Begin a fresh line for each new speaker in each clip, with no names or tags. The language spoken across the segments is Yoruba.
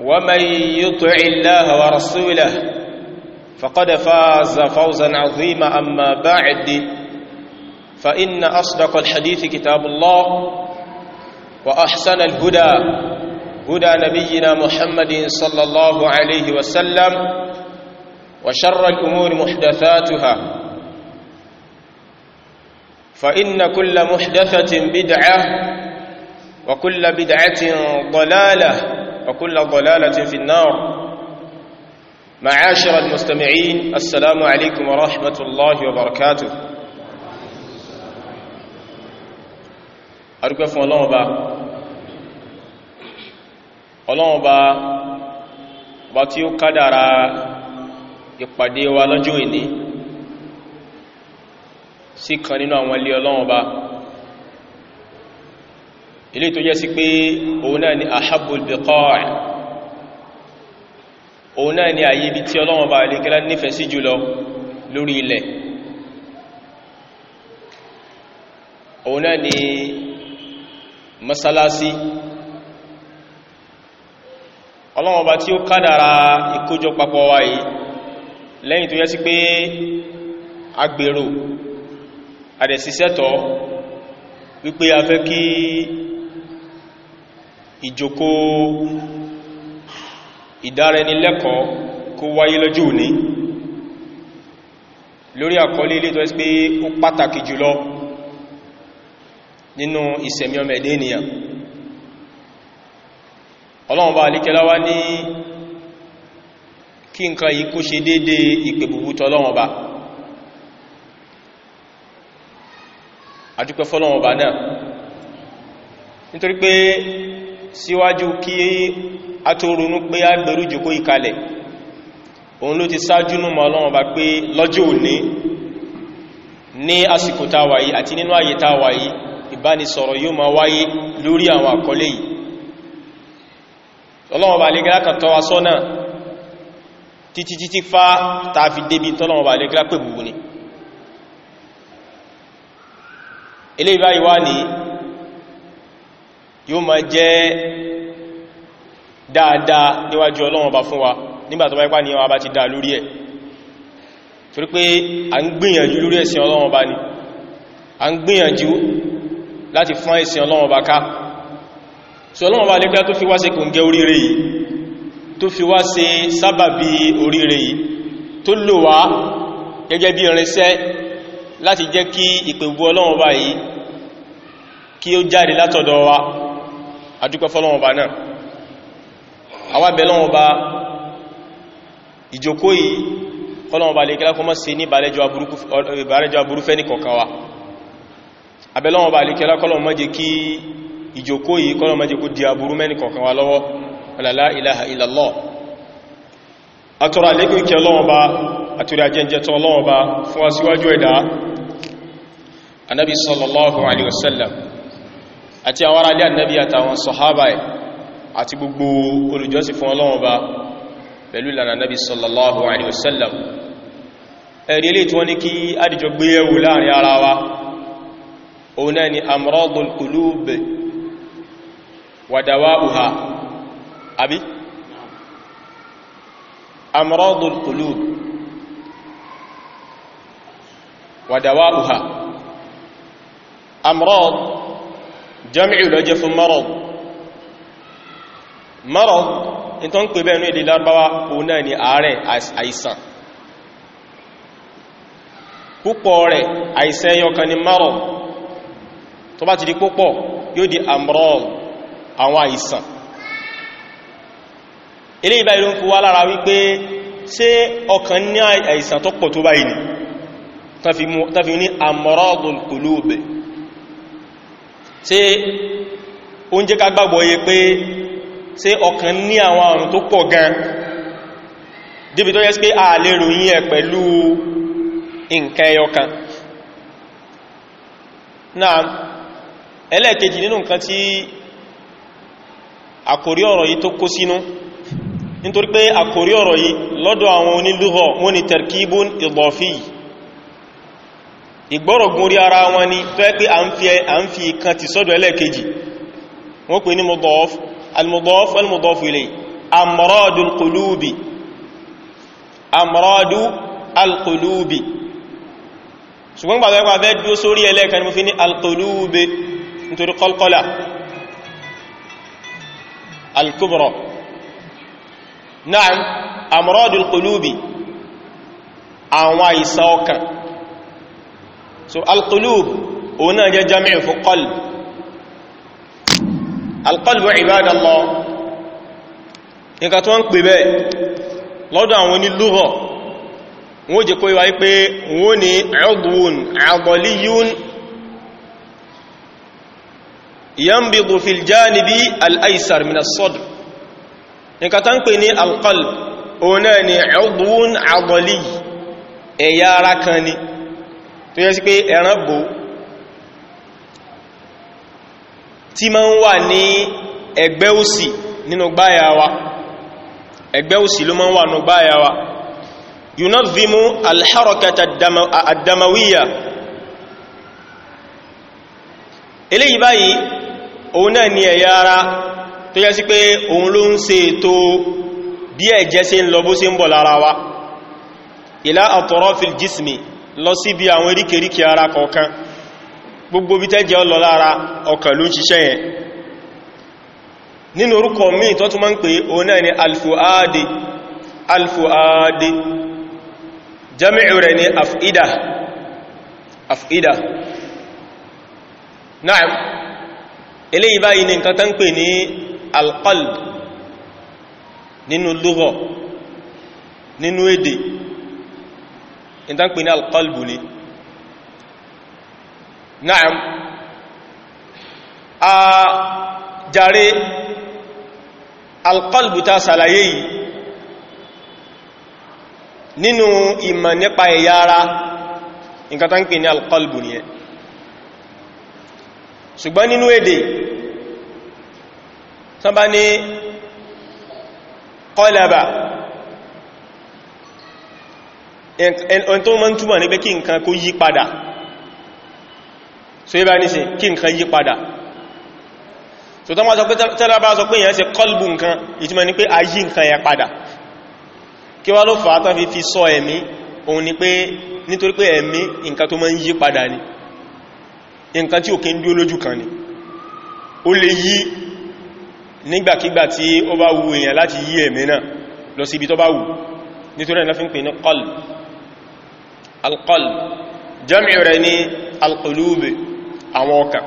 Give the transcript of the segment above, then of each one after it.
ومن يطع الله ورسوله فقد فاز فوزا عظيما أما بعد فإن أصدق الحديث كتاب الله وأحسن الهدى هدى نبينا محمد صلى الله عليه وسلم وشر الأمور محدثاتها فإن كل محدثة بدعة وكل بدعة ضلالة وكل ضلالة في النار معاشر المستمعين السلام عليكم ورحمة الله وبركاته أركف فون الله با الله با باتيو قدرا ìpàdé wa lọ́jọ́ ìní sí kan nínú àwọn ilé ọlọ́run ọba ilé tó yẹ́ sí pé òun náà ni ahabul biqa'i òun náà ni àyíbi tí ọlọ́wọ́n bá lè gẹ́lá nífẹ̀ẹ́ sí jùlọ lórí ilẹ̀ òun náà ni masalasi ọlọ́wọ́n bá tí ó kádàrá ìkójọ papọ̀ wa yìí lẹ́yìn tó yẹ́ sí pé agbèrò àdẹ̀sísẹ́tọ̀ wípé a fẹ́ kí ìjòkó ìdáraẹnilẹ́kọ̀ọ́ kó wáyé lọ́jọ́ òní lórí àkọlé ilé tó ẹ́ pé ó pàtàkì jùlọ nínú ìsẹ̀mí ọmọ ẹ̀dẹ́ ènìyàn ọlọ́run bá alíkẹ́lá ní kí nǹkan yìí kó ṣe dédé ìpè búbú tọ́lọ́wọ́n bá adúpẹ́ fọ́lọ́wọ́n bá náà nítorí pé síwájú kí a tó ronú pé a gbèrú jùkó ìkalẹ̀ òun ló ti sáájú nù mọ́ ọlọ́run bá pé lọ́jọ́ òní ní àsìkò táwà yìí àti nínú àyè táwà yìí ìbánisọ̀rọ̀ yóò máa wáyé lórí àwọn àkọlé yìí ọlọ́run bá lè ni yóò máa jẹ́ dáadáa níwájú ọlọ́run ọba fún wa nígbàtọ̀ bá ipá ní ọba ti dá lórí ẹ̀ torí pé a ń gbìyànjú lórí ẹ̀sìn ọlọ́run ọba ni a ń gbìyànjú láti fún ẹ̀sìn ọlọ́run ọba ká so ọlọ́run ọba lẹ́gbẹ́ tó fi wá ṣe kòǹgẹ́ oríire yìí tó fi wá ṣe sábàbí oríire yìí tó lò wá gẹ́gẹ́ bí irinṣẹ́ láti jẹ́ kí ìpègbú ọlọ́run ọba yìí kí ó jáde látọ̀dọ̀ wa adúpẹ́ fọ́lọ́wọ́n ọba náà àwa bẹ̀ lọ́wọ́n ọba ìjókòó yìí fọ́lọ́wọ́n ọba lè kílá kọ́ mọ́ sí ní ìbàrẹ́jọ aburú ní kọ̀ọ̀kan wa abẹ́lọ́wọ́n ọba lè kílá kọ́lọ́wọ́n mọ́jẹ kí ìjókòó yìí kọ́lọ́wọ́n mọ́jẹ kó di aburú wa lọ́wọ́ la ilaha illallah atọ́rọ àlékún ìkẹ́ ọlọ́wọ́n bá àtúrí ajẹ́jẹ́tọ́ ọlọ́wọ́n bá fún sallallahu alaihi wasallam àti àwọn aráalé ànábí àtàwọn sọ̀hábà ẹ̀ àti gbogbo olùjọ́sìn fún Ọlọ́run Ọba pẹ̀lú ìlànà ànábí sallallahu alaihi wasallam ẹ̀rí ilé tí wọ́n ní kí àdìjọ gbé ẹwù láàrin ara wa òun jami'u ló jẹ́ fún marad marad in tó ń pè bẹ́ẹ̀ ní èdè lárúbáwá òun náà ni àárẹ̀ àìsàn púpọ̀ rẹ̀ àìsàn ẹyọkan ni marad tó bá ti di púpọ̀ yóò di amrad àwọn àìsàn ilé ìbá ìlú ń fi wá lára wípé ṣé ọkàn ní àìsàn tó pọ̀ tó báyìí ni tàfi ní amradul qulub ṣe oúnjẹ ká gbàgbọ́ yé pé ṣe ọkàn ní àwọn àrùn tó pọ̀ gan débi tó yẹ sí pé a lè ròyìn ẹ̀ pẹ̀lú nǹkan ẹyọkan náà ẹlẹ́ẹ̀kejì nínú nǹkan tí àkórí ọ̀rọ̀ yìí tó kó sínú nítorí pé àkórí ọ̀rọ̀ yìí lọ́dọ̀ àwọn onílúhọ̀ ìgbọ́rọ̀gùn rí ara wọn ni tó ẹ́ pé à ń fi kan ti sọ́dọ̀ ẹlẹ́ẹ̀kejì wọ́n pè ní mudaf al-mudaf wal-mudaf ilayhi amradul qulubi amradu al-qulubi ṣùgbọ́n gbàgbà fẹ́ dúó sórí ẹlẹ́ẹ̀kan ni mo so alqulub òun náà jẹ́ jami'u fún qalb alqalbu ibadallah nǹkan tó ń pè bẹ́ẹ̀ lọ́dọ̀ àwọn onílúgọ̀ wọ́n jẹ́ kó yíwa wípé wọ́n ni udwun adliyun yanbidu fil janibi al-aysar min as-sadr tó ń pè ní alqalb òun náà ni udwun adliy ẹ̀yà ara kan ni tó yẹ sí pé ẹran bò tí ma ń wà ní ẹgbẹ́ òsì nínú gbáyà wa ẹgbẹ́ òsì ló ma ń wà nínú gbáyà wa yunadhimu alharakata ad-damawiyya eléyìí báyìí òun náà ni ẹ̀yà ara tó yẹ sí pé òun ló ń ṣe ètò bí ẹ̀jẹ̀ ṣe ń lọ bó ṣe ń bọ̀ lára wa ila atrafil jismi lọ síbi àwọn eríkèríkè ara kọ̀ọ̀kan gbogbo bí tẹ́jẹ́ ọ lọ lára ọkàn ló ń ṣiṣẹ́ yẹn nínú orúkọ míì tó tún máa ń pè òun náà ni alfuade alfuade jami'u rẹ̀ ni afida afida náà eléyìí báyìí ni nǹkan tó pè ní alqalb nínú lugha nínú èdè ìtàn pè ní alqalbu ni na'am a jàre alqalbu ta sàlàyé yìí nínú ìmọ̀ nípa ẹ̀yà ara nǹkan tán pè ní alqalbu ni ẹ ṣùgbọ́n nínú èdè tán ní qalaba ẹn tó mọ́ ń túmọ̀ ní pé kí nǹkan kó yí padà so ibá ní sí kí nǹkan yí padà so tó máa sọ pé tẹ́lá bá sọ pé èyàn ṣe kọlbù nǹkan ìtumọ̀ ní pé a yí nǹkan yẹ padà kí wá ló fàá tán fi fi sọ ẹ̀mí òun ni pé nítorí pé ẹ̀mí nǹkan tó máa ń yí padà ni nǹkan tí òkè ń dúó lójú kan ni ó lè yí nígbàkígbà tí ó bá wu èèyàn láti yí ẹ̀mí náà lọ sí ibi tó bá wù nítorí ẹ̀nà fi ń pè ní kọlù alqalb jami'u rẹ̀ ní alqulubi àwọn ọkàn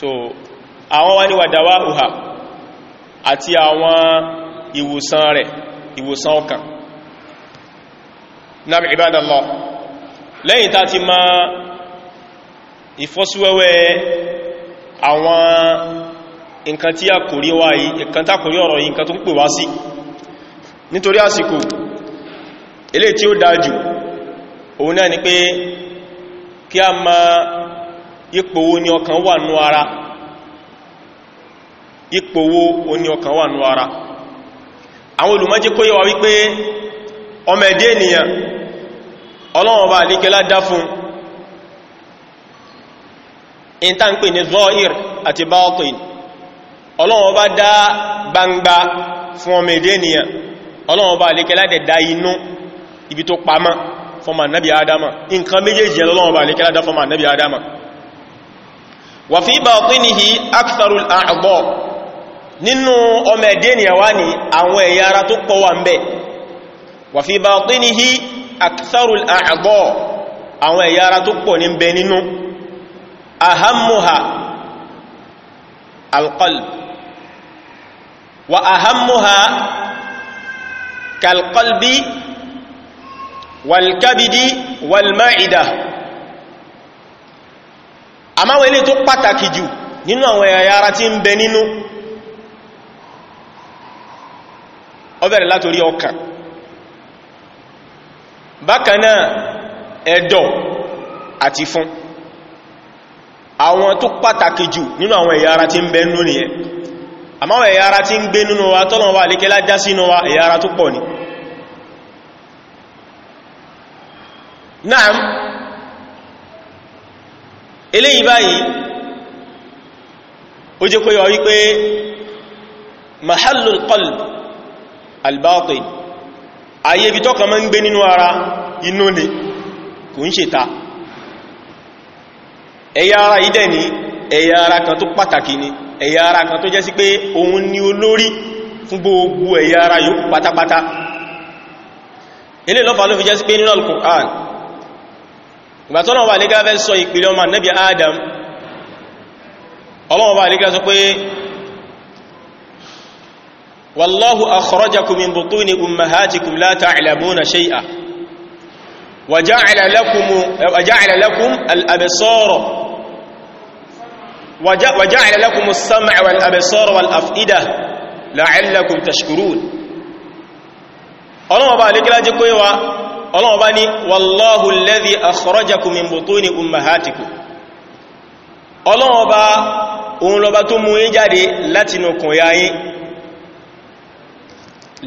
so àwọn wá ní wàdáwà uha àti àwọn ìwòsàn rẹ̀ ìwòsàn ọkàn náà ibadallah lẹ́yìn tá ti ma ìfọ́síwẹ́wẹ́ àwọn nǹkan tí a kò rí wá yìí nǹkan tá kò rí ọ̀rọ̀ yìí nǹkan tó ń pè wá sí nítorí àsìkò ilé tí ó dájú òun náà ni pé kí a ma ipòwó ní ọkàn wà nú ara ipòwó oní ọkàn wà nú ara àwọn olùmọ́jí kó yíwa wípé ọmọ ẹ̀dẹ́ ènìyàn ọlọ́wọ́n bá àdíkẹ́lá dá fún in ní zohir àti balkin ọlọ́wọ́n bá dá gbangba fún ọmọ ẹ̀dẹ́ ènìyàn ọlọ́wọ́n bá dẹ̀ dá inú ibi tó pamọ́ fọ́mà nábi adama nǹkan méjèèjì Ọlọ́run bá lékẹ́lá dá fọ́mà nábi adama wà fi batinihi aktharul a'dha nínú ọmọ ẹ̀dẹ́ nìyàwá ni àwọn ẹ̀yà ara tó pọ̀ wà ń bẹ wà fi batinihi aktharul a'dha kalqalbi wàlkàbìdì wàlmáìdà àmáwọn ilé tó pàtàkì jù nínú àwọn ẹ̀yà ara tí ń bẹ nínú ó bẹ̀rẹ̀ látorí ọkàn bákanáà ẹ̀dọ̀ àti fún àwọn tó pàtàkì jù nínú àwọn ẹ̀yà ara tí ń bẹ nínú nìyẹn àmáwọn ẹ̀yà ara tí ń gbé nínú wa tọ́lọ̀ wa já sínú wa ẹ̀yà ara tó pọ̀ ni náà eléyìí báyìí ó jẹ́ kó yọ wípé mahallul qalb al-batin ayé ibi tọ́kàn máa ń gbé nínú ara inú ni kò ń ṣèta ẹ̀yà ara ìdẹ̀ ni ẹ̀yà ara kan tó pàtàkì ni ẹ̀yà ara kan tó jẹ́ sí pé òun ni olórí fún gbogbo ẹ̀yà ara yóò pátápátá ilé lọ́fà ló fi jẹ́ sí pé nínú al ìgbàtọ́nà wà ní gáfẹ́ sọ ìpìlẹ̀ ọmọ nẹ́bí adam ọlọ́wọ́ wà ní gáfẹ́ sọ pé wallahu akhrajakum min butuni ummahatikum la ta'lamuna shay'a wa ja'ala lakum wa ja'ala lakum al-absar wa ja'ala lakum as ọlọ́wọ́ bá ní wallahu alladhi akhrajakum min butuni ummahatikum ọlọ́wọ́ bá òun lọba tó mú yín jáde látinú kùn ya yín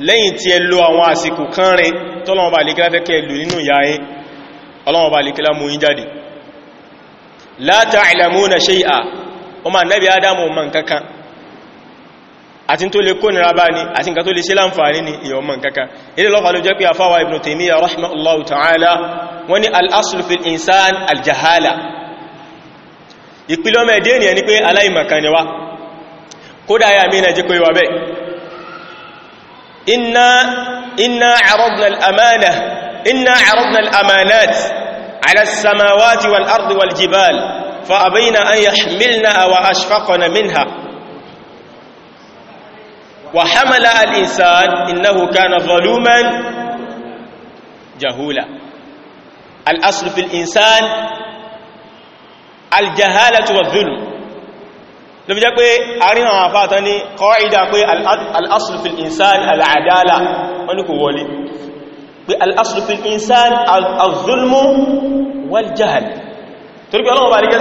lẹ́yìn tí ẹ lo àwọn àsìkò kan rẹ̀ tọ́lọ́wọ́ bá lèkílá lò nínú ya yín ọlọ́wọ́ bá lèkílá àti tó lè kónira bá ní àti nǹkan tó lè ṣe láǹfààní ní ìyọ̀ mọ̀ kankan ilé lọ́fà ló jẹ́ pé àfáwà ibn Taymiyyah rahimahullahu ta'ala wọ́n ni al'asul fil insan aljahala ìpìlọ́mẹ̀ dé ni ẹni pé aláìmọ̀kaniwa kódà ya mi na jẹ́ pé wà bẹ́ وحمل الإنسان إنه كان ظلوما جهولا الأصل في الإنسان الجهالة والظلم ló fi jẹ́ pé àárín àwọn àfáàtọ́ ní kọ́ìdá pé al'asùlùfin insan al'adala wọ́n ní kò wọlé pé al'asùlùfin insan al'azulmu wal jahal torí pé ọlọ́wọ́ bá rí kẹ́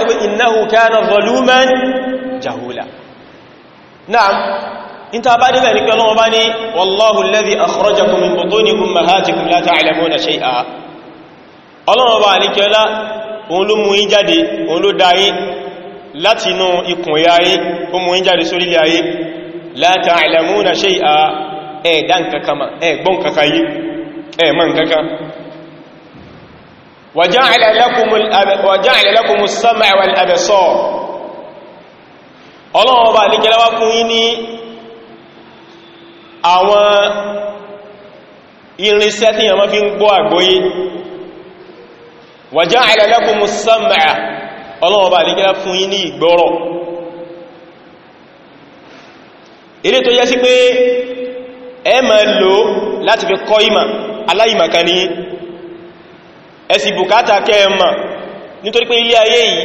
níta bá débẹ̀ ní pẹ̀lú ọba ní wallahu alladhi akhrajakum min butuni ummahatikum la ta'lamuna shay'a ọlọ́wọ́ bá ní kẹ́lá òun ló mú yín jáde òun ló dá yín láti inú ikùn ìyá yín ó mú yín jáde sórí ilẹ̀ ayé la ta'lamuna shay'a ẹ̀dá nkankama ẹ̀gbọ́n kankayí ẹ̀mọ́ nkankan wa ja'ala lakumu as-sam'a wal absar ọlọ́wọ́ bá ní kẹ́lá wá fún yín ní àwọn irinṣẹ́ tí yàmá fi ń gbọ́ àgbóyé wa ja'ala lakumu as-sam'a ọlọ́wọ́ba àdíkẹ́lá fún yín ní ìgbọ́rọ̀ ilé tó yẹ sí pé ẹ ma lò láti fi kọ́ ìmà aláìmàkan ní ẹ̀sì bùkátà kẹ́ ẹ̀mà nítorí pé ilé ayé yìí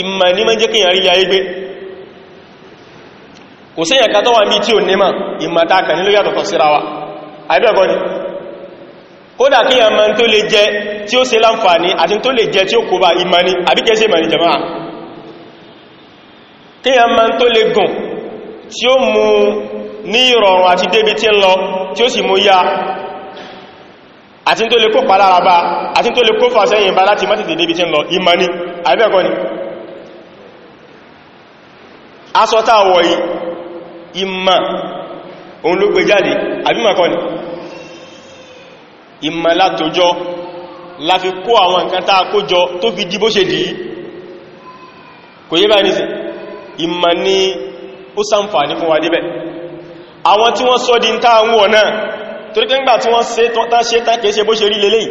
ìmà ní mọ́ jẹ́ kí yàrí ayé gbé kò sí ẹ̀ka tó wà ní tí ò ní ma ìmọ̀ta kàn nílò yàtọ̀tọ̀ síra wa àìbẹ̀kọ́ ni kódà kí yàn ma tó lè jẹ tí ó ṣe láǹfààní àti tó lè jẹ tí ó kó bá ìmọ̀ni àbíkẹ́sẹ̀ ìmọ̀ni jẹmáà kí yàn ma tó lè gùn tí ó mú ní ìrọ̀rùn àti débi tí ń lọ tí ó sì mú yá àti tó lè kó palára bá àti tó lè kó fà sẹ́yìn bá láti mọ́tìtì débi tí ń lọ ìmọ̀ni àìbẹ̀kọ́ ni asọ́ta wọ̀ yìí ìmà òun ló gbé jáde àbímọ̀kọ́ ni ìmà látòjọ́ láfi kó àwọn nǹkan tá a kó jọ tó fi di bó ṣe dìí kò yé báyìí nìsìn ìmà ni ó ṣàǹfààní fún wa débẹ̀ àwọn tí wọ́n sọ di ń táà ń wọ̀ náà torí pé ńgbà tí wọ́n ṣe tán ṣe tán kìí ṣe bó ṣe rí lélẹ́yìí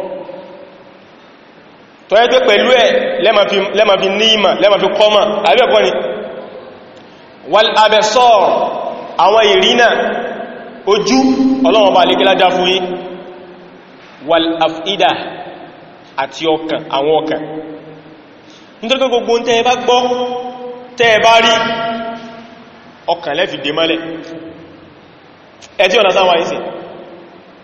tó yẹ́ pé pẹ̀lú ẹ̀ lẹ́mà fi ní ìmà lẹ́mà fi kọ́mà àbí ẹ̀kọ́ ni wal abẹ́sọ́ àwọn ìrìnà ojú ọlọ́wọ̀n bá lékẹ́lá já fún yí wal afida àti ọkàn àwọn ọkàn nítorí gbogbo tẹ́ bá gbọ́ tẹ́ bá rí ọkàn lẹ́fì mọ́lẹ̀ ẹ̀ tí ọ̀nà sáwọn ìsìn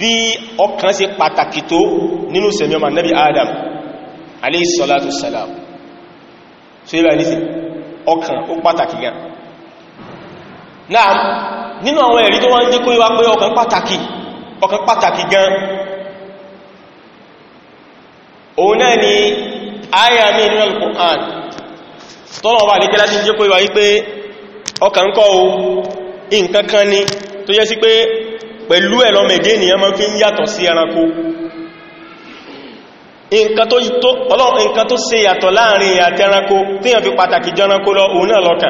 bí ọkàn ṣe pàtàkì tó nínú sẹ̀mí ọmọ nabi adam alayhi salatu salam so ní sí ọkàn ó pàtàkì gan náà nínú àwọn ẹ̀rí tó wá ń jẹ́ kó pé ọkàn pàtàkì ọkàn pàtàkì gan òun náà ni al pẹ̀lú ni a máa fi ń yàtọ̀ sí ẹranko nǹkan tó ṣe yàtọ̀ láàrin àti ẹranko tí yàn fi pàtàkì jẹ ẹranko lọ òun náà lọ́kà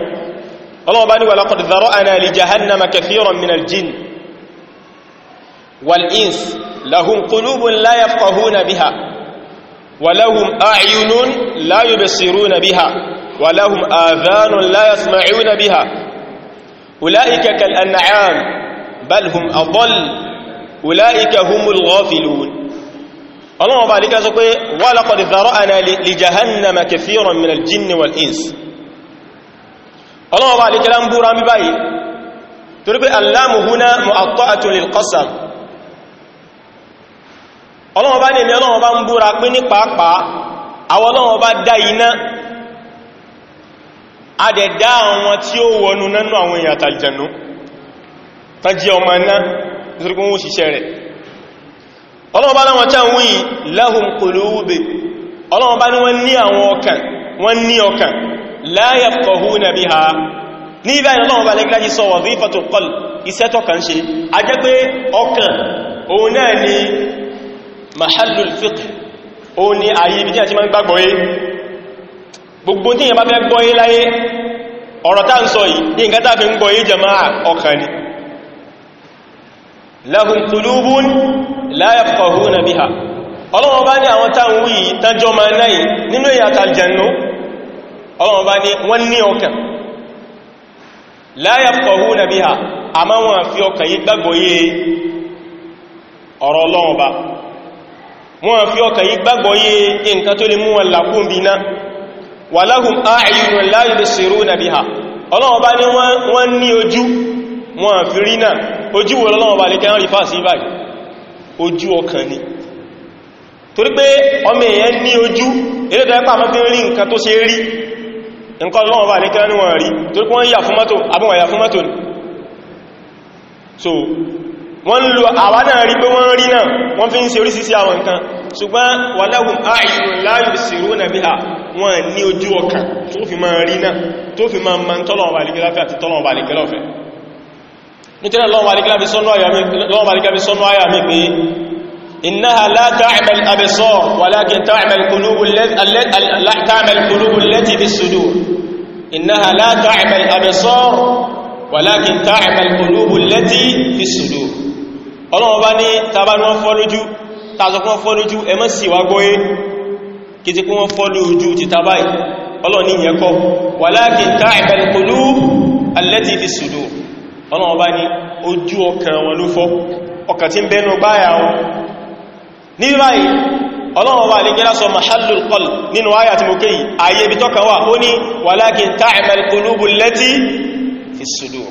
ọlọ́wọ́ bá ní wà zarọ́ dhara'na li jahannama kathiran minal jinn wal ins bal hum adall ulaika humul ghafilun ọlọ́wọ́ bá líka sọ pé wa laqad dhara'na li jahannama kathiran min al-jinni wal ins ọlọ́wọ́ bá líka lán búra mi báyìí torí pé allamu huna mu'atta'atun lil qasam ọlọ́wọ́ bá ní ẹ̀mí ọlọ́wọ́ bá ń búra pín ní pàápàá àwọn ọlọ́wọ́ bá dá iná adẹ̀dá àwọn tí ó wọnú nánú àwọn èèyàn àtàlìjẹ̀nú tán jẹ́ ọmọ iná nítorí kún wọ́n ṣiṣẹ́ rẹ̀ ọlọ́ọ̀bá láwọn tán wí lahum qulub ọlọ́ọ̀bá ní wọ́n ní àwọn ọkàn wọ́n ní ọkàn la yafqahuna biha ní ibẹ̀ ọlọ́ọ̀bá lẹ́gbẹ́lájí sọ wazifatul qalb iṣẹ́ tọ́kàn ṣe a jẹ́ pé ọkàn òun náà ni mahallul fiqh òun ni àyè ibi tí a ti máa ń gbàgbọ́ yé gbogbo tí yẹn bá fẹ́ gbọ́ yé láyé ọ̀rọ̀ tá ń sọ yìí lahum qulubun la yafqahuna biha ọlọ́wọ́ bá ní àwọn táwọn wí tánjọ́ ma náà nínú ìyàtà jẹ́nu ọlọ́wọ́ bá ní wọ́n ní ọkàn na biha a máa wọ́n fi ọkàn yí gbàgbọ́yé ọ̀rọ̀ ọlọ́wọ́ bá wọ́n fi ọkàn yí gbàgbọ́yé nǹkan tó lè mú wọn làkún bí wa lahum biha ọlọ́wọ́ bá ní wọ́n ní ojú ojú wo lọ́wọ́ bá lè kẹrin rífà sí báyìí ojú ọkàn ni torí pé ọmọ èèyàn ní ojú eléta ẹpà mọ́ fi rí nǹkan tó ṣe rí nǹkan lọ́wọ́ bá lè kẹrin wọn rí torí pé wọ́n yà fún mọ́tò àbúwọ̀n yà fún mọ́tò ni so wọ́n lo àwa náà rí pé wọ́n rí náà wọ́n fi ń ṣe orísìí àwọn nǹkan ṣùgbọ́n walahum a'yunun la yubsiruna biha wọ́n ní ojú ọkàn tó fi máa rí náà tó fi máa ma ń tọ́lọ̀ ọ̀bàlẹ̀kẹ́lọ́fẹ́ àti tọ́lọ̀ ọ̀bàlẹ̀kẹ́lọ́fẹ́ nítorí lọ́wọ́ baríkábí sọ́nú àyà mi pé innaha la ta'mal absar walakin ta'mal qulubul lati fi sudur innaha la ta'mal absar walakin ta'mal qulubul lati fi sudur ọlọ́wọ́ bá ní tàbá ní wọ́n fọ́ lójú tààzọ kún fọ́ lójú ẹmọ́ sí wà gbóyé kí ti kún wọ́n fọ́ lójú ti tàbáyì ọlọ́ni ìyẹ́kọ́ walakin ta'mal qulub allati fi sudur ọlọ́wọ́ bá ní ojú ọkàn wọn ló fọ́ ọkàn tí ń bẹnu gbáyà wọn ní báyìí ọlọ́wọ́ bá lè gẹ́lá sọ mahallul qalb nínú ayà tí mo ké yìí ayé ibi tọ́ka wà ó ní walakin ta'mal qulubul lati fi sudur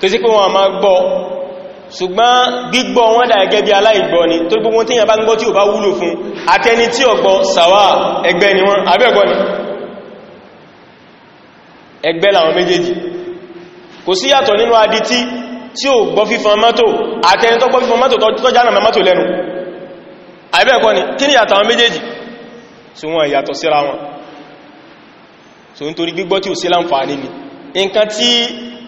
kí sí pé wọn máa gbọ́ ṣùgbọ́n gbígbọ́ wọn dà gẹ́gẹ́ bí aláìgbọ́ ni tó gbogbo tí yàn bá ń gbọ́ tí ò bá wúlò fún àtẹni tí ọ̀gbọ́ sàwà ẹgbẹ́ ni wọ́n abẹ́gbọ́ ni ẹgbẹ́ làwọn méjèèjì kò sí yàtọ̀ nínú adití tí ó gbọ́ fífan mọ́tò àtẹni ni kí tí ò sí láǹfààní ni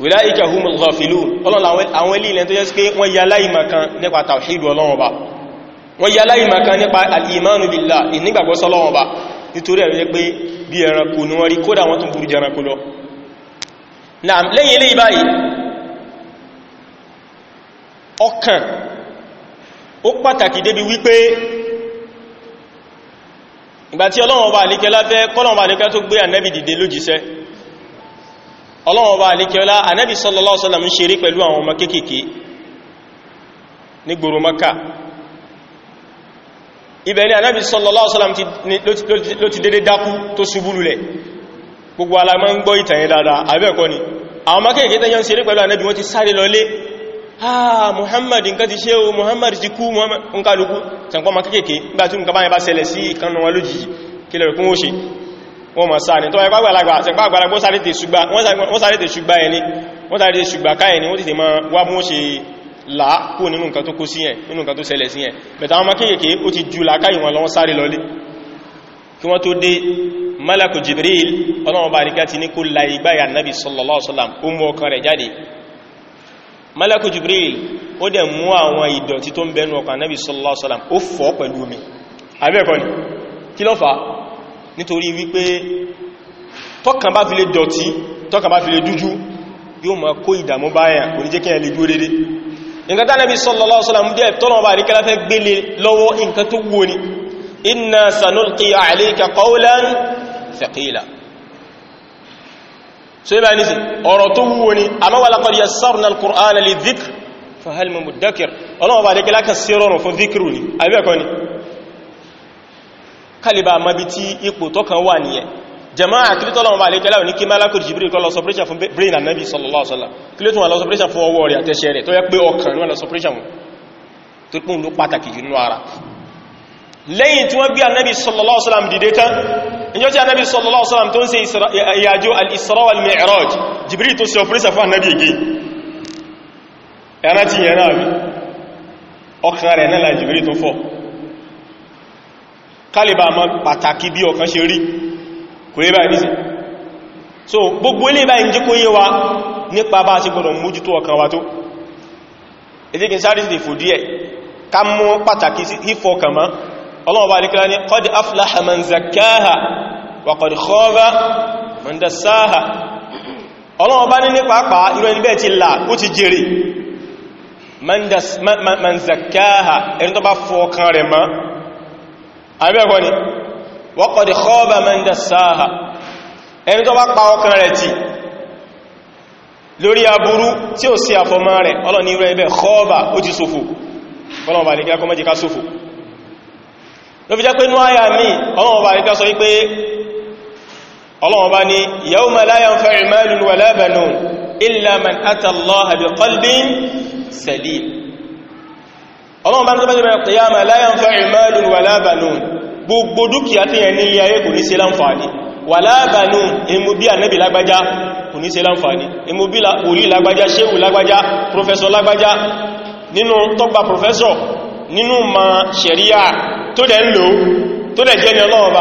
wùláìkà humul ghafilun ọlọ́run àwọn ilé ilẹ̀ tó yẹ́ sí pé wọ́n yà láìmọ̀kan nípa tawhidu ọlọ́run ba wọ́n yà láìmọ̀kan billah ba nítorí ẹ̀rẹ́ lọ náà lẹ́yìn ilé ìbáyìí ọkàn ó pàtàkì débi wípé ìgbà tí ọlọ́run ọba àlékẹ́lá fẹ́ tó gbé ànẹ́bì ọlọ́wọ́n bá alékẹ́ọ́lá anábì sallallahu alaihi wasallam ń ṣeré pẹ̀lú àwọn ọmọ kéèkèé ní gbòrò maka ibẹ̀ ni anábì sallallahu alaihi wasallam ló ti dédé dákú tó ṣubú lulẹ̀ gbogbo alamọ́ ń gbọ́ ìtàyẹ dáadáa àbẹ́ẹ̀kọ́ ni àwọn ọmọ kéèkèé tẹ́yàn ṣeré pẹ̀lú anábì wọ́n ti sáré lọlé ah muhammad nǹkan ti ṣe o muhammad ti kú nǹkan lukú tàǹkọ́ ọmọ kéèkèé nígbà tí nǹkan báyẹn bá ṣẹlẹ̀ sí ìkànnà wọn lójijì kí lẹ́rẹ̀kún ó ṣe wọ́n mọ̀ sáà ní tọ́wọ́ ẹgbà àgbàlagbà àti ẹgbà àgbàlagbà wọ́n sáré tè ṣùgbà ẹni wọ́n sáré tè ṣùgbà ká ẹni wọ́n tètè mọ́ wá mú ṣe làá kú nínú nǹkan tó kó sí yẹn nínú nǹkan tó ṣẹlẹ̀ sí yẹn bẹ̀tà àwọn ọmọ kéèkéé ó ti ju làákàyè wọn lọ́wọ́ sáré nabi sallallahu alaihi wasallam ó mú ọkàn rẹ̀ jáde malakul jibril ó dẹ̀ mú nabi sallallahu alaihi wasallam ó fọ̀ pẹ̀lú omi nítorí wípé tọ́kàn bá fi lè dọ̀tí tọ́kàn bá fi lè dúdú yóò máa kó ìdàmú báyà kò ní jẹ́ kí ẹ lè dúró dédé nǹkan tánàbí sallallahu alaihi wasallam díẹ̀ tọ́nà bá ríkẹ́lá fẹ́ gbélé lọ́wọ́ nǹkan tó wó ni inna sanulqi alayka qawlan thaqila so yíba ní sí ọ̀rọ̀ tó wó ni àmọ́ wa laqad yassarna al-Qur'ana lidhikr kálíbà àmọ́bí tí ipò tọ́kàn wà nìyẹn jama'a kílítọ́lọ́wọ́ bá lékẹ́lá òní kí malakul jibril kọ́ lọ sọpíríṣà fún brain annabi sallallahu alaihi wasallam kílítọ́ wọn lọ sọpíríṣà fún ọwọ́ rẹ̀ àtẹ́ṣẹ́ rẹ̀ tó yẹ pé ọkàn kálìbà mọ́ pàtàkì bí ọ̀kan ṣe rí kò rí báyìí sí so gbogbo ilé báyìí jí kó yé wa nípa bá ṣe gbọdọ̀ mójútó ọkàn wa tó ìdíkin sáré sí ìfò díẹ̀ ká mú pàtàkì ìfọ ọkàn mọ́ ọlọ́wọ́ bá nípa ní qad aflaha man zakkaha wa qad khaba man dassaha ọlọ́wọ́ bá ní ẹni tó bá fọ ọkàn rẹ̀ mọ́ àbẹ́ẹ̀kọ́ ni waqad khaba man dassaha ẹni tó bá pa ọkàn rẹ̀ tì lórí aburú tí ó sí àfọmọ́ rẹ̀ ọlọ́ni rẹ̀ ibẹ̀ khaba ó ti sófò ọlọ́ọ̀bà ní kíkọ́ mẹ́jì ká sófò ló fi jẹ́ pé ní àyà mi ọlọ́ọ̀bà ní ká sọ wípé ọlọ́ọ̀bà ni ọlọ́run bá ń tó bá jẹ́ mẹ́rin kìyàmà láyán fẹ́ ìmáàlùn wà lábànún gbogbo dúkìá tí yẹn nílé ayé kò ní ṣe láǹfààní wà lábànún imú bí ànẹ́bì lágbájá kò ní ṣe láǹfààní imú bí òlì lágbájá ṣéwù lágbájá professor lágbájá nínú tọ́gbà professor nínú ma ṣẹ̀ríà tó dẹ̀ ń lò tó dẹ̀ jẹ́ ní ọlọ́run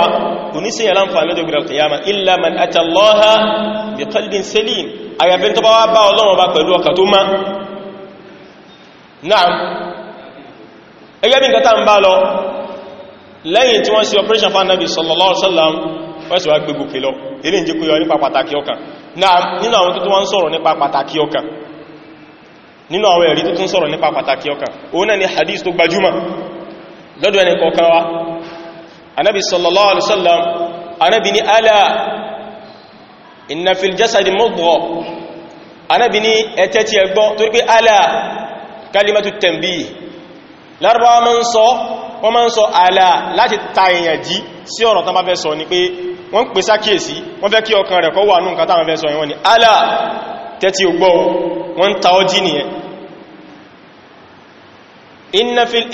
ẹgẹ́ bí nǹkan tá ń bá lọ lẹ́yìn tí wọ́n sí operation fún Ànábì sallallahu alaihi wasallam wọ́n sì wá gbé gòkè lọ ilé ìjẹ́ kó yọ nípa pàtàkì ọkàn nínú àwọn ni ala inna fil jasadi mudghah Ànábì ní ẹ̀tẹ́ ti ẹgbọ́n torí pé ala kalimatu tanbih lárúbáwá máa ń sọ wọ́n máa ń sọ àlà láti ta èèyàn jí sí ọ̀rọ̀ tán bá fẹ́ sọ ni pé wọ́n ń pè sákíyèsí wọ́n fẹ́ kí ọkàn rẹ̀ kọ́ wà ní nǹkan táwọn fẹ́ sọ ìwọ̀n ni àlà tẹ́tí ògbọ́ wọ́n ń ta ọ jí nìyẹn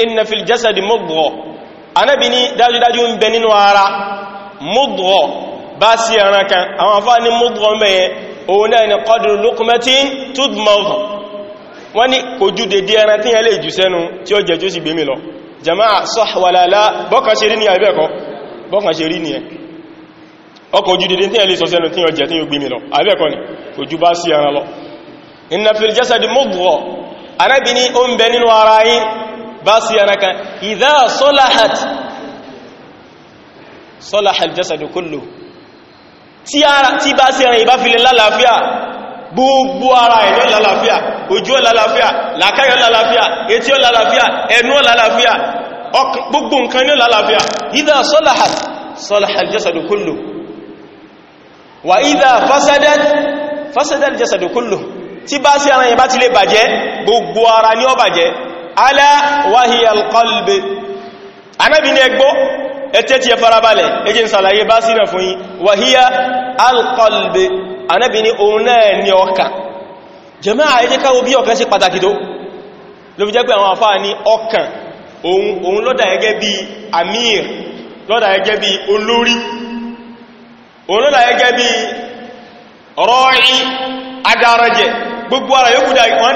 inna fil jasadi mudghah anábi ní dájúdájú ń bẹ nínú ara mudghah bá sí ẹran kan àwọn afá ní mudghah ń bẹ̀yẹn òun náà ni wọ́n ní ojú dédé ẹran tí yẹn lè sẹ́nu tí ó jẹ tí ó gbé mi lọ jama'a sọ́wàlálá bọ́kàn ṣe rí ní àbẹ́ẹ̀kọ́ bọ́kàn ṣe rí ní ẹ ọkọ̀ ojú dédé tí yẹn lè sọ sẹ́nu tí ó jẹ tí ó gbé mi lọ àbẹ́ẹ̀kọ́ ni ojú salahat salaha al jasadu kullu tí bá sí ẹran ìbá gbogbo ara ẹ̀yọ́ lálàáfíà ojú ọlálàáfíà làkáyọ́ lálàáfíà etí ọlálàáfíà ẹnu ọlálàáfíà gbogbo nǹkan ní ọlálàáfíà ìdá sọ́láhà sọ́láhà jẹ́sàdù kúlù wà ìdá fásádẹ́t jẹ́sàdù kúlù tí bá sí ara yẹn bá ti lè bàjẹ́ gbogbo ara ní ó bàjẹ́ alá wáhíyàl qalbi anábi òun náà ní ọkà jàmáà ẹ bí ọkàn ṣe pàtàkì tó ló fi jẹ́ pé àwọn àfáà ní ọkàn òun lọ́dà gẹ́gẹ́ bí amir lọ́dà gẹ́gẹ́ bí olórí òun lọ́dà gẹ́gẹ́ bí rọ́ọ̀í adarajẹ gbogbo ara yóò kúdà gbogbo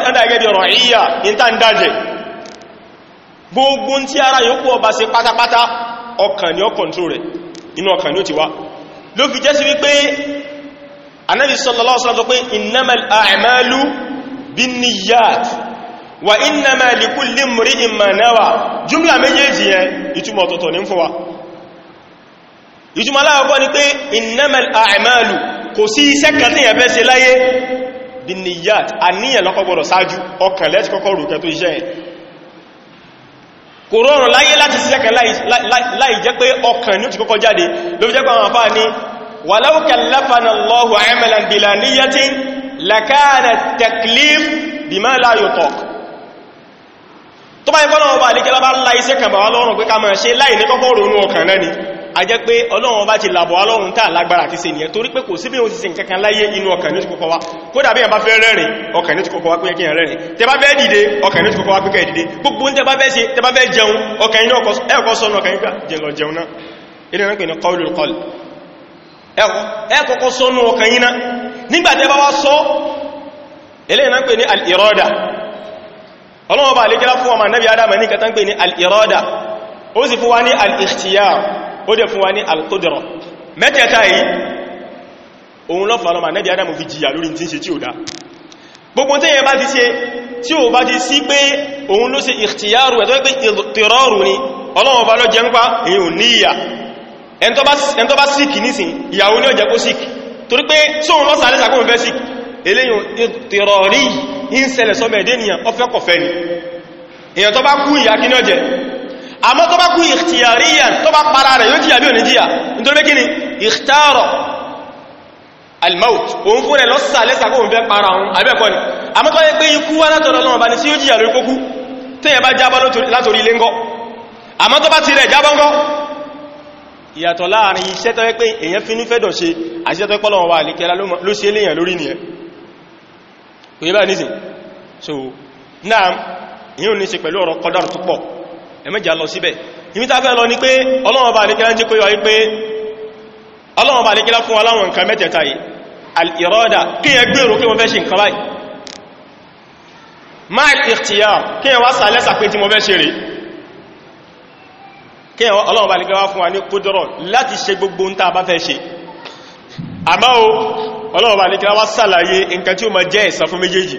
tí ara yóò kú ọba ṣe pátápátá ọkàn ni ó kọ̀ntú rẹ̀ inú ọkàn ni ó ti wá ló fi jẹ́ sí wípé anábi sallallahu alaihi wasallam sọ pé innamal a'malu binniyat wa innama likulli imri'in ma nawa jùmlà méjèèjì yẹn ìtumọ̀ ọ̀tọ̀tọ̀ ní fún wa ìtumọ̀ aláwọ̀kọ́ ni pé innamal a'malu kò sí iṣẹ́ kan tí yẹn fẹ́ ṣe láyé binniyat àníyàn lọ́kọ́ gbọ́dọ̀ ṣáájú ọkàn lẹ́tí kọ́kọ́ rò kẹ́ tó iṣẹ́ yẹn kò rọrùn láyé ولو كلفنا الله عملا بلا نية لكان التكليف بما لا يطاق tó bá ikọ́ lọ́wọ́ bá bá ńlá iṣẹ́ kan wá lọ́rùn pé ká máa ṣe láì ní kọ́kọ́ ronú ọkàn náà ni a jẹ́ pé Ọlọ́run bá ti làbọ̀ Ọlọ́run tàà lágbára àti ṣe nìyẹn torí pé kò sí bí o ti ṣe nǹkan ẹkọ̀kọ́ sọ́nù ọkàn yína nígbàtẹ́ bá wá sọ eléyìí náà ń pè ní al-irada ọlọ́wọ́ bá alékẹ́lá fún ọmọ anábi adama ní kàtà ń pè ní al-irada ó sì fún wa ní al-ikhtiyar ó dẹ̀ fún wa ní al-qudra mẹ́tẹ̀ẹ̀ta yìí òun lọ́fà lọ́mọ anábi adama fi jìyà lórí tí ń ẹn tó bá síkì nísìn ìyàwó ní ọjà kó síkì torí pé sóhun lọ́sàálẹ́ sàkóhun fẹ́ síkì eléyìn tìrọ̀rí ìṣẹ̀lẹ̀ sọmọ̀ èdè nìyàn ọfẹ́kọ̀fẹ́ ni èyàn tó bá kú ìyà kí ní ọjẹ́ àmọ́
tó bá kú ìhtìyàríyàn tó bá para rẹ̀ yóò
ni ìhtàrọ̀ almaut òun fún rẹ̀ lọ́sàálẹ́ sàkóhun fẹ́ para òun abẹ́ẹ̀kọ́ ni àmọ́ tó yẹ pé ikú wá látọ̀rọ̀ lọ́wọ́ bá ní sí yóò jìyà lórí kókú tẹ́yẹ ìyàtọ̀ láàrin iṣẹ́ tó jẹ́ pé èyàn fi nífẹ́dọ̀ ṣe àṣíṣẹ́ tó pọ́lọ̀ wà àlìkẹ́lá ló ṣe léyàn lórí nìyẹn kò yí bá nìsìn so náà ìyàn ò ní ṣe pẹ̀lú ọ̀rọ̀ kọdàrù tó pọ̀ ẹmẹ́jà lọ síbẹ̀ ìmí tá fẹ́ lọ ní pé Ọlọ́run bá àlìkẹ́lá ń jẹ́ kó yọ wípé Ọlọ́run bá àlìkẹ́lá fún aláwọn nǹkan mẹ́tẹ̀ẹ̀ta yìí al-irada kí ẹ gbèrò kí wọ́n fẹ́ ṣe nǹkan báyìí máa ìkìtìyà kí ẹ wá sàlẹ́sà pé tí mo fẹ́ ṣe rèé kí ọlọ́run bá ní gẹ́wà fún wa ní kódọ́rọ̀ láti ṣe gbogbo ń tàà bá fẹ́ ṣe àmá o ọlọ́run bá ní gẹ́wà sàlàyé nǹkan tí ó ma jẹ́ ẹ̀san fún méjèèjì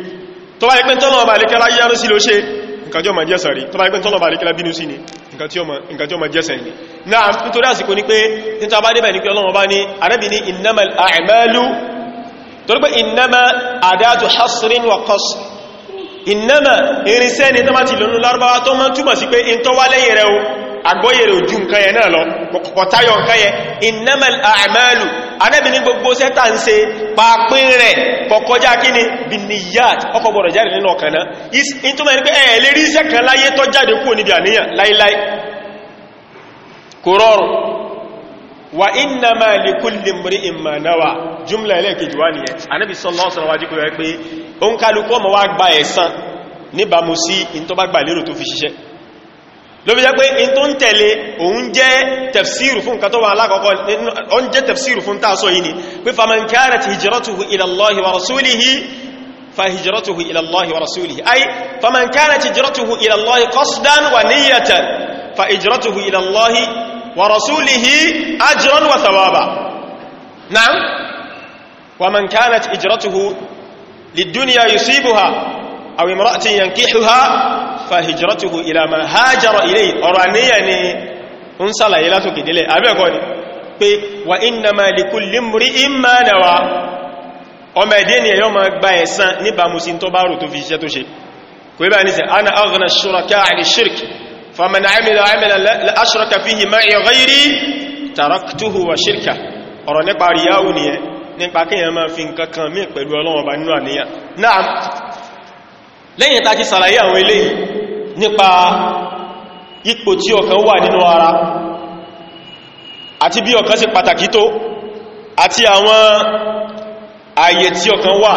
tó bá ní pé tọ́lọ́run bá ní gẹ́wà yánú sí ló ṣe nǹkan tí ó ma jẹ́ sàrí tó bá ní pé tọ́lọ́run bá ní gẹ́wà bínú sí ni nǹkan tí ó ma jẹ́ sẹ́yìn náà nítorí àsìkò ní pé níta bá débẹ̀ ní pé mọ́ túmọ̀ sí pé in tó rẹ̀ o àgbọ́yèrè ojú nǹkan yẹn náà lọ pọ̀tayọ̀ nǹkan yẹn innamal a'malu anẹ́bì ní gbogbo sẹ́ta ń ṣe pàápín rẹ̀ kọ̀kọjá kí ni biniyat ọkọ̀ gbọ́dọ̀ jáde nínú ọkàn náà ìtumọ̀ ní pé ẹ̀ lè rí iṣẹ́ kan láyé tó jáde kúrò níbi wa innama li kulli imri'in ma nawa jumla ẹlẹ́ẹ̀kejì wá nìyẹn anẹ́bì sallallahu alaihi wasallam wájú pé wọ́n pé ó ń kálukú ọmọ ló bí jẹ́ pé in tó ń tẹ̀lé òun jẹ́ tafsiru fún nǹkan tó wà alákọ̀ọ́kọ́ òun jẹ́ tafsiru fún tààsọ yìí ni pé faman kanat hijratuhu ila Allahi wa rasulihi fa hijratuhu ila Allahi wa rasulihi ay faman kanat hijratuhu ila Allahi qasdan wa niyatan fa hijratuhu ila wa rasulihi ajran wa thawaba na'am wa man kanat hijratuhu yusibuha fa hijratuhu ila ma hajara ilayhi ọ̀rọ̀ àníyàn ni ń sàlàyé látòkè délẹ̀ abẹ́ẹ̀kọ́ ni pé wa innama likulli imri'in ma nawa ọmọ ẹ̀dẹ́ ni ẹ̀yọ́ ma gba ẹ̀san níbàmú sí tó bá rò tó fi iṣẹ́ tó ṣe kò ibà ní sẹ ana aghna shuraka ani shirk faman amila amalan la ashraka lẹ́yìn tàbí sàlàyé àwọn eléyìí nípa ipò tí ọkàn wà nínú ara àti bí ọkàn ṣe pàtàkì tó àti àwọn ààyè tí ọkàn wà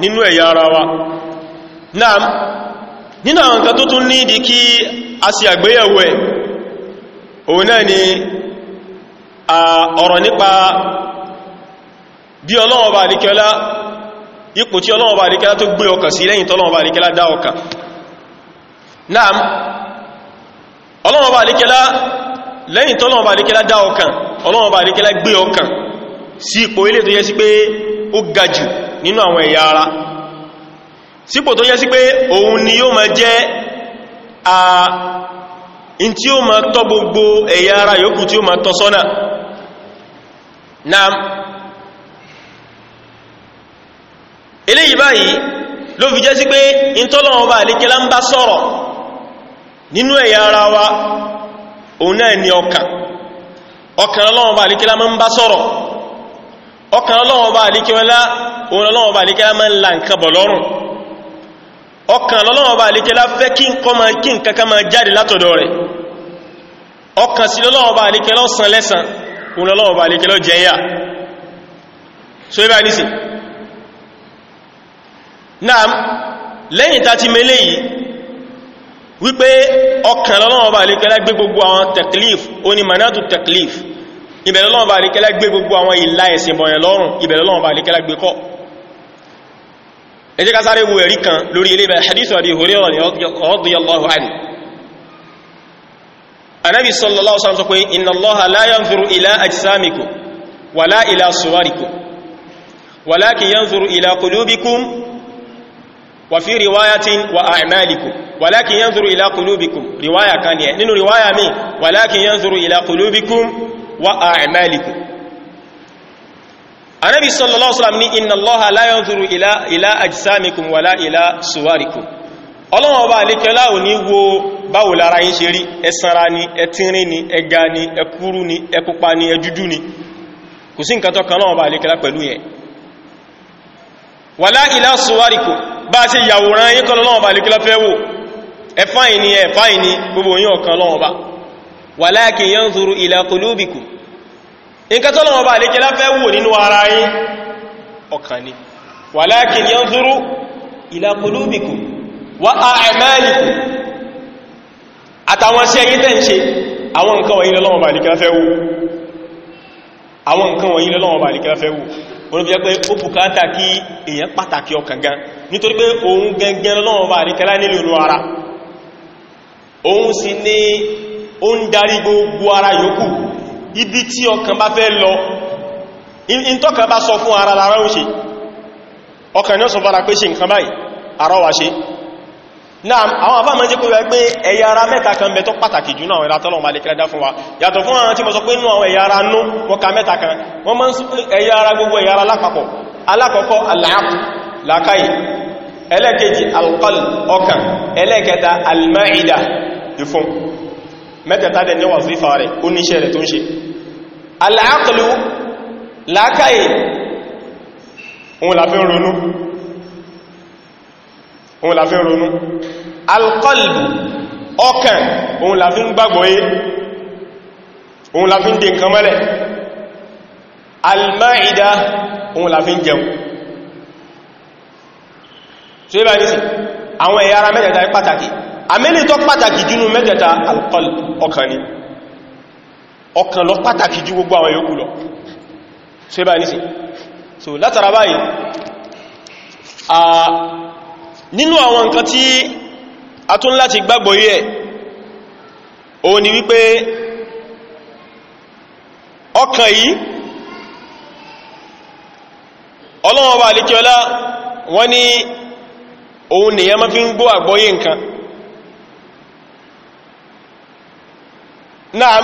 nínú ẹ̀yà ara wa náà nínú àwọn nǹkan tó tún ní ìdí kí a sì àgbéyẹ̀wò ẹ̀ òun náà ni ọ̀rọ̀ nípa bí Ọlọ́run bá àdíkẹ́lá ipò tí Ọlọ́run bá àríkẹ́lá tó gbé ọkàn sí lẹ́yìn tọ́lọ́run bá àríkẹ́lá dá ọkàn naam Ọlọ́run bá àríkẹ́lá lẹ́yìn tọ́lọ́run bá àríkẹ́lá dá ọkàn Ọlọ́run bá àríkẹ́lá gbé ọkàn sí ipò ilé tó yẹ sí pé ó ara sípò tó yẹ sí pé òun ni yóò máa jẹ́ a in tí ó máa gbogbo ẹ̀yà ara yòókù tí ó máa tọ́ sọ́nà Na. eléyìí báyìí ló fi jẹ́ sí pé ìtọ́lọ̀wọ̀n bá lè kẹlá ń bá sọ̀rọ̀ nínú ẹ̀yà ara wa òun náà ni ọkàn ọkàn ọlọ́wọ̀n bá lè kẹlá ń bá sọ̀rọ̀ ọkàn bá lè kẹlá òun ọlọ́wọ̀n bá lè kí nǹkan kan máa jáde látọ̀dọ̀ rẹ̀ ọkàn sí lọ́wọ́n bá lè kẹlá ọ̀sán lẹ́sàn òun ọlọ́wọ̀n bá lè kẹlá jẹ́yà so ibà nísìnyí náà lẹ́yìn tá ti mẹ́lẹ̀ yìí wípé ọkàn lọ́lọ́wọ́ bá alékẹ́lá gbé gbogbo àwọn teklif ó ní manatu teklif ìbẹ̀rẹ̀ lọ́wọ́ bá alékẹ́lá gbé gbogbo àwọn ìlà ẹ̀sìn bọ̀yàn lọ́rùn ìbẹ̀rẹ̀ lọ́wọ́ bá alékẹ́lá gbé kọ́ ẹ jẹ́ ká sáré wo ẹ̀rí kan lórí ilé bẹ̀rẹ̀ hadithu Abi Hurairah radiyallahu وفي رواية وأعمالكم ولكن ينظر إلى قلوبكم رواية كان نين رواية مين ولكن ينظر إلى قلوبكم وأعمالكم النبي صلى الله عليه وسلم إن الله لا ينظر إلى إلى أجسامكم ولا إلى صوركم ọlọ́wọ́n ọba àlékẹ́lá ò ní wo báwo lára yín ṣe rí ẹsanra ni ẹtínrín ni ẹga ni ẹkúrú ni ẹkúpa ni ẹjújú ni kò sí nǹkan tọ́kan ọlọ́wọ́n ọba àlékẹ́lá pẹ̀lú yẹn wàlá ìlà sùwárìkò bá ṣe yàwòrán yí kan lọ́wọ́ bá lè kílọ́ fẹ́ wò ẹ̀fà ìní ẹ̀fà ìní gbogbo yí ọ̀kan lọ́wọ́ bá walakin yanzuru ila qulubikum nǹkan tọ́lọ́wọ́ bá lè kílọ́ fẹ́ wò nínú ara yín ọkàn ni walakin yanzuru ila qulubikum wa a'malikum àtàwọn iṣẹ́ yí tẹ́ ń ṣe àwọn nǹkan wọ̀nyí lọ́wọ́ bá lè kílọ́ fẹ́ wò àwọn nǹkan wọ̀nyí lọ́wọ́ bá lè kílọ́ fẹ́ wò olóbìyà pé ó bùkátà kí èyàn pàtàkì ọkàn gan nítorí pé òun gẹngẹn lọ́wọ́ bá àríkẹ́lá nílò inú ara òun sì ní ó ń darí gbogbo ara yòókù ibi tí ọkàn bá fẹ́ lọ in tọ́kàn bá sọ fún ara lára ó ṣe ọkàn ní ọ̀sán náà àwọn àbá mọ́ jẹ́ kó rẹ̀ pé ẹ̀yà ara mẹ́ta kan bẹ tó pàtàkì jù náà àwọn ìrátọ́lọ̀ ma lè kẹ́rẹ́ dá fún wa yàtọ̀ fún àwọn tí mo sọ pé nú àwọn ẹ̀yà ara nú wọ́n ka mẹ́ta kan wọ́n mọ́ ẹ̀yà ara gbogbo ẹ̀yà ara lápapọ̀ alákọ̀ọ́kọ́ aláàpù làákàyè ẹlẹ́kejì alqal ọkàn ẹlẹ́kẹta almaida ìfun mẹ́tẹ̀ẹ̀ta dẹ̀ ní wàzífà rẹ̀ ó níṣẹ́ rẹ̀ tó ń ṣe aláàpù làákàyè òun làfin ronú òun la fi ń ronú alqalbu ọkàn òun la fi ń gbàgbọ́ yé òun la fi ń dè nǹkan mọ́lẹ̀ almaida òun la fi ń jẹun tí ó bá ní sí àwọn ẹ̀yà ara mẹ́tẹ̀ẹ̀ta pàtàkì àmẹ́lẹ̀ tó pàtàkì jùnú mẹ́tẹ̀ẹ̀ta alqalbu ọkàn ni ọkàn ló pàtàkì jù gbogbo àwọn yòókù lọ tí ó bá ní sí so látara báyìí nínú àwọn nǹkan tí a tún láti gbàgbọ́ yẹ o ni wípé ọkàn yìí ọlọ́wọ́n bá lè kíọlá wọ́n ní òun nìyàn má fi ń gbọ́ àgbọ́yé nǹkan náà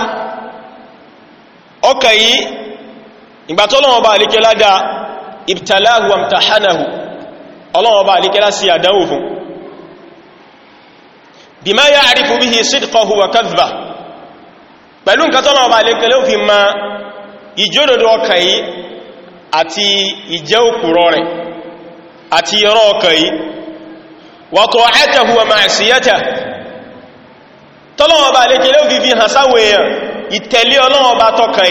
ọkàn yìí ìgbàtọ́lọ́wọ́n bá ọlọ́ọba bá sí àdánwò fún ya ya'rifu bihi sit wa huwa pẹ̀lú nǹkan tọ́lọ́wọ́ bá alekere fi ma ìjódòdó ọkàn yìí àti ìjẹ́ òkúrọ rẹ̀ àti irọ́ ọkàn yìí wa ta'atahu wa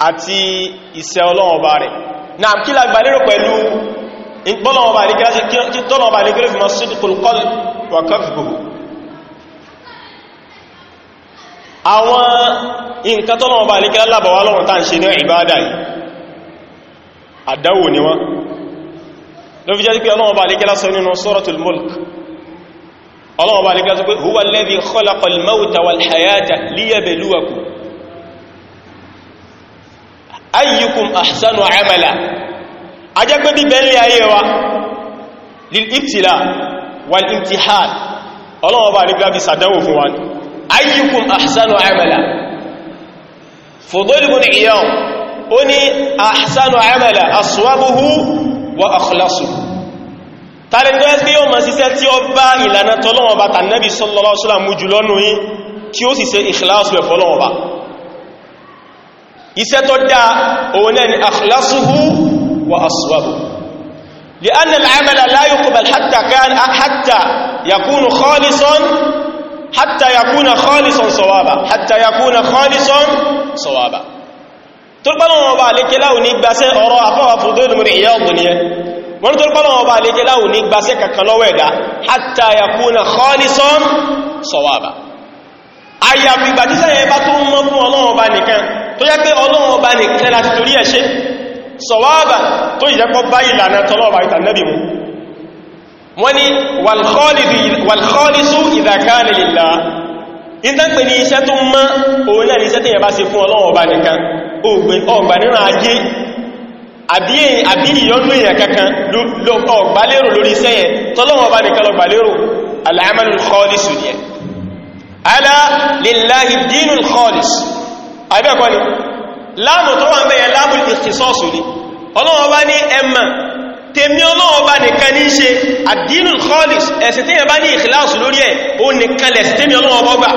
àti ìṣẹ́ ọlọ́wọ́ bá tọ́lọ̀wọ̀ bá lè gẹ́lẹ́ fi ma sídìkùl kọlù wà kọfìkò àwọn nǹkan tọ́lọ̀wọ̀ bá lè gẹ́lẹ́ lábàwà lọ́wọ́ tàà ń ṣe ní ìbádà yìí àdáwò ni wọ́n ló fi jẹ́ pé ọlọ́wọ̀ bá lè gẹ́lẹ́ sọ nínú suratul mulk ọlọ́wọ̀ ayyukum ahsanu amala a jẹ́ pé bíbẹ̀ ilé ayé wa lil-ibtila wal-imtihan ọlọ́wọ́ bá nígbà bí sàdánwò fún wa ní ayyukum ahsanu amala Fudail ibn Iyad ó ní ahsanu amala aswabuhu wa akhlasuhu tàbí tó ẹ́sí yóò máa ṣiṣẹ́ tí ó bá ìlànà tọ́lọ́wọ́ bá tànàbí sallallahu alaihi yí tí ó sì ṣe ikhlasu ẹ̀ fọ́lọ́wọ́ bá tó dáa òun náà ni akhlasuhu وأصوب لأن العمل لا يقبل حتى كان حتى يكون خالصا حتى يكون خالصا صوابا حتى يكون خالصا صوابا تربلون ọba لك لا ní gbáṣẹ́ ọ̀rọ̀ àfọwà fòdóòlù mú ní ìyá ọ̀gbìn ni ẹ wọ́n tọ́rọpọ̀lọ́wọ́ ọba àlékelá ò ní gbáṣẹ́ kankan lọ́wọ́ ẹ̀dá hatta yakuna khalisan sawaba ayàbìgbàtíṣẹ́ ẹ bá tó mọ́ fún ọlọ́wọ́ ọba nìkan tó yẹ pé ọlọ́wọ́ ọba nìkan láti torí ẹ̀ṣẹ́ sọ̀wọ́bà tó ìjẹ́pọ̀ bá ìlànà tọ́lọ́wà ìtànẹ́bì mú wọ́n ni wàlkọ́lìsù ìdàkánà ìlà ìtànpẹ̀ ní iṣẹ́ tó mọ́ òun náà ní iṣẹ́ tí yẹ bá ṣe fún Ọlọ́run Ọba nìkan ọgbà níran ajé àbí ìyọ́nú èèyàn kankan ọgbà láàmù tó wà mẹ́yẹ láàmù ìsìsọ́ọ̀sù ni ọlọ́wọ́ bá ní ẹmà tèmi ọlọ́wọ́ bá nìkan ní ṣe àdínul khalis ẹ̀sìn tí yẹ bá ní ìkìláàsù lórí ẹ̀ ó nìkan lẹ̀sìn tèmi ọlọ́wọ́ bá gbà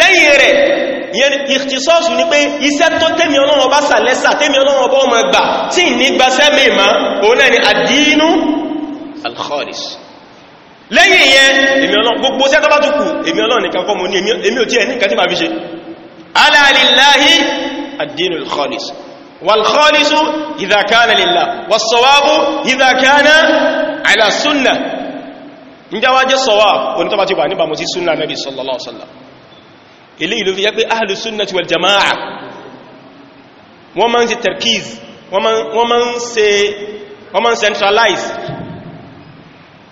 lẹ́yìn rẹ̀ ìsìsọ́ọ̀sù ni pé iṣẹ́ tó tèmi ọlọ́wọ́ bá sàlẹ́sà tèmi ọlọ́wọ́ bá ọmọ gbà tí ní gbaṣẹ́ mẹ́ma òun náà ni lillahi الدين الخالص والخالص إذا كان لله والصواب إذا كان على السنة ǹjẹ́ wá jẹ́ sọ̀wá oní tọ́bá ti wà níbà mọ̀ sí súnnà nàbí sallallahu alaihi wasallam ilé ìlú fi yẹ́ pé ahlu sunnati wal jama'a wọ́n ma ń ṣe tarkiz wọ́n ma ń centralize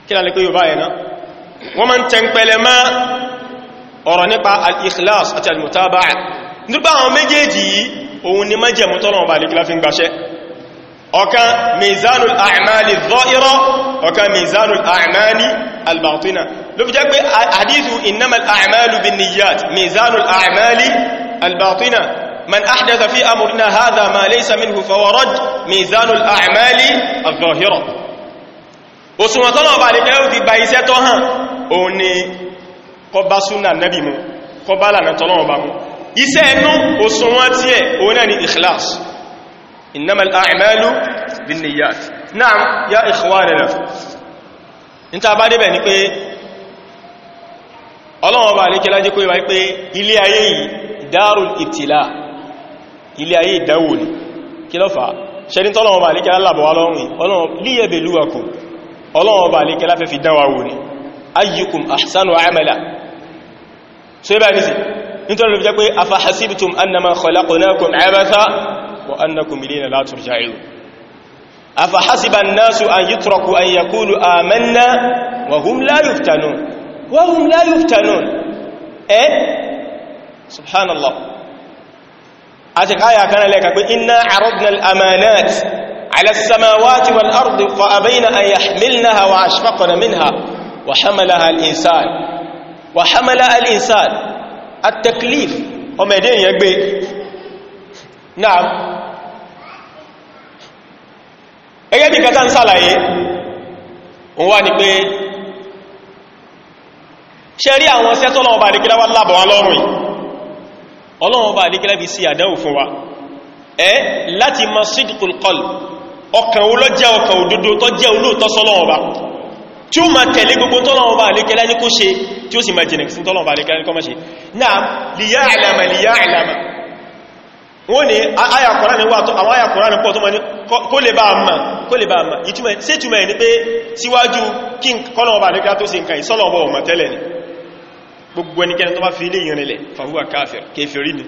kí lálẹ́ pé yóò báyẹ̀ náà wọ́n ma ń tẹ́ǹpẹ̀lẹ̀ mọ́ ọ̀rọ̀ nípa al-ikhlas àti al-mutaba'a nígbà àwọn méjèèjì yìí òun ni májẹ̀mú tọ́lọ̀wọ̀n bá lèkìlá fi ń gbaṣẹ́ ọ̀kan mizanul a'mali dhahira ọ̀kan mizanul a'mali albatina ló fi jẹ́ pé hadithu innamal a'malu binniyat mizanul a'mali albatina man ahdatha fi amrina hadha ma laysa minhu fawarad mizanul a'mali adh-dhahira òṣùwọ̀n tọ́lọ̀wọ̀n bá lèkìlá súnà nábì mu kọba lànà tọ́lọ̀wọ̀n bá mu iṣẹ́ ẹnu òṣùnwọ́n tí ẹ̀ òun náà ni ikhlas innamal a'malu binniyat na'am ya ikhwanina ní ta bá débẹ̀ ni pé ọlọ́wọ́n bá lékẹ́lá jẹ́ kó yíwa pé ilé ayé yìí dárùn ìtìlá ilé ayé ìdánwò ni kí ló fà ṣẹ́ni tọ́lọ́wọ́n bá lékẹ́lá ní nítorí lọ́pẹ́ pé afahasibtum annama khalaqnakum abatha wa annakum ilayna la turja'un afahasiba an-nasu an yutraku an yaqulu amanna wa hum la yuftanun wa hum la yuftanun eh subhanallah àti káyà kana lẹ́ka pé inna aradna al-amanat على السماوات والأرض فأبين أن يحملنها وأشفقن منها وحملها الإنسان وحملها الإنسان at-taklif ọmọ ẹ̀dẹ́ èèyàn gbé náà ẹgẹ́ bí kẹta ń sàlàyé wọ́n wá ní pé ṣe rí àwọn ṣẹ́ tọ́lọ́wọ́ bá nígbẹ́lá wá lábọ̀ wá lọ́rùn ọlọ́wọ́ bá nígbẹ́lá bí sí àdánwò fún wa ẹ́ láti ma sídìkùn kọl ọkàn olójẹ́ ọkàn òdodo tó jẹ́ olóòtọ́ sọ́lọ́wọ́ bá tí ó ma tẹ̀lé gbogbo tọ́lọ́wọ́ bá lè kẹlá ní kó ṣe tí ó sì ma jìnà sí tọ́lọ́wọ́ bá lè kẹlá ní kọ́ mọ́ ṣe náà lìyà àlàmà lìyà àlàmà wọ́n ni àwọn ayàkùnránì pọ̀ tó ma ní kó lè bá ma kó lè bá ma ṣe túnmọ̀ ẹni pé síwájú kí kọ́lọ̀wọ́ bá lè kẹlá tó ṣe nǹkan ìsọ́lọ̀wọ́ ọmọ tẹ́lẹ̀ ni gbogbo ẹnikẹ́ni tó bá fi ilé ìrìnlẹ̀ fàhúwà káfẹ̀ẹ́ kèfèrí ni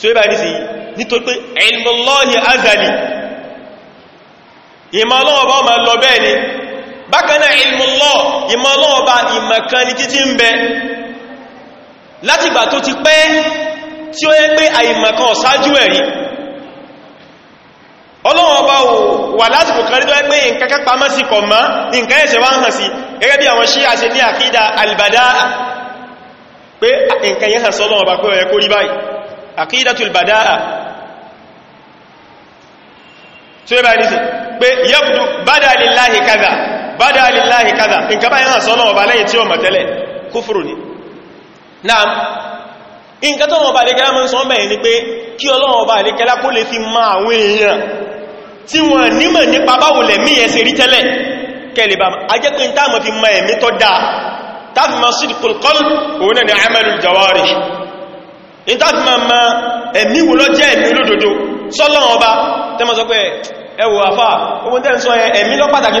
so ibà ní sí nítorí pé ilmullahi azali ìmọ̀ ọlọ́wọ́ bá ma lọ bẹ́ẹ̀ ni bákanáà ilmùlọ́ ìmọ̀lọ́ọ̀bá ìmọ̀kan ní títí ń bẹ láti gbà tó ti pẹ́ tí ó yẹ pé àìmọ̀kan ṣáájú ẹ̀rí ọlọ́wọ́ba wà lásìkò kan nítorí pé nǹkan kápá mọ́ sí kọ̀ mọ́ nǹkan ẹ̀ṣẹ̀ wá ń hàn sí gẹ́gẹ́ bí àwọn Ṣíà ṣe ní àkídà albada pé nǹkan yẹn hàn sí ọlọ́wọ́ba pé ó yẹ kó rí báyìí àkídàtul bada tí ó bá ní sí bada alillahi kaza nǹkan báyìí hàn sọ́nà ọba lẹ́yìn tí ó mọ̀ tẹ́lẹ̀ kúfùrù ni náà nǹkan tó wọn bá lè kẹ́lá mọ́ sọ mẹ́rin ni pé kí ọlọ́wọ́ bá lè kẹ́lá kó lè fi ma àwọn èèyàn tí wọ́n nímọ̀ nípa báwòlẹ̀ ni amalul jawarih ìtàfi ma ma ẹ̀mí wo ló jẹ́ ẹ̀mí olódodo sọ́lọ́wọ́ bá tẹ́mọ́ sọ pé ẹwọ tẹ́ ń sọ ẹ̀mí lọ pàtàkì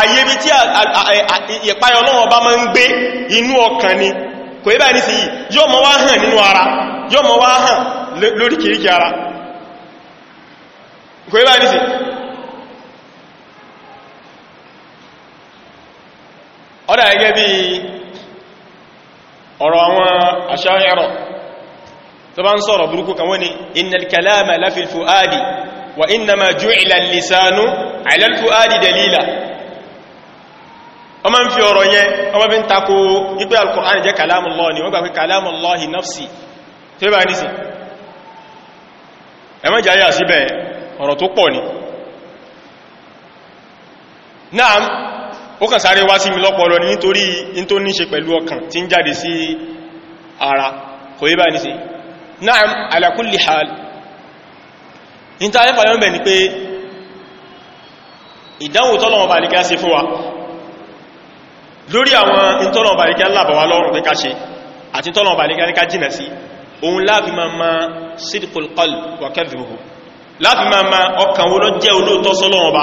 àyè bí tí ìpáyọ Ọlọ́run bá máa ń gbé inú ọkàn ni kò ibà ní sí yóò mọ́ wá hàn nínú ara yóò mọ́ wá hàn lórí kìríkì ara kò ibà ní sí ọ̀dá gẹ́gẹ́ bí ọ̀rọ̀ àwọn aṣáyẹ̀rọ̀ tó bá ń sọ̀rọ̀ burúkú kan wọ́n ni innal kalama lafi fu'adi wa innama ju'ila lisanu ala al fu'adi dalila ọmọ ń fi ọ̀rọ̀ yẹn ọmọ bí ń takò ipé al-Qur'an jẹ́ kalamullahi wọ́n gbà pé kalamullahi nafsi tí ó bá ní sí ẹmọ́ jẹ́ ayá síbẹ̀ ọ̀rọ̀ tó pọ̀ ni náà ó kàn sáré wá sí mi lọ́pọ̀lọ́ ní nítorí in tó níṣe pẹ̀lú ọkàn tí ń jáde sí ara kò yí bá ní sí náà ala kulli hal ìdánwò tọ́lọ́wọ́ bá ní ká sí fún wa lórí àwọn ìtọ́nà ọ̀bàríkà lábàwà lọ́rùn pé ká ṣe àti tọ́nà ọ̀bàríkà ní ká jìnà sí òun láàfi ma ma sidqul qalb wa kadhibuhu láàfi ma ma ọkàn wo ló jẹ́ olóòtọ́ sọ́lọ́run ọba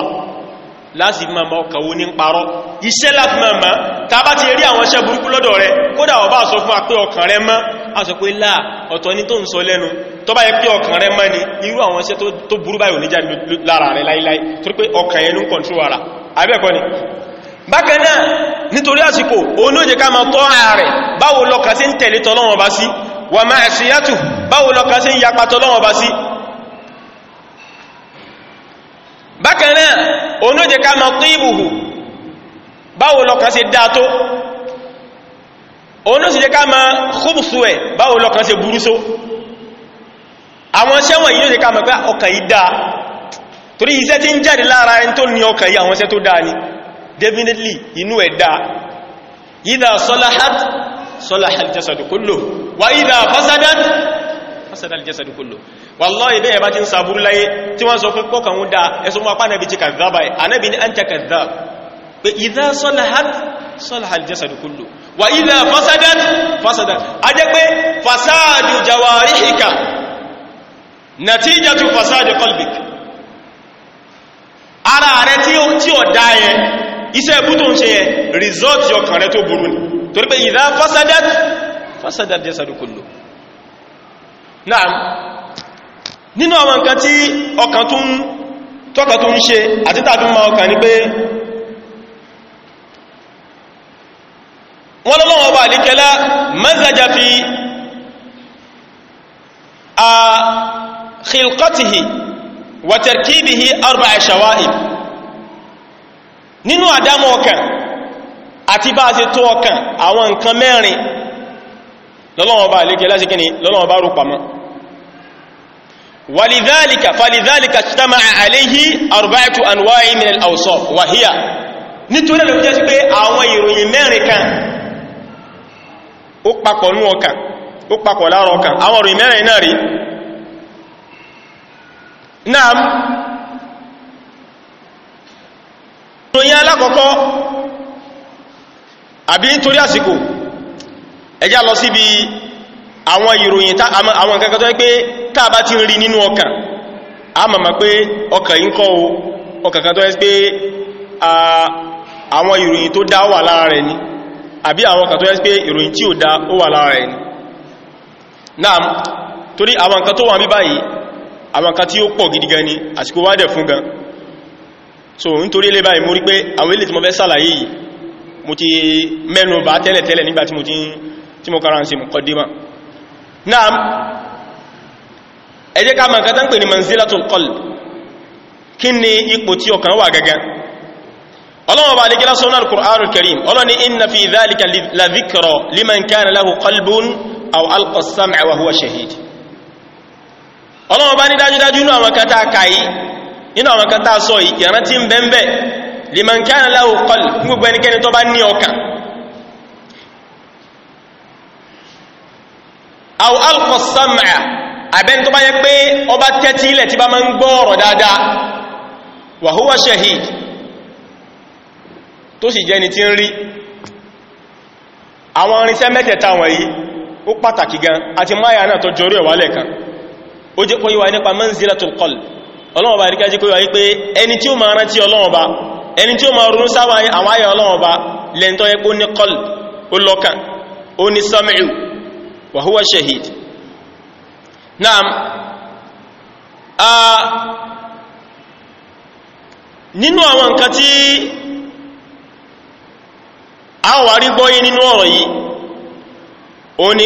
láti ma ma ọkàn wo ní ń parọ́ iṣẹ́ láàfi ma ma ta bá ti rí àwọn iṣẹ́ burúkú lọ́dọ̀ rẹ kódà ọba sọ fún wa pé ọkàn rẹ mọ́ a sọ pé láà ọ̀tọ̀ ní tó ń sọ lẹ́nu tó bá yẹ pé ọkàn rẹ mọ́ ni irú àwọn iṣẹ́ tó burú báyìí ò ní jáde lára rẹ láíláí torí pé ọkàn yẹn ló ń kọ̀ntúrò ara àbẹ́ẹ̀kọ́ ni bákan náà nítorí àsìkò òun ló jẹ́ ká máa tọ́ ara rẹ̀ báwo lọ́kàn sí ń tẹ̀lé tọ́lọ́wọ́n bá sí wà máa ṣe yàtù báwo lọ́kàn sí ń yapa tọ́lọ́wọ́n bá sí bákan náà òun ló jẹ́ ká máa tún ìbùhù báwo lọ́kàn sí dáa tó ká máa kúbùsù ẹ̀ báwo lọ́kàn sí burú àwọn iṣẹ́ definitely inú ẹ̀dá ìdá sọ́láhát sọ́láhát jẹ́sàdù kúlò wà ìdá fásadát fásadát jẹ́sàdù kúlò wallahi ibẹ̀ ẹ̀bá ti ń sàbúrú láyé tí wọ́n sọ fún pọ́kàn ń dá ẹsùn mọ́ apánàbí ti kàzába ẹ̀ anábì ní àǹtà kàzá pé ìdá sọ́láhát sọ́láhát jẹ́sàdù kúlò wà ìdá fásadát fásadát
ara rẹ̀ tí ó dá yẹn
iṣẹ́ ẹbú tó ń ṣe yẹn rìsọ́ọ̀tì ọkàn rẹ tó burú ni torí pé ìdá fasadat fasadat jasadu kullu náà nínú àwọn nǹkan tí ọkàn tó ń tọ́kà tó ń ṣe àti tàbí ma ọkàn ni pé
wọ́n lọ́wọ́ ọba àdíkẹ́lá mazaja fi
a khilqatihi wa arba'a shawa'ib nínú àdámọ̀ ọkàn àti bá ṣe tó ọkàn àwọn nǹkan mẹ́rin lọ́lọ́wọ́ bá alékẹ́ láti kíni lọ́lọ́wọ́ bá rú pamọ́ walidhalika falidhalika ijtama'a alayhi arba'atu anwa'in min al-awsaf wa hiya nítorí ló jẹ́ sí pé àwọn ìròyìn mẹ́rin kan ó papọ̀ nú ọkàn ó papọ̀ lára náà ìròyìn alákọ̀ọ́kọ́ àbí nítorí àsìkò ẹjá lọ síbi àwọn ìròyìn àwọn nǹkan pé ti rí nínú ọkàn a màmá pé ọkà yí kọ́ o ọkàn kan pé àwọn ìròyìn tó dá wà lára rẹ̀ ni àbí àwọn pé ìròyìn tí ò wà lára rẹ̀ ni náà torí àwọn wà báyìí àwọn tí ó pọ̀ ni àsìkò fún gan so nítorí ilé báyìí mo rí pé àwọn ilé tí mo fẹ́ sàlàyé yìí mo ti mẹ́nu bà tẹ́lẹ̀tẹ́lẹ̀ nígbà tí mo ti tí mo kára ń ṣe muqaddima naam ẹ jẹ́ ká mọ̀ nǹkan tán pè ní manzilatul qalb kí ni ipò tí ọkàn wà gangan ọlọ́wọ́ bá lẹ́gẹ́lá sọ́nà al-Qur'anul Karim ọlọ́ni inna ní dájúdájú inú àwọn kan tá a nínú àwọn kan tá a sọ yìí ìrántí ń bẹ́ńbẹ́ liman kana lahu qalb fún gbogbo ẹnikẹ́ni tó bá ní ọkàn aw alqa sam'a àbẹ́ni tó bá yẹ pé ọba tẹ́tí ilẹ̀ tí bá máa ń gbọ́ ọ̀rọ̀ dáadáa wa shahid tó sì jẹ́ tí ń rí àwọn irinṣẹ́ mẹ́tẹ̀ẹ̀ta wọ̀nyí ó pàtàkì gan àti máyà náà tó jọrí ọ̀wálẹ̀ kan ó jẹ́ kó yíwa nípa manzilatul qalb ọlọ́wọ̀ba ìríkẹ́ kó yọ wípé ẹni tí ó máa rántí ọlọ́wọ̀ba ẹni tí ó máa ronú sáwà ọlọ́wọ̀ba lẹ́ntọ́ yẹ kó ní kọl ó lọ́kàn ó ní shahid naam a nínú àwọn nǹkan tí a wà rí gbọ́yí nínú ọ̀rọ̀ yìí ó ní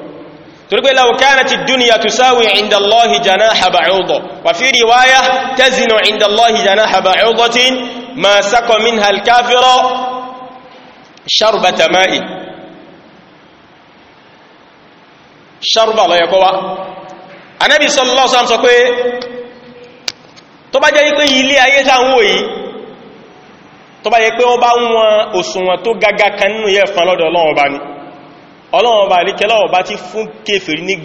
torí pé law kanati ad-dunya tusawi 'inda Allahi janaha ba'udah wa fi riwaya tazinu 'inda Allahi janaha ba'udatin ma saqa minha al-kafiru sharbata ma'in sharba lọ yẹkọ wa anábi sallallahu alaihi wasallam sọ pé tó bá jẹ́ pé ilé ayé sáwọn òyí tó ọlọ́wọ́n bá ní kẹlọ́ ọba ti fún kéfèrí ní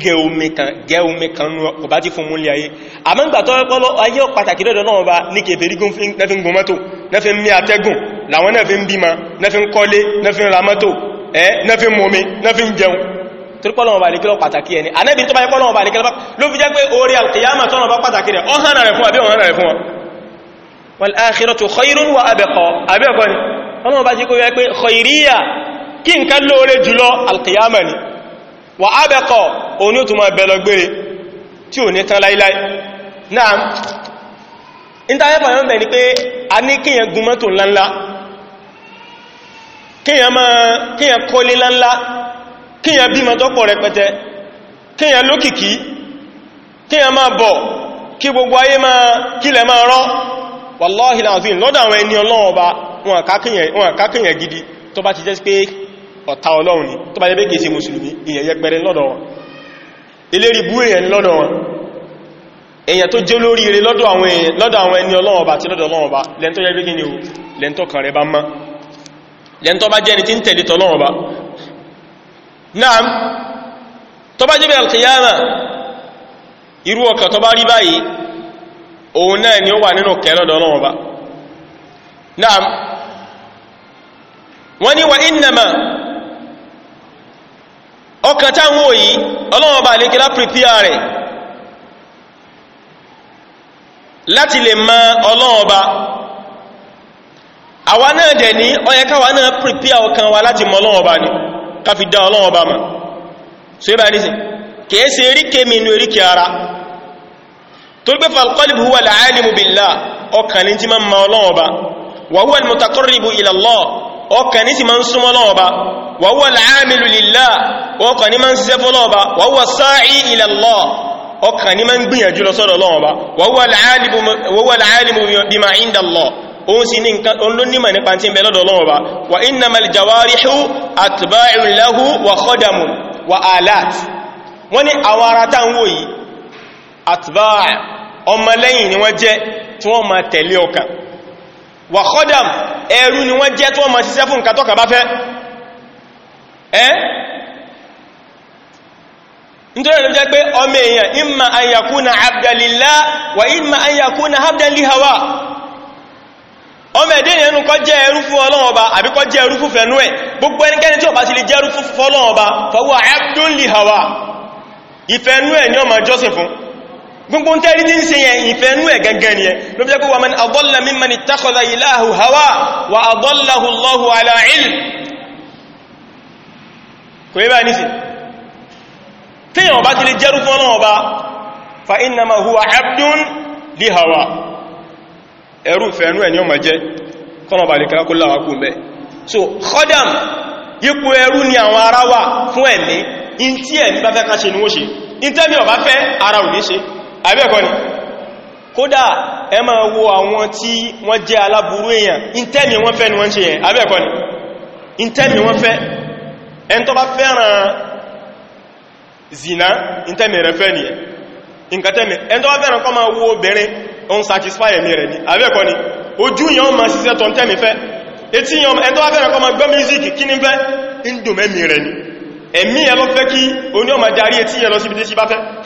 gẹ́omi kan ọba ti fún múlẹ̀ ayé àmọ́gbà tó ẹpọ́lọ́ ayé pàtàkì lọ́dọ̀ náà bá ní kéfèrí nẹ́fin gùn mọ́tò nẹ́fin mí atẹ́gùn làwọn nẹ́fin bímọ nẹ́fin kọ́lé nẹ́fin ra mọ́tò nẹ́fin mọ́mí nẹ́fin jẹun torípọ́lọ́wọ́n bá ní kẹlọ́ pàtàkì ẹni anẹ́bí tó bá yẹ pọ́lọ́wọ́n bá ní kẹlọ́ ló fi jẹ́ pé orí alkiyama tọ́nà bá pàtàkì rẹ̀ ọ̀hánà rẹ̀ fún àbí ọ̀hánà rẹ̀ fún wọn wal akhiratu wa abqa àbẹ́kọ́ ni ọlọ́wọ́n bá jẹ́ kó yẹ pé khairiyya kí nǹkan lóore jùlọ alkiyama ni wà ábẹ́kọ̀ oní òtù máa bẹ̀lọ gbére tí ò ní tán láíláí náà ìntàyẹ́fà yọ́n ni pé a ní kíyàn gun ńláńlá kíyàn kọ́lé ńláńlá kíyàn bímọ tọ́pọ̀ rẹpẹtẹ kíyàn lókìkí kíyàn máa bọ̀ kí gbogbo ayé máa kílẹ̀ máa rán lọ́dọ̀ àwọn ẹni ọlọ́wọ́ wọn gidi tó bá ti jẹ́ ọ̀tá ọlọ́run ni tó bá yẹ bẹ́ẹ̀ kèsè mùsùlùmí èyàn yẹpẹrẹ lọ́dọ̀ wọn eléri bú èyàn lọ́dọ̀ wọn èyàn tó jẹ́ olórí ire lọ́dọ̀ àwọn ẹni ọlọ́run ọba àti lọ́dọ̀ ọlọ́run ọba lẹ́ntọ́ yẹ bẹ́ẹ̀ ni o lẹ́ntọ́ kan rẹ bá má lẹ́ntọ́ bá jẹ́ ẹni tí ń tẹ̀lé tọ́lọ́run ọba náà tó bá jẹ́ ni wọ́n ni wà innama ọkàn táwọn òyí ọlọ́wọ́n bá lè kílá pìpíà rẹ̀ láti lè mọ ọlọ́wọ́n bá àwa náà dẹ̀ ní ọyẹ káwa náà pìpíà ọkàn wa láti mọ ọlọ́wọ́n bá ní ká fi dá ọlọ́wọ́n bá mọ̀ so yíba ní sí kìí ṣe eríkè mi inú eríkè ara torí pé falqalbu huwa al ọkàn ní sì máa ń súnmọ́ lọ́ọ̀ba wa huwa al-aamilu lillah ọkàn ní máa ń ṣiṣẹ́ fún lọ́ọ̀ba wa huwa as-saa'i ila Allah ọkàn ní máa ń gbìyànjú lọ sọ́dọ̀ lọ́ọ̀ba wa huwa al-aalimu bima 'inda Allah òun sì ní nǹkan ń tẹ̀lé ọkàn wà kọ́dàm elu ni wọ́n jẹ́ wọ́n ma ṣiṣẹ́ fún nǹkan bá fẹ́ ẹ́ nítorí ẹ̀rọ jẹ́ pé ọmọ èèyàn imma an yakuna abdalilá wà imma an yakuna abdalihawa ọmọ èdè ìyẹnu kọ́ jẹ́ ẹrú fún Ọlọ́run àbí kọ́ jẹ́ fún ẹ̀ gbogbo gbogbo ń tẹ́rí tí ń ṣe yẹn ìfẹ́nú ẹ̀ gangan ni ẹ ló bí jẹ́kọ́ waman adalla mimman ittakhadha ilahu hawa wa adallahu Allahu ala ilm kò yẹ bá ní sí tíyàn hawa wà fún ẹ̀mí in tí ẹ̀mí bá fẹ́ ni wó ṣe in ọ̀bá fẹ́ ara ò ní ṣe àbẹ́ẹ̀kọ́ ni kódà ẹ máa wo àwọn tí wọ́n jẹ́ aláburú èèyàn intẹ́mi wọ́n fẹ́ ni wọ́n ṣe yẹn àbẹ́ẹ̀kọ́ ni intẹ́mi wọ́n fẹ́ ẹn tó bá fẹ́ràn zina intẹ́mi rẹ̀ fẹ́ nìyẹn nǹkan tẹ́mi ẹn tó bá fẹ́ràn kọ́ máa wo obìnrin on satisfy ẹ̀mí rẹ̀ ni àbẹ́ẹ̀kọ́ ni ojú yẹn máa ṣiṣẹ́ tọ́ tẹ́mi fẹ́ etí yẹn ẹn tó bá fẹ́ràn kọ́ máa gbọ́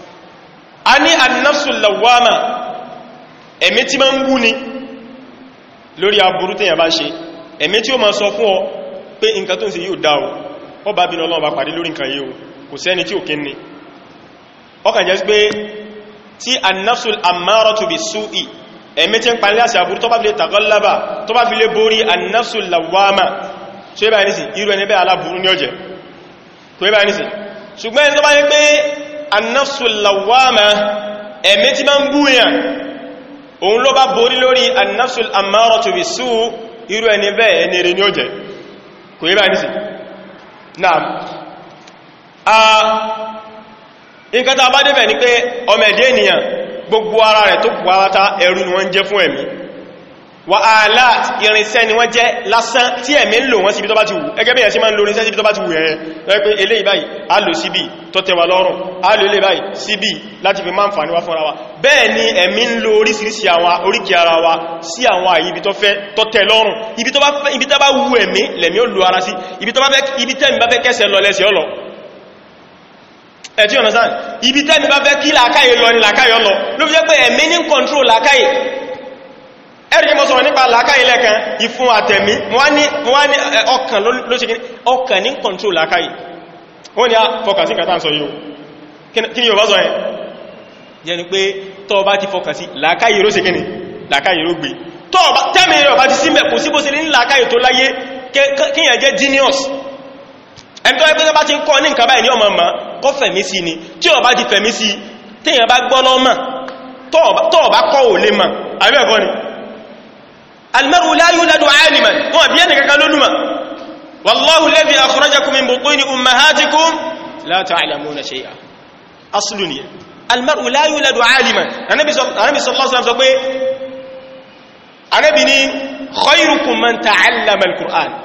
a ní annafsul lawama ẹ̀mí tí ma ń bú ni lórí aburú tẹ́yà bá ṣe ẹ̀mí tí ó ma sọ fún ọ pé nǹkan tó ń ṣe yóò dá o ó bá bínú ọlọ́wọ́ bá pàdé lórí nǹkan yíò kò sẹ́ni tí ò kí ní ọkàn jẹ́ pé tí annafsul ammaratu bis-su'i ẹ̀mí tí ń pa nílẹ̀ annafsul lawama ẹ̀mí tí bá ń búyàn òun ló bá borí lórí annafsul ammaratu bisu irú ẹni bẹ́ẹ̀ ẹni rẹ̀ ni ó jẹ́ kò yí bá ní sí náà nǹkan tá a bá débẹ̀ ni pé ọmọ ẹ̀dẹ́ ènìyàn gbogbo ara rẹ̀ tó pàátá ẹrú ni wọ́n jẹ́ fún ẹ̀mí wà áàlá irinṣẹ́ ni wọ́n jẹ́ lásán tí ẹ̀mí ń lò wọ́n síbi tó bá ti wù ẹgẹ́ bí ẹ̀ sí máa ń lò irinṣẹ́ síbi tó bá ti wù ẹ̀ rẹ̀ pé ilé ìbáyìí a lò síbi tó tẹwà lọ́rùn a lò ilé ìbáyìí síbi láti fi máa ń fàníwá fúnra wa bẹ́ẹ̀ ni ẹ̀mí ń lò oríṣiríṣi àwọn oríkì ara wa sí àwọn àyè ibi tó fẹ́ tó tẹ́ lọ́rùn ibi tó bá wù ẹ̀mí lẹ̀mí ó lò ara sí ibi tẹ́mi bá fẹ́ kẹsẹ̀ lọ lẹ́sẹ̀ ọlọ ẹ̀tí ọ̀nà sáà ibi tẹ́mi bá fẹ́ kí làákàyè lọ ni làákàyè ọlọ ló fi jẹ́ pé ẹ̀mí ní control làákàyè ẹ̀rìkí mọ́ sọ̀rọ̀ nípa làákà ilẹ̀ kan ìfún àtẹ̀mí wọ́n ní ọkàn ló ṣe ọkàn ní control làákà wọ́n ni a ah, fọkà sí kàtà ń sọ yíò kí ni yóò bá sọ yẹn jẹ́ ni pé tọ́ bá ti fọkà sí làákà yìí ló ṣe kíni làákà yìí ló gbé tẹ́mì rẹ̀ bá ti símẹ̀ kò síbò sílé ní làákà yìí tó láyé kíyàn jẹ́ genius ẹ̀ntọ́ ẹgbẹ́ bá ti ń kọ́ ní nǹkan báyìí ní ọmọ ọmọ kọ́ fẹ̀mí sí ni tí ó bá ò lè mọ̀ àbẹ́ẹ̀kọ́ ni المرء لا يولد عالما هو بيانك كالولما والله الذي أخرجكم من بطون أمهاتكم لا تعلمون شيئا أصلني المرء لا يولد عالما النبي صلى الله عليه وسلم سبقه النبي خيركم من تعلم القرآن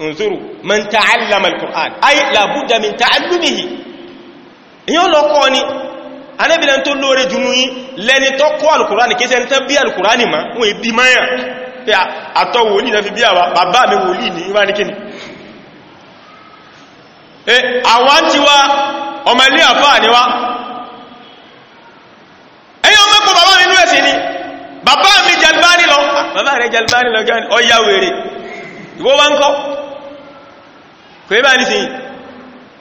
انظروا من تعلم القرآن أي لابد من تعلمه يقول لقوني anẹ́bìnrin tó lóore jùnú yí lẹni tó kọ́ alùkùránì kéṣẹ́ ní tán bí alùkùránì ma wọ́n èbí máyà pé àtọ́ wòlí na fi bí àwà bàbá mi wòlí ní ìwá ní kíni e àwọn tí wá
ọmọ ilé àfáà ni wá
ẹyọ mẹ́kọ̀ bàbá mi lúwẹ̀ sí ni bàbá mi jalbani lọ ah, bàbá rẹ̀ jalbani lọ gẹ́ ọya wèrè ìwọ́ wá ń kọ́ kò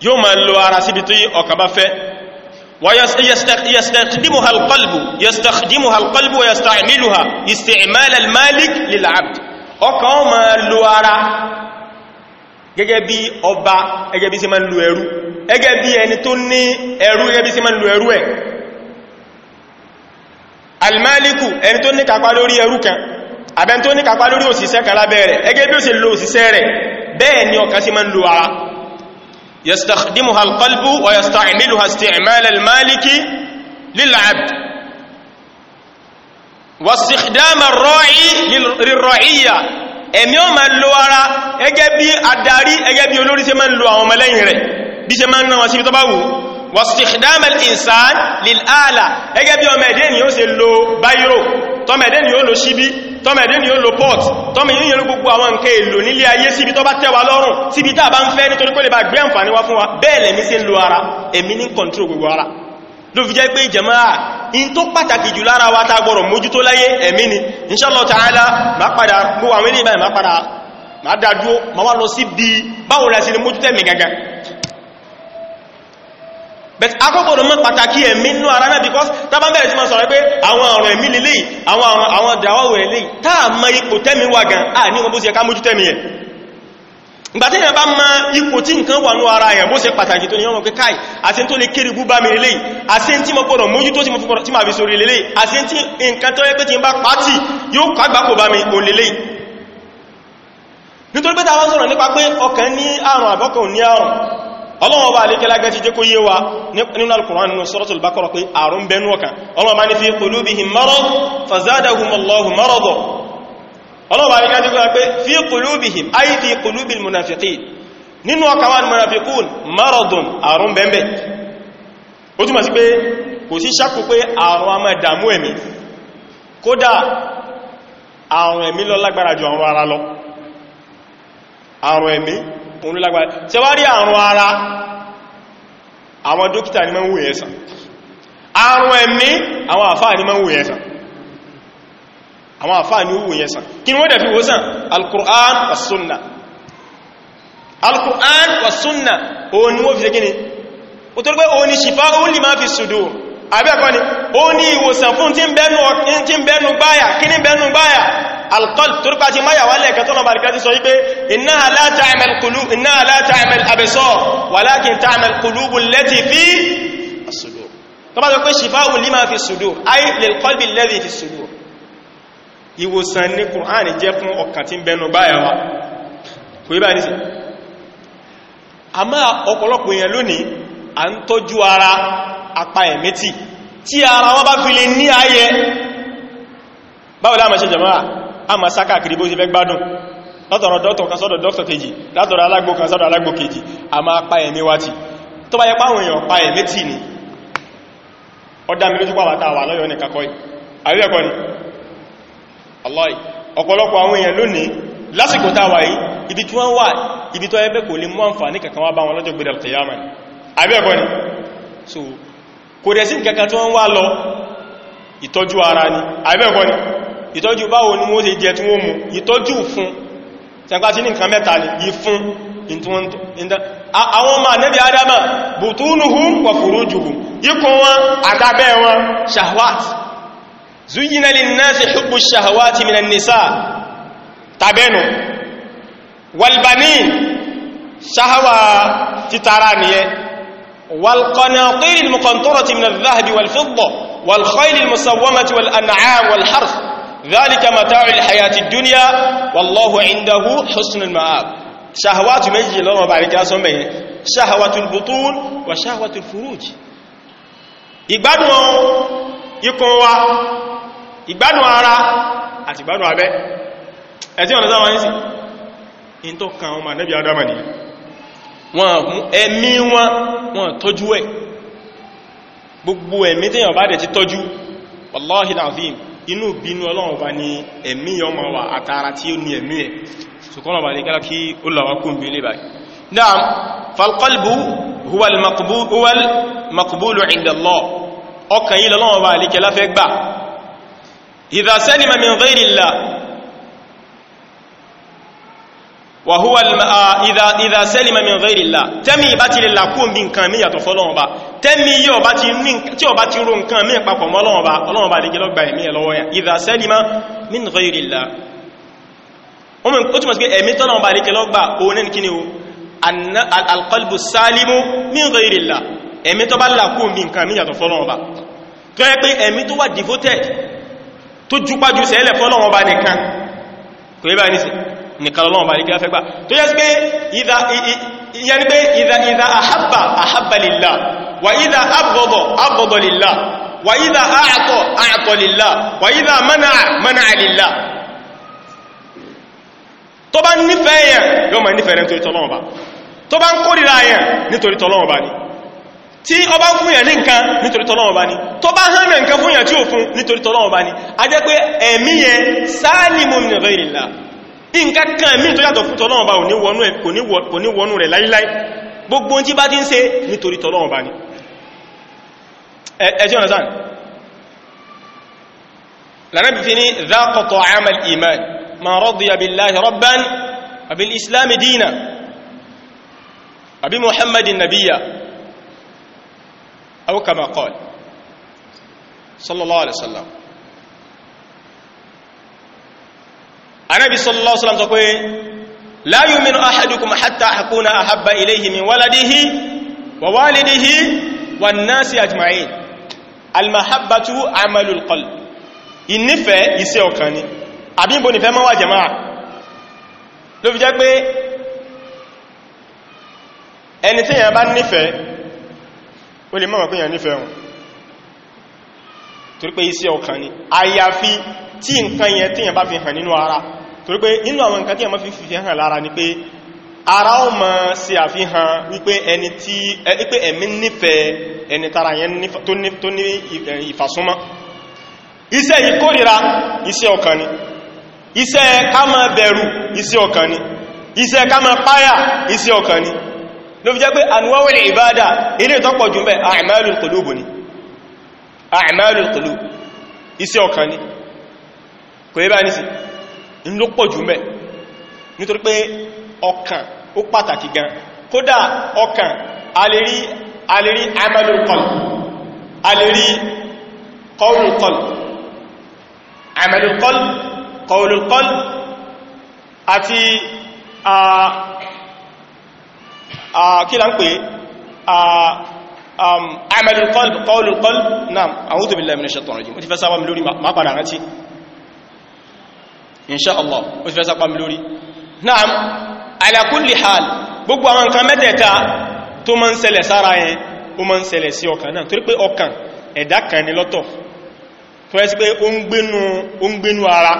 yóò máa lo ara síbi tó yí ọkàn bá fẹ́ yastakhdimuha alqalbu yastakhdimuha alqalbu wa yasta'miluha isti'mal almalik lil'abd ọkàn ó máa lo ara gẹ́gẹ́ bí ọba gẹ́gẹ́ bí ṣe máa ń lo ẹrú gẹ́gẹ́ bí ẹni tó ní ẹrú gẹ́gẹ́ bí ṣe máa almaliku ẹni tó ní kápá lórí ẹrú kan àbẹ́ni tó ní kápá lórí òṣìṣẹ́ kan lábẹ́ rẹ̀ bí ó ṣe lo òṣìṣẹ́ rẹ̀ bẹ́ẹ̀ ni ọkàn ṣe máa ń lo ara يستخدمها القلب ويستعملها استعمال المالك للعبد واستخدام الراعي للرعية ẹ̀mí ó máa lo ara gẹ́gẹ́ bí adarí gẹ́gẹ́ bí olórí ṣe máa ń lo àwọn ọmọlẹ́yìn rẹ̀ bí ṣe máa ń náwọn sí tó bá wù واستخدام الإنسان للآلة gẹ́gẹ́ bí ọmọ ẹ̀dẹ́ ni ó ṣe lo báyírò tọ́mọ ẹ̀dẹ́ ni ó lo ṣíbí tọ́mọ̀ ẹ̀dẹ́ ni ó lo port tọ́mọ̀ yínyìn ló gbogbo àwọn nǹkan èlò nílé ayé síbi tó bá tẹ́wà lọ́rùn síbi tá bá ń fẹ́ nítorí kó lè bá gbé àǹfààní wá fún wa bẹ́ẹ̀ lẹ̀mí sí ń lo ara ẹ̀mí ní control gbogbo ara ló fi jẹ́ pé ìjẹ̀mọ́ à in tó pàtàkì jù lára wa tá gbọ́rọ̀ mójútó láyé ẹ̀mí ni inshallah ta'ala má padà gbogbo àwọn ilé ìbáyìí má padà má dájú ma wá lọ sí bí báwo la ni mójútẹ́mì gangan but akọ́gbọ̀dọ̀ mọ́ pàtàkì ẹ̀mí nú ara náà because tàbá bẹ̀rẹ̀ tí ma sọ̀rọ̀ pé àwọn ọ̀rọ̀ ẹ̀mí lélẹ̀ àwọn àwọn dàwọ̀wọ̀ ẹ̀lẹ̀ táà mọ ipò tẹ́mi wà gan à ní ọmọ bó ṣe ká mójú tẹ́mi ẹ̀ ìgbàtí èyàn bá mọ ipò tí nǹkan wà ní ara ẹ̀ bó ṣe pàtàkì tó ní ọmọ pé káì àti tó lè kéré bú bá mi lélẹ̀ àti tí mo gbọ́dọ̀ mójú tó tí ma fi sórí lélẹ̀ àti tí nǹkan tó yẹ pé tí bá pàtì yóò kàgbà kò bá mi ò lélẹ̀ nítorí pé tàbá sọ̀rọ̀ nípa pé ọkàn ní àrùn àbọ́kàn ní àrùn ọlọ́wọ́ bá alékẹ́ lágbàtí jẹ́ kó yé wa nínú al-Qur'an nínú suratul Baqara pé àrùn bẹnu ọkàn ọlọ́wọ́ bá ní fi qulubihim marad fazadahumullahu marada ọlọ́wọ́ bá alékẹ́ jẹ́ kó pé fi qulubihim ay fi qulubil munafiqin nínú ọkàn wal munafiqun maradun àrùn bẹ́ẹ̀ ó túmọ̀ sí pé òun ló lágbára tí wá rí àrùn ara àwọn dókítà ní máa ń wò yẹn sàn àrùn ẹ̀mí àwọn àfáà ní máa ń àwọn àfáà ní wò yẹn kí ni wọ́n dẹ̀ fi sàn al-Qur'an wa sunna al-Qur'an wa sunna òun ni wọ́n fi gíní ó tó pé òun ni ṣìfá òun lè máa fi sudur àbẹ́ẹ̀kọ́ ni alqalb turpa ti maya wale kan to ba rikati sọ pé innaha la ta'mal qulub innaha la ta'mal absar walakin ta'mal qulub allati fi as-sudur tó bá sọ pé shifa'u lima fi as-sudur ay lil qalbi alladhi fi as-sudur ìwòsàn ni qur'an jẹ́ fún ọkàn tin bẹnu baya wa ko iba ni àmá báwo la máa ṣe jàmáà a ma sá káàkiri bó ṣe fẹ́ gbádùn doctor dọ́tọ̀ kan sọ́dọ̀ dọ́tọ̀ kejì látọ̀rọ̀ alágbò kan sọ́dọ̀ alágbò kejì a ma pa ẹ̀mí wá ti tó bá yẹ páwọn èèyàn pa ẹ̀mí tì ní ọdá mi lójú pàwàtà wà lọ́yọ́ ní kakọ́ àrí ẹ̀kọ́ ni aláì ọ̀pọ̀lọpọ̀ àwọn èèyàn lónìí lásìkò táwà yìí ibi tí wọ́n wà ibi tó ẹgbẹ́ kò lè mú àǹfààní kankan wá bá wọn lọ́jọ́ gbẹ̀dẹ̀ tẹ̀yàmà ni àrí ẹ̀kọ́ ni so kò dẹ̀ sí nǹkankan tí wọ́n wá lọ ìtọ́jú ara ni àrí ẹ̀kọ́ ni ìtọ́jú báwo ni wọ́n ṣe jẹ tí wọ́n mú ìtọ́jú fún tẹgbàtí ní nǹkan mẹ́ta lè yí fún àwọn ọmọ ànẹ́bí adama butunuhum wa furujuhum ikùn wọn àtàbẹ́ wọn shahwat zuyyina linnasi hubbu shahawati minan nisa tàbẹ́nu walbanin shahawa titara niyẹ walqanatiril muqantarati minal dhahabi walfidda والخيل المسومة والأنعام والحرث ذلك متاع الحياة الدنيا والله عنده حسن المآب شهوات مجي لما بارك اسمه شهوة البطون وشهوة الفروج ìgbádùn ikun wa ìgbádùn ara àti ìgbádùn abẹ́ ẹ̀tí ọ̀nà sáwọn yìí sí in tó kàn ọmọ nẹ́bí adama ni wọ́n ẹ̀mí wọn wọ́n tọ́jú ẹ̀ gbogbo ẹ̀mí tí yàn bá dẹ̀ ti tọ́jú wallahi alazim inú bínú ọlọ́run ọba ni ẹ̀mí ọmọ wà àtàrà tí ó ní ẹ̀mí ẹ̀ ṣùkọ́nà bá ní kẹ́lá kí ó lọ́wọ́ kún bí lè báyìí náà falqalbu huwa al-maqbulu وهو الم... آ... إذا... إذا سلم من غير الله tẹ́mì bá ti lè làkún bí nǹkan mí yàtọ̀ fọ́lọ́wọ́n bá tẹ́mì yíò bá ti rú nǹkan mí papọ̀ mọ́ Ọlọ́run bá Ọlọ́run bá lè gẹ́lọ́ gba ẹ̀mí ẹ̀lọ́wọ́ yà إذا سلم من غير الله ó túnmọ̀ sí pé ẹ̀mí tọ́lọ́wọ́n bá lè gẹ́lọ́ gba òun ní kíni o القلب السالم من غير الله ẹ̀mí tó bá làkún bí nǹkan mí yàtọ̀ fọ́lọ́wọ́n bá tó yẹ pé ẹ̀mí tó wà devoted tó jùpájú sẹ́lẹ̀ fọ́lọ́wọ́n bá nìkan kò yẹ bá ní sí nìkan lọ́wọ́ bá nígbà fẹ́gbà tó yẹ́ sí pé ìdá àhábà àhábà lillah wà ìdá àbọ̀bọ̀ àbọ̀bọ̀ lillah wà ìdá àátọ̀ àátọ̀ lillah wà ìdá mana'a mana'a lillah tó bá nífẹ̀ẹ́ yẹn yóò máa nífẹ̀ẹ́ nítorí tọ́lọ́wọ́ bá tó bá ń kórìíra yẹn nítorí tọ́lọ́wọ́ bá ni tí ó bá fún yẹn ní nǹkan nítorí tọ́lọ́wọ́ bá ni tó bá hàn nǹkan fún yẹn tí ò fún nítorí tọ́lọ́wọ́ bá ni a jẹ́ pé ẹ̀mí yẹn salimun min ghayrillah nǹkan kan mí tó yàtọ̀ fún tọ́lọ́wọ́n bá kò ní wọnú rẹ̀ láíláí gbogbo tí bá ti ń ṣe nítorí tọ́lọ́wọ́n bá ní ẹjọ́ ọ̀nà sáà lànàbí fi ní dákọ̀tọ̀ amal iman ma radiya sallallahu alaihi wasallam anábi sallallahu alaihi wasallam sọ pé la yu'minu ahadukum hatta akuna ahabba ilayhi min waladihi wa walidihi wan nasi ajma'in almahabbatu amalul qalb ìnífẹ́ iṣẹ́ ọkàn ni àbíbò nífẹ́ mọ́ wà jama'a ló fi jẹ́ tí nǹkan yẹn tí yẹn bá fi hàn nínú ara torí pé nínú àwọn nǹkan tí ẹmọ́ fi fi hàn lára ni pé ara ó ma ṣe àfihàn wípé ẹni tí wípé ẹ̀mí nífẹ̀ẹ́ ẹni tara yẹn tó ní ìfàsúnmọ́ iṣẹ́ ìkórìíra iṣẹ́ ọkàn ni iṣẹ́ ká má bẹ̀rù iṣẹ́ ọkàn ni iṣẹ́ ká má páyà iṣẹ́ ọkàn ni ló fi jẹ́ pé àníwáwẹ̀lẹ̀ ìbádà ilé ìtọ́pọ̀ jù mẹ́ a'malul qulub ń ló pọ̀ jù mẹ́ nítorí pé ọkàn ó pàtàkì gan kódà ọkàn alérí alérí amalul qalb alérí qawlul qalb amalul qalb qawlul qalb àti kí là ń pè amalul qalb qawlul qalb naam a'udhu billahi minash shaitanir rajim ó ti fẹ́ sáwà mi lórí padà rántí inṣáàlọ́ ó ti fẹ́ sápá mi lórí náà alákùnlé hal gbogbo àwọn nǹkan mẹ́tẹ̀ẹ̀ta tó ma ń ṣẹlẹ̀ sára yẹn ó ma ń ṣẹlẹ̀ sí ọkàn náà torí pé ọkàn ẹ̀dá kan ni lọ́tọ̀ tó ẹ́ sí pé ó ń gbénú ara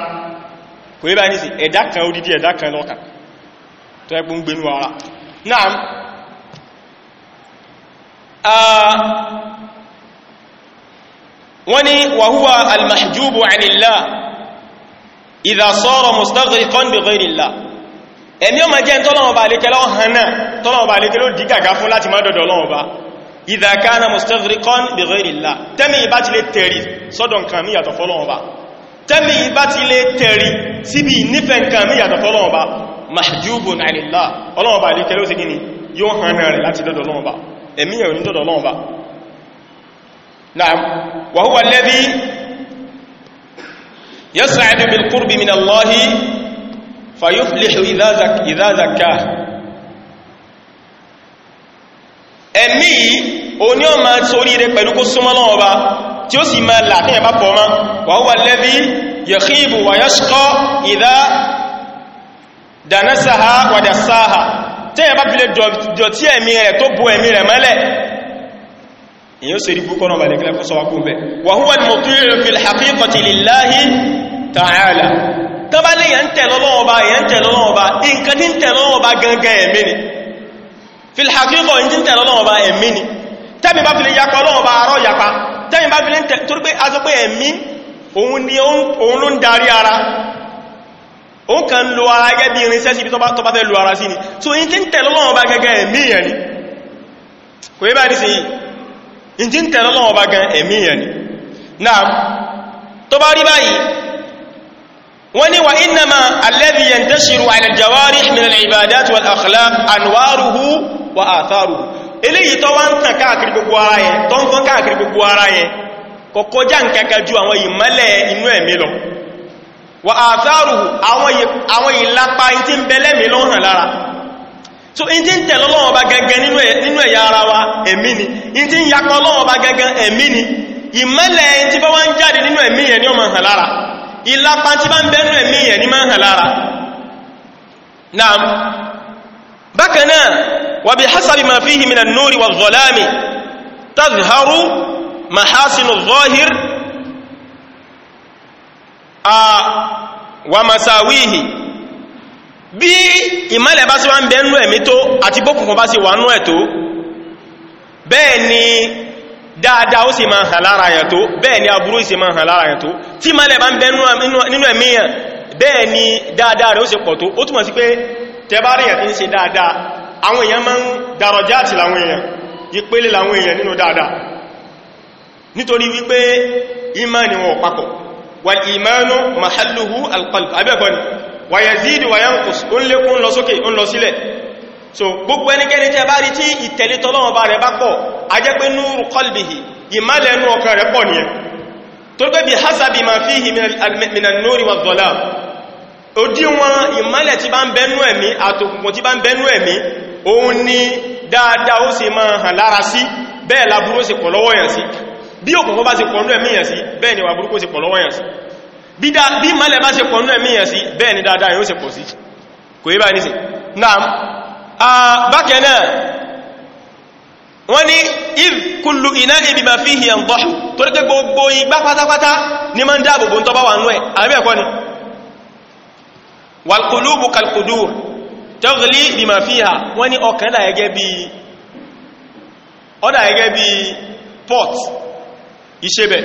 kò yí bá ní sí ẹ̀dá kan odidi ẹ̀dá kan lọ́kàn ìdá sọ́rọ̀ mustaghriqan bi ghayrillah ẹ̀mí ọmọ jẹ́ tọ́lọ́ọ̀bà alékẹ́lọ́ hànà tọ́lọ́ọ̀bà alékẹ́lọ́ dìgàgá fún láti mọ́dọ̀dọ̀ lọ́ọ̀bà ìdá kana mustaghriqan bi ghayrillah tẹ́mì ìbá ti lè tẹ̀rí sọ́dọ̀ nǹkan mí yàtọ̀ fọ́lọ́ọ̀bà tẹ́mì ìbá ti lè tẹ̀rí síbi nífẹ̀ nǹkan mí yàtọ̀ fọ́lọ́ọ̀bà mahjubun anillah ọlọ́ọ̀bà alékẹ́lọ́ sí gini yóò hànà rẹ̀ láti dọ́dọ̀ lọ́ọ̀bà ẹ̀mí ẹ̀ يسعد بالقرب من الله فيفلح إذا, زك إذا زكاه ẹ̀mí òní ọ máa sórí rẹ pẹ̀lú kó súnmọ́ lọ́wọ́ bá tí ó sì máa láàrín ẹ̀bá pọ̀ ma wà ó wà lẹ́bí yẹ̀kíbù wà yẹ́ṣkọ́ ìdá dànásáhá wàdàsáhá tí èyàn sì rí búkọ́nà bà lẹ́gbẹ̀rẹ́ fún sọwọ́ kún bẹ́ wa huwa al-muti'u fil haqiqati lillahi ta'ala tọ́bá lè yàn tẹ̀ lọ́wọ́ ọba yàn tẹ̀ lọ́wọ́ ọba nǹkan tí ń tẹ̀ lọ́wọ́ ọba gangan ẹ̀mí ni fil haqiqa ń tí ń tẹ̀ lọ́wọ́ ọba ẹ̀mí ni tẹ́mi bá fi lè yapa lọ́wọ́ ọba arọ́ yapa tẹ́mi ń darí òun kan lo ara gẹ́ bí irinṣẹ́ síbi tọ́bá fẹ́ lo ara sí ni so yìí tí ń tẹ̀ lọ́wọ́ ọba gẹ́gẹ́ ẹ̀mí yẹn ni kò yẹ báyìí sí yìí in ti ń tẹ̀lé lọ́wọ́ bá gan ẹ̀mí yẹn ni náà tó bá rí báyìí wọ́n ní wa innama alladhi yantashiru ala al-jawarih min al-ibadat wal akhlaq anwaruhu wa atharuhu eléyìí tó wá ń yẹn tó ń tàn káàkiri gbogbo ara àwọn ìmọ́lẹ̀ inú ẹ̀mí lọ wa atharuhu lára so in ti ń tẹ̀lọ lọ́wọ́ bá gangan nínú ẹ̀yà ara wa ẹ̀mí ni in ti ń yapọ̀ lọ́wọ́ bá gangan ẹ̀mí ni ìmọ́lẹ̀ ẹ̀yìn tí bá wá ń jáde nínú ẹ̀mí yẹn ni ó máa hàn lára ìlapa tí bá ń bẹ́nu ẹ̀mí yẹn ni máa hàn bí ìmọ́lẹ̀ bá sí wá ń bẹ nú ẹ̀mí tó àti bókùnkùn bá sí wà nú ẹ̀ tó bẹ́ẹ̀ ni dáadáa ó sì máa hàn lára yẹn tó bẹ́ẹ̀ ni aburú sì máa hàn lára yẹn tó tí ìmọ́lẹ̀ bá ń bẹ nínú ẹ̀mí yẹn bẹ́ẹ̀ ni dáadáa rẹ̀ ó sì pọ̀ tó ó túnmọ̀ sí pé tẹbárí yẹn ti ń ṣe dáadáa àwọn èèyàn máa ń dàrọjá àti làwọn èèyàn ìpele làwọn èèyàn nínú dáadáa nítorí wípé ìmánì wọn ò papọ̀ wal ìmánu mahalluhu alqalb abẹ́ẹ̀kọ́ ni wa yazidu wa yanqus ó lé kún lọ sókè ó lọ sílẹ̀ so gbogbo ẹnikẹ́ni tẹ́ bá rí tí ìtẹ̀lé tọ́lọ́wọ́ bá rẹ̀ bá pọ̀ a jẹ́ pé núrù qalbihi ìmálẹ̀nú ọkàn rẹ̀ pọ̀ nìyẹn tó pé bí hasabi ma fihi minan núrì wa dhalam òdíwọn ìmálẹ̀ tí bá ń bẹnú ẹ̀mí àtòkùnkùn tí bá ń bẹnú ẹ̀mí òun ni dáadáa ó sì máa ni wàburú kó sì bí mọ́lẹ̀ bá ṣe pọ̀ nínú ẹ̀mí yẹn sí bẹ́ẹ̀ ni dáadáa yóò ṣe pọ̀ sí kò yí bá ní sí náà bákẹ̀ náà wọ́n ní if kullu iná ibi ma fi hìyàn bọ́ torí pé gbogbo igbá pátápátá ní ma ń dáàbòbò ń tọ́bá wà nú wal qulubu kal qudur taghli bima fiha wọ́n ní ọkàn dà gẹ́gẹ́ bí ọdà gẹ́gẹ́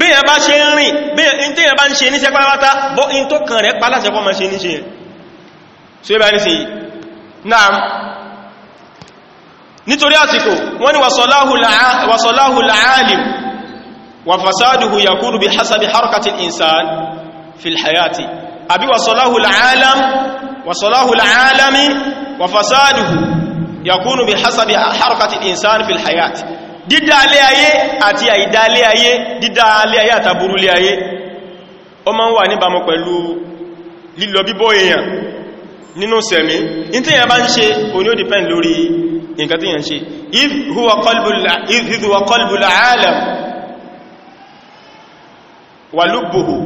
bíyàn bá ṣe ń rìn bíyàn tí yàn bá ń ṣe níṣẹ́ pátápátá bọ́ in tó kàn rẹ̀ pàlásẹ̀ kọ́ ma ṣe níṣẹ́ yẹn so ibà ní sí náà nítorí àsìkò wọ́n ni wàsọ̀láhù la'alim wà fasáduhu yakunu bí hasabi harkatin insan fil àbí wàsọ̀láhù la'alam wà fasáduhu yakunu bí hasabi harkatin insan fil dídá alé ayé àti àìdá alé ayé dídá alé ayé àtàbúrú lé ayé ó máa ń wà níbàmú pẹ̀lú lílọ bíbọ́ èèyàn nínú sẹ̀mí in tí èèyàn bá ń ṣe òní ó dìpẹ́ǹd lórí nǹkan tí èèyàn ṣe if huwa qalbul if huwa qalbul alam wa lubbuhu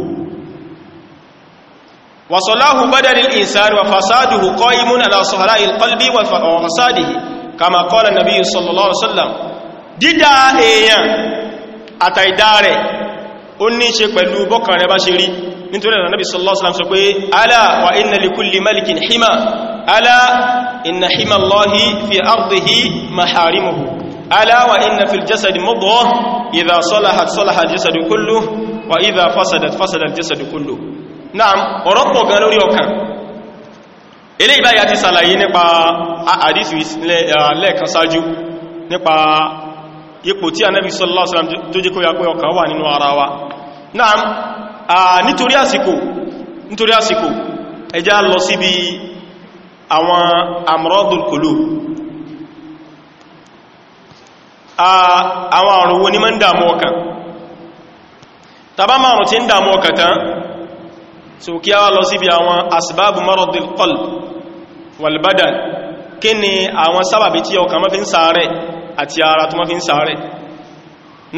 wa salahu badalil insani wa fasaduhu qa'imun ala sahra'il qalbi wa fasadihi kama dídá èèyàn àtàìdá rẹ̀ ó ní ṣe pẹ̀lú bọ́kàn rẹ̀ bá ṣe rí nítorí ẹ̀nà Nabi sallallahu alaihi wasallam sọ pé alá wa inna li kulli malikin hima alá inna hima Allahi fi ardihi maharimuhu alá wa inna fil jasadi mudghah idha salahat salaha al-jasadu kulluh wa idha fasadat fasada al-jasadu kulluh naam gan lórí ọkàn eléyìí báyìí ti ṣàlàyé nípa àdísì lẹ́ẹ̀kan ṣáájú nípa ipò tí anábi sallallahu alaihi wasallam tó jẹ́ kó yá pé ọkàn wà nínú ara wa náà a nítorí àsìkò nítorí àsìkò ẹjá lọ síbi àwọn amradul qulub àwọn àrùn wo ní ma ń dàmú ọkàn tàbá márùn tí ń dàmú ọkàn tán so kí a wá lọ síbi àwọn asbabu maradil qalb wal badan kí ni àwọn sábàbí tí ọkàn ma fi ń ṣàárẹ̀ àti ara tó má fi ń sàárẹ̀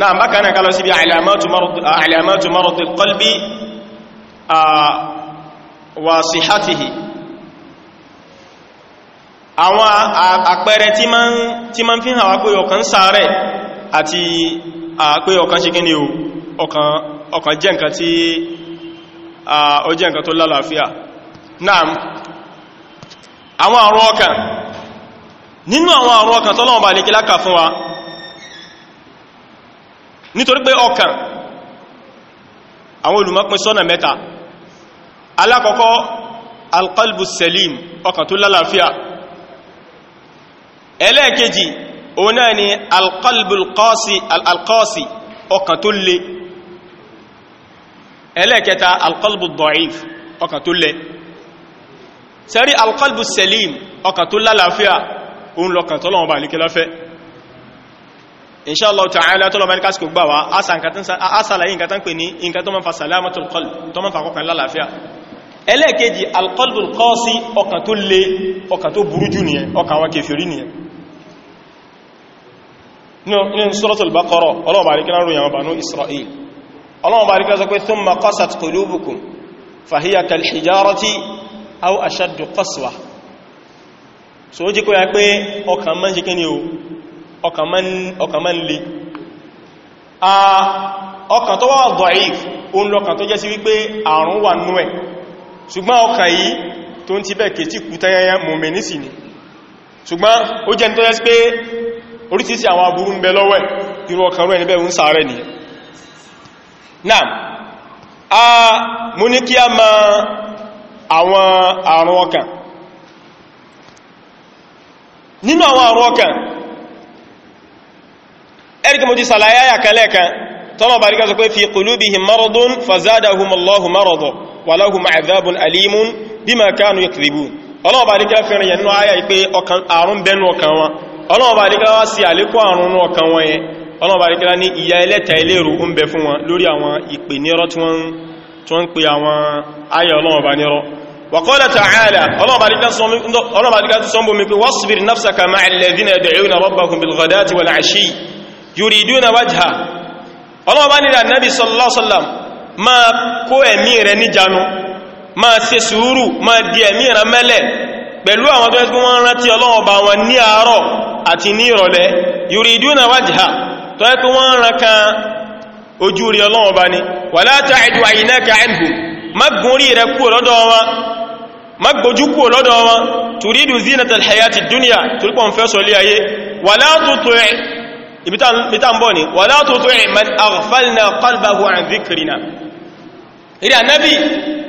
náà bákan náà ká lọ síbi àìlàmátù marad al-qalbi wa sihatihi àwọn àpẹẹrẹ tí ma ń fi hàn wá pé ọkàn sàárẹ̀ àti pé ọkàn ṣe kíni ọkàn jẹ́ nǹkan tí ó jẹ́ nǹkan tó lálàáfíà náà àwọn àrùn ọkàn nínú àwọn àrùn ọkàn tọ́lọ́wọ́n bá lékí lákà fún wa nítorí pé ọkàn àwọn olùmọ́pin sọ́nà mẹ́ta alákọ̀ọ́kọ́ alqalbu salim ọkàn tó lálàáfíà ẹlẹ́ẹ̀kejì òun náà ni alqalbu alqasi ọkàn tó le ẹlẹ́ẹ̀kẹta alqalbu da'if ọkàn tó le sẹ́rí alqalbu salim ọkàn tó lálàáfíà òun lọ́kàn tọ́lọ́wọ́n bá líkẹ́ lọ́fẹ́ inṣáàlọ́ tààlá tọ́lọ́wọ́n bá ní kásìkò gbà wá asàlàyé nǹkan tán pè ní nǹkan tó mọ́ fa salamatul qalb tó mọ́ fa kọkàn lálàáfíà ẹlẹ́ẹ̀kejì alqalbul qasi ọkàn tó le ọkàn tó burú jù nìyẹn ọkàn wọn kèfèrí nìyẹn nínú hijarati aw ashaddu qaswa so ó jí kó ya pé ọkàn mọ́ ṣe kíni o ọkàn mọ́ ń le ọkàn tó wà da'if òun lọ́kàn tó jẹ́ sí wípé àrùn wà nú ẹ̀ ṣùgbọ́n ọkàn yìí tó ń ti bẹ̀ kètí kú tẹ́yẹyẹ mùmínì sí ni ṣùgbọ́n ó jẹ́ tó jẹ́ sí pé oríṣiríṣi ni náà a mú ní kí a nínú àwọn àrùn ọkàn ẹ̀rìkì mo ti sàlàyé àyàkẹ́lẹ̀ kan tọ́nà bá rí ká sọ pé fi qulubihim maradun fazadahumullahu marada wa lahum adhabun alimun bima kanu yakdhibun ọlọ́ọ̀bá rí ká fẹ́rin yẹn nínú ayà pé àrùn bẹnu ọkàn wọn ọlọ́ọ̀bá rí ká wá sí àlékún àrùn ọkàn wọn yẹn ọlọ́ọ̀bá rí ní ìyà وقال تعالى الله بعد كده صنبو من واصبر نفسك مع الذين يدعون ربهم بالغداة والعشي يريدون وجهه الله بعد النبي صلى الله عليه وسلم ما kó ẹ̀mí rẹ̀ níjànú ma ṣe sùúrù ma di ẹ̀mí rẹ̀ mẹ́lẹ̀ pẹ̀lú àwọn tó ẹgbẹ́ wọn rántí Ọlọ́run bá wọn ní àárọ̀ àti ní ìrọ̀lẹ́ yuriduna wajha tó ẹgbẹ́ wọn rán kan gúnrí rẹ̀ kú lọ́dọ̀ wọn má gbójú kúrò lọ́dọ̀ wọn turidu zinatal hayati dunya torípọ̀ ń fẹ́ sọ lé ayé wala tuti' ibítà ń bọ̀ ni wala tuti' man aghfalna qalbahu an dhikrina ìrí ànábì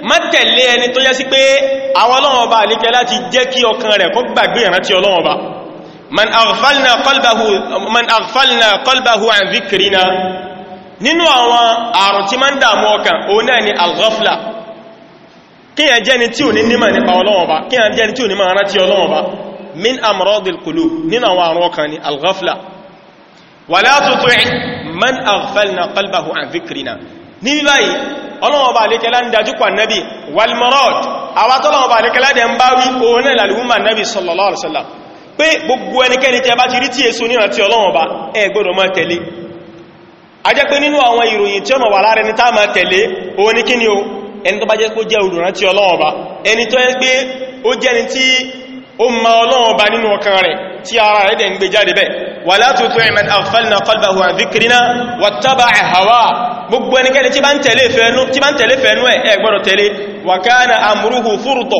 má tẹ̀lé ẹni tó yẹ sí pé àwọn Ọlọ́run Ọba àlékẹ́ láti jẹ́ kí ọkàn rẹ̀ kó gbàgbé ìrántí Ọlọ́run Ọba man aghfalna kíyàn jẹ́ ni tí ò ní nímọ̀ nípa Ọlọ́run ba kíyàn jẹ́ ni tí ò ní máa rántí Ọlọ́run ba min amradil qulub nínú àwọn àrùn ọkàn ni al-ghafla wala tuti' man aghfalna qalbahu an dhikrina ní báyìí Ọlọ́run ba alékẹ́lá ń dájú pa nabi wal marad awatọ́lọ́wọ́ ba alékẹ́lá dẹ̀ ń bá wí òun náà lalùmọ̀ nabi sallallahu alaihi ẹni tó bá jẹ́ pé ó jẹ́ olùrántí Ọlọ́run Ọba ẹni tó yẹ pé ó jẹ́ ni tí ó ma Ọlọ́run Ọba nínú ọkàn rẹ̀ tí ara rẹ̀ dẹ̀ ń gbé jáde bẹ́ẹ̀ wala tuti' man aghfalna qalbahu an dhikrina wattaba'a hawa gbogbo ẹnikẹ́ni tí bá ń tẹ̀lé fẹ́ẹ̀nú ẹ̀ ẹ gbọ́dọ̀ tẹ̀lé wa kana amruhu furta tó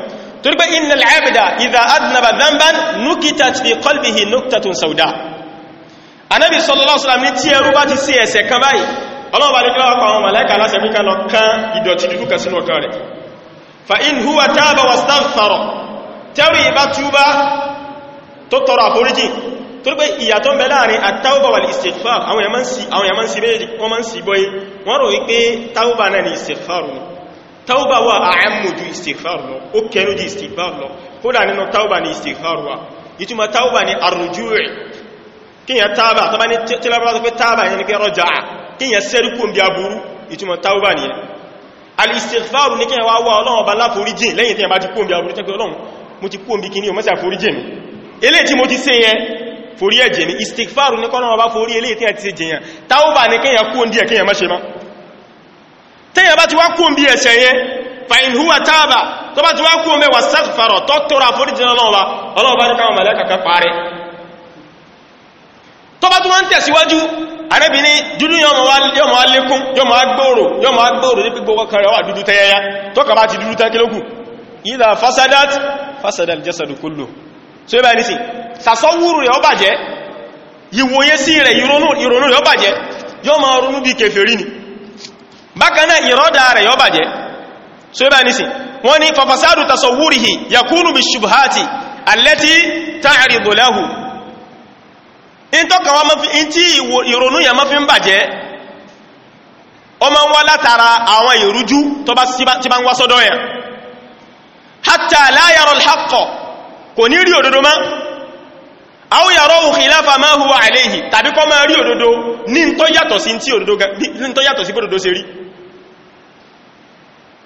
torí pé innal abda idha adnaba dhanban nukitat fi qalbihi nuktatun sauda anábì sallallahu alaihi wasallam ní tí ẹrú bá ti sí ẹ̀ṣẹ̀ kan báyìí ọlọ́wọ́ bá ní kíláwà pa àwọn màláìkà aláṣẹ pé kan lọ kán ìdọ̀tí dúdú kan sínú ọkàn rẹ̀ fa in huwa taba wastaghfara tẹ́rì bá túbá
tó tọrọ àforíjì
torí pé ìyàtọ̀ ń bẹ láàrin àtàwọ̀bà wà istighfar àwọn yàmá ń sí méjì wọ́n má ń sí bọ́yé wọ́n rò wípé táwọ̀bà náà ni istighfar ni tauba wa a'ammu ju istighfar lọ ó kẹnu ju istighfar lọ kódà nínú tauba ni istighfar wa ìtumọ̀ tauba ni arujui kíyàn tábà tó bá ní tílábà tó pé tábà yẹn ni pé rọjà kíyàn sẹ́rùkún bí aburú ìtumọ̀ tauba ni al-istighfar ní kíyàn wá wá ọlọ́run ọba láforíjìn lẹ́yìn tí a bá ti kún bí aburú tẹ́kọ̀ ọlọ́run mo ti kún bí kí ní o mọ́sí àforíjìn mi tí forí ẹ̀jẹ̀ ni istighfar ní kọ́nà ọba forí eléyìí tí a ti ṣe jẹyàn tauba ni kíyàn kún díẹ̀ kíyàn má ṣe mọ́ tẹ́yà bá ti wá kún bí ẹ̀ṣẹ̀ yẹn fàyín húwà táàbà tó bá ti wá kún mẹ́wàá sẹ́fàrọ̀ tó tọrọ àforíjìn ọlọ́ọ̀bá ọlọ́ọ̀bá ní káwọn mẹ́lẹ́kà kan parí tó bá tó wá ń tẹ̀síwájú arẹ́bìnrin dúdú yọmọ wá lékún yọmọ wá gbòòrò yọmọ wá gbòòrò ní gbogbo kan rẹ̀ wà dúdú tẹ́yẹyá tó kà bá ti dúdú tẹ́kílógù ìdá ọbàjẹ́ ìwòye sí rẹ̀ ìrònú rẹ̀ ọbàjẹ́ yọmọ ronú bí kèfèrí ni bákanáà ìrọ́dà rẹ̀ yọ bàjẹ́ so ibà nísìn wọ́n ni fafasádù tasawwurihi yakunu bi ṣubhati allati ta'ridu lahu in tọ́ka wọ́n mafi in tí ìrònú yà mafi ń bàjẹ́ o ma ń wá látara àwọn ìrújú tó bá ti bá ń wá sọ́dọ̀ yà hatta la yara al-haqqa kò ní rí òdodo má aw yarahu khilafa ma huwa alayhi tàbí kọ́ máa rí òdodo ní tó yàtọ̀ sí òdodo ṣe rí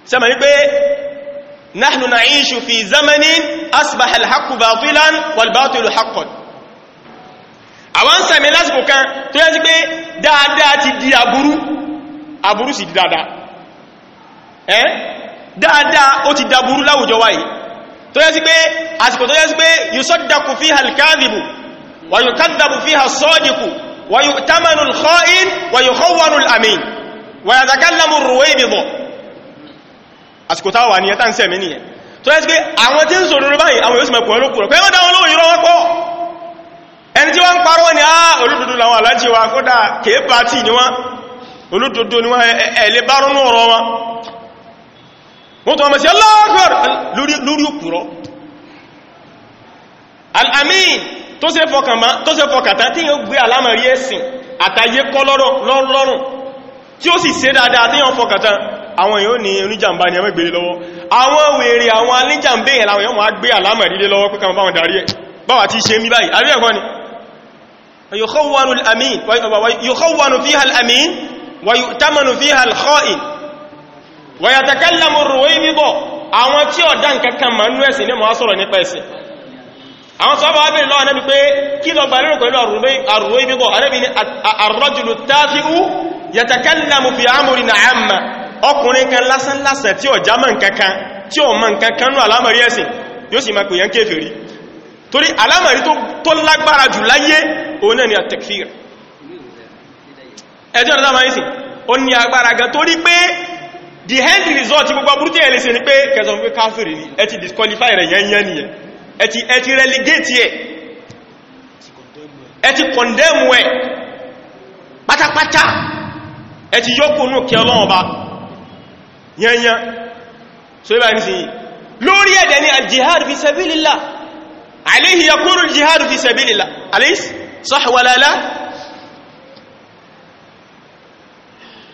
sẹ́mà ní pé nahnu na'ishu fi zamanin asbaha al-haqqu batilan wal batilu haqqan àwọn sẹ́mì lásìkò kan tó yẹ́ sí pé dáadáa ti di aburú aburú sì di dáadáa ẹ́ dáadáa ó ti daburú láwùjọ wáyìí tó yẹ́ sí pé àsìkò tó yẹ́ sí pé yusaddaqu fiha al-kadhibu wa yukadhabu fiha as-sadiqu amin wa yatakallamu àsìkò táwà wà ní ẹta ń sẹ̀mí nìyẹn tó ẹ́ sí pé àwọn tí ń sòrò báyìí àwọn yóò sì mẹ́kùn olókùnrin pé wọ́n dáwọn olóòyìn irọ́ wọn pọ̀ ẹni tí wọ́n ń parọ́ ní àà olódodo làwọn alájí wa kódà kèé pàtì ní wọ́n olódodo ni wọ́n ẹ̀lẹ́ bá rún ọ̀rọ̀ wọn wọ́n tó wọ́n mẹ́sí ọlọ́ọ̀gbọ̀r lórí òkúrọ́ al-amin tó ṣe fọkàntán tí yóò gbé alámàrí ẹ̀sìn àtàyé kọ́ lọ́rùn tí ó sì ṣe dáadáa tí yóò fọkàntán àwọn èèyàn ní oníjàmbá ni ẹmọ́ ìgbèrè lọ́wọ́ àwọn wèrè àwọn alíjàmbé yẹn láwọn èèyàn wọ́n gbé àlámà ìdílé lọ́wọ́ pé kàmọ́ báwọn darí ẹ̀ báwà tí ṣe mí báyìí àrí ẹ̀kọ́ ni yukhawwanu fiha al-amin wa yu'tamanu fiha al-kha'in wa yatakallamu ar-ruwaybid àwọn tí ọ̀dá nǹkan kan ma nú ẹ̀sìn ní mọ̀ sọ̀rọ̀ nípa ẹ̀sìn àwọn sọ́bọ̀ wá lọ́wọ́ Ànábì pé kí lọ gbà lérò pẹ̀lú ar-ruwaybid Ànábì ni ar-rajulu at-tafi'u yatakallamu fi amrin 'amma ọkùnrin kan lásán lásán tí ó jámọ́ nǹkankan tí ó mọ̀ nǹkankan ní alámọ̀rí ẹ̀sìn yóò sì máa pèyàn kéfèrí torí alámọ̀rí tó lágbára jù láyé òun náà ni àtẹ̀kfíìr ẹjọ́ ọ̀dá máa ń sìn ó ní agbára gan torí pé the end result gbogbo burúkú ẹ̀ lè ṣe ni pé kẹsàn pé káfìrì ni ẹ ti disqualify rẹ̀ yẹn yẹn nìyẹn ẹ kí ọlọ́run yẹnyẹn so ibá ní sí yìí lórí ẹ̀dẹ̀ ni aljihad fi sabilillah alayhi yakunu aljihad fi sabilillah alayhi sah walala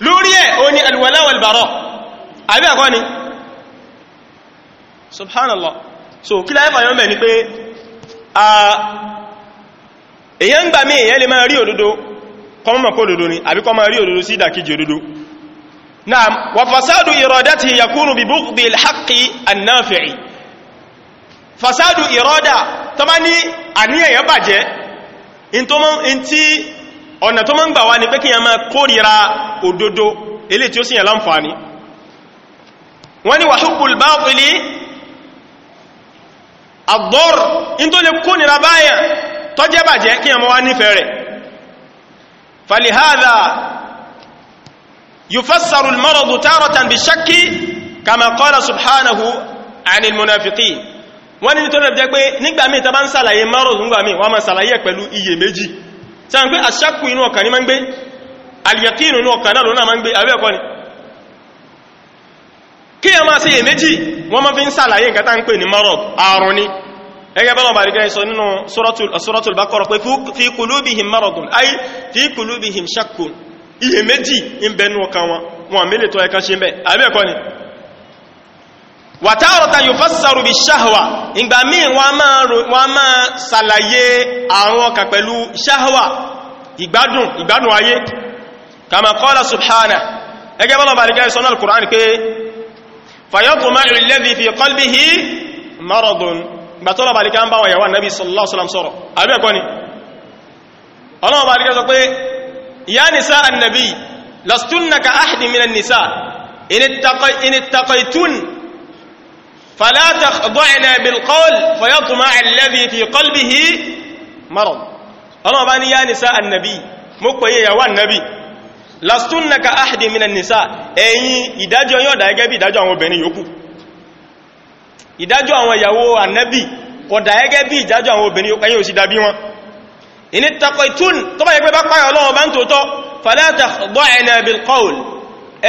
lórí ẹ̀ o ní alwala walbara àbí àkọ́ ni subhanallah so kí láyé fàyọ́ mẹ́ ni pé a èyàn gbà mí èyàn lè máa rí òdodo kọmọ̀ òdodo ni àbí kọmọ̀ rí òdodo sí ìdàkejì òdodo نعم وفساد إرادته يكون ببغض الحق النافع فساد إرادة تماني أنية يباجة inti ọ̀nà tó máa ń gbà wá ní pé kí yẹn máa kórìíra òdodo ilé tí ó sì yẹn láǹfààní wọ́n ni wàhúbùl bá pèlé àgbọ́r in tó يفسر المرض تارة بالشك كما قال سبحانه عن المنافقين wọ́n ní nítorí ẹ̀bẹ̀ pé nígbà míì tàbá ń sàlàyé márùn-ún nígbà míì wọ́n máa sàlàyé pẹ̀lú iye méjì tí a ń pé àṣàkù inú ọkàn ní máa ń gbé alìyàkínú inú ọkàn náà lónà máa ń gbé abẹ́ ẹ̀kọ́ ni kí a máa sí iye méjì wọ́n máa fi ń sàlàyé nǹkan iye méjì ń bẹnu ọkàn wọn wọn mílè tó ẹka ṣe mẹ́ àbẹ́ẹ̀kọ́ ni wàtàrọ̀ta yóò fásitàrù bí ṣáhàwà ìgbà míì wọ́n máa sàlàyé àwọn ọkà pẹ̀lú ṣáhàwà ìgbádùn ìgbádùn ayé kàmàkọ́lá subhana ẹgẹ́ bọ́lọ̀ bá nìkẹ́ sọ́nà al-Qur'an pé fayọ́kùnmá ìlẹ́bí fi qalbihi maradun gbàtọ́lọ̀ bá nìkẹ́ ń bá wọ̀nyẹ̀wà nabi sọ pé ya nisa annabi lastunna ka ahdi min an-nisa in ittaqay in ittaqaytun fala takhda'na bil qawl fayatma'a alladhi fi qalbihi marad Allah bá ní ya nisa annabi mo pè ya wa annabi lastunna ka ahdi min an-nisa ẹ̀yin ìdájọ́ yín dà gẹ́gẹ́ bí ìdájọ́ àwọn obìnrin yòókù ìdájọ́ àwọn ìyàwó annabi kò dà gẹ́gẹ́ bí ìdájọ́ àwọn obìnrin yòókù ẹ̀yin ò sì dà bí wọn ìní takọ̀ ìtún tó bá yẹ pé bá páyọ̀ ọlọ́wọ́ bá ń tòótọ́ fàlátà gbọ́ ẹ̀nà bil qawl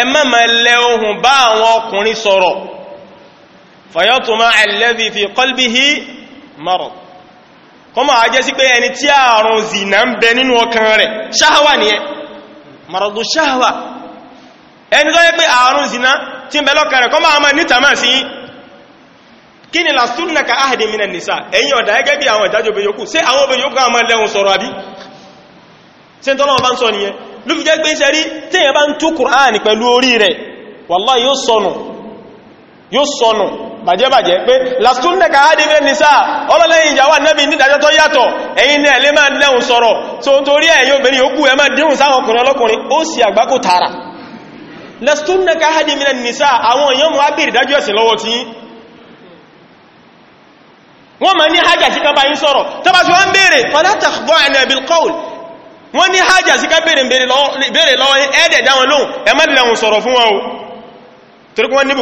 ẹ mọ́ mọ́ lẹ ohun bá àwọn ọkùnrin sọ̀rọ̀ fayọ́tùmọ́ alladhi fi qalbihi marad kọmọ̀ ajẹ́ sí pé ẹni tí àrùn zìnà ń bẹ nínú ọkàn rẹ̀ ṣáhàwà ni ẹ maradu ṣáhàwà ẹni tó yẹ pé àrùn zìnà ti ń bẹ lọ́kàn rẹ̀ kọmọ̀ àmọ́ nítàmà sí yìí kí ni lastúnnà ka áhàdì mìnà nìsá ẹ̀yìn ọ̀dá ẹgẹ́ bí àwọn ìdájọ́ obìnrin yókù sí àwọn obìnrin yókù àwọn ẹlẹ́hun sọ̀rọ̀ àbí tí tọ́lọ́ bá ń sọ nìyẹn ló fi jẹ́ pé ṣe rí tí èyàn bá ń tú kùránì pẹ̀lú orí rẹ̀ wàlá yóò sọnù yóò sọnù bàjẹ́bàjẹ́ pé lastúnnà ka áhàdì mìnà nìsá ọlọ́lẹ́yìn ìyàwó ànábì ní ìdájọ́ tó yàtọ̀ ẹ̀yìn ní ẹ̀lẹ́ máa wọ́n ma ní hajjá sí ká bá yín sọ̀rọ̀ tàbá sí wọ́n bèèrè wala takhda'na bil qawl wọ́n ní hajjá sí ká bèèrè lọ́wọ́ ẹ́dẹ̀ dáwọn lóhun ẹ má lẹ́wọ̀n sọ̀rọ̀ fún wọn o torí wọ́n ní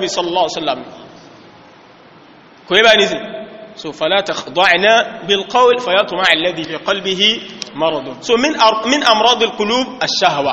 bùkátà so fala takhda'na bil qawl fayatma'a alladhi fi qalbihi maradun so min amradil qulub ash-shahwa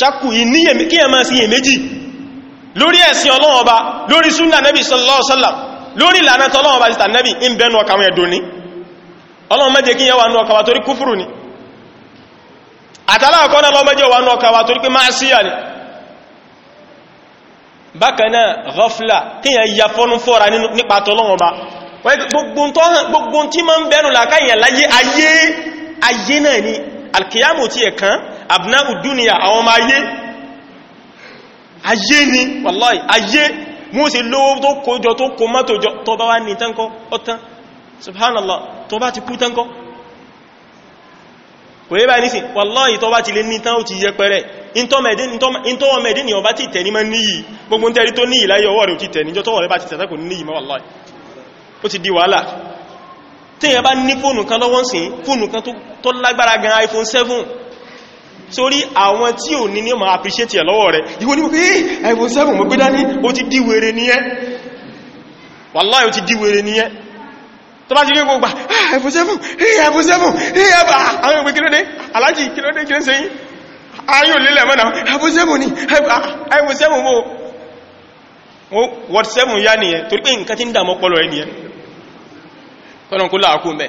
ṣakù kí ẹ máa sí iyèméjì lórí ẹ̀sìn Ọlọ́run Ọba lórí súnà sallallahu alaihi wasallam lórí ìlànà tọ́lọ́run Ọba títà nẹ́bì ń bẹnu ọkà wọn ẹ̀dùn ní Ọlọ́run má jẹ́ kí yẹ wà nú ọkà wa torí kúfùrù ni àtàlákọ́ náà lọ́mọ jẹ́ wà nú ọkà wa torí pé máa síyà ni bákanáà ghafla kí yẹ ya fọ́nú fọ́ra nípa tọ́lọ́run Ọba gbogbo tí ma ń bẹnu làkáyẹ̀ láyé ayé náà ni alkiyamu ti ẹ̀kan àbúná ìdúnìyà àwọn ọmọ ayé ayé ni wàláì ayé mú sí lówó tó kójọ tó kó mọ́tò jọ tó bá wá ní tánkọ́ ọ̀tán subhanallah tó bá ti kú tánkọ́ kò yẹ́ bá ní sí wàláì tó bá ti lé ní tán ó ti yẹ pẹ́rẹ́ ni ọba ti tẹ̀ ní mọ́ níyì gbogbo ń tẹ́rí tó níyì láyé ọwọ́ rẹ̀ ò ti tẹ̀ níjọ́ tọ́wọ́ rẹ̀ bá ti tẹ̀ tẹ́kù níyì mọ́ wàláì ó ti di wàhálà tí èyàn bá ní fóònù kan lọ́wọ́ fóònù kan tó lágbára gan iPhone 7 sórí àwọn tí ò ní ní ma appreciate ẹ̀ lọ́wọ́ rẹ̀ ìwọ ní wípé iPhone 7 mọ̀ gbé dání ó ti díwèrè ní ẹ́ wàláhí ó ti díwèrè ní ẹ́ tó bá ti rí gbogbo ah, iPhone 7 iPhone 7 ẹ̀bà àwọn ìwé kílódé alájì kílódé kílódé sẹ́yìn ayò lélẹ̀ mọ́nà iPhone 7 ni ah, iPhone 7 mo word 7 yá nìyẹn torí pé nǹkan ti ń dàmọ́ pọ́lọ̀ ẹ̀ nìyẹn tọ́nà kó láàkó mẹ́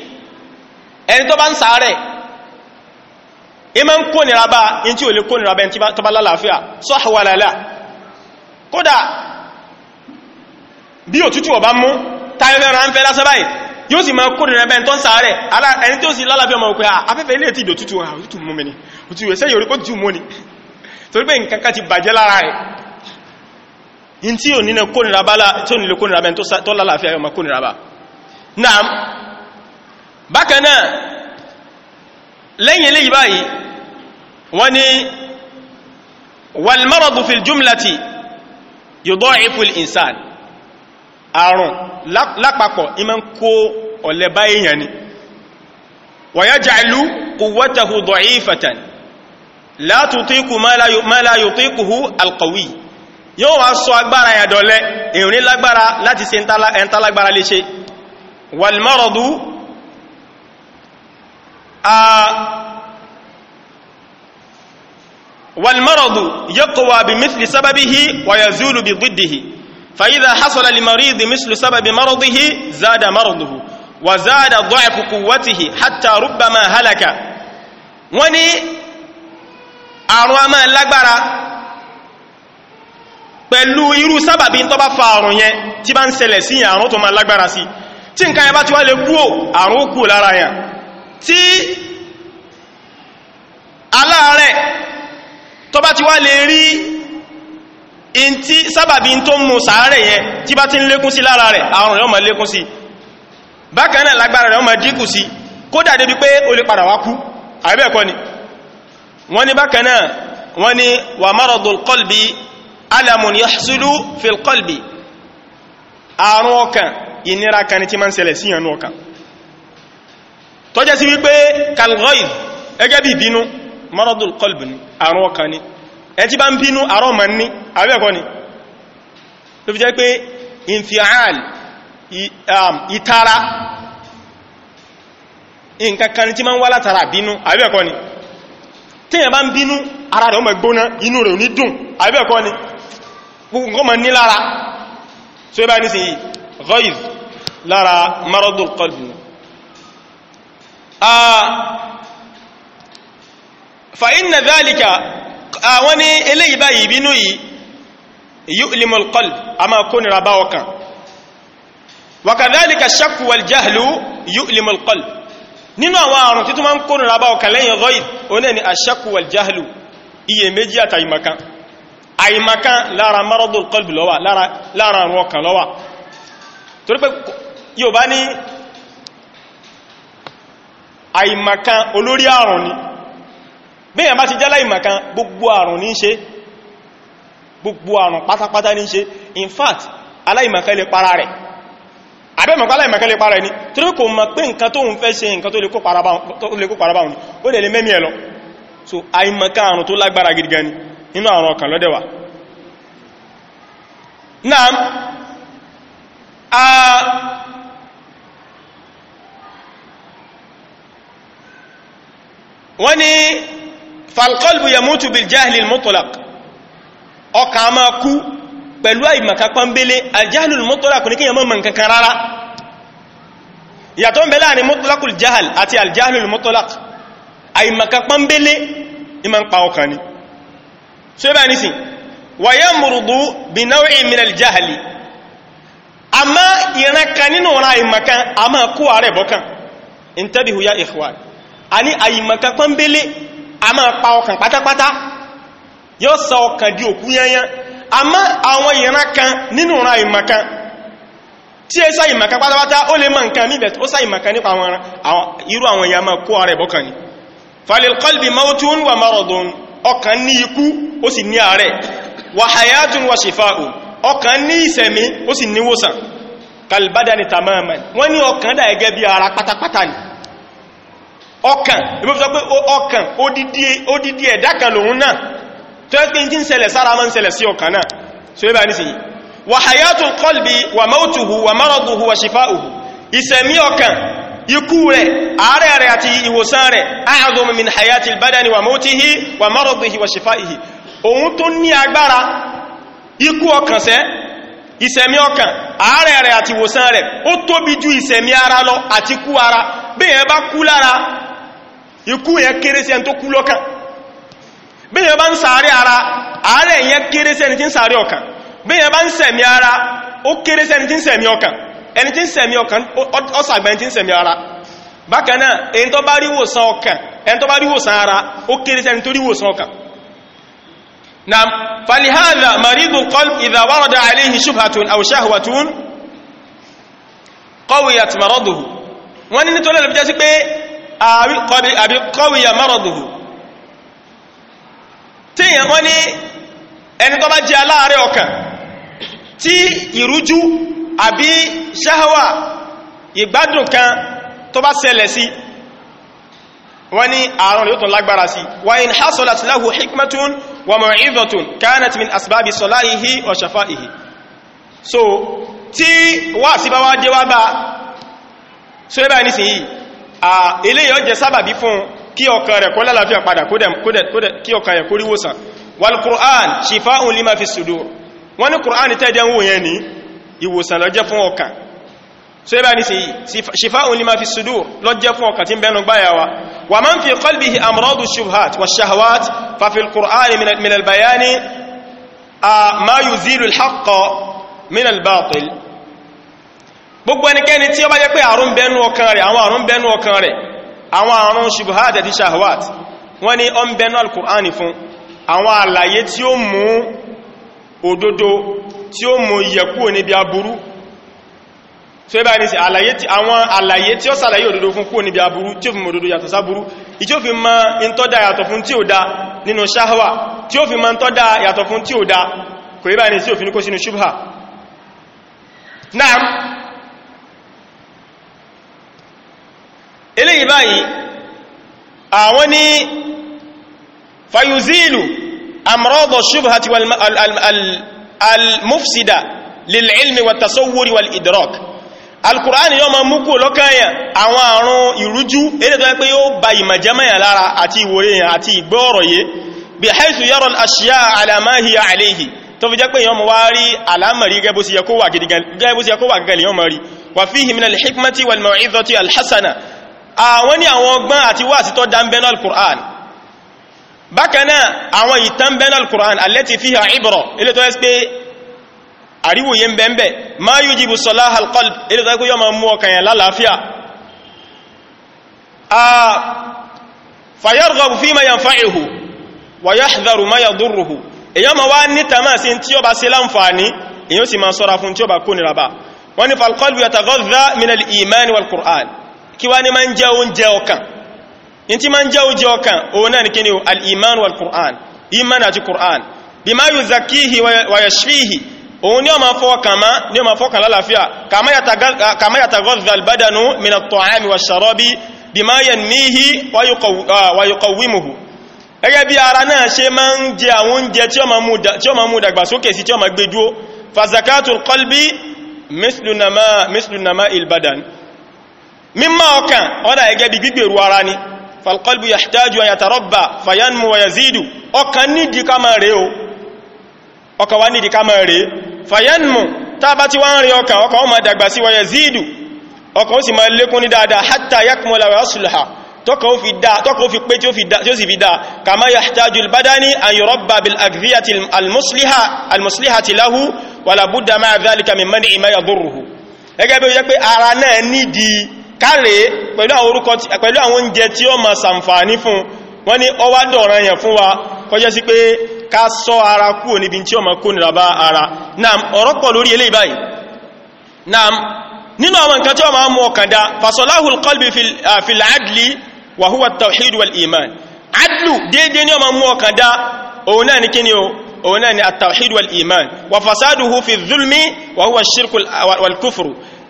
ẹni tó bá ń sàárẹ̀ ìmọ̀ ń kónira bá in tí ò lè kónira bá ẹni tó bá lálàáfíà sọ àwàlàlà kódà bí òtútù ọba mú táyẹ̀fẹ́ ra ń fẹ́ lásán báyìí yóò sì máa kónira bá ẹni tó ń sàárẹ̀ ẹni tó sì lálàáfíà ọmọ òkú ah, afẹ́fẹ́ ilé ti ìdòtútù ah, òtútù mú ni òtútù ẹsẹ́ yóò rí ni torí pé nǹkan kan ti bàjẹ́ lára rẹ̀ bákanáà lẹ́yìn ilé ìbáyìí wọ́n ni walmaradu fil jumlati yudha'ifu al-insan àrùn lápapọ̀ ima ń kó ọ̀lẹ báyìí yẹn ni wa yaj'alu quwwatahu dha'ifatan la tutiqu ma la yutiquhu al-qawi yóò wá sọ agbára yẹn dọ̀lẹ ìrìn lágbára láti ṣe ẹntàlágbára والمرض يقوى بمثل سببه ويزول بضده فإذا حصل لمريض مثل سبب مرضه زاد مرضه وزاد ضعف قوته حتى ربما هلك وني أرواما لقبرا pẹ̀lú irú sábàbí tó bá fa àrùn yẹn tí bá ń ṣẹlẹ̀ sí àrùn tó ma lágbára sí tí nǹkan yẹn bá ti wá lè kúò àrùn ó kú lára yẹn tí aláàrẹ̀ tó bá ti wá lè rí in tí sábàbí tó mú sàárẹ̀ yẹn tí bá ti ń lékún sí lára rẹ̀ àrùn rẹ̀ ó máa lékún sí bákan náà lágbára rẹ̀ ó máa dínkù sí kódà débi pé ó lè padà wá kú àìbẹ́ẹ̀kọ́ ni wọ́n ní bákan náà wọ́n ní wà maradul qalbi alamun yahsulu fil qalbi àrùn ọkàn ìnira kan ni tí máa ń ṣẹlẹ̀ síyànú ọkàn tọ́jẹ́ sí wípé kalghoid ẹgẹ́ bí ìbínú maradul kolb ni àrùn ọkàn ni ẹ tí bá ń bínú àrùn ma ní àbẹ́ẹ̀kọ́ ni tó fi jẹ́ pé infial um, ìtara nkankan tí ma ń wá látara bínú àbẹ́ẹ̀kọ́ ni tíyàn bá ń bínú ara rẹ̀ ó ma inú rẹ̀ ní dùn àbẹ́ẹ̀kọ́ ni gbogbo ma ní lára so ibá ní sí ghoid lára maradul kolb fa inna dhalika àwọn ní eléyìí báyìí ìbínú yìí yu'limul qalb a máa kó nira bá ọkàn wa kadhalika shakku wal jahlu yu'limul qalb nínú àwọn àrùn títún máa ń kó nira bá ọkàn lẹ́yìn ghaib oní ẹni wal jahlu iyèméjì àtàìmọ̀kan àìmọ̀kan lára maradul qalb ló wà lára àrùn ọkàn ló wà torí pé yóò àìmọ̀kan olórí àrùn ni bíyàn bá ti jẹ́ láìmọ̀kan gbogbo àrùn ní ṣe gbogbo àrùn pátápátá ní ṣe in fact aláìmọ̀kan lè para rẹ̀ abẹ́mọ̀kan aláìmọ̀kan lè para rẹ̀ ni tí ó kò mọ̀ pé nǹkan tó ń fẹ́ ṣe nǹkan tó lè kó parabáhùn ni ó lè lè mẹ́mí ẹ̀ lọ so àìmọ̀kan àrùn tó lágbára gidi gan ni nínú àrùn ọkàn lọ́dẹ̀ wa náà wọ́n ni falkolbu ya mutu bil jahilil mutulak ọkà máa kú pẹ̀lú àìmàkà pàmbélé aljahilil mutulak ní kí yà mọ́ mọ̀ nǹkan kan rárá ìyàtọ̀ ń bẹ láàrin mutulakul jahal àti aljahilil mutulak àìmàkà pàmbélé ìmọ̀ ń pa ọkà ni so bá ní sin wà yẹ́ mùrùdú bí náwẹ̀ min aljahali àmá ìrankan nínú ọ̀rọ̀ àìmàkà a máa kú ààrẹ bọ́kàn intabihu ya ikhwan a ní àyìmọ̀kan pọ́nbélé a máa pa ọkàn pátápátá yóò sọ ọkàn di òkú yányán àmọ́ àwọn ìran kan nínú ìran àyìmọ̀kan tí ẹ sá ìmọ̀kan pátápátá ó lè mọ̀ nǹkan níbẹ̀ ó sá ìmọ̀kan wa maradun ọkàn ní ikú ó sì wa hayatun wa shifa'un ọkàn ní ìsẹ̀mí ó sì níwòsàn kalbadani tamaman wọ́n ní ọkàn dà gẹ́gẹ́ bí ara pátápátá ni ọkàn ibi sọ pé ọkàn odidi ẹ̀dá kan lòun náà tó ẹ́ pé tí ń ṣẹlẹ̀ sára máa ń ṣẹlẹ̀ sí ọkàn náà so ẹ bá ní sí yìí wà hayatul qalbi wà mautuhu wà maraduhu wà shifa'uhu ìṣẹ̀mí ọkàn ikú rẹ̀ àárẹ̀ rẹ̀ àti ìwòsàn rẹ̀ a'dhamu ọkàn sẹ́ rẹ̀ àti ìwòsàn rẹ̀ ó tóbi ju ìṣẹ̀mí ara lọ àti kú ara bí ẹ bá kú lára ikú yẹn kéré sí ẹni tó kú lọ́kàn bí yẹn bá ń sàárè ara àárẹ̀ yẹn kéré sí ẹni tí ń sàárè ọkàn bí yẹn bá ń sẹ̀mí ara ó kéré sí ẹni tí ń sẹ̀mí ọkàn ẹni tí ń sẹ̀mí ọkàn ọ̀sàgbà ẹni tí ń sẹ̀mí ara bákan náà ẹni tó bá rí wòsàn ọkàn ẹni tó bá wọ́n ní nítorí ẹ̀lẹ́bí jẹ́ sí pé àbí kọ́wìyà márọ̀dùhù tí èyàn wọ́n ní ẹni tó bá jẹ́ aláàrẹ ọkàn tí ìrújú àbí ṣáhàwà ìgbádùn kan tó bá ṣẹlẹ̀ sí wọ́n ní àrùn yóò tún lágbára sí wa in hasolat lahu hikmatun wa maw'izatun kanat min asbabi salahihi wa shafa'ihi so tí wá sí bá wá dé wá bá so ẹbá ní sí yìí eléyìí ó jẹ́ sábàbí fún kí ọkàn rẹ̀ kó lálàáfíà padà kí ọkàn rẹ̀ kó rí wòsàn wal Qur'an shifa'un lima fi sudur wọ́n ní Qur'an tẹ́jẹ́ ń wò yẹn ní ìwòsàn ló jẹ́ fún ọkàn so yẹ́ bá ní sí shifa'un lima fi sudur ló jẹ́ fún ọkàn tí ń bẹnu gbáyàwá wa gbogbo ẹnikẹ́ni tí ó bá jẹ́ pé àrùn bẹnu ọkàn rẹ̀ àwọn àrùn bẹnu ọkàn rẹ̀ àwọn àrùn ṣubuhad àti shahwat wọ́n ni ọ ń bẹnu alkùnrin fún àwọn àlàyé tí ó mú òdodo tí ó mú yẹ̀kú níbi aburú tí ó bá ní sí àwọn àlàyé tí ó sàlàyé òdodo fún kú níbi aburú tí ó fi mú òdodo yàtọ̀ sáburú ìtí ó fi ma ń tọ́dá yàtọ̀ fún tí ó dá nínú shahwa tí ó fi ma ń tọ́dá yàtọ̀ fún tí ó dá kò ibá ní sí òfin kó sínú ṣubha náà eléyìí báyìí àwọn ní fayuzilu amrọ́dọ̀ ṣubhati al-mufsida lil'ilmi wa tasowuri wal idrak al-Qur'ani yóò ma mú kú lọ́kànyà àwọn àrùn ìrújú eré tó yẹ pé yóò ba ìmọ̀jẹ́mẹ́yà lára àti ìwòrèyàn àti ìgbọ́ọ̀rọ̀yé bí haisu yọ́rọ̀ al-ashiya ala ma hiya alayhi tó fi jẹ́ pé yọ́n mọ̀ wá rí alámàrí gẹ́bó yẹ kó wà gẹ́gẹ́ lè yọ́n rí wà fíhì min wal maw'izati al àwọn ní àwọn ọgbọ́n àti wáàsí tó dán bẹ́nà al-Qur'an bákanáà àwọn ìtàn bẹ́nà al-Qur'an allati fiha ibra ilé tó ẹ́sì pé àríwòye ń bẹ́ẹ̀ ma yujibu salah al-qalb ilé tó ẹ́sì pé yọ ma mú ọkàn yẹn lálàáfíà fayarghabu fima yanfa'uhu wa yahdharu ma yadurruhu èyàn ma wá ní wọ́n ni falqalbu yataghadha min al-iman wal-Qur'an kí wá ní máa ń jẹ́ oúnjẹ ọkàn in ti máa ń jẹ́ oúnjẹ ọkàn òun náà ní kí ni al-iman wal qur'an iman àti qur'an bima yuzakkihi wa yashfihi òun ní ọmọ fọ́ọ̀kàn má ní ọmọ fọ́ọ̀kàn lálàáfíà kama yataghadha al-badanu min at-ta'ami wash-sharabi bima yanmihi wa yuqawwimuhu gẹ́gẹ́ bí ara náà ṣe máa ń jẹ àwọn oúnjẹ tí ó máa mú dàgbàsókè sí tí ó máà gbé dúó fa zakatul mislunama mislunama mímọ́ ọkàn ọ̀dà ẹgẹ́ bí gbígbèrú ara ni falqalbu yahtaju an yatarabba fayanmu wa yazidu ọkàn nídi ká máa rẹ̀ o ọkàn wá nídi ká máa rẹ̀ fayanmu tá bá ti wá ń rẹ̀ ọkàn ọkàn ó máa dàgbà sí wa yazidu ọkàn ó sì máa lékún ní dáadáa hatta yakmula wa yasulaha tọ́kàn ó fi pé tí ó sì bí ó jẹ́ pé ara náà nídìí kárẹ̀ pẹ̀lú àwọn orúkọ pẹ̀lú àwọn oúnjẹ tí ó ma sàǹfàní fún wọ́n ní ó wá dọ̀rọ̀ yẹn fún wa kọjẹ́ sí pé ká sọ ara kúrò níbi tí ó ma kó nìra bá ara naam ọ̀rọ̀ pọ̀ lórí eléyìí báyìí naam nínú àwọn nǹkan tí ó ma mú ọkàn dá fasolahul qalbi fil adli wa huwa tawhid adlu déédéé ni ó ma mú ni kíni o ni at-tawhid wal iman wa fasaduhu shirku wal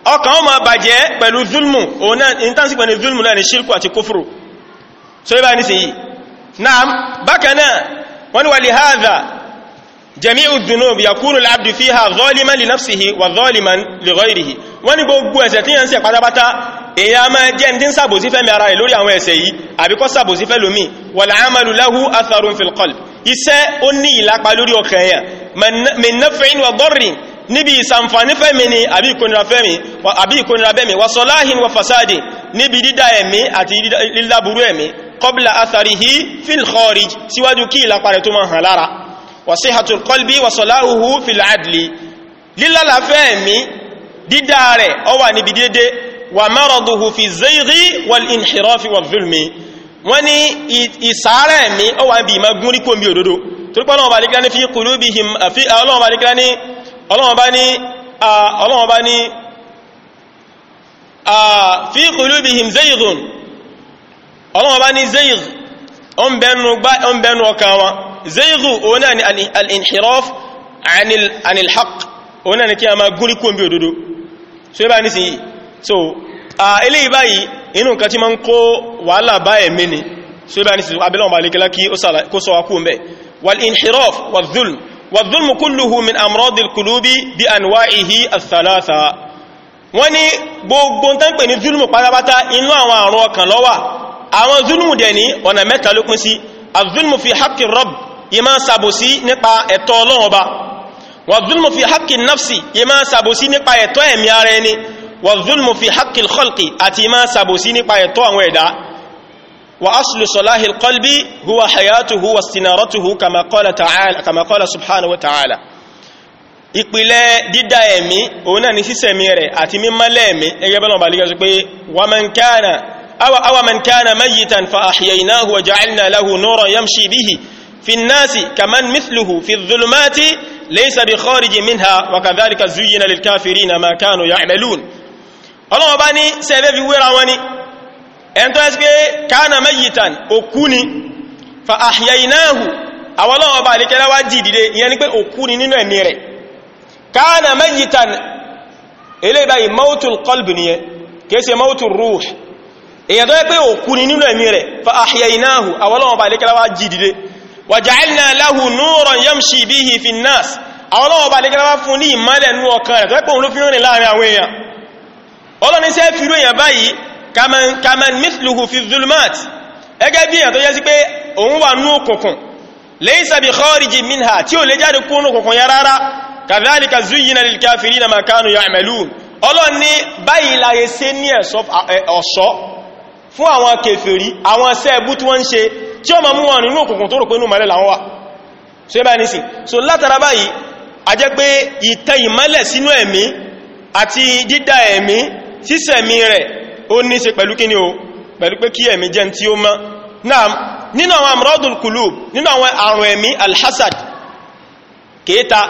ọkàn ó máa bàjẹ́ pẹ̀lú zulmù òun náà intansi pẹ̀lú zulmù náà ni ṣírkù àti kúfùrù so ibá ní sí yìí náà bákanáà wọ́n ni wà lè haza jami'u dhunub yakunu al-abdu fiha zaliman li nafsihi wa zaliman li ghayrihi wọ́n ni gbogbo ẹ̀ṣẹ̀ tí yẹn ń ṣẹ̀ pátápátá èyà máa jẹ́ ní sàbòsí fẹ́ mi ara rẹ̀ lórí àwọn ẹ̀ṣẹ̀ yìí àbíkọ́ sàbòsí fẹ́ lómi wal amalu lahu atharun fil iṣẹ́ ó ní ìlapa lórí ọkàn yẹn min naf'in wa níbi ìsànfàní fẹ́mi ni àbí ìkónira fẹ́mi àbí ìkónira bẹ́mi wà sọláhìn wà fàsáàdì níbi dídá ẹ̀mí àti líláburú ẹ̀mí kọbílà atharihi fil kharij síwájú kí ìlàparẹ̀ tó máa hàn lára wà sihhatul qalbi wà sọláhùhù fil adli lílálàfẹ́ ẹ̀mí dídá rẹ̀ ó wà níbi dédé wà maraduhu fi zayri wal inhirafi wal zulmi wọ́n ní ìsàárẹ̀ ẹ̀mí ó wà ọlọ́wọ́n bá ní ọlọ́wọ́n bá ní fi qulubihim zayghun ọlọ́wọ́n bá ní zayg ọmọbẹ̀nu ọkàn wọn zaygu òun náà ni al-inhiraf anil haq òun náà ni kí a máa gúrí kó ń bí òdodo so ibá ní sí so ilé ìbáyìí inú nǹkan tí ma ń kó wàhálà bá ẹ̀mí so ibá ní sí abẹ́lọ́wọ́n bá lékelá kí والظلم كله من أمراض القلوب بأنواعه الثلاثة wọ́n ní gbogbo tán pè ní zulmù pátápátá inú àwọn àrùn ọkàn ló wà àwọn zulmù dẹ̀ ní ọ̀nà mẹ́ta ló pín sí azulmù fi haqqi rob ìmá sàbòsí nípa ẹ̀tọ́ Ọlọ́run Ọba wà zulmù fi haqqi nafsi ìmá sàbòsí nípa ẹ̀tọ́ ẹ̀mí ara ẹni wà zulmù fi haqqi khalqi àti ìmá sàbòsí nípa ẹ̀tọ́ àwọn ẹ̀dá وأصل صلاح القلب هو حياته واستنارته كما قال تعالى كما قال سبحانه وتعالى ìpìlẹ̀ dídá ẹ̀mí òun náà ni mi rẹ̀ àti mi mímọ́lẹ̀ ẹ̀mí ẹgbẹ́ bọ́lọ̀ bá lẹ́gbẹ́ pé wa man kana aw aw man kana mayitan fa ahyaynahu wa ja'alna lahu nuran yamshi bihi fi an-nasi kaman mithluhu fi adh-dhulumati laysa bi kharij minha wa kadhalika zuyyina lil kafirin ma kanu ya'malun Allah sẹ́ẹ̀bẹ́ fi wéra wọn ni seebe fi wera won ẹn tó ẹ́sì pé káàna mẹ́yìtàn òkú ni fa àhìyàináhù àwọn ọlọ́wọ́ bá alékẹ́lá wá jì dìde ìyẹn ni pé òkú ni nínú ẹ̀mí rẹ̀ káàna mẹ́yìtàn ilé báyìí mautul qalbi ni yẹ kéèsè mautul ruh èyàn tó yẹ pé òkú ni nínú ẹ̀mí rẹ̀ fa àhìyàináhù àwọn ọlọ́wọ́ bá alékẹ́lá wá jì dìde wa ja'alna lahu báyìí kaman kaman mithluhu fi dhulumat ẹgẹ́ bí èyàn tó yẹ sí pé òun wà ní òkùnkùn laysa bi khariji minha tí ó lè jáde kúrò òkùnkùn ya rárá kadhalika zuyyina lil kafirina ma kanu ya'malun ọlọ́n ní báyìí láyé sé ní ọ̀ṣọ́ fún àwọn kèfèrí àwọn sẹ́ẹ̀bú tí wọ́n ń ṣe tí ó ma mú wọn nínú òkùnkùn tó rò pé inú mọ́lẹ̀ làwọn wà so ẹ bá ní so látara báyìí a jẹ́ pé ìtẹ ìmọ́lẹ̀ sínú ẹ̀mí àti dídá ẹ̀mí sísẹ̀mí rẹ̀ ó ní ṣe pẹ̀lú kí ni o pẹ̀lú pé kí ẹ̀mí jẹ́ tí ó mọ́ náà nínú àwọn amradul qulub nínú àwọn àrùn ẹ̀mí alhassad kéta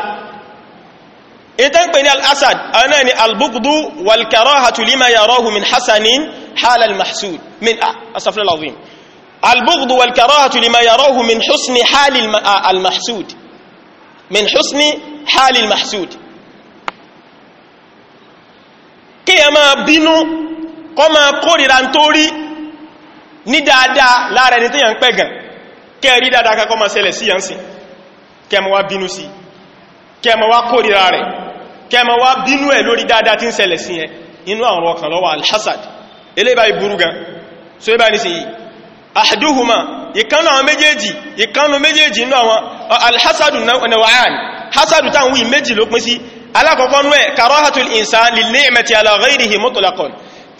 ìtẹ́ ń pè ní alhassad àwọn náà ni albuqdu wal karahatu lima yarahu min hasanin halal mahsud min ah, asafil azim albuqdu wal karahatu lima min husni halil ah, mahsud min husni halil mahsud kí ẹ máa bínú kọ́ máa kórìíra ń tó rí ní dáadáa lára ẹni tí yà ń pẹ̀gàn kẹ́rí dáadáa kakọ́ máa ṣẹlẹ̀ sí yànsìn kẹmọ wá bínú sí kẹmọ wá kórìíra rẹ̀ kẹmọ wá bínú ẹ̀ lórí dáadáa tí ń ṣẹlẹ̀ sí yẹn inú àwọn ọkàn lọ́wọ́ alhassad eléba ìburú gan so ibá ní sí yìí ahduhuma ìkanu àwọn méjèèjì ìkanu méjèèjì inú àwọn alhassadu nawayan hassadu táwọn wí méjì ló pín sí alákọ̀ọ́kọ́ nú ẹ̀ karahatul insan lil ni'mati ala ghayrihi mutlaqan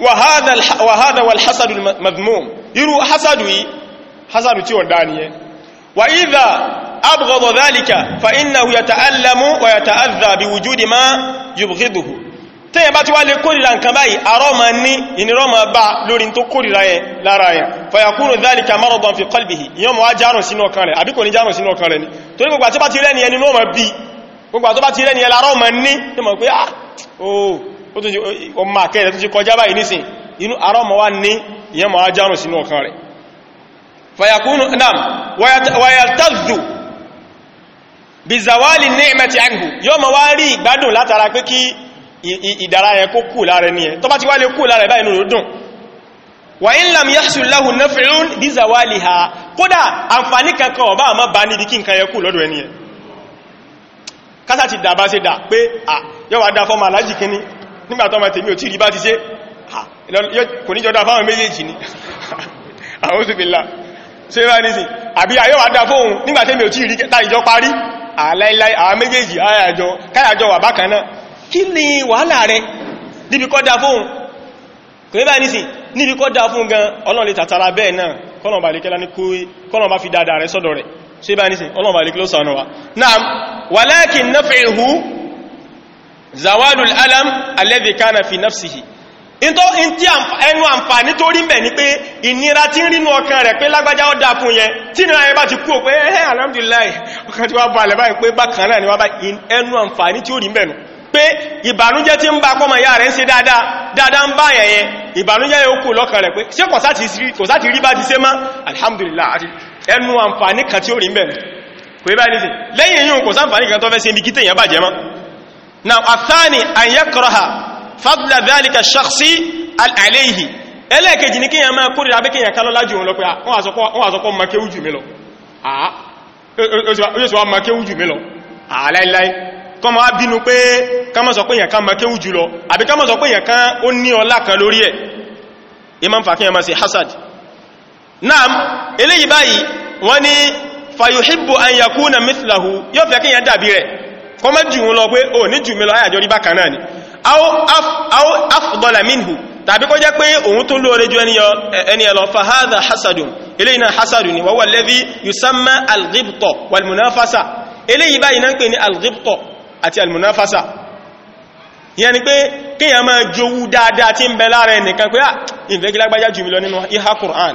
wàhádà wàlhásàdù madmum irú hásàdù yìí hásàdù tí wọ́n dáni yẹ wà ìdá abgọ́dọ̀ dálíkà fa iná ya ta'allamu wa ya ta'adha bi wujudi ma yubghiduhu tí yẹ bá ti wá lè kórìra nǹkan báyìí arọ́ ma ní ìnirọ́ ma bá lórí tó kórìra yẹ lára yẹ fa yakunu dálíkà maradan fi qalbihi yọ ma wá járùn sínú ọkàn ọmọ akẹ́rẹ̀ tó ti kọjá báyìí nísìn inú ara ọmọ wá ní ìyẹn mọ̀ ajárùn sínú ọkàn rẹ̀ fayakunu nam wayaltazu bí zawali ni'mati anhu yóò mọ̀ wá rí ìgbádùn látara pé kí ìdára yẹn kó kú lára ní ẹ tó bá ti wá lè kú lára báyìí nínú dùn wà in lam yahsul lahu naf'un bí zawali ha kódà àǹfààní kankan ọba àmọ́ ẹ kásà yọ́wà dá fọ́mà alájì kíní nígbàtọ́ ma tèmi ò tí rí bá ti ṣe kò ní jọdá fáwọn méjèèjì ni àwọn òsùfèlà ṣe rá ní sí àbí ayọ́ wà dá fóhun nígbàtẹ́mi ò tí rí tá ìjọ parí àláìláì àwọn méjèèjì ayàjọ káyàjọ wà bákan náà kí ni wàhálà rẹ níbi kọ́ dá fóhun kò ní bá ní sí níbi kọ́ dá fóhun gan ọlọ́run lè tàtàrà zawalul alam alladhi kana fi nafsihi into inti ẹnu àǹfààní tó rí ń bẹ̀ ni pé ìnira tí ń rínú ọkàn rẹ̀ pé lágbájá ó dákun yẹn tí ìnira yẹn bá ti kú ò pé ẹ́ eh, eh, alhamdulillah ọkàn tí wá bá alẹ́ báyìí pé bákan náà ni wá bá ẹnu àǹfààní tí ó rí ń bẹ̀ nù pé ìbànújẹ́ tí ń bá kọmọ ìyá rẹ̀ ń ṣe dáadáa dáadáa ń bá yẹ̀yẹ ìbànújẹ́ yóò kú lọ́kàn rẹ̀ pé ṣe kò sáti rí bá ti na àtàní àyẹ́kọ̀rọ̀ha fadla dhalika shakhsi al'aléhì ẹlẹ́ẹ̀kejì ní kíyàn máa kórìíra bí kíyàn kálọ́lá jù wọn lọ pé ah, wọ́n àsọpọ̀ makéwú jù mí lọ ààrẹ́sọ́wọ́ ah, makéwú jù mí lọ ààláìláì ah, kọmọ á bínú pé kọmọ sọ pé yàn kan makéwú jù lọ àbí kọmọ sọ pé yàn kan ó ní ọlá kan lórí ẹ̀ imam fàkíyàn máa ṣe hasad naam eléyìí báyìí wọ́n ni fayuhibbu an yakuna mithlahu yóò fẹ́ kíyàn dàbí rẹ̀ kọ mọ́ jù wọn lọ pé o oh, ní jù mí lọ ayàjọ́ rí bákan náà ni aw afdala minhu tàbí kó jẹ́ pé òun tó lóore ju ẹni ẹlọ fahadha hasadun eléyìí náà hasadun ni wa huwa alladhi yusamma alghibta walmunafasa eléyìí báyìí náà ń pè ní alghibta àti almunafasa yẹn ni pé kíyàn máa jowú dáadáa tí ń bẹ lára ẹnìkan pé ah ìfẹ́gílágbájá jù mí lọ nínú ihá Qur'an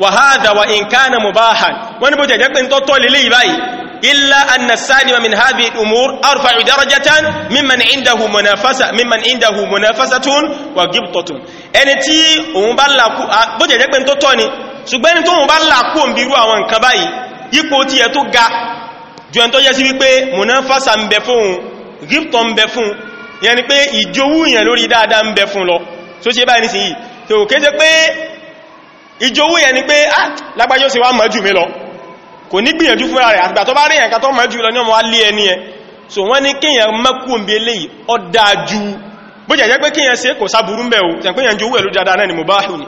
وهذا وإن كان مباحا ونبوت يجب تطول لي باي إلا أن السالم من هذه الأمور أرفع درجة ممن عنده منافسة ممن عنده منافسة وغبطة ẹni tí òun bá làkú bó jẹ́ jẹ́ pé tó tọ́ ni ṣùgbọ́n ẹni tó òun bá làkú òun bírú àwọn nǹkan báyìí ipò tí ẹ tó ga jù ẹn tó yẹ sí wípé munafasa ń bẹ fún gíptọ̀ ń bẹ fún yẹn ni pé ìjówú ìyẹn lórí dáadáa ń bẹ fún lọ tó ṣe báyìí nísìnyí tó kéje pé iji yẹn ni pé ah lágbàjá ó sì wá mọ́jú mi lọ kò ní gbìyànjú fúnra rẹ̀ àgbà tó bá rí ẹ̀ǹkan tó mọ́jú lọ ní ọmọ alé ẹni ẹ so wọ́n ní kíyàn mọ́kú òmbi eléyìí ó dájú bó jẹ́ pé kíyàn sí kò sáburú mẹ́ o ni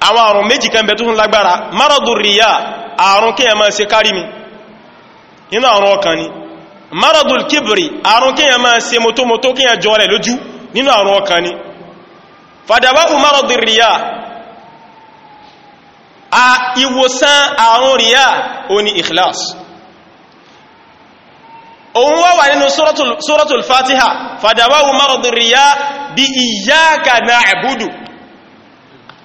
àwọn àrùn méjì kan bẹ tó tún lágbára maradu riya àrùn kí ẹ máa ṣe kárí mi inú àrùn ọkàn ni maradu kibri àrùn kí ẹ máa ṣe motomoto kí ẹ jọ rẹ̀ lójú nínú àrùn ọkàn ni fàdàbáwù maradu riya a ìwòsàn àrùn riya ó ní ikhlas òun wá wà nínú suratul fatiha fàdàbáwù maradu riya bí iyyaka na'budu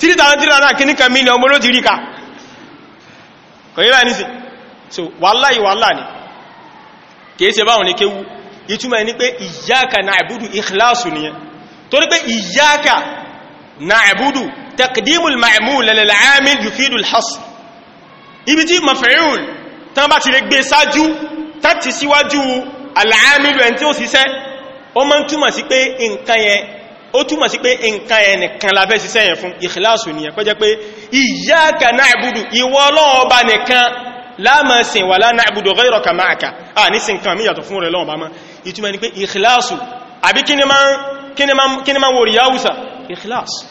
three thousand three hundred kìíní kan mílíọ̀n ọmọ ló ti rí ká kò yíra ní sí so wàláì wàláì ni kìí ṣe báwọn ní kéwú ìtumọ̀ ní pé ìyáka na'budu ikhlasu nìyẹn torí pé ìyáka na'budu taqdimul ma'mul lil 'amil yufidul hasr ibi tí maf'ul tán bá ti lè gbé sáájú ó túmọ̀ sí pé nǹkan ẹnìkan la fẹ́ ṣiṣẹ́ yẹn fún ìkìláàsù nìyẹn kọjẹ́ pé iyyaka na'budu ìwọ Ọlọ́hun Ọba nìkan la máa sìn wala na'budu ghayraka ma'aka à ní sin kan míyàtọ̀ fún rẹ̀ Ọlọ́hun Ọba mọ́ ìtumọ̀ ni pé ìkìláàsù àbí kí ni máa wòrì yáwùsà ìkìláàsù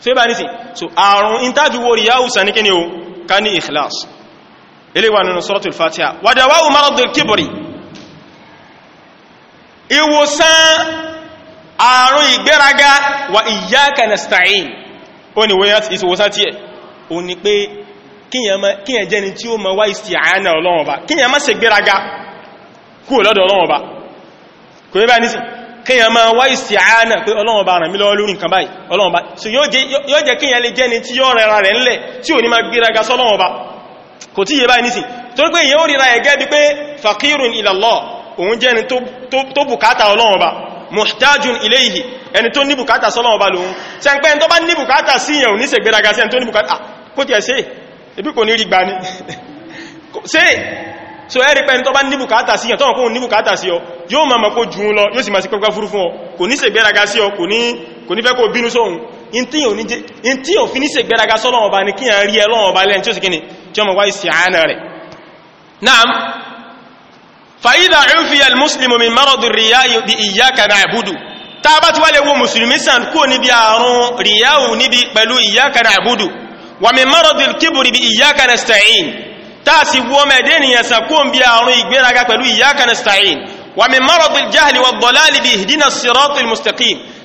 so ibà ní sin so àrùn intavi wòrì yáwùsà ní kí ni o àrùn ìgbéraga wà iyyaka nasta'in ó ní ìṣòwòsá tí ẹ̀ ó ní pé kíyàn jẹ́ni tí ó ma wá isti'ana ọlọ́run ọba kíyàn má ṣe gbéraga kú lọ́dọ̀ ọlọ́run ọba kò yẹ bá ní sí kíyàn ma wá isti'ana pé ọlọ́run ọba ràn mí lọ́wọ́ lórí nǹkan so yóò jẹ́ kíyàn lè jẹ́ni tí yóò rẹra rẹ̀ ńlẹ̀ tí ò ní ma gbéraga sọ́lọ́run ọba kò tí yẹ bá ní faqirun ila Allah òun jẹ́ni tó bùkátà ọlọ́run ọba muhtajun ilehi, ẹni tó ní bùkátà sọ́lọ́wọ́ bá lóhun ṣe ń pẹ́ ẹni tó bá ní bùkátà sí ìyẹn ò ní ṣègbéraga sí ẹni tó ní bùkátà ah, kó tiẹ̀ ṣe ibi kò ní rí gbà ní ṣe so ẹ̀rí pẹ́ni tó bá ní bùkátà sí ìyẹn tó kò ní bùkátà sí ọ yóò máa mọ̀kó jù ú lọ yóò kó ní fàídà ìfìyàl mùsùlùmí min maradu ríyáyì di iyyaka na'budu ta bá ti wá lè wo mùsùlùmí sàn kó níbi àrùn ríyáwù níbi pẹ̀lú iyyaka na'budu wà min maradu kíbùrì bí iyyaka nasta'in ta sì wọ́ mẹ́dé sàn kó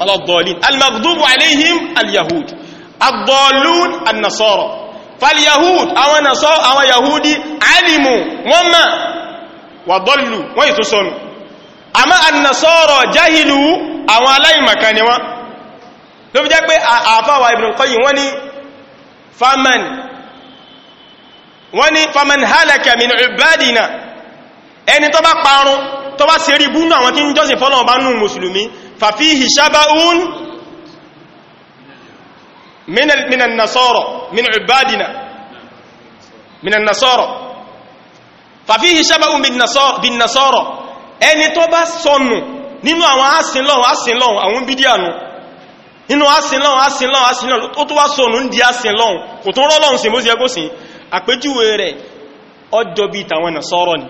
على الضالين المغضوب عليهم اليهود الضالون النصارى فاليهود أو نصارى أو يهودي علموا وما وضلوا ويتسنوا أما النصارى جهلوا أو عليهم كانوا لو جاء أعفاوا ابن القيم وني فمن وني فمن هلك من عبادنا ẹni تبا bá تبا tó bá ṣe rí búnú àwọn tí ń jọ́sìn ففيه شبأ من من النصارى من عبادنا من النصارى ففيه شبأ بالنصارى بالنصارى ẹni tó bá sọnù nínú àwọn asìnlọ́wọ́ asìnlọ́wọ́ àwọn bídíànù nínú asìnlọ́wọ́ asìnlọ́wọ́ asìnlọ́wọ́ ó tó wá sọnù ń di asìnlọ́wọ́ kò tó rọ́lọ́run sí bó sí ẹgbó sí àpéjúwe rẹ̀ ọjọ́ bí tàwọn nàṣọ́rọ̀ ni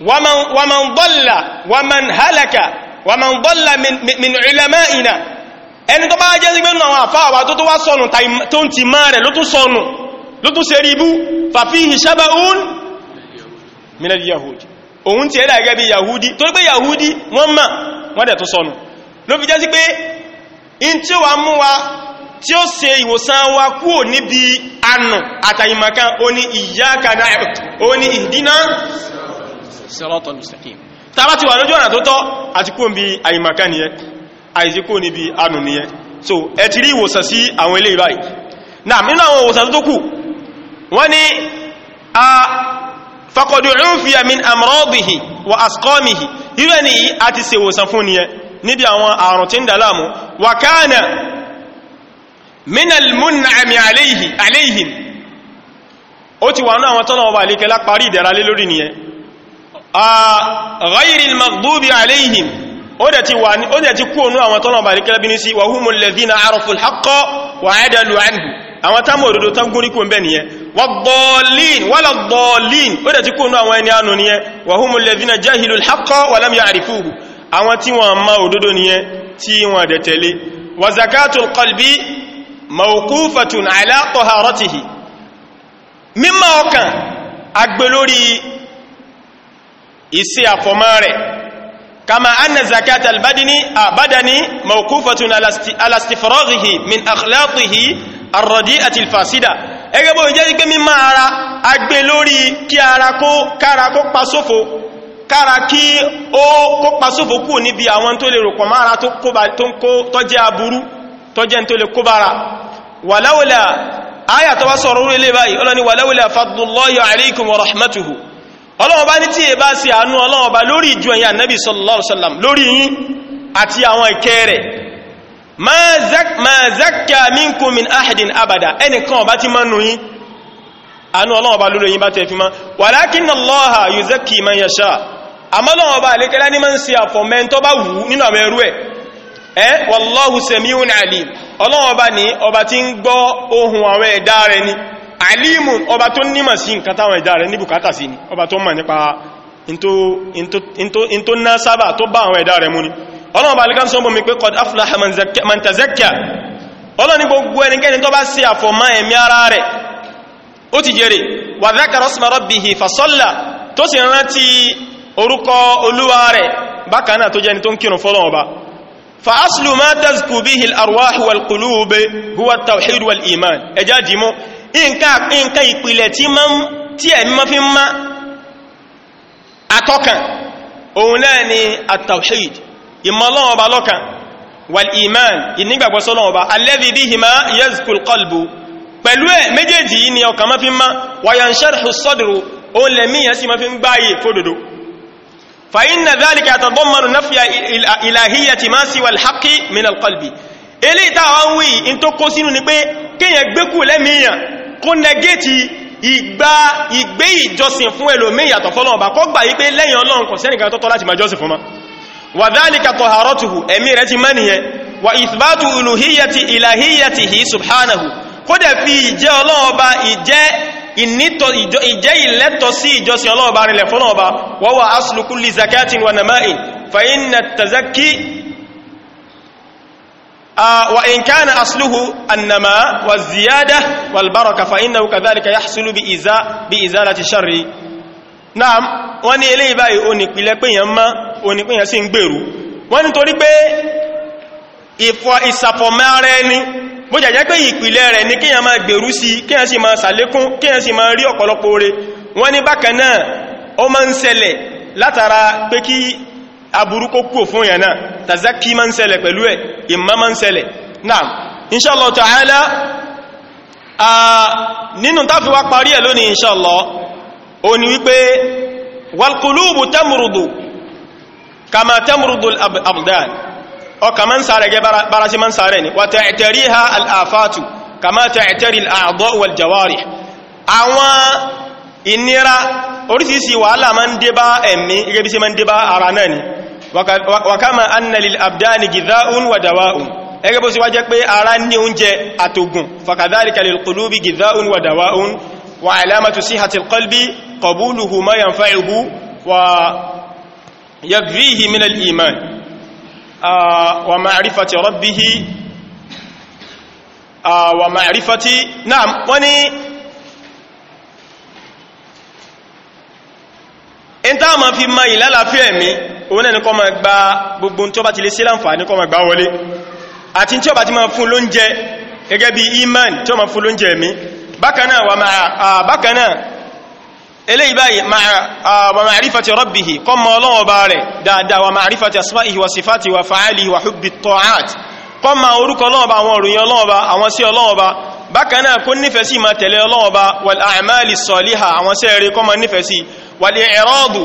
ومن ضل ومن هلك ومن ضل من, من علمائنا ẹni tó bá jẹ́ sí gbẹ́nu àwọn àfá àwà tó tó wá sọnù tó ń ti máa rẹ̀ ló tún sọnù ló tún ṣe ríbú fàfíhì ṣábáún minal yahudi òun ti ẹ̀dà gẹ́gẹ́ bí yahudi tó pé yahudi wọ́n mà wọ́n dẹ̀ tó sọnù ló fi jẹ́ sí pé in tí sirata mustaqim tàbá ti wà lójú ọ̀nà tó tọ́ àti kó níbi àìmàká nìyẹn àìsí kó níbi anù nìyẹn so ẹ ti rí ìwòsàn sí àwọn ilé ìbáyìí náà nínú àwọn ìwòsàn tó kù wọ́n ni a faqadu ó ti wà náà wọn tọ́nà ọba àlékẹ́lá parí ìdẹ̀ra lórí nìyẹn ghayril maghdubi alayhim ó dẹ̀ ti kú ònú àwọn tọ́nà bàrí kẹlẹ́bí ní sí wa humul ladhina arafu al-haqqa wa adalu anhu àwọn támù òdòdó tán gúnrí kò ń bẹ́ nìyẹn wad-dallin wala ad-dallin ó dẹ̀ ti kú ònú àwọn ẹni ànú nìyẹn wa humul ladhina jahilu al-haqqa wa lam ya'rifuhu àwọn tí wọ́n ma òdòdó nìyẹn tí wọ́n dẹ̀ tẹ̀lé wa zakatul qalbi mawqufatun ala taharatihi mímọ́ ọkàn agbelórí isi àfọ̀mọ́ rẹ̀ kama anna zakat albadani abadani mawqufatun ala istifraghihi min akhlaqihi arradi'ati alfasida ege bo je pé mi ma ara agbe lórí kí ara ko kara ko pasofo kara kí ó ko pasofo ku ni bí àwọn tó lè ro ko mara tó ko ba tó ko tó jẹ́ aburú tó jẹ́ n tó ko bara walawla aya tó wá sọ̀rọ̀ ile báyìí olani walawla fadlullahi alaykum wa rahmatuhu ọlọ́wọ́ bá ní tí è bá sí àánú ọlọ́wọ́ bá lórí ìjọ ẹ̀yà nẹ́bí sallallahu alaihi wasallam lórí yín àti àwọn ìkẹ́ rẹ̀ ma zakka minkum min ahadin abada ẹnìkan ọba ti mọ́nu yín àánú ọlọ́wọ́ bá lórí yín bá tẹ́ fi mọ́ walakinna Allaha yuzakki man yasha àmọ́lọ́wọ́ bá lékẹ́lá ní mọ́ sí àfọ̀mẹ́ntọ́ bá wù nínú àmì ẹrú alimun ọba tó nímọ̀ sí nǹkan táwọn ẹ̀dá rẹ̀ ní bùkátà sí ni ọba tó mọ̀ nípa in tó ná sábà tó bá àwọn ẹ̀dá rẹ̀ mú ni ọlọ́run bá alikán sọ́bọ̀ mi pé qad aflaha man tazakka ọlọ́run ní gbogbo ẹnikẹ́ni tó bá sí àfọ̀mọ́ ẹ̀mí ara rẹ̀ ó ti jèrè wa dhakara isma rabbihi fasalla fa aslu ma tazku bihi al-arwah wal qulub huwa at-tawhid ẹjá jìmọ́ nǹkan ìpìlẹ̀ tí ẹ̀mí ma fi ń má atọ́kàn òun náà ni at-tawhid ìmọ̀lọ́wọ́ ọba lọ́kàn wal-iman ìnígbàgbọ́sọ́lọ́wọ́ ọba alladhi bihima yazku al-qalbu pẹ̀lú ẹ̀ méjèèjì yìí ni ọkàn ma fi ń má wa eléyìí táwa ń wí in tó kó sínú ni pé kéèyàn gbékù lẹ́mìíyàn kó nẹgẹ́tì ìgbà ìgbé ìjọsìn fún ẹlòmíì yàtọ̀ fọ́lọ́run bá kọ́ gbà yí pé lẹ́yìn Ọlọ́run kò sẹ́nìkan tó tọ́ láti máa jọ́sìn fún ma wa dhalika taharatuhu ẹ̀mí rẹ̀ ti mọ́ nìyẹn wa ithbatu uluhiyyati وإن كان أصله النماء والزيادة والبركة فإنه كذلك يحصل بإزالة الشر نعم wọ́n ní eléyìí báyìí ó ní ìpìlẹ̀ pé èyàn má ó ní pé èyàn sí ń gbèrú wọ́n ní torí pé ìfọ̀ ìsàfọ̀mọ́ ara ẹni bó jẹ́ pé ìpìlẹ̀ rẹ̀ ní kíyàn máa gbèrú sí kíyàn sì máa sàlékún kíyàn sì máa rí ọ̀pọ̀lọpọ̀ oore wọ́n ní bákan náà ó máa ń ṣẹlẹ̀ látara pé kí aburúkó kúò fún yẹn náà tazaki ma ń ṣẹlẹ̀ pẹ̀lú ẹ̀ ìmá ma ń ṣẹlẹ̀ náà inṣàlọ̀ ta'ala nínú táfi wá parí ẹ̀ lónìí inṣàlọ̀ o ni wípé walkulubu tamurudu kama tamurudu abdan ọkà ma ń sáré gẹ bára sí ma ń sáré ni wata ẹ̀tẹ̀rí ha al'afatu kama ta ẹ̀tẹ̀rí al'adọ́ wal jawari àwọn ìnira orísìírísìí wàhálà ma ń dé ẹ̀mí gẹ́gẹ́ sí ma ń dé ara náà ni wakama annalil abdani gidhaun wa dawa'un ẹgẹ́ bó sì wá jẹ́ pé ara ní oúnjẹ àtògùn fakadhalika lil qulubi gidhaun wa dawa'un wa alamatu sihhatil qalbi qabuluhu ma yanfa'uhu wa yagrihi min al fi ma ilalafiyar mi òun náà ní kó máa gba gbogbo tí ó bá ti lè ṣe láǹfààní kó máa gbà wọlé àti tí ó bá ti máa fún lóúnjẹ gẹ́gẹ́ bí iman tí ó máa fún lóúnjẹ mi bákanáà wà máa bákanáà eléyìí báyìí wà ma'rifati rabbihi kó mọ Ọlọ́hun Ọba rẹ̀ dáadáa wà ma'rifati asma'ihi wa sifatihi wa fa'alihi wa sí Ọlọ́hun tẹ̀lé Ọlọ́hun Ọba wal a'mali àwọn sẹ́ẹ̀rẹ́ kó máa nífẹ̀ẹ́ sí wal i'radu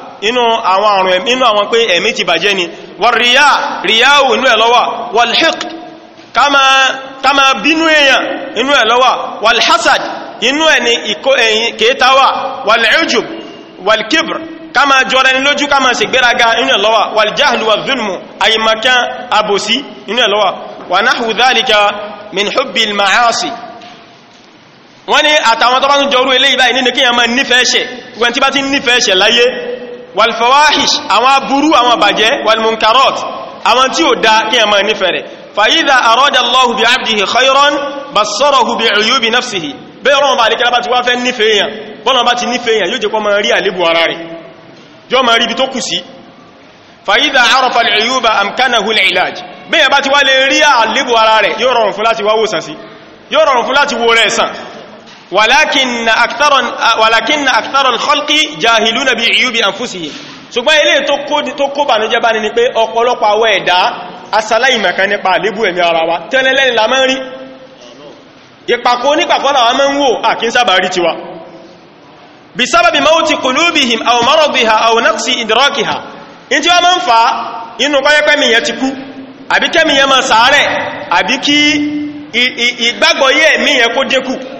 inú àwọn àrùn ẹ̀mí inú àwọn pé ẹ̀mí ti bàjẹ́ ni wọ́n ríyá ríyáwò inú ẹ̀ lọ́wà wọ́lhik kama bínú èèyàn inú ẹ̀ lọ́wà wọ́lhásad inú ẹ̀ ni kéétáwà wọ́lẹ́jù wọ́lkibr kama jọra ní lójú kama ṣe gbéraga inú ẹ̀ lọ́wà wọ́ljahlu wa zulmu àyìmọ̀kán àbòsí inú ẹ̀ lọ́wà wà náhù dhalika min hubbi al wọ́n ni àtàwọn tọ́bátún jọrú ilé ìbáyìí nínú kíyàn máa nífẹ̀ẹ́ ṣẹ̀ láyé walfawahish àwọn aburú àwọn bàjẹ́ walmunkarot àwọn tí ó dá kí ẹmọ nífẹ̀ẹ́ rẹ̀ fàyídà àrọ́dàlọ́hù bí abdihi khayran basarahu bí uyubi nafsihi bẹ́ẹ̀ rán bá alékẹ́lá bá ti wá fẹ́ nífẹ̀ẹ́ yàn bọ́nà bá ti nífẹ̀ẹ́ yàn yóò jẹ́ kó máa rí àlébù ara rẹ̀ yóò máa rí ibi tó kù ti wá lè rí ولكن أكثر ولكن أكثر الخلق جاهلون بعيوب أنفسهم ṣùgbọ́n ilé tó kó bà ní jẹ́ bá ní ni pé ọ̀pọ̀lọpọ̀ àwọ ẹ̀dá asaláìmọ̀kan nípa àlébù ẹ̀mí ara wa tẹ́lẹ̀lẹ́ni la máa ń rí ìpàkó nípàkọ́ làwọn máa ń wò àkín sábà rí tiwa bí sábàbí mawti qulubihim aw maradiha aw naqsi idrakiha in tí wọ́n máa ń fa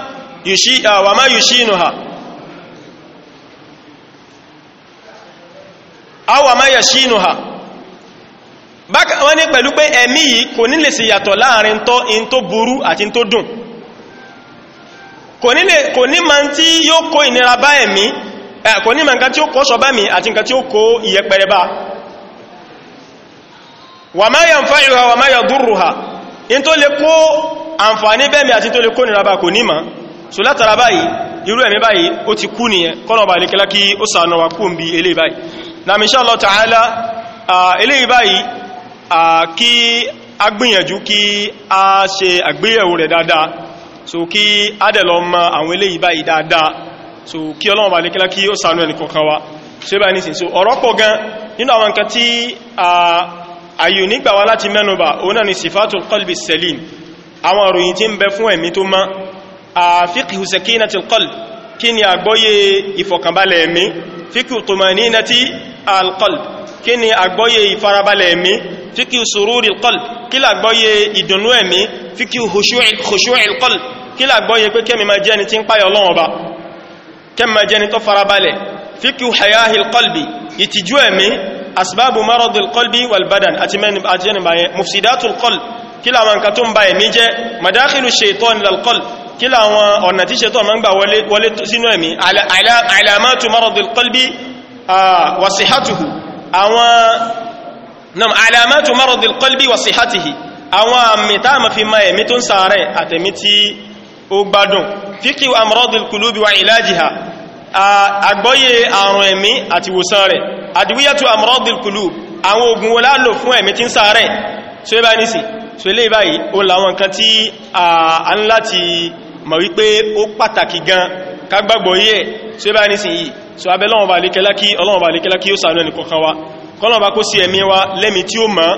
Uh, wa ma yushinuha aw wa ma yashinuha bákan wọ́n ní pẹ̀lú pé ẹ̀mí yìí kò ní lè ṣe yàtọ̀ láàrin tó in tó burú àti in tó dùn kò ní lè kò ní ma tí yóò kó ìnira bá ẹ̀mí eh, kò ní ma nǹkan tí ó kó ṣọ mi àti nǹkan tí ó kó ìyẹpẹrẹ bá wa ma yanfa'uha wa ma yadurruha in tó lè kó àǹfààní bẹ́mi àti tó lè kó ìnira bá kò ní ma so látara báyìí irú ẹ̀mí báyìí ó ti kú nìyẹn kọ́nà bá ilékẹ́lá kí ó sànà wà kú ń bí eléyìí báyìí na insha Allah ta'ala eléyìí báyìí kí a gbìyànjú kí a ṣe àgbéyẹ̀wò rẹ̀ dáadáa so kí a dẹ̀ lọ mọ àwọn eléyìí báyìí dáadáa so kí Ọlọ́run bá ilékẹ́lá kí ó sànà ẹnì kọ̀ọ̀kan wa so bá nísìn so ọ̀rọ̀ pọ̀ gan nínú àwọn nǹkan ìròyìn tí ń bẹ fún ẹ̀mí tó mọ́ fiqhu sakinati alqalb kí ni àgbọ́yé ìfọ̀kànbalẹ̀ ẹ̀mí fiqhu tumaninati alqalb kí ni àgbọ́yé ìfarabalẹ̀ ẹ̀mí fiqhu sururi alqalb kí làgbọ́yé ìdùnnú ẹ̀mí fiqhu khushu'i alqalb kí làgbọ́yé pé kẹ́mi ma jẹ́ni tí ń páyọ̀ Ọlọ́run Ọba kẹ́mi ma jẹ́ni tó farabalẹ̀ fiqhu walbadan àti mẹ́ni mufsidatu alqalb kí làwọn nǹkan tó madakhilu shaytan lilqalb kí láwọn ọ̀nà tí ṣetán ma ń gbà wọlé sínú ẹ̀mí alamatu maradil qalbi wa sihatuhu àwọn nam alamatu maradil qalbi wa sihatihi àwọn àmì tá ma fi ma ẹ̀mí tó ń ṣàárẹ̀ àtẹ̀mí tí ó gbádùn fíkí amradil kulubi wa ilajiha àgbọ́yé àrùn ẹ̀mí àti wòsàn rẹ̀ adwiyatu amradil kulub àwọn ogun o láwọn nǹkan tí a ń láti ma wípé ó pàtàkì gan kágbàgbọ́ yẹ́ tí ó bá ní sin yìí so abẹ́ lọ́wọ́ba alékẹ́lákí ọlọ́wọ́ba alékẹ́lákí ó sàánú ẹni kọ̀kan wa kọ́lọ̀wọ́ba kó sí ẹ̀mí wa lẹ́mí tí ó mọ́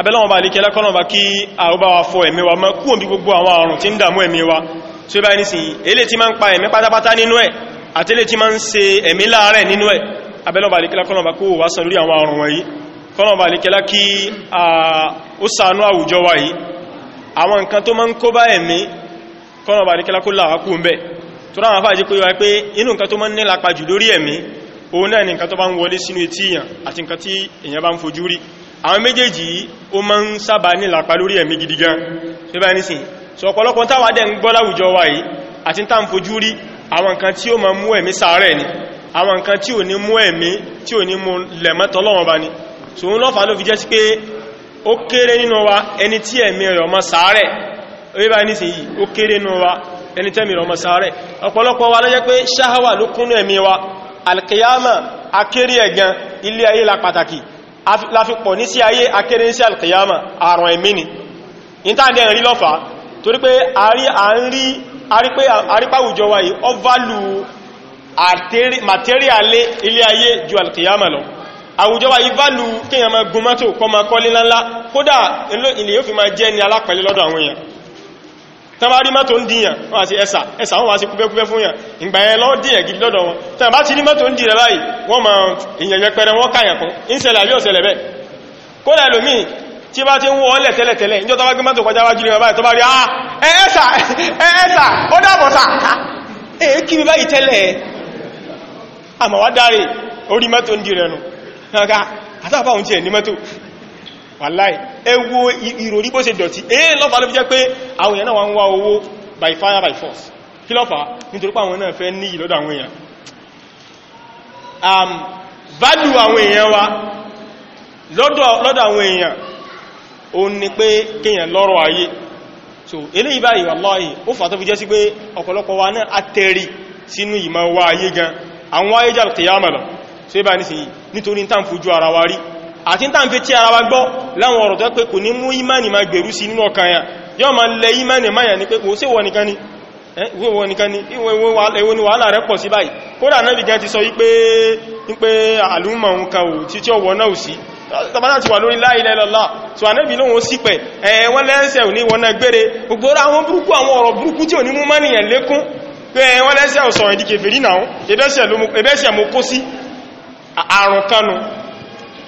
abẹ́ lọ́wọ́ba alékẹ́lá kọ́lọ̀wọ́ba kí àrúbá wa fọ ẹ̀mí wa mọ́ kúrò bí gbogbo àwọn àrùn tí ń dàmú ẹ̀mí wa tí ó bá ní sin yìí elé tí máa ń pa ẹ̀mí pátápátá nínú ẹ̀ àti elé tí máa ń ṣe ẹ̀mí láàárẹ̀ nínú ẹ̀ abẹ́ lọ́wọ́ba alékẹ́lá kọ́lọ̀wọ́ba nǹkan tó máa ń kó bá ẹ̀mí kọ́nà bá níkẹ́lá kó láwá kú ń bẹ́ tó ráwọn afáàjí pé wá pé inú nǹkan tó mọ́ ní lápa lórí ẹ̀mí òun náà ni nǹkan tó bá ń wọlé sínú etí èèyàn àti nǹkan tí èèyàn bá ń fojú rí àwọn méjèèjì ó máa ń sábà ní lápa lórí ẹ̀mí gidi gan tó bá nísìn so ọ̀pọ̀lọpọ̀ táwa dẹ̀ ń gbọ́ láwùjọ wa yìí àti tá ń fojú rí àwọn nǹkan tí ó ni àwọn nǹkan tí ò ní mú ẹ̀mí ni so ń lọ́fà ló fi kéré nínú wa ẹni tí ẹ̀mí rẹ̀ sàárẹ̀ orí bá nísìn yìí ó kéré nù wa ẹni tẹ́mì rọmọ sáré ọ̀pọ̀lọpọ̀ wa lọ́jẹ́ pé ṣáhàwà ló kúnnú ẹ̀mí wa alkiyama akéré ẹ̀gan ilé ayé la pàtàkì láfipọ̀ ní sí ayé akéré sí alkiyama àrùn ẹ̀mí ni ìtàndẹ̀ ẹ̀rí lọ́fà torí pé àrípàwùjọ wa yìí ọ válù materialé ilé ayé ju alkiyama lọ àwùjọ wa yìí válù kíyàn ma gun mọ́tò kọ ma kọ́lé ńláńlá kódà ilé yóò fi ma jẹ́ ni alápẹ̀lẹ́ lọ́dọ̀ àwọn èèyàn tàbá rí mọ́tò ń dìyàn wọ́n àti ẹsà ẹsà wọ́n wá sí kúbẹ́kúbẹ́ fún yàn ìgbà ẹ̀ lọ́ dìyàn gidi lọ́dọ̀ wọn tàbá ti rí mọ́tò ń dìyàn láì wọ́n ma èyàn yẹpẹrẹ wọ́n káyàn kún ìṣẹ̀lẹ̀ àbí ọ̀ṣẹ̀lẹ̀ bẹ́ẹ̀ kódà ẹlòmíì tí bá ti ń wọ́ ọlẹ̀ tẹ́lẹ̀tẹ́lẹ̀ ìjọ tọ́bá gbé mọ́tò kọjá wájú ní ọba ìtọ́bá rí ah ẹ̀ẹ́sà ẹ̀ẹ́sà ó dàbọ̀ sà èé kí mi báyìí tẹ́lẹ̀ ẹ̀ àmọ̀wá dáre orí mọ́tò ń dìrẹ̀nu ah, àtàbà òun ti ẹ̀ ní mọ́tò wàláì ẹwọ ìròrí bó ṣe dọ̀tí èé lọ́fà ló fi jẹ́ pé àwọn náà wọ́n wá owó by fire by force kí lọ́fà nítorí pé àwọn náà fẹ́ ní ìlọ́dọ̀ àwọn èèyàn um value àwọn èèyàn wa lọ́dọ̀ àwọn èèyàn ó ní pé kéèyàn lọ́rọ̀ ayé so eléyìí báyìí wàláì ó fà tó fi jẹ́ sí pé ọ̀pọ̀lọpọ̀ wa náà atẹ́rí sínú ìmọ̀ wa ayé gan àwọn ayé jà kìyàmọ̀ lọ so ibà nísìnyí nítorí tàn fojú ara wa rí àti tàn fi tí ara wa gbọ́ láwọn ọ̀rọ̀ tó pé kò ní mú ìmáni ma gbèrú sí nínú ọkàn ya yọ́ ma lẹ ìmáni máyà ní pé kò sí wọ nìkan ni ìwọ nìkan ni ìwọ ni wàhálà rẹ̀ pọ̀ sí báyìí kódà náà bìgan ti sọ wípé àlúmọ̀ nǹkan ò tí tí ọwọ́ náà sí tàbátà ti la ilaha illallah tí wà náàbì lóhun sí pẹ̀ ẹ̀wọ́n lẹ́ẹ̀sẹ̀ ò ní wọ́n náà gbére gbogbo àwọn burúkú àwọn ọ̀rọ̀ burúkú tí ò ní mú mánìyàn lékún ìdíkẹ̀ fèrí náà ẹbẹ́sẹ̀ mú kó sí àrùn kanu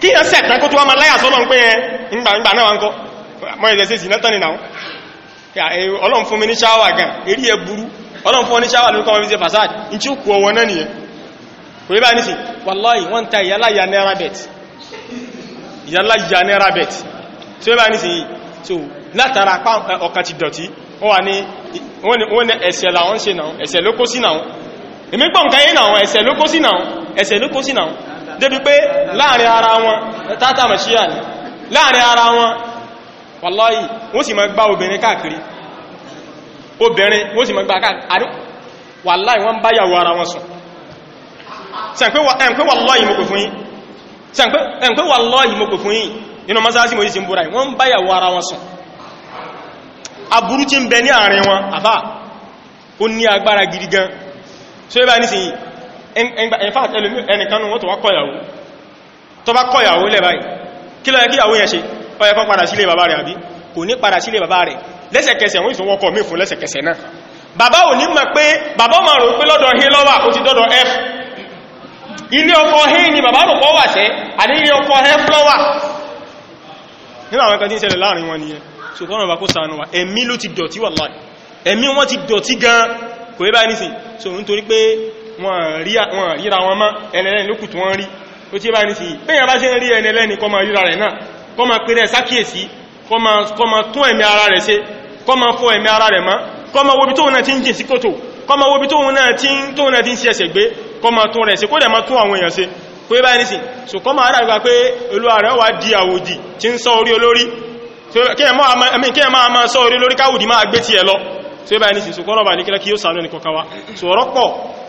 kí ẹ sẹ̀ tán kó tó wá máa láyà sọ́lọ́n pé ẹ ìgbà náà ń kọ́ mọ́ ìdẹ̀ sí ìsìnà tán nìna ọlọ́n fún mi ní ṣáwà gan eré ẹ burú ọlọ́n fún ní ṣáwà lórúkọ mọ́bí sí fasad in tí ó kú ọwọ́ náà nìyẹn kò rí bá ní sí wàláì wọ́n ta ìyálàyà náírà bet ìyálàyà náírà bet tí ó bá ní sí so ló kó sí náà èmi náà ẹ̀ṣẹ̀ ló kó sí náà débi pé láàrin ara wọn tátà mẹ́ṣíyà ni láàrin ara wọn wàláyì wọ́n sì máa gbá obìnrin káàkiri obìnrin wọ́n sì máa gbá ara wọn sùn ẹ̀m̀pé wàláyì mo fún nínú sí wọ́n bá yàwó ara wọn sùn aburú tí ń bẹ ní àárín wọn gidi gan in fact ẹnìkan wọ́n tó wá kọ́yàwó tó bá kọ́yàwó lẹ́ báyìí kí ló yẹ kí àwọn yẹn ṣe ó yẹ kó padà sílé bàbá rẹ̀ àbí kò ní padà sílé bàbá rẹ̀ lẹ́sẹ̀kẹsẹ̀ wọ́n ìsọwọ́kọ̀ mí fún lẹ́sẹ̀kẹsẹ̀ náà bàbá ò ní mọ̀ pé bàbá ma rò pé lọ́dọ̀ he lọ́wà ó ti dọ́dọ̀ f ilé ọkọ he ni bàbá rò pọ́ wà sẹ́ àní ilé ọkọ f lọ́wà nínú àwọn ẹ̀kọ́ tí ń ṣẹlẹ̀ láàrin wọn nìyẹn ṣùgbọ́n ọ̀rọ̀ bá kó sànú wa ẹ̀mí ló ti dọ̀tí wà láì ẹ̀mí wọn ti dọ̀tí gan kò yẹ báyìí nìsìn so nítorí pé wọn ríra wọn má ẹnẹlẹ́ni lókù tí wọ́n rí ó tí bá ní sí bẹ́yàn bá ṣe ń rí ẹnẹlẹ́ni kọ́ ma ríra rẹ̀ náà kọ́ ma pèrè sákìyèsí kọ́ ma tún ẹ̀mí ara rẹ̀ ṣe kọ́ ma fọ́ ẹ̀mí ara rẹ̀ má kọ́ ma wobi tóun náà ti ń jìn sí kòtò kọ́ ma wobi tóun náà ti ń ṣe ẹsẹ̀ gbé kọ́ ma tún rẹ̀ ṣe kó dẹ̀ ma tún àwọn èèyàn ṣe pé bá ní sí so kọ́ ma dàgbà pé olúwa rẹ̀ wá di àwòdì tí ń sọ orí olórí kí ẹ̀ máa sọ orí olórí káwùdì máa gbé tiẹ̀ lọ tí ó bá ní sísù kọ́nà bá ní kílá kí ó sàánú ní kọkawa so rọ́pọ̀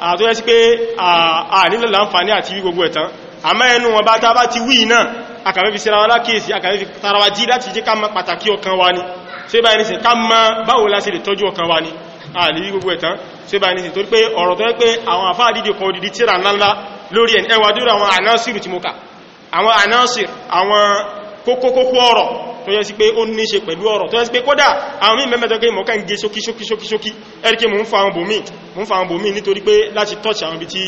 àtó yẹ́ sí pé à nílò láǹfàní àti wí gbogbo ẹ̀tán àmá ẹnu wọn bá tá bá ti wí náà akàfẹ́ sí ká la ṣe lè tọ́jú ọkàn wa ni à ní wí gbogbo ẹ̀tán tí ó bá ní sí torí pé ọ̀rọ̀ tó yẹ pé àwọn àfáà dídì kan òdìdí tíra ńláńlá lórí ẹ̀ ẹwà dúró àwọn ànásìrì tí mo kà àwọn ànásìrì àwọn kókókókó ọ̀rọ̀ tó yẹ sí pé ó ní ṣe pẹ̀lú ọ̀rọ̀ tó yẹ sí pé kódà àwọn míì mẹ́mẹ́ta pé mọ̀ká ń gé ṣókí ṣókí ṣókí ṣókí ẹ́rìkẹ́ mò ń fa àwọn bòmí mò ń fa bòmí nítorí pé láti touch àwọn ibi tí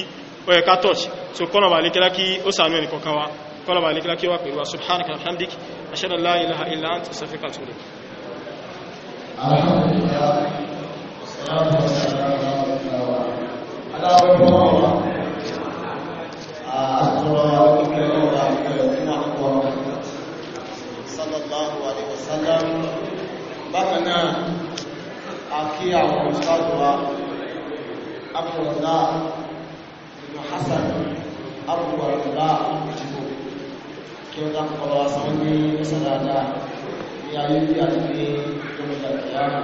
ó yẹ ká touch so kọ́nà bà lè kílá kí ó sànú ẹnì kọ̀ọ̀kan wa kọ́nà bà lè kílá kí ó wà pẹ̀lú wa subhanaka alhamdik ashhadu an la ilaha illa anta astaghfiruka wa atubu ilayk
Alhamdulillah sallallahu alaihi wasallam bákan náà àkí àwọn ìṣàdùwà abdullahi ibn hassan abdullahi ìjìbò kí ó dákọ̀ọ́ sáwọn ní ìsànàdà ní ayé bí àti ní ìjọba ìyára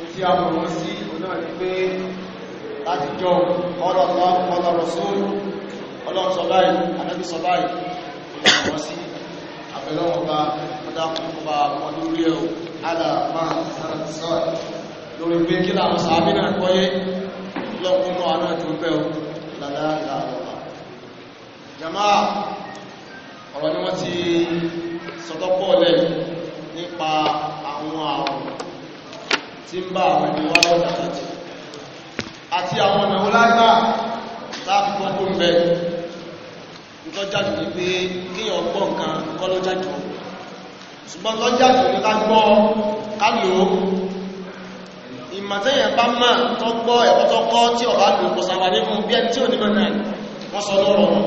ó tí a mọ̀ wọ́n sí onáà ní pé láti jọ ọlọ́pàá ọlọ́rọ̀ sóòrò ọlọ́sọ̀báì anábìsọ̀báì wọ́n sí àbẹ̀lọ́wọ́ bá ọdákùnkùnbà mọ̀lúrí ẹ̀ alàmà sàrẹ̀sọ́ lórí pé kí láwọn sàábí náà kọ́yé lọ́kùnmù àná tó bẹ́ o lálàá jamaa ọ̀rọ̀ ni wọ́n ti sọtọ́pọ̀ lẹ̀ nípa àwọn àrùn tí ń bá àwọn ènìyàn àti àwọn ọ̀nà lọ́jàdù ní pé kíyàn gbọ́ nǹkan kọ́ lọ́jàdù ṣùgbọ́n lọ́jàdù ní lágbọ́ kálò ìmọ̀tẹ́yàn bá máa tọ́ gbọ́ ẹ̀kọ́ tọ́ kọ́ tí ọ̀rá lò kò sàwàdé fún bí ẹni tí ò nímọ̀ náà wọ́n sọ lọ́rọ̀ wọn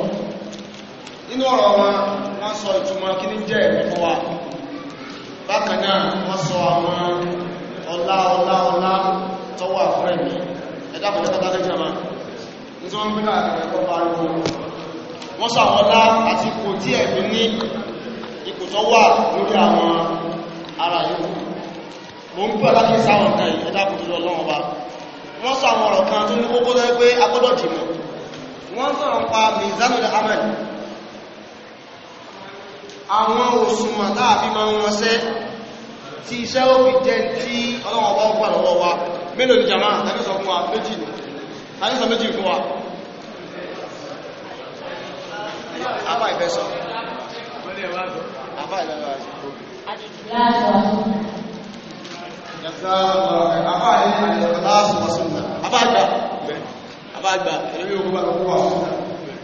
nínú ọ̀rọ̀ wọn wọ́n sọ ìtumọ̀ kí ní jẹ́ ẹ̀kọ́ fún wa bákan náà wọ́n sọ àwọn ọlá ọlá ọlá tọ́wọ́ àfúrẹ́mì ẹ̀dá pẹ̀lẹ́pẹ̀lẹ́ jẹ́ máa ní tí wọ́n ń gbé láàrin ẹ̀kọ́ bá ń lọ́wọ́ wọ́n sọ àwọn ọlá àti ipò tí ẹ̀mí ní ipò tó wà lórí àwọn ara yòókù mo ń pẹ́ láti sáwọn nǹkan yìí ẹ̀dá kùtù ọlọ́run ọba wọ́n sọ àwọn ọ̀rọ̀ kan tó ní kókó tó pé agbọ́dọ̀ jìmọ̀ wọ́n sọ̀rọ̀ pa mizanul amal àwọn òṣùnmọ̀ láàbí máa ń wọ́n sẹ́ tí iṣẹ́ ó fi jẹ́ tí ọlọ́run ọba ó gbà lọ́wọ́ wa mélòó ni
àbá ìfẹ́ sọ àbá
ìfẹ́ sọ àbá ìfẹ́ sọ àbá àgbà àbá àgbà ẹ̀lẹ́bí ogun bá lọ́wọ́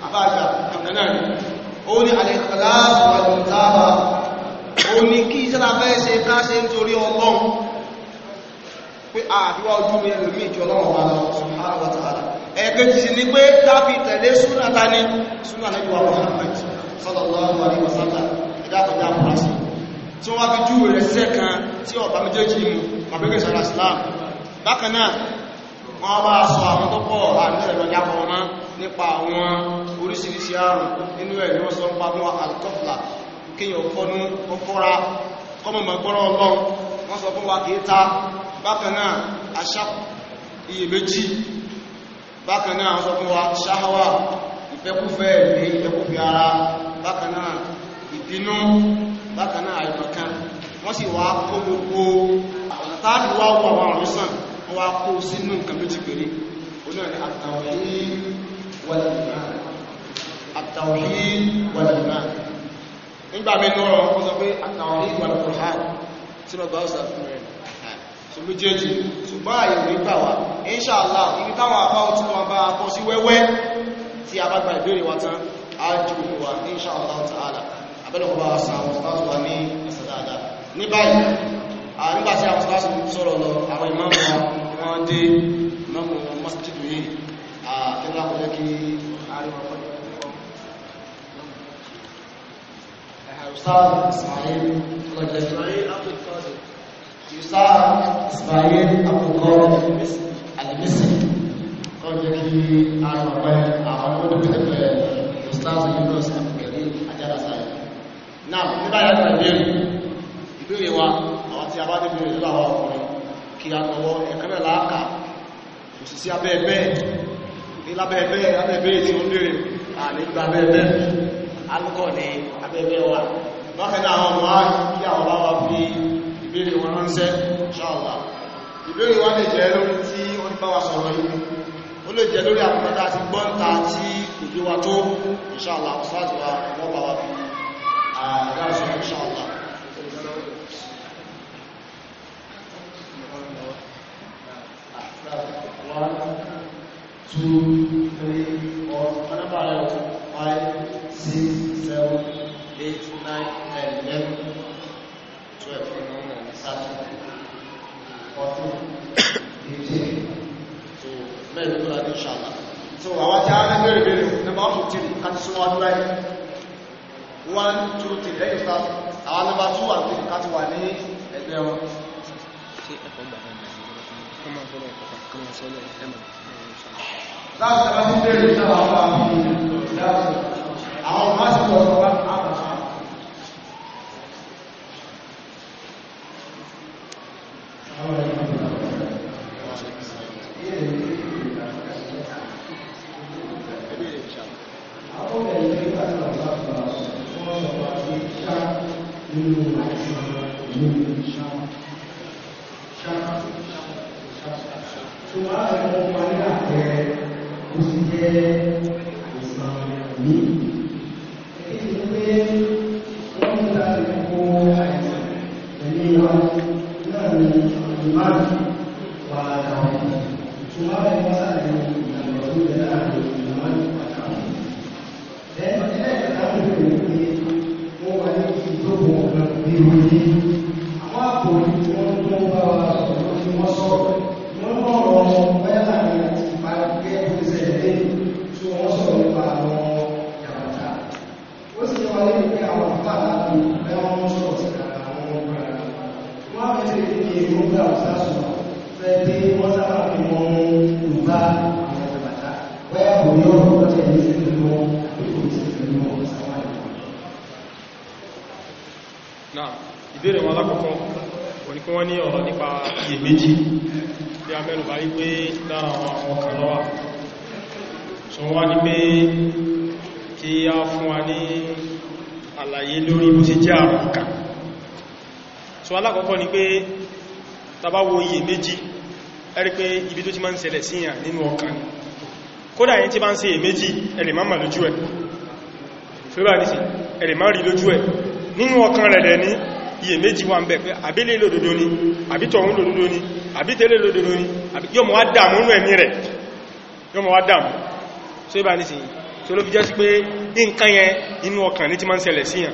àbá àgbà àmìnà ó ní àlẹ́kọ̀láàsù àjọ̀tàbà ó ní kí ìṣẹ́lá fẹ́ ṣe káṣe nítorí ọlọ́run pé àbíwá ojú mi ẹlòmí ìjọ ọlọ́run wà lọ sùn ẹ̀kẹ́jì sí ní pé dábì tẹ̀lé súnà tání súnà níbi wa Muhammad sallallahu alaihi wasallam ìdákọjá fúrásì tí wọ́n fi júwẹ̀ rẹ̀ sẹ́kan tí ọ̀bá méjèèjì mú mabẹ́gẹ̀ sọ́rọ̀ Islam bákan náà wọ́n bá sọ àwọn tó pọ̀ àmìsẹ̀lọ́jà kọ̀ọ̀mọ́ nípa àwọn oríṣiríṣi àrùn nínú ẹ̀ ni wọ́n sọ ń pa mọ́ alkọ́fìlà kíyàn fọ́nú ọkọ́ra kọmọ̀mọ̀ gbọ́rọ̀ ọlọ́run wọ́n sọ fún wa kìí ta bákan náà aṣá iyèméjì bákan náà sọ fún wa ṣáháwà ìfẹ́kúfẹ́ ní ìfẹ́kúfẹ́ ara bákan náà ìbínú bákan náà àìmọ̀kan wọ́n sì wá kó gbogbo ọ̀nà táàdù wá wọ àwọn àrùn sàn wọ́n wá kó sínú nǹkan méjì péré onáà ni àtàwhíd wal ìmán àtàwhíd so méjèèjì ṣùgbọ́n àyè òní gbà wá inṣàlá ibi táwọn àbá òtún wọn bá kọ sí wẹ́wẹ́ tí a bá gba ìbéèrè wa tán á jù wà ní inṣàlá ta'ala abẹ́lẹ̀kọ́ bá sa àwọn stars wa ní ẹsẹ̀ dáadáa ní báyìí nígbàtí àwọn stars sọ̀rọ̀ lọ àwọn ìmáàmù يسار إسماعيل أبو قارب المصري قال لك أنا وين أعمل بحب الأستاذ يونس أبو كريم أجل سعيد نعم nígbà yà kàn bẹ́ẹ̀ ìbéèrè wa àwọn tí a bá débi ìlú àwọn ọkùnrin kí a lọ́wọ́ ẹ̀kan náà láàkà kò sì sí abẹ́ bẹ́ẹ̀ ní lábẹ́ bẹ́ẹ̀ lábẹ́ bẹ́ẹ̀ tí ó ń lérè ànígbà bẹ́ẹ̀ bẹ́ẹ̀ alukọ̀ ní abẹ́ bẹ́ẹ̀ wa bákan náà àwọn ọmọ á kí àwọn bá wa ìbéèrè wọn ránṣẹ́ ṣọ́ọ̀lá ìbéèrè wọn lè jẹ́ lórí tí ó ní bá wa sọ̀rọ̀ yìí ó lè jẹ́ lórí àpapọ̀dá ti gbọ́nta tí kò yí wa tó ìṣọ́ọ̀lá ọ̀sọ́tìwà wọ́n bá wa fi àdáṣọ́ ìṣọ́ọ̀lá
One, two,
three, four, five, inshallah so àwa tí a ní bẹ̀rẹ̀ the number one fifteen káti súnmọ́ báyìí one two three lẹ́yìn start àwọn number two and three káti wà ní ẹgbẹ́ wọn.
láti ṣe bá ti bẹ̀rẹ̀ sábà wà ní ìlú àwọn ọmọ àti ìwọ̀n
ṣẹlẹ̀ síyàn nínú ọkàn kódà yẹn tí bá ń ṣe èméjì ẹlẹ̀mọ́mà lójú ẹ̀ fíbà ní sí ẹlẹ̀mọ́ rí lójú ẹ̀ nínú ọkàn rẹ̀ lẹ̀ ní iyèméjì wà ń bẹ̀ pé àbílẹ̀ lòdòdó ni àbí tọ̀hún lòdòdó ni àbí tẹ́lẹ̀ lòdòdó ni yóò mọ̀ wá dààmú nú ẹ̀mí rẹ̀ yóò mọ̀ wá dààmú so ibà ní sí so ló fi jẹ́ sí pé nǹkan yẹn inú ọkàn ní ti máa ń ṣẹlẹ̀ síyàn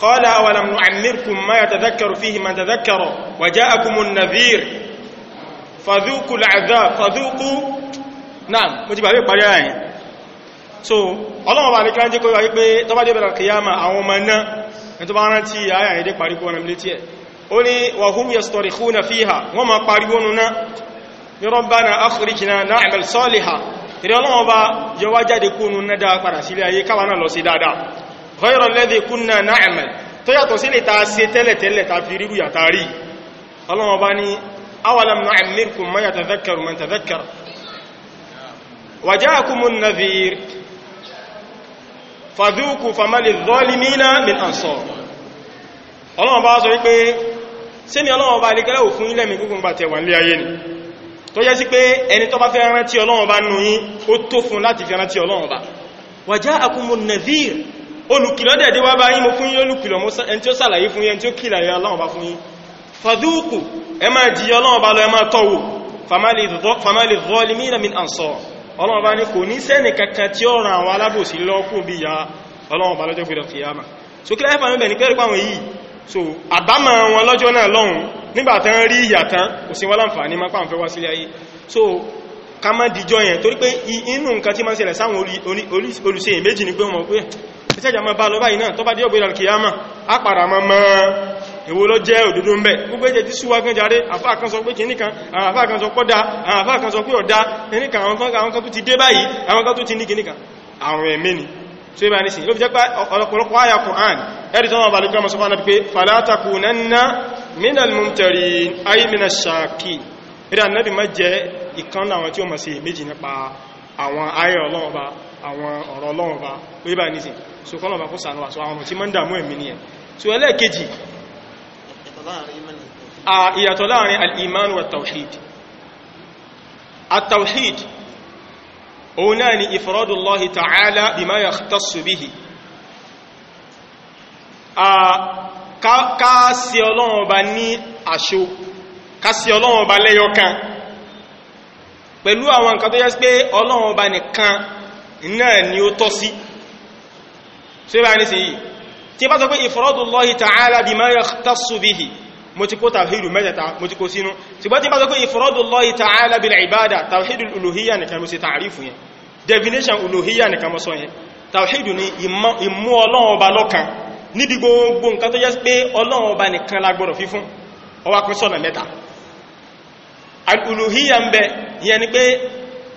قال أولم نعمركم ما يتذكر فيه من تذكر وجاءكم النذير فذوقوا العذاب فذوقوا نعم مجيب عليك باريا يعني so ọlọ́wọ́ bá ní ká ń jẹ́ kó wáyé pé tó bá dé bẹ̀rẹ̀ kìyàmà àwọn ọmọ náà ní tó bá rán tí àyà ìdé pariwo na mìlítí ẹ̀ ó ní wàhún yẹ sọ̀rì hú na fi ha wọ́n ma pariwo nuna ní rọ́bá na afirikina na ẹ̀mẹ̀l sọ́lì ha ìrẹ́ ọlọ́wọ́ bá yọ wá jáde kó nuna dáa padà sílé ayé káwa náà lọ sí dáadáa ghayra alladhi kunna na'mal tó yàtọ̀ sí lè ta ṣe tẹ́lẹ̀tẹ́lẹ̀ ta fi ríru yàtàrí ọlọ́wọ́ bá ní awalam nu'ammirkum ma yatadhakkaru man tadhakkara wa ja'akumun nadhir fàdúkù famali zọ́límínà min ansar ọlọ́wọ́ bá sọ wípé sí ni ọlọ́wọ́ bá lè kẹ́lẹ̀ òfin ilẹ̀ mi gúgun bá tẹ̀wà ní ayé ni tó yẹ sí pé ẹni tó bá fẹ́ rántí ọlọ́wọ́ bá nù yí ó tó fún láti fẹ́ rántí ọlọ́wọ́ bá wa ja'akumun nadhir olùkìlọ̀ dẹ̀ dé wá bá yín mo fún yín olùkìlọ̀ ẹni tí ó sàlàyé fún yín ẹni tí ó kìlà yọ ọlọ́run bá fún yín fàdúùkù ẹ máa jìyà ọlọ́run bá lọ ẹ máa tọ́wò fàmálì zalimina ya ọlọ́run bá lọ́jọ́ gbẹ̀rẹ̀ so kí láìfà níbẹ̀ ní pẹ́rù pàwọn so àbámọ̀ wọn lọ́jọ́ náà lọ́hun nígbàtán rí ìyàtán kò sí wọ́n láǹfààní má pàǹfẹ́ wá sílé ayé so ká má dìjọ yẹn torí pé inú nǹkan tí máa ń ṣẹlẹ̀ ni pé wọ́n pé ìṣẹ́jà máa bá lọ báyìí náà tó bá dé ọgbẹ̀rẹ̀ alkiyama a pàdà máa máa èwo ló jẹ́ òdodo ń bẹ gbogbo ẹjẹ̀ tí súwá gan járe àfáà kan sọ pé kì níkan àwọn àfáà kan sọ pọ́ dá àwọn àfáà kan sọ pé ọ̀dá níkan àwọn kan tó ti dé báyìí àwọn kan tó ti ní kìníkan àwọn ẹ̀mí ni tó ibà nísìn ló fi jẹ́ pé ọ̀pọ̀lọpọ̀ ọ̀rọ̀ Ọlọ́run tó ibà nísìn so kọ́nà bá kó sànú àṣọ àwọn ọmọ tí mọ́ ń dàmú ẹ̀mí ni ẹ̀ so ẹlẹ́ẹ̀kejì ìyàtọ̀ láàrin al-iman wa tawhid at-tawhid òun náà ni ifradullahi ta'ala bima yakhtassu bihi ká sí ọlọ́run ọba lẹ́yọkan pẹ̀lú àwọn nǹkan tó yẹ pé ọlọ́run ọba nìkan náà ni ó tọ́ sí so yíba ní sí yìí tí bá sọ pé ifradullahi ta'ala bima yakhtassu bihi mo ti kó tàwídù mẹ́tẹ̀ta mo ti kó sínú ṣùgbọ́n tí bá sọ pé ifradullahi ta'ala bil ibada tàwídù uluhiyya nìkan mo sì ta'arifu yẹn definition uluhiyya nìkan mo sọ yẹn tàwídù ni ìmú ọlọ́run ọba lọ́kan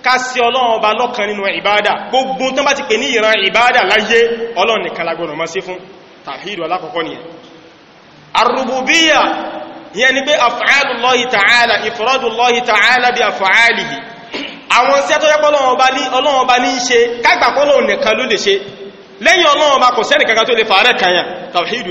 kásí ọlọ́run ọba lọ́kan nínú ìbádà gbogbo tán bá ti pè ní ìran ìbádà láyé ọlọ́run nìkan lagbọ́nà mọ́ sí fún tàhídù alákọ̀ọ́kọ́ ni
arububiyya
yẹn ni pé af'alullahi ta'ala ifradullahi ta'ala bi af'alihi àwọn sí ẹ̀tọ́ yẹ́pọ̀ ọlọ́run ọba ní ṣe kágbàpọ́lọ̀ nìkan ló lè ṣe lẹ́yìn ọlọ́run ọba kò sẹ́ni kankan tó lè fàárẹ̀ kanyà tàwíìdù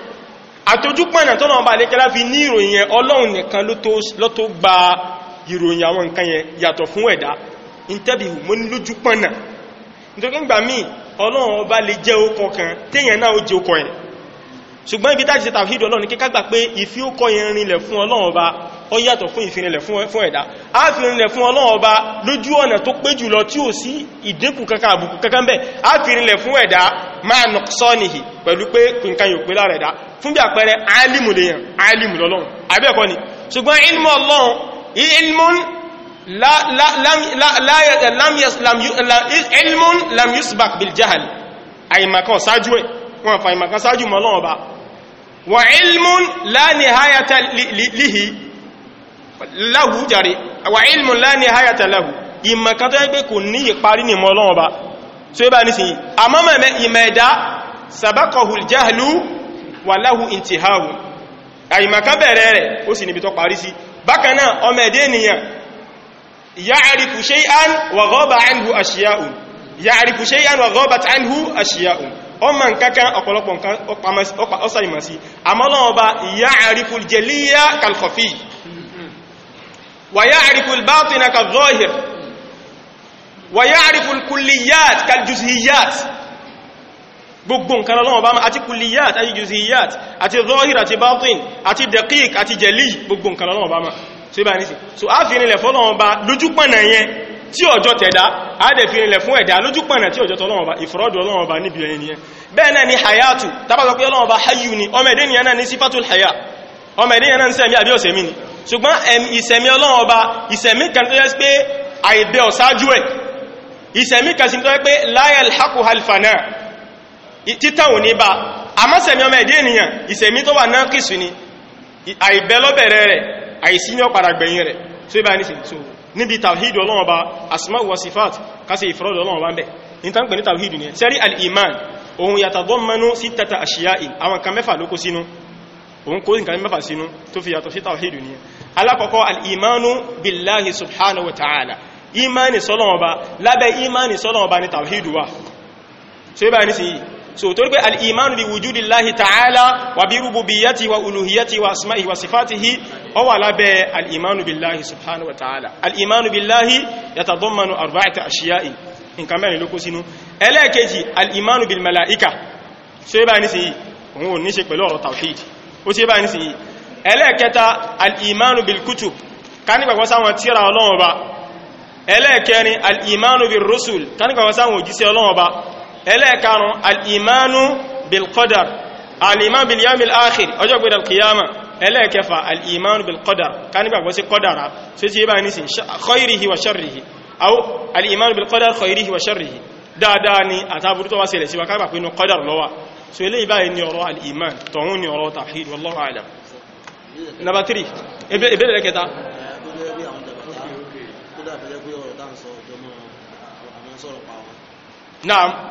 àtójúpọ̀nà tó náà bá lè kẹ́lá fi ní ìròyìn yẹn ọlọ́run nìkan ló tó gba ìròyìn àwọn nǹkan yẹn yàtọ̀ fún ẹ̀dá ìntẹ́bìhù mọ́ ní lójúpọ̀nà nítorí gbà ọlọ́run ọba lè jẹ́ okọ̀ kan téèyàn náà ó jẹ́ okọ̀ yẹn ṣùgbọ́n ibi táti ṣe tàwídì ọlọ́run kí kágbà pé ìfí ó kọ ìrìnlẹ̀ fún ọlọ́run ọba ó yàtọ̀ fún ìfinilẹ̀ fún ẹ̀dá a fi rinlẹ̀ fún ọlọ́run ọba lójú ọ̀nà tó pé jùlọ tí ó sí ìdínkù kankan àbùkù kankan bẹ́ẹ̀ a fi rinlẹ̀ fún ẹ̀dá máa nà sọ́nìhì pẹ̀lú pé nǹkan yóò pé lára ẹ̀dá fún bí àpẹẹrẹ alimu lèyàn alimu lọ́lọ́run àbí ẹ̀kọ́ ni ṣùgbọ́n ilmu ọlọ́run ilmu lam yusbak bil jahal àyìmàkan ṣáájú ẹ̀ wọn fàìmà kan sáájú mọ́ lọ́wọ́ bá wà ilmùn la nihayata lihi lahu jari wà ilmùn la nihayata lahu ìmọ̀ kan tó yẹ pé kò ní ìparí ní mọ́ lọ́wọ́ bá so ibá ní sí àmọ́mọ̀ ìmọ̀ ẹ̀dá sabakọ̀hùl jahlu wà lahu intihawu ọmọ nkankan ọ̀pọ̀lọpọ̀ nkan ọsàìmọ̀ sí àmọ́lọ́ọba ìyá àrífúl jẹlíyà kalkọfí wàyá àrífúl bátina kalzọ́hìr wàyá àrífúl kùlìyàt kaljùsìyàt gbogbo nkan ọlọ́ọba àti kùlìyàt àti jùsìyàt àti zọ́hìr àti bátin àti dẹ̀kík àti jẹlí gbogbo nkan ọlọ́ọba ma so ibà nísì so a tí ọjọ́ tẹ̀dá àádẹ̀fì ilẹ̀ fún ẹ̀dá lójú pọ̀nà tí ọjọ́ tọ́lọ́wọ́ba ìfọ́rọ́dù ọlọ́wọ́ba níbi ẹni ẹ bẹ́ẹ̀ ni hayatu tàbátọ̀ pé hayu ni ọmọ ẹ̀dẹ́ nìyàn náà ní sífàtul haya ọmọ ẹ̀dẹ́ náà ń sẹ̀mí àbí ọ̀sẹ̀ mi ni ṣùgbọ́n ìsẹ̀mí ọlọ́wọ́ba ìsẹ̀mí kan tó yẹ pé àìbẹ́ ọ̀sájú ẹ̀ ìsẹ̀mí kan sì tó halfana títà ò ní ba àmọ́ sẹ̀mí ọmọ ẹ̀dẹ́ ènìyàn ìsẹ̀mí tó wà náà kìsù ni níbi tàwíìdì ọlọ́wọ́ bá asma wa sifat kásẹ̀ ìfọ́rọ̀dì ọlọ́wọ́ bá ń bẹ̀ ní tán pè ní tàwíìdì ní sẹ́rí al-iman ohun yatadammanu sittata ashiya'i àwọn kan mẹ́fà ló kó sínú ohun kó nǹkan mẹ́fà sínú tó fi yàtọ̀ sí tàwíìdì ní alákọ̀ọ́kọ́ al-imanu billahi subhanahu wa ta'ala so torí pé al'imánu bí wujúdí láhì ta'ala wà bí rububiyyati wa uluhiyyati wa asma'i wa sifatihi ó wà lábẹ́ al'imánu bí láhì subhanahu wa ta'ala al'imánu bí láhì ya ta dọ́manu arba'ita ashiya'i in ka mẹ́rin lókó sínú ẹlẹ́ẹ̀kejì al'imánu bí mala'ika so yí bá ní sí yí òun ò ní ṣe pẹ̀lú ọ̀rọ̀ tawhid ó ti yí bá ní sí yí ẹlẹ́ẹ̀kẹta al'imánu bí kutub ká nígbàgbọ́ sáwọn tíra Ọlọ́run ọba ẹlẹ́ẹ̀kẹrin al'imánu bí rusul ká nígbàgbọ́ sáwọn òjíṣẹ́ Ọlọ́run ọba ẹlẹ́ẹ̀karùn al'imánu bilkọ́dar al'imánu bilyamil akhir ọjọ́ gbé dalkiyama ẹlẹ́ẹ̀kẹfà al'imánu bilkọ́dar ká nígbàgbọ́ sí kọ́dara sí ti bá nísìn khairihi wa sharrihi au al'imánu bilkọ́dar khairihi wa sharrihi dáadáa ni àtàbùrú tó wá sílẹ̀ sí wa ká gbà pé inú kọ́dar lọ́wà so eléyìí báyìí ni ọ̀rọ̀ al'iman tọ̀hún ni naam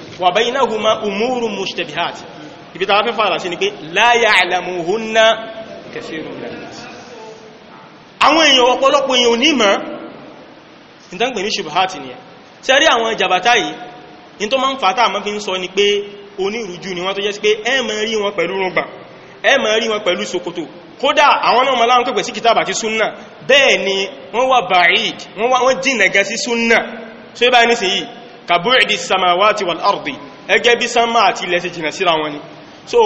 wa baynahuma umurun mushtabihat ibi ta fẹ́ fara sí ni pé la ya'lamuhunna kathirun min an-nas àwọn èèyàn ọ̀pọ̀lọpọ̀ èèyàn onímọ̀ ìtànkpè ní ṣubhat ni ẹ̀ tí a rí àwọn jàbátá yìí in tó máa ń fàtà àmọ́ fi ń sọ ni pé onírújú ni wọ́n tó jẹ́ sí pé ẹ máa rí wọn pẹ̀lú rọgbà ẹ máa rí kàbúrìdì samawati wal ardi ẹgẹ́ bí sánmà àti ilẹ̀ sí jìnà síra wọn ni so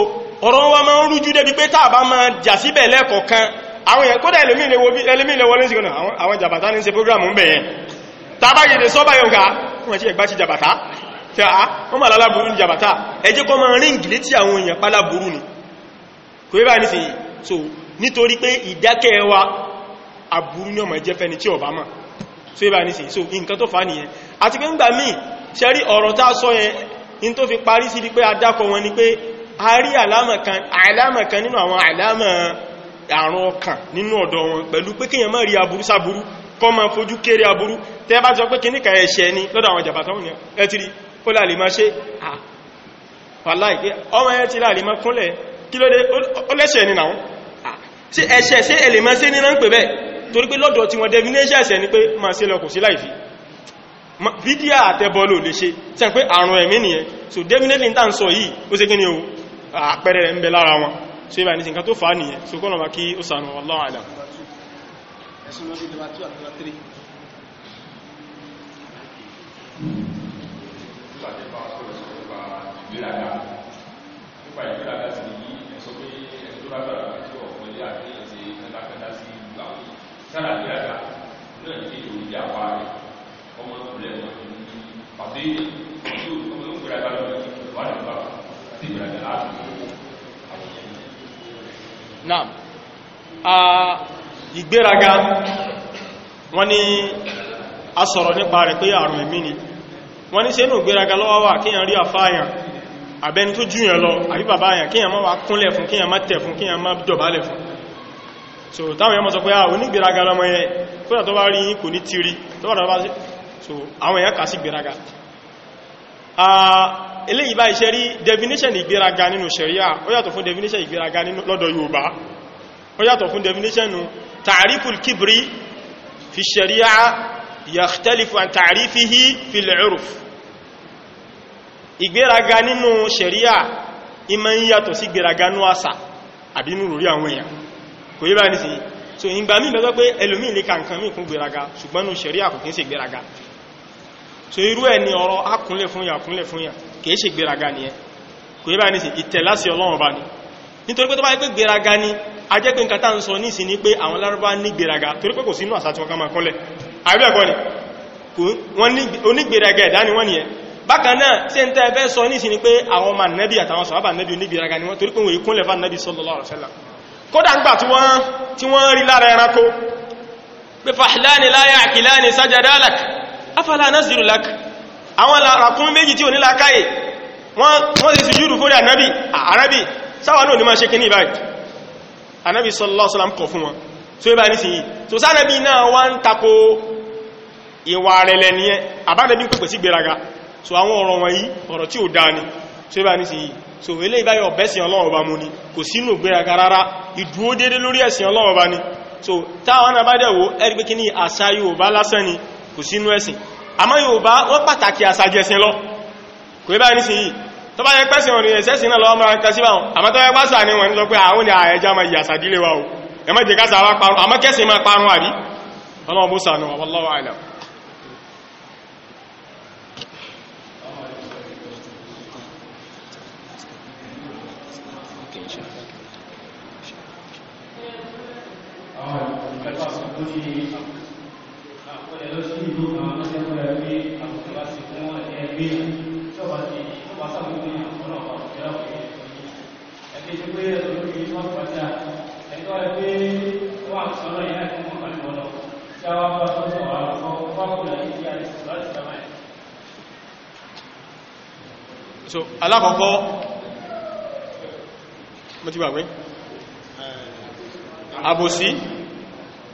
ọ̀rọ̀ wa máa ń rújú débi pé tàbá máa jà síbẹ̀ lẹ́kọ̀ọ̀kan àwọn èèyàn kódà ẹlòmílẹ̀ wọlé sígbọ́n àwọn jàbàtà ní ṣe prógrámù ń bẹ̀yẹn tàbá yẹ̀dẹ̀ sọ́bà yọ̀gá wọ́n ti ẹgbá ti jàbàtà ah, tí a wọ́n mà lálábùrú ni kò so nítorí pé ìdákẹ́ wa àbúrú ní ọmọ ẹjẹ́ fẹ́ni tí ọ̀bá mọ̀ so yíba ní sí so nǹkan tó fà nìyẹn àti pé ń gbà míì ṣe rí ọ̀rọ̀ tá sọ yẹn in tó fi parí sí di pé wọn ni pé a rí àlámà kan nínú àwọn àlámà àrùn ọkàn nínú ọ̀dọ̀ wọn pẹ̀lú pé kíyàn má rí aburú sáburú kọ́ ma fojú kéré aburú ni lọ́dọ̀ àwọn jàbàtà wọn ẹ ti rí kó láàrín máa ṣe wàláì pé ọmọ ẹ ti láàrín máa kúnlẹ̀ kí ló dé ó lẹ́ṣẹ̀ ni náà sí ẹ̀ṣẹ̀ sí ẹ̀lẹ̀mọ́ sí ní náà ń pè bẹ́ẹ̀ torí pé lọ́dọ̀ tí wọ́n definition ẹ̀ṣẹ̀ ni pé máa ṣe lọ kò sí láìfi fídíà àtẹ́bọ́lò lè ṣe tí a pé àrùn ẹ̀mí nìyẹn so definitely ta ń sọ yìí ó ṣe kí ni o àpẹẹrẹ rẹ̀ ń bẹ lára wọn so ibà ní sí nǹkan tó fà á nìyẹn so kọ́nà bá kí ó sànù wallahu
ọmọ ìpìlẹ̀ pàtó ìyẹn tí ó ọmọ ìpìlẹ̀ bá lọ́wọ́ wà ní bá àti ìbẹ̀rẹ̀ láti
náà a ìgbéraga wọ́n ní a sọ̀rọ̀ nípa rẹ̀ pé àrùn ẹ̀mí ni wọ́n ní sẹ́nu ìgbéraga lọ́wọ́ wà kíyàn rí àfáàyàn àbẹni tó jùyàn lọ àbí bàbá àyàn kíyàn má wà kúnlẹ̀ fún kíyàn má tẹ̀ fún kíyàn má dọ̀bálẹ̀ fún so a onígbéraga lọ́mọ yẹn kódà tó bá so àwọn èèyàn kà sí gbéraga eléyìí bá iṣẹ́ rí definition ìgbéraga nínú sharia ó yàtọ̀ fún definition ìgbéraga lọ́dọ̀ Yorùbá ó yàtọ̀ fún definition ta'riful kibri fi sharia yakhtalifu an ta'rifihi fil 'urf ìgbéraga nínú sharia ìmọ̀ yàtọ̀ sí ìgbéraga nínú àṣà àbínú lórí àwọn èèyàn kò yí bá ní sí so ìgbà mí bẹ́tọ́ pé ẹlòmí lè ka nǹkan mí fún gbéraga ṣùgbọ́n nù ṣẹ̀rí àkùnkín sí gbéraga so irú ẹ̀ ni ọ̀rọ̀ akúnlẹ̀ fún yàn akúnlẹ̀ fún yàn kìí ṣe gbéraga nìyẹn kò yẹ bá ní sí ìtẹ̀láṣì ọlọ́run bá ní nítorí pé tó bá yẹ pé gbéraga ni a jẹ́ pé nǹkan tá ń sọ ní ni wọ́n ní onígbéraga ẹ̀dá ni wọ́n nìyẹn bákan náà tí ẹn tẹ́ fẹ́ sọ ní ìsìn
kódà ń gbà tí wọ́n rí lára ẹranko
pé fàhìláni láyá àkìláni sájádálàk afẹ́lá náà zirulak àwọn làkún méjì tí ò ní lákáyè wọ́n ti sùjúrù fórí ànábì àrábì sáwọn náà ní máa ṣe kí ní ìbáyìí ànábì sallallahu so ibá ní sí yìí so ilé ìbáyọ̀ bẹ́sìn ọlọ́run ọba mú ni kò sínú ìgbéraga rárá ìdúró dédé lórí ẹ̀sìn ọlọ́run ọba ni so táwọn náà bá dẹ̀wò ẹ̀rí pé kí ní àṣà Yorùbá lásán ni kò sínú ẹ̀sìn àmọ́ Yorùbá wọ́n pàtàkì àṣà jẹsìn lọ kò ibá ní sí yìí tó bá yẹ pẹ́sìn ọ̀rìn ẹ̀sẹ́sìn náà lọ́wọ́ máa ń kẹsí báwọn àmọ́ so alákọ̀ọ́kọ́ mo ti gbàgbé àbòsí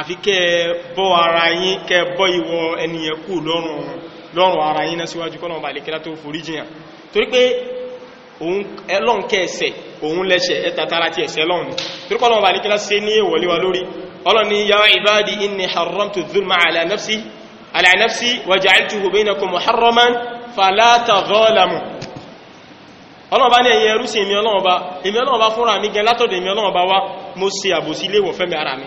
àfi kẹ́ bọ́ ara yín kẹ́ bọ́ ìwọ ẹniyàn kú lọ́rùn ara yín náà síwájú kọ́nà ọba àlekẹ́lá tó forí jìyàn torí pé òun ẹlọ́n kẹ́ẹ̀sẹ̀ òun lẹ́ṣẹ̀ ẹ̀tàtàrà ti ẹ̀ṣẹ̀ lọ́rùn ọlọ́ọ̀bá ní ẹ̀yẹ ẹrú sí ọlọ́ọ̀bá èmi ọlọ́ọ̀bá fúnra mi gẹ látọ̀dọ̀ èmi ọlọ́ọ̀bá wá mo ṣe àbòsí léwọ̀ fẹ́mi ara mi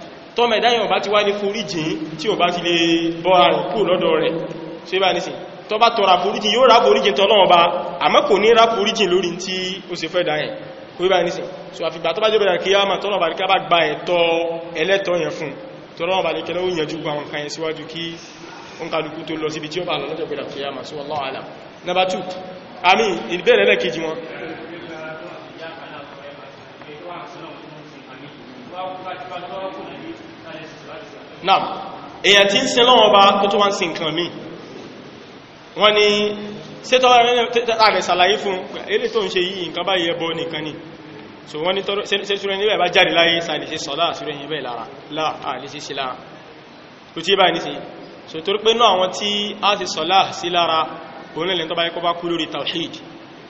tọ́mọ̀ ìdáyàn bá ti wá ní foríjìn tí ò bá ti lè bọ́ra rẹ̀ kú lọ́dọ̀ rẹ̀ ṣe bá ní sí tọ́ bá tọ́ra foríjìn yóò rá foríjìn tọ́lọ́wọ́ bá àmọ́ kò ní rá foríjìn lórí tí ó ṣe fẹ́ dáyàn kò bá ní sí so àfìgbà tó bá jẹ́ bẹ̀rẹ̀ kíyàmà tọ́lọ́wọ́ bá ní ká bá gba ẹ̀tọ́ ẹlẹ́tọ́ yẹn fún tọ́lọ́wọ́ bá ní kẹ́lẹ́ ó yànjú gba àwọn kan yẹn síwájú kí ó ń kálukú tó lọ síbi tí ó
náà èyàn tí ń sin lọ́wọ́ bá
tó tó wá ń sin nǹkan mí wọ́n ni ṣe tọ́wọ́ rẹ̀ sàlàyé fún eré tó ń ṣe yìí nǹkan bá yẹ bọ́ nìkan ni so wọ́n ni ṣe ṣúrẹ́ níbẹ̀ bá jáde láyé sàlẹ̀ ṣe sọ́lá ṣúrẹ́ yìí bẹ́ẹ̀ lára láà so torí pé náà àwọn tí a ti sọ́lá sí lára òun lẹ́lẹ́ tó bá yẹ kó bá kú lórí tawhid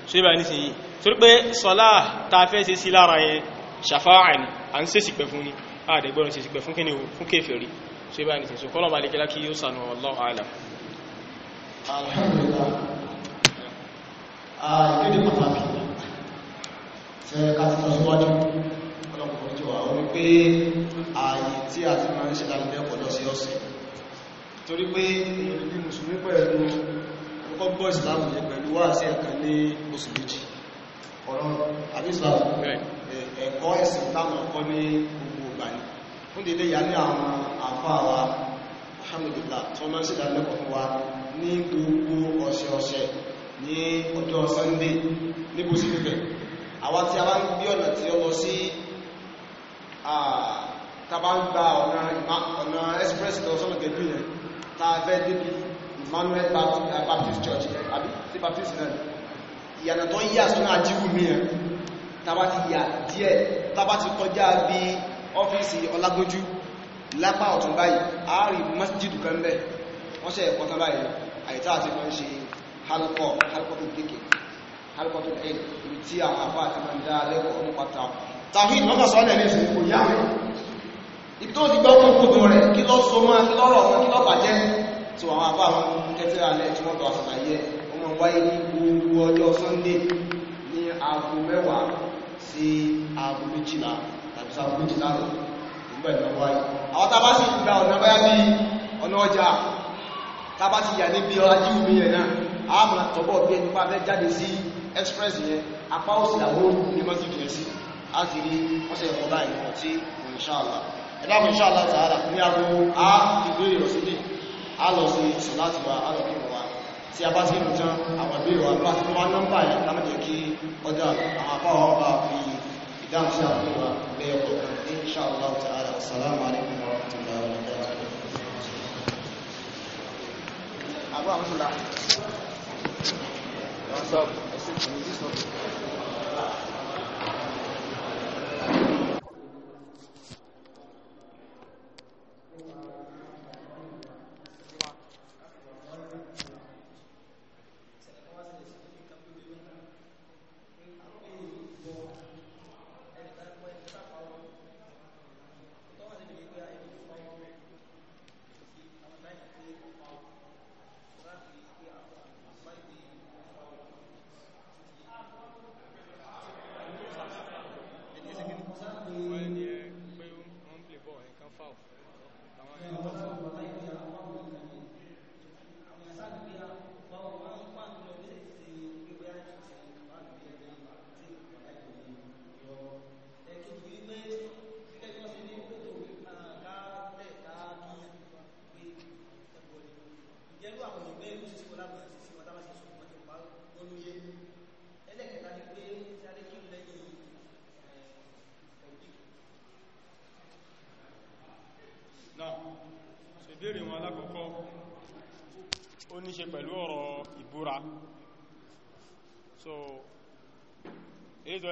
so ibà ní ni à ń àdẹ̀gbọ́n sí pẹ̀ fún kíni fún kéfèrí so ibá ní tẹ̀sù kọ́lọ̀ balẹ̀ kẹ́lá kí yóò sànà Allahu a'lam
ah, torí pé èyàn ní mùsùlùmí pẹ̀lú ọkọ̀ gbọ́ ìsìláàmù yẹ pẹ̀lú wá sí ẹ̀kan ní oṣù méjì ọ̀rọ̀ àbí ìsìláàmù ẹ̀kọ́ ẹ̀sìn táwọn ọkọ̀ ní fún dédé yà ní àwọn àfáàwà alhamdulillah tó máa ń sì dánilẹ́kọ̀ọ́ fún wa ní gbogbo ọ̀sẹ̀ọ̀sẹ̀ ní ọjọ́ sunday níbo sí pípẹ̀ àwa tí a bá ń gbé ọ̀nà tí ó lọ sí tàbá ń gba ọ̀nà express lọ sọ́nà gẹ̀ẹ́bì yẹn ta fẹ́ débi Emmanuel Baptist eh, Church àbí sí Baptist náà ìyànà tó yí àsọ́nà àjíwù mi yẹn tàbá ti yà díẹ̀ tàbá ti kọjá bíi ọ́fíìsì ọlágójú lápá ọ̀tún báyìí àárí masjidu kan bẹ́ wọ́n ṣe ẹ̀kọ́ tán báyìí àìtá àti wọ́n ṣe halkọ́ halkọ́ tó dékè halkọ́ tó dékè ibi tí àwọn àbá àti máa ń dá lẹ́kọ̀ọ́ nípa ta tàwíì lọ́kà sọ́lẹ̀ ní ìsìnkú yá ibi tó ti gbọ́ fún kòtò rẹ̀ kí lọ́ so máa mẹ́wàá sí aago méjìlá sàfúrújì lánàá gbogbo ẹ̀nà wáyé àwọn tàbá sì gba ọ̀nà báyá bí ọ̀nà ọjà tàbá sì yà níbi ajíwù mi yẹn náà àwọn àmà tọ́bọ̀ bí ẹni pa fẹ́ jáde sí express yẹn apá òsì làwọn ní mọ́sí jù sí láti rí ọ̀sẹ̀ ọ̀bá ìwọ̀n tí ìṣàlá ẹ̀dá ìṣàlá tààrà ní aago a ìbéèrè ọ̀sídì a lọ sí sọ láti wá a lọ kí wọ́n wá tí a bá sí ìrùtán àwọn ìbéèrè wa bá ti wá nọ́mbà yẹn lámẹ́jẹ̀ kí ọjà àwọn apá ọba fi dáhùn sí àbúrò wa lẹ́yọ kọ̀ọ̀kan insha Allah ta'ala assalamu alaikum wa rahmatullahi wa barakatuh. àbúrò àwọn tó la.
What's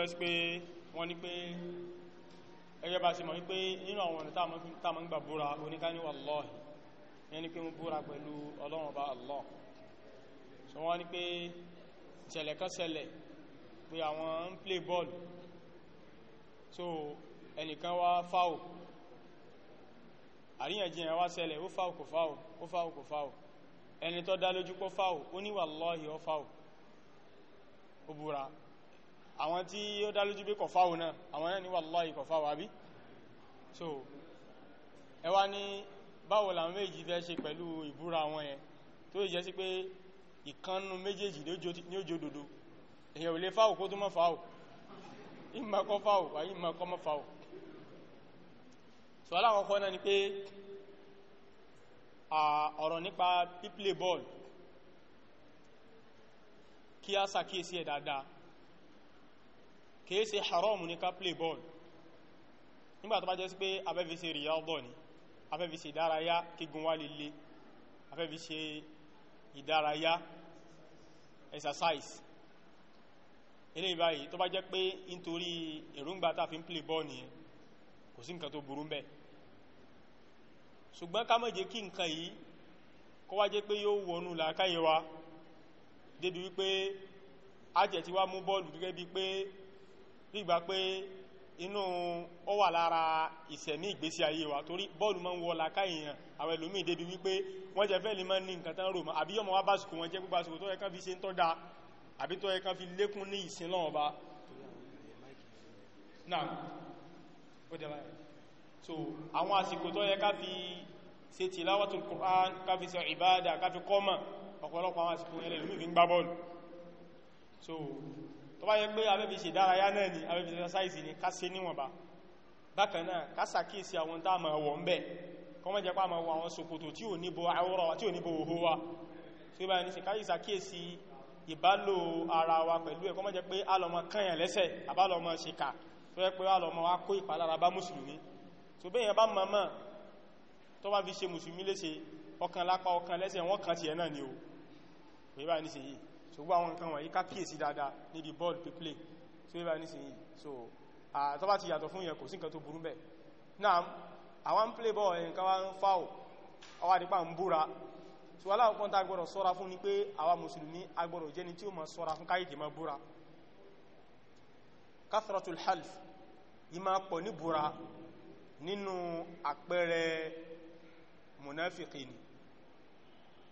sí pé wọ́n ní pé ẹgbẹ́ bá ṣe mọ̀ wípé nínú àwọn ọ̀nà táàmù gbà búra oníkání wallahi yẹn ni pé mú búra pẹ̀lú ọlọ́run bá Allah so wọ́n ní pé ìṣẹ̀lẹ̀ kan ṣẹlẹ̀ pé àwọn ń play ball so ẹnìkan wá fáwò àríyànjiyàn wá ṣẹlẹ̀ ó fáwò kò fáwò ó fáwò kò fáwò ẹni tó dá lójú pọ́ fáwò ó ní wallahi ó fáwò ó búra àwọn tí ó dá lójú pé kọfáwò náà àwọn náà ní wallahi kọfáwò àbí so ẹwà ní báwo làwọn méjì fẹ́ ṣe pẹ̀lú ìbúra wọn yẹn tó jẹ́ sí pé ìkannú méjèèjì ní ó jódodo èyàn ò lè fáwò kó tó mọ́ fáwò ìmọ̀kọ́ fáwò àyí ìmọ̀kọ́ kí á sàkíyèsí ẹ̀ dáadáa kìí ṣe haram ní ká play ball nígbà tó bá jẹ́ sí pé afẹ́fi ṣe ríyádọ̀ ni afẹ́fi ṣe ìdárayá kígun wá lílé afẹ́fi ṣe ìdárayá exercise eléyìí báyìí tó bá jẹ́ pé nítorí èròǹgbà tá fi ń play ball nìyẹn kò sí nǹkan tó burú ńbẹ̀ ṣùgbọ́n ká má jẹ́ kí nǹkan yìí kó wá jẹ́ pé yóò wọnú làákàyè wa débi wípé a ti wá mú bọ́ọ̀lù gẹ́gẹ́ bí pé bí ìgbà pé inú ó wà lára ìsẹ̀mí ìgbésí ayé wa torí bọ́ọ̀lù máa ń wọ làkà èèyàn àwọn ẹlòmíì débi wípé wọ́n jẹ fẹ́ lè máa ní nǹkan tán rò mọ́ àbí ọmọ wa bá sùkú wọn jẹ́ gbogbo àsìkò tó yẹ kán fi ṣe ń tọ́ da àbí tó yẹ kán fi lékún ní ìsìn so àwọn àsìkò tó yẹ ká fi ṣe tilawatul Qur'an ká fi ṣe ìbádà ká fi so tó bá yẹ pé abẹ́bí ṣe dárayá náà ni abẹ́bí ṣe sáìsì ni ká ṣe níwọ̀nba bákan náà ká sàkíyèsí àwọn tá a máa wọ̀ ń jẹ́ pá máa wọ àwọn ṣòkòtò tí ò ní bo àwòrán tí ò ní bo òhó wa tí ó bá ní ṣèkáyì sàkíyèsí ìbálò ara wa pẹ̀lú ẹ̀ kọ́ mọ́ jẹ́ pé alọ́mọ kanyàn lẹ́sẹ̀ àbálọ́mọ ṣìkà tó yẹ pé alọ́mọ wa kó ìpalára bá mùsùlùmí tó bẹ́yẹn bá mọ̀mọ́ tó bá fi ṣe mùsùlùmí léṣe ọkàn lápá ọkàn lẹ́sẹ̀ wọ́n kan tiẹ̀ náà ni o pé bá ní ṣe yìí so gbogbo àwọn nǹkan wọ̀nyí ká kíyèsí dáadáa ní di ball pe play so yíba nísìnyí so to bá ti yàtọ̀ fún yẹn kò sí nǹkan tó burú bẹ̀ náà àwọn ń play ball ẹ̀yìn káwà ń fáwọ̀ àwọn àdípà ń búra so aláwọ̀kan tá agbọ́dọ̀ sọ́ra fún ni pé àwa mùsùlùmí agbọ́dọ̀ jẹ́ ni tí ó mọ̀ sọ́ra fún káyìkì mọ́ búra kathratul half ìmá pọ̀ ní búra nínú àpẹẹrẹ munafiki ni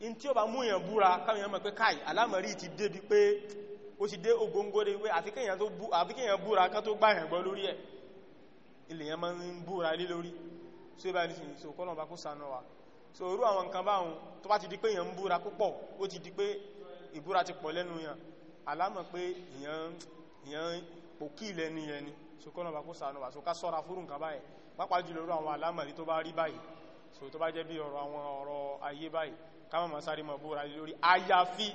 in tí ó bá mú èèyàn búra káwọn èèyàn mọ̀ pé káì alámọ̀rí ti dé bí pé ó ti dé ogóngó dé wípé àfikẹ́yàn búra ká tó gbá lori lórí ẹ̀ ilẹ̀yàn máa ń búra lé lórí so bá nìsìn so kọ́nà bá kó sànà wa so orú àwọn nǹkan báhùn tó bá ti di pé èèyàn ń búra púpọ̀ ó ti di pé ìbúra ti pọ̀ lẹ́nu yàn alámọ̀ pé èèyàn pòkí lẹ́ni yẹn ni so kọ́nà bá kó sànà wa so ká sọ́ra fúrù nǹkan báyìí pápá jùlọ orú àwọn alámọ̀rí tó bá rí báyìí so tó bá jẹ́ bí ọ̀rọ̀ àwọn ọ̀rọ̀ ayé báyìí káwọn ma sáré mọ̀ búra lórí àyàfi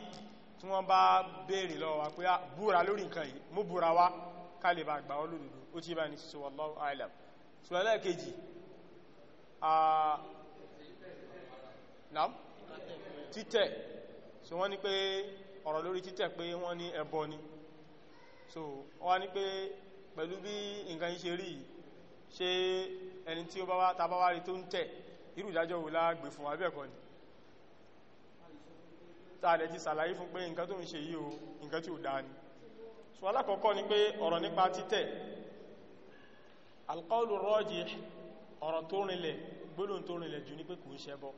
tí wọ́n bá béèrè lọ́wọ́ wa pé búra lórí nǹkan yìí mú búra wá kálẹ̀ bá gbà olódodo ó tí bá ní sí wallahu a'lam ṣùgbọ́n kejì títẹ̀ so wọ́n ní pé ọ̀rọ̀ lórí títẹ̀ pé wọ́n ní ẹbọ ni so wọ́n ní pé pẹ̀lú bí nǹkan ṣe rí ṣe ẹni tí ó bá wá tàbáwárí tó ń tẹ̀ irú ìdájọ́ wò láàgbè fún àbẹ́ẹ̀kọ́ ni tààdẹ̀ ti sàlàyé fún pé nǹkan tó ń ṣe yìí o nǹkan tí ó dáa ni so alákọ̀ọ́kọ́ ni pé ọ̀rọ̀ nípa títẹ̀ alqawlu rajih ọ̀rọ̀ tó rinlẹ̀ gbólóhùn tó rinlẹ̀ jù ní pé kò ń ṣẹbọ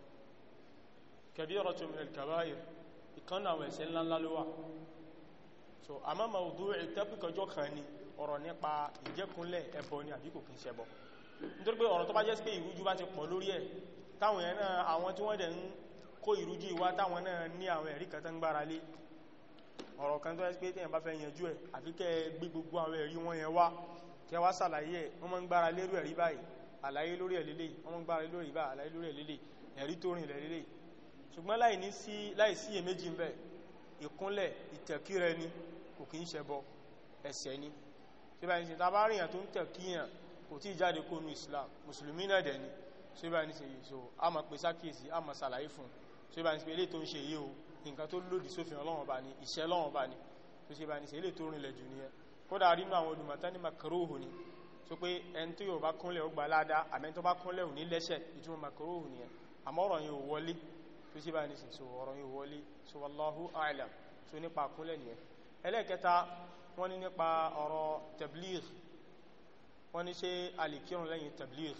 kabiratun so àmọ́ mawdu'i tẹ́pìkọjọ́ kan ni ọ̀rọ̀ nípa ìjẹ́kúnlẹ̀ ẹbọ ni àbí kò kí ń ṣẹbọ nítorí pé ọ̀rọ̀ tó bá jẹ́ sí pé ìrújú tí kó ìrújú ìwá táwọn náà ní àwọn ẹ̀rí kan tán gbára lé ọ̀rọ̀ kan tó ẹ́sìpé tẹ́yàn bá fẹ́ yanjú ẹ̀ àfi kẹ́ gbé gbogbo àwọn ẹ̀rí wọn yẹn wá kẹ́ wá sàlàyé wọ́n mọ́ ń gbára lérú ẹ̀rí báyìí àlàyé lórí ẹ̀ lélẹ̀ báyìí ní ni kò kí ń ni ṣé báyìí ṣe tábà rìnyàn tó ń tẹ̀kíyàn kò tí jáde kónú Islam mùsùlùmí náà dẹ̀ ni ṣé báyìí ṣe yìí so a máa pèsè àkíyèsí a máa ṣàlàyé fún un tó yẹ bá ní sí pé ilé tó ń ṣe yìí o nǹkan tó lòdì sófin ọlọ́wọ́n bá ní ìṣẹ́ lọ́wọ́n bá ní tó ṣe bá ní sí ilé tó rìnlẹ̀ jù ní ẹ kódà rí nínú àwọn olùmọ̀tán ní makarohu ni tó pé ẹn tó bá kúnlẹ̀ ò a'lam so nípa kúnlẹ̀ ni ẹ ẹlẹ́ẹ̀kẹta wọ́n ní nípa ọ̀rọ̀ tabligh wọ́n ní ṣe alikirun lẹ́yìn tabligh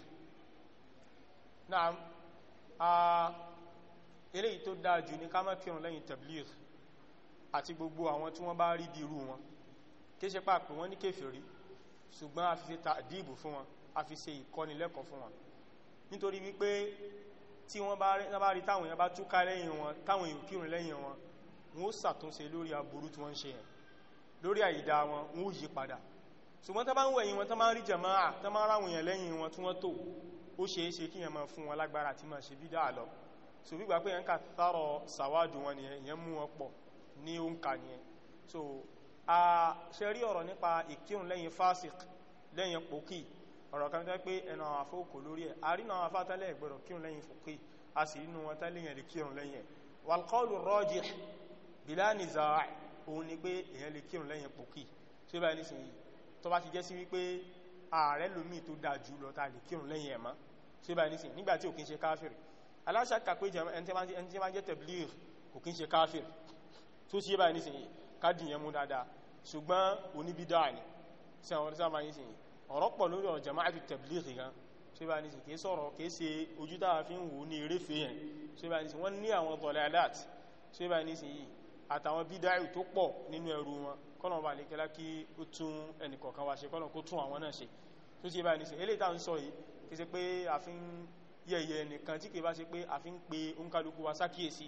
eléyìí tó dáa jù ní ká má kírun lẹ́yìn tabligh àti gbogbo àwọn tí wọ́n bá rí bí irú wọn kí ṣe pàpẹ wọ́n ní kèfèrí ṣùgbọ́n a fi ṣe tàdíìbù fún wọn a fi ṣe ìkọ́nilẹ́kọ̀ọ́ fún wọn nítorí wípé tí wọ́n bá rí táwọn èèyàn bá túká lẹ́yìn wọn táwọn èèyàn kírun lẹ́yìn wọn wọ́n ṣàtúnṣe lórí aburú tí wọ́n ṣe yẹn lórí àìdá wọn wọ́n yí padà ṣùgbọ́n tán bá ń wẹ̀yìn wọn tán máa rí jàmáà tán máa ráwọn èèyàn lẹ́yìn wọn tí wọ́n tó ó ṣeéṣe so gbígbà pé yẹn ká tààrọ sàwádùn wọn nìyẹn mú wọn ní oúnkà nìyẹn so a ṣe rí ọ̀rọ̀ nípa ìkírun lẹ́yìn fásik lẹ́yìn pòkì ọ̀rọ̀ kan tẹ́ pé ẹnà àfókò lórí ẹ̀ a rí náà afátálẹ̀ ìgbẹ̀rọ̀ kírun lẹ́yìn pòkì a sì nínú wọn tẹ́lẹ̀ yẹn lè ni pé èyàn lè kírun lẹ́yìn pòkì ṣé báyìí nísìnyí tó bá ti jẹ́ sí wípé ààrẹ lómi tó aláṣàkà pé ẹni tí ma jẹ́ tẹ̀blìr kò kí ń ṣe káfíìr tó ṣe báyìí nísìnyí kádìyàn mú dáadáa ṣùgbọ́n oníbídá ni sí àwọn ọdún sáà nísìnyí ọ̀rọ̀ pọ̀ lórí ọ̀rọ̀ jama'atu tẹ̀blìr gan ṣe báyìí nísìnyí kìí sọ̀rọ̀ kìí ṣe ojú táwa fi ń wò ní eré fèèyàn ṣe báyìí nísìnyí wọ́n ní àwọn bọ̀lẹ̀ alert ṣe báyìí nísìnyí àtàwọn bídáì tó pọ̀ nínú ẹrù wọn kọ́nà wà lè kẹ́lá kí ó tún ẹnìkọ̀ọ̀kan wá kọ́nà kó tún àwọn náà ṣe tó ṣe báyìí nísìnyí eléyìí tá ń sọ yìí kìí ṣe pé àfihàn yẹ̀yẹ̀ nìkan tí kì bá ṣe pé a fi ń pe oúnkàlùkù wa sákíyèsí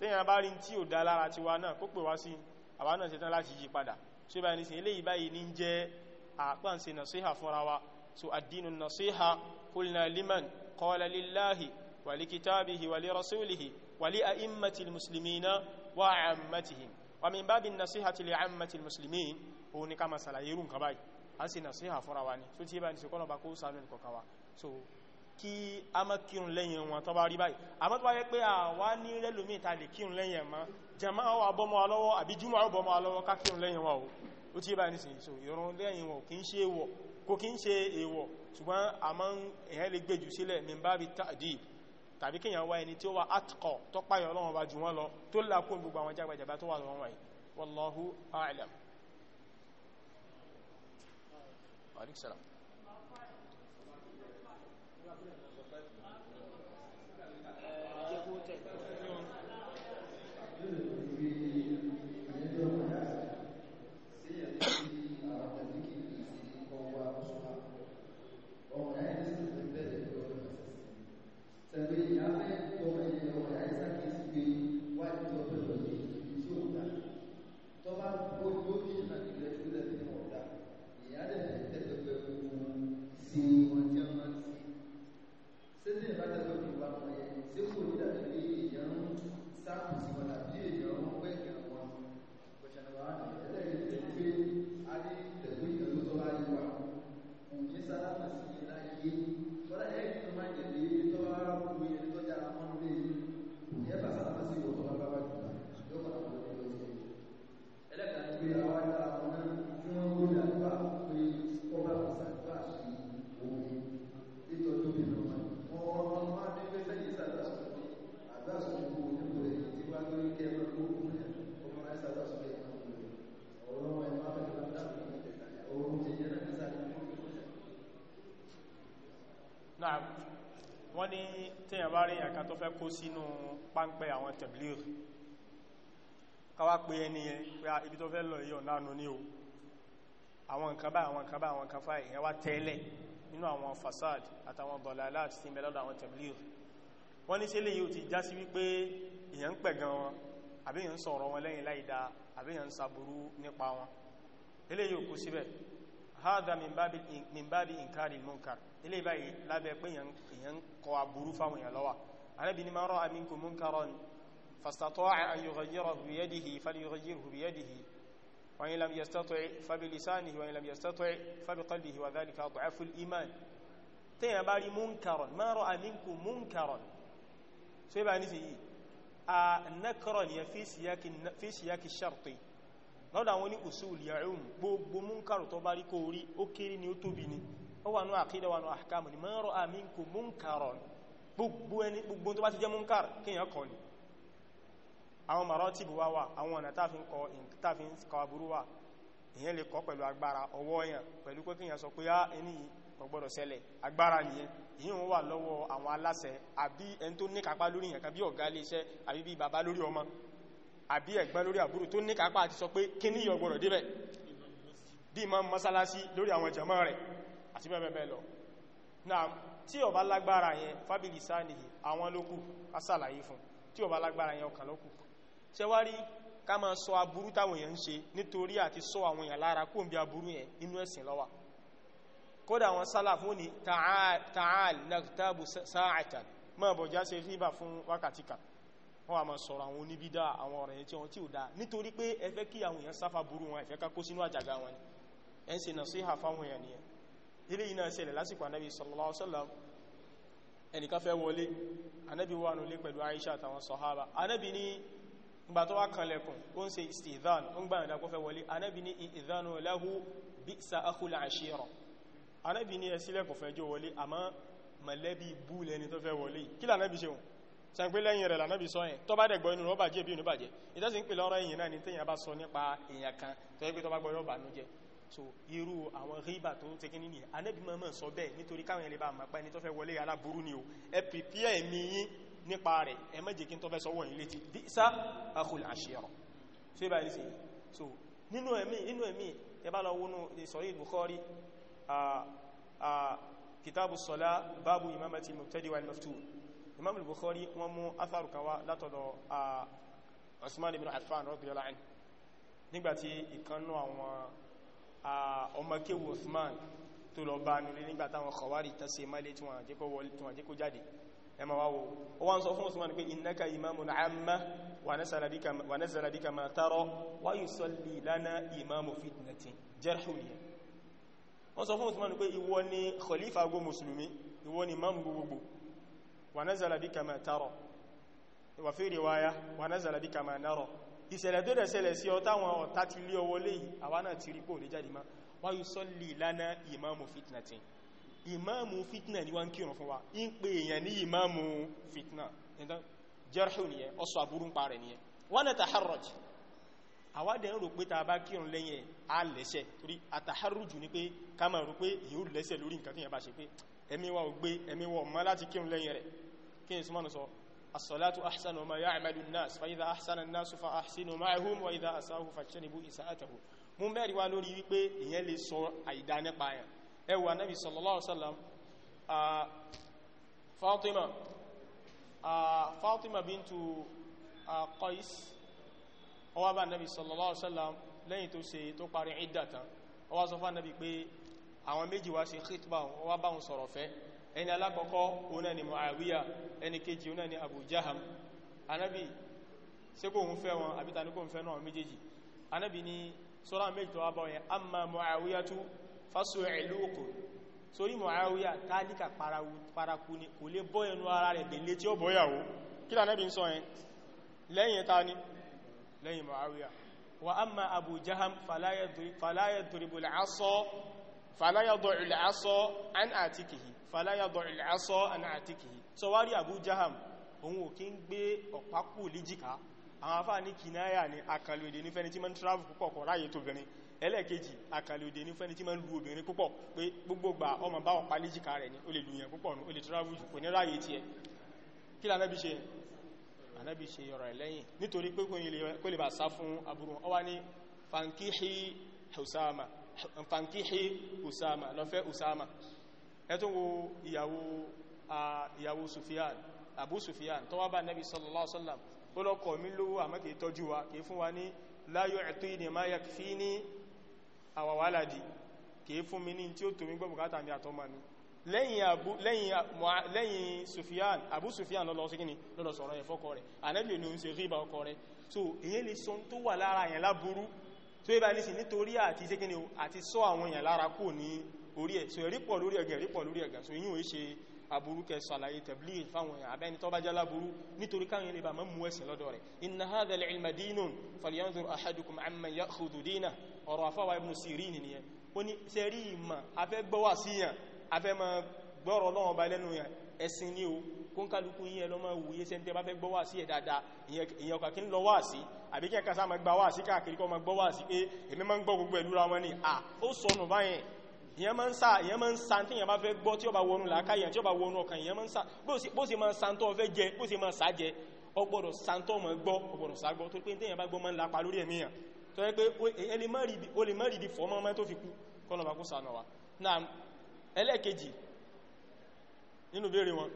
tẹ́yàn bá rí tí ò dá lára ti wa náà kó pè wá sí àwa náà ṣetán láti yí padà tí ó bá ní sin eléyìí báyìí ní jẹ́ àpáǹsẹ̀ nasiha fúnra wa so ad-dinu nasiha qulna liman qala lillahi wa li kitabihi wa li rasulihi so kí a mọ́ kírun lẹ́yìn wọn tó bá rí báyìí àmọ́ tó bá yẹ pé àwa ní rẹ́lùmí ìta lè kírun lẹ́yìn ẹ̀mọ́ jẹma ọwọ́ abọ́mọ́ alọ́wọ́ àbí jùmọ́ ọbọ́mọ́ alọ́wọ́ ká kírun lẹ́yìn wọn ó tí báyìí nìsìn so ìrun lẹ́yìn wọn kì í ṣe èèwọ̀ kò kì í ṣe èèwọ̀ ṣùgbọ́n àmọ́ èèyàn lè gbèjù sílẹ̀ mìíràn bí tàdí tàbí kíyàn wá ẹni tí ó wà àtkọ̀ tó páyọ̀ ọlọ́run bá jù wọ́n lọ tó lákún gbogbo àwọn jágbàjàgbà tó wà lọ́wọ́ wọ̀nyí wallahu a'lam kó sínú páńpẹ́ àwọn tabligh káwá pé ẹni yẹn pé ah, ibi tó fẹ́ lọ yíò náà ní o àwọn nǹkan bá àwọn nǹkan àwọn nǹkan fáyẹ̀ wá tẹ́lẹ̀ nínú àwọn fasad àtàwọn dọ̀làlá àti sí mẹ́lọ́dọ̀ àwọn tabligh wọ́n ní sí léyìí ò ti já sí wípé èyàn ń pẹ̀gàn wọn àbí èyàn ń sọ̀rọ̀ wọn min bábi inkari munkar eléyìí báyìí lábẹ́ pé èyàn ń kọ aburú fáwọn èyàn Ànábì ní man ra'a minkum munkaran fastata'a an yughayyirahu biyadihi falyughayyirhu biyadihi wa in lam yastati' fabilisanihi wa in lam yastati' fabiqalbihi wa dhalika ad'afu al-iman tẹ́yàn bá rí munkaran man ra'a minkum munkaran so ibà nísìnyí a nakọrọ ni fi siyaki sharti lọ́dọ̀ àwọn oníkùsùl ya'um gbogbo múnkàrù tó bá rí kó rí ó kéré ni ó tóbi ni ó wà ní àkídà wà ní ahkamu ni ra'a minkum munkaran gbogbo ẹni gbogbo tó bá ti jẹ́ munkar kíyàn kọ ni àwọn maratibu wá wà àwọn ọ̀nà tàfin kọ tàfin kọ aburú wà èyàn lè kọ pẹ̀lú agbára ọwọ́ èyàn pẹ̀lú pé kíyàn sọ pé á ẹni kò gbọdọ̀ ṣẹlẹ̀ agbára nìyẹn èyí ń wà lọ́wọ́ àwọn aláṣẹ àbí ẹni tó ní kápá lórí èyàn kàbí ọ̀gá iléeṣẹ́ tí ó bá lágbára yẹn fábílì sáàlìyì àwọn lókù asàlàyé fún tí ó bá lágbára yẹn ọkàn lókù ṣe wá rí ká máa sọ aburú táwọn èèyàn ń ṣe nítorí àti sọ àwọn èèyàn lára kó ń bí aburú yẹn nínú ẹ̀sìn ló wà kódà àwọn sálàfù ní ta'al nagtabu sa'atan máa bọ̀ já ṣe ríbà fún wákàtí kan wọ́n a máa sọ̀rọ̀ àwọn oníbídá àwọn ọ̀rọ̀ yẹn tí wọ́n tí ò dáa nítorí pé ẹ fẹ́ ilé iná ṣẹlẹ̀ lásìkò anábi sallallahu alaihi wasallam ẹnìkan fẹ́ wọlé anábi wà nulé pẹ̀lú Aisha àtàwọn sọ̀hábà anábi ní ìgbà tó wá kanlẹ̀kùn ó ń ṣe istidhan ó ń gbà ìdá kó fẹ́ wọlé anábi ní ìdhanu lahu bi'sa akhul ashira anábi ní ẹsílẹ̀ kò fẹ́ jó wọlé àmọ́ mọ̀lẹ́bí bú lẹni tó fẹ́ wọlé kí lànábi ṣeun sàpé lẹ́yìn rẹ̀ lànábi sọ yẹn tó bá dẹ̀gbọ́ inú rọ́bà jẹ́ bí inú bàjẹ́ ìtẹ́sí ń pè lọ́rọ̀ èyàn náà so irú àwọn ríbà tó ń tẹ́kí nínú anẹ́bí mọ́mọ́ sọ bẹ́ẹ̀ nítorí káwọn ẹlẹ́bà àmàpá ẹni tó fẹ́ wọlé aláburú ni o ẹ pìpíẹ̀ ẹ̀mí yín nípa rẹ̀ ẹ má jẹ́ kí n tó fẹ́ sọ wọ́n létí dísá akhul ashira so ibà ní sí so nínú ẹ̀mí nínú ẹ̀mí ẹ bá lọ wọnú sahih bukhari kitabu sọlá báàbù imamati mubtadi wal maftun imam bukhari wọ́n mú atharu kan wá látọ̀dọ̀ usman ibn affan radiyallahu anhu nígbàtí ìkannú àwọn ọmọkéwò Usman tó lọ bá nílé nígbàtàwọn kọwàrí tán se mẹ́lẹ̀ tí wọ́n àjẹ́kó jáde ẹmà wáwọ́ ó wá ń sọ fún wọ́n sọ fún Usman pé ìwọ ni khalifa gbogbo musulmi ìṣẹ̀lẹ̀ tó dẹ̀ṣẹ̀lẹ̀ sí ọ táwọn ọ̀tá ti lé ọwọ́ léyìí àwa náà ti rí pò lè jáde má wá yóò sọ lè lánà ìmáàmù fitna tí ìmáàmù fitna ni wá ń kírun fún wa ń pè èèyàn ní ìmáàmù fitna jẹ́rọ̀hù nìyẹn ọsọ àbúrú ń parẹ̀ nìyẹn wọ́n náà taharrọj àwa dẹ̀ ń rò pé الصلاة أحسن ما يعمل الناس فإذا أحسن الناس فأحسنوا معهم وإذا أساءوا فاجتنبوا إساءته mú mẹ́rin wá lórí wípé ìyẹn lè sọ àìdá nípa ẹ̀ ẹwà Nábì sallallahu alaihi wasallam Fatima Fatima bintu Qais ó wá bá Nábì sallallahu alaihi wasallam lẹ́yìn tó ṣe tó parí ìdá tán ó wá sọ fún Nábì pé àwọn méjì khitba ó wá bá wọn sọ̀rọ̀ ẹni alákọ̀ọ́kọ́ ọ̀nà ni Muawiya ẹni kejì ọ̀nà ni Abu Jaham anábi ṣe kò ń fẹ́ wọn àbíta ní kò ń fẹ́ náà méjèèjì anábi ni sọ́rọ̀ méjì tó wá bọ́ yẹn amma Muawiya tú fásọ ẹ̀lúkò sórí Muawiya tálíkà paraku ni kò lè bọ́ ẹnu ara rẹ̀ bèlé tí ó bọ́yàwó kí lànàbí ń sọ falayadọ̀ ìlàásọ́ anáàtíkì sọwárí Abu Jaham òun ò kí ń gbé ọ̀pápù líjìká àwọn afá ní kìnáyà ní akàlòdè ní fẹ́ni tí ma ń travel púpọ̀ kọ̀ ráyè tó gẹni ẹlẹ́ẹ̀kejì akàlòdè ní fẹ́ni tí ma ń lu obìnrin púpọ̀ pé gbogbogbà ọmọ bá ọ̀pá líjìká rẹ̀ ní ó lè lu yẹn púpọ̀ ní ó lè travel jù kò ní ráyè tí ẹ kí lànàbí ṣe ànàbí ṣe yọ̀rọ̀ ẹ̀ nítorí pé kò lè bà sá fún aburú ọ wá ní fankihi Usama fankihi Usama ẹ̀tún wo ìyàwó ìyàwó Sufyan Abu Sufyan tó bá Nabi sallallahu alaihi wasallam ó lọ́kọ̀ mi lówó àmọ́ tọ́jú wa kìí fún wa ní la yu'tini ma yakfini aw waladi kìí fún mi ní tí ó tó mi gbọ́ bùkátà Abu Sufyan lọ́lọ́ sí kíni lọ́lọ́ sọ̀rọ̀ yẹn fọ́kọ rẹ̀ ànẹ́bì ni ó ń ṣe ríbà so ìyẹn lè sọ tó wà lára yẹn láburú tó yẹ bá nísìn nítorí àti ṣe orí ẹ̀ so ẹ̀rí pọ̀ lórí ẹ̀gẹ̀ ẹ̀rí pọ̀ lórí ẹ̀gẹ̀ so yíò ń ṣe aburú kẹ sàlàyé tẹ̀blì fáwọn èèyàn abẹ́ni tó bá jálá nítorí káwọn bá mọ́ mú lọ máa wùye ṣe ń tẹ́ bá fẹ́ gbọ́ sí ẹ̀ dáadáa kí ń lọ wà sí àbí kẹ́kà sáà gbà wà sí káàkiri kọ́ máa gbọ́ sí pé èmi máa ń gbọ́ gbogbo ẹ̀lú ra wọn ni à ó sọnù báyẹn ìyẹn máa ń sa ìyẹn máa ń sa tí ìyẹn bá fẹ́ gbọ́ tí ó bá wọnú làákà ìyẹn tí ó bá wọnú ọkàn ìyẹn máa ń sa bó sì máa sa tó fẹ́ jẹ bó sì máa sa jẹ ọgbọ́dọ̀ sa tó mọ̀ gbọ́ ọgbọ́dọ̀ sa gbọ́ tó pé tí ìyẹn bá gbọ́ máa ń lapa lórí ẹ̀mí yàn tó yẹ pé o lè mẹ́rì di fọ́mọ́ mẹ́ tó fi kú kọ́nà wa náà ẹlẹ́ẹ̀kejì nínú béèrè wọn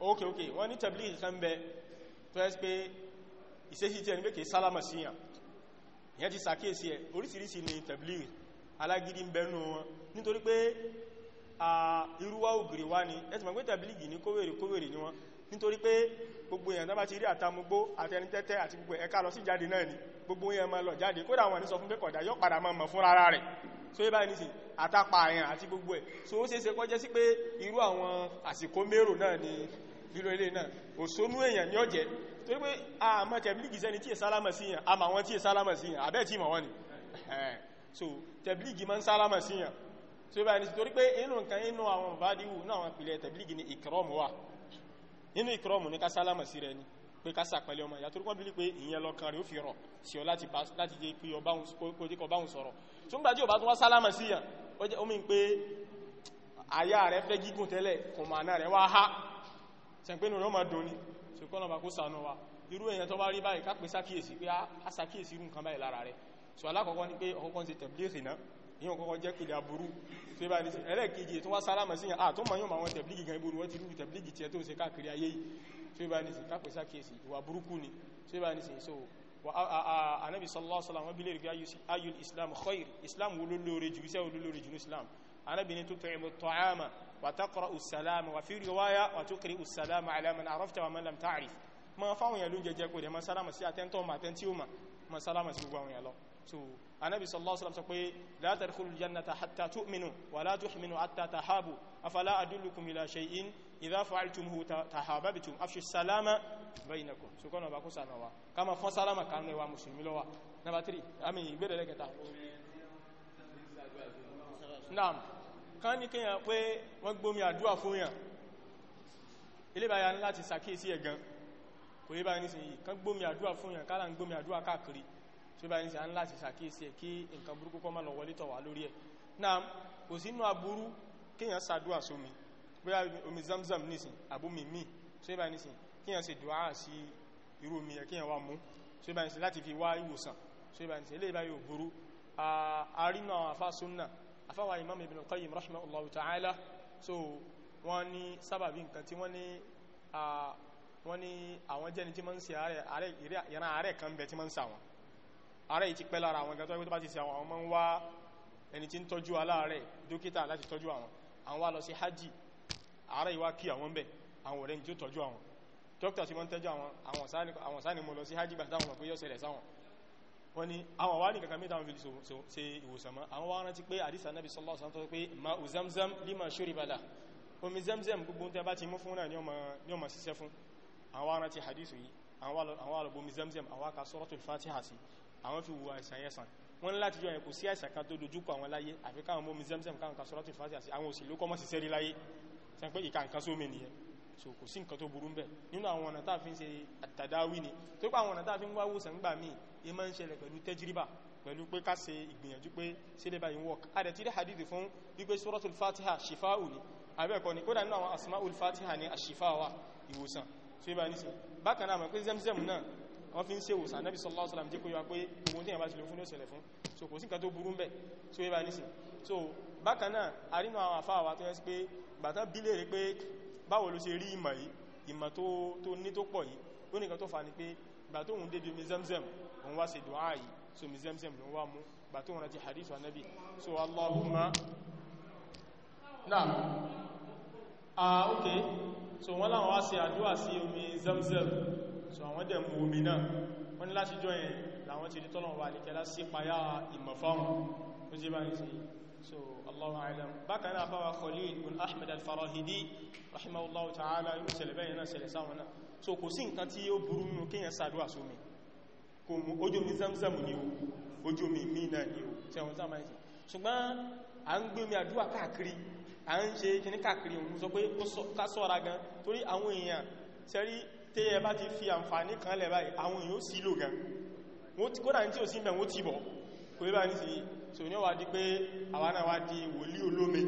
ok ok wọ́n ní tẹ̀blì kan bẹ tó yẹ pé tí ẹni pé kìí sálámà síyàn ìyẹn ti sàkíyèsí ẹ̀ oríṣiríṣi ni tẹ̀blìrì alágídí ń bẹnu wọn nítorí pé irúwá ògìrì wá ni ẹ̀tì mọ̀ pé tẹ̀blìrì ní kówèrè kówèrè ni wọn nítorí pé gbogbo èèyàn tó bá ti rí àtamugbó àtẹnitẹ́tẹ́ àti gbogbo ẹ̀ka lọ sí jáde náà ni gbogbo èèyàn máa lọ jáde kódà wọn ní sọ fún pé kódà yóò padà máa mọ̀ fún rárá rẹ̀ so yíba ní sí àtàpà àyàn àti gbogbo ẹ̀ so ó ṣeéṣe kọjẹ́ sí pé irú àwọn àsìkò mérò náà ni lílo ilé náà òṣónú èèyàn ní ọ̀jẹ́ tó wípé a mọ́ tẹ̀blígì sẹ́ni tí è sálámà sí yàn a ma wọn tí è sálámà sí yàn àbẹ́ tí ma wọ́n ni so tẹ̀blígì ma ń sálámà sí yàn so bá ní torí pé inú nǹkan inú àwọn vadiwu náà wọn pìlẹ̀ tẹ̀blígì ni ìkírọ́mù wà inú ìkírọ́mù ní ká sálámà sí rẹ ni pé ká sàpẹlẹ ọmọ ìyàtọ̀ wọ́n bí lé pé ìyẹn lọ́kàn rẹ̀ ó fi rọ̀ sí ọ láti jẹ́ pé ọkọ̀ báhùn sọ̀rọ̀ tó ń gbà tí ò bá tún wá sálámà sí yàn ó mìí pé àyà rẹ̀ fẹ́ gígùn tẹ́lẹ̀ kọ̀mọ̀ àná rẹ̀ wá há sẹ́pẹ́nu rẹ̀ ó máa dùn ni so kọ́nà bá kó sànú wa irú èyàn tó bá rí báyìí ká pè sákíyèsí pé a sàkíyèsí irú nǹkan báyìí lára rẹ̀ so alákọ̀ọ́kọ́ ni pé ọkọ̀kọ́ ti tẹ̀blígì náà yíò kọ́kọ́ jẹ́ pèlè aburú tó bá nìsí ẹlẹ́ẹ̀kejì tó wá sálámà sí àà tó mọ̀yún àwọn tẹ̀blígì gan ibòrò wọ́n ti rú tẹ̀blígì tí ẹ tó ṣe káàkiri ayé yìí tó bá nìsí islam khair islam wo lólóore jù islam anabi ni tó وتقرأ السلام وفي رواية وتقرأ السلام على من عرفت ومن لم تعرف ما فاون يا لونجا جاكو دي ما سلام سي اتنتو ما تنتيو ما ما سلام سي غوا يا لو سو النبي صلى الله عليه وسلم سوي لا تدخل الجنة حتى تؤمنوا ولا تؤمنوا حتى تحابوا أفلا أدلكم إلى شيء إذا فعلتمه تحاببتم أفشوا السلام بينكم سو سكونا باكو سانوا كما فون سلام كانوا وا مسلمين لو نباتري امين بيرلكتا نعم kan ní kíyàn pé wọ́n gbómi àdúwà fún yàn ilé bá yà ní láti sàkíyèsí ẹ̀gan kò yí bá ní sin yìí kan gbómi àdúwà fún yàn kálà ń gbómi àdúwà káàkiri tí ó bá ní sin a ní láti sàkíyèsí ẹ̀ kí nǹkan burúkú kọ́ má lọ wọlé tọ̀ wá lórí ẹ̀ náà kò sínú aburú kíyàn sàdúwà sómi bóyá omi zamzam nísìn àbúmi míì tí ó bá ní sin kíyàn sì dùá sí irú omi ẹ̀ kíyàn wá mú tí ó bá ní sin láti fi wá ìwòsàn tí ó bá ní sin ilé ìbá burú àárínà àfásúnnà afáwà imam ibn qayyim rahimahullahu ta'ala so wọ́n ní sábàbí nǹkan tí wọ́n ní wọ́n ní àwọn jẹ́ni tí ma ń ṣe ìran ààrẹ kan bẹ tí ma ń sa wọn ààrẹ yìí ti pẹ́ lára àwọn gẹ́gẹ́ tó bá ti ṣe àwọn ọmọ ń wá ẹni tí ń tọ́jú aláàrẹ̀ dókítà láti tọ́jú àwọn àwọn wá lọ sí hajji ààrẹ yìí wá kí àwọn bẹ̀ àwọn ọ̀rẹ́ wọ́n ni àwọn wá ní kankan mẹ́ta wọn fi ṣe ìwòsàn mọ́ àwọn wá rántí pé àdísà náà bí sọ́lọ́ ọ̀sán pé ma ò zamzam lima ṣórí bala omi zamzam gbogbo tẹ bá ti mú fún náà ní ọmọ ṣiṣẹ́ fún àwọn wá rántí àdísù yìí àwọn alọ́bọ̀ omi zamzam àwọn aka suratul fatiha sí àwọn fi wo àìsàn yẹn sàn wọ́n láti jọ ẹ̀kù sí àìsàn kan tó dojúkọ àwọn láyé àfi káwọn omi zamzam káwọn ka suratul fatiha sí àwọn òsì ló kọ́ mọ́ sí sẹ́rí ọ̀nà tá a gbà míì ìmọ̀ ń ṣẹlẹ̀ pẹ̀lú tẹ́jìríbà pẹ̀lú pé ká ṣe ìgbìyànjú pé sílẹ̀bà yìí wọ́k adẹ̀tí rẹ̀ hadith fún wípé suratul fatiha shifa'u ni abẹ́ẹ̀kọ́ ni kódà nínú àwọn asma'ul fatiha ni ashifawa ìwòsàn tí ó bá ní sí bákan náà pé zemzem náà wọ́n fi ń ṣe ìwòsàn anábì sallallahu alaihi wasallam jẹ́ kó yọ pé ohun tí yàn ti lò fún ní ọ̀sẹ̀lẹ̀ fún so kò sí nǹkan tó burú ń bẹ̀ tí ó bá ní sí so bákan náà arínú àwọn àfáà wa tó yẹ sí pé bàtán bílẹ̀ rí pé báwo ló ṣe rí ìmọ̀ yìí ìmọ̀ tó ní tó pọ̀ yìí ó nìkan tó fà ní pé gbà tó ń débi omi zemzem òun wá ṣe dùá yìí so mi zemzem ló wá mú gbà tó rántí hadithu annabi so allahumma naam ah ok so wọ́n láwọn wá ṣe àdúwà sí omi zemzem so àwọn dẹ̀ mú omi náà wọ́n ní láti jọyìn làwọn ti rí tọ́lọ̀ wà nìkẹ́lá sí payá ìmọ̀ fáwọn ó jẹ́ bá ní sí so allahu alam bákan náà fáwọn khalil bin ahmed al-farahidi rahimahullahu ta'ala yóò ṣẹlẹ̀ bẹ́yìn so kò sí nǹkan tí ó burú nínú kíyàn sàdúwà sómi kò mú ojú zamzam ní o ojú omi mi o tí àwọn sáàmà ìsìn ṣùgbọ́n a ń gbé omi àdúwà káàkiri a ń ṣe kíní káàkiri òun sọ pé ká ṣọ́ra gan torí àwọn èèyàn sẹ́rí tẹ́yẹ bá ti fi àǹfààní kan lẹ̀ báyìí àwọn èèyàn ó sí lò gan kódà ní tí ò sí mẹ́ wọ́n ti bọ̀ kò lè bá ní sí so ní ọwà di pé àwa náà wá di wòlí olómi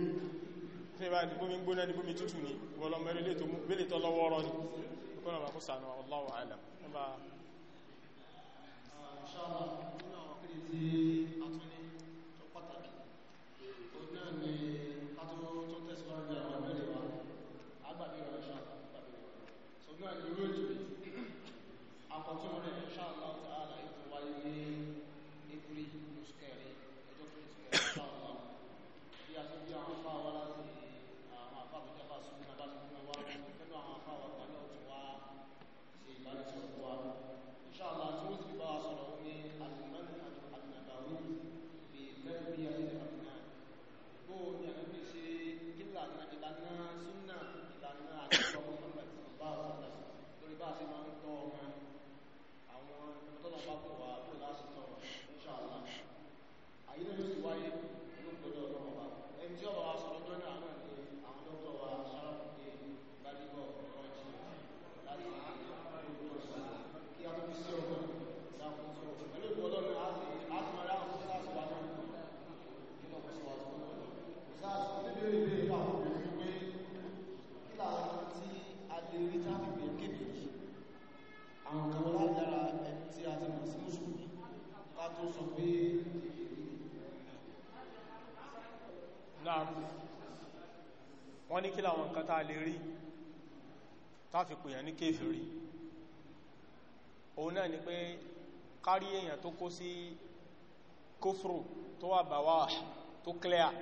tí bá di bómi
Inshallah, nínú àwọn kéde tí
tá lè rí táfi pèyàn ní kéfèrí òun náà ni pé kárí èyàn tó kó sí kófúrù tó wà bàwà tó clear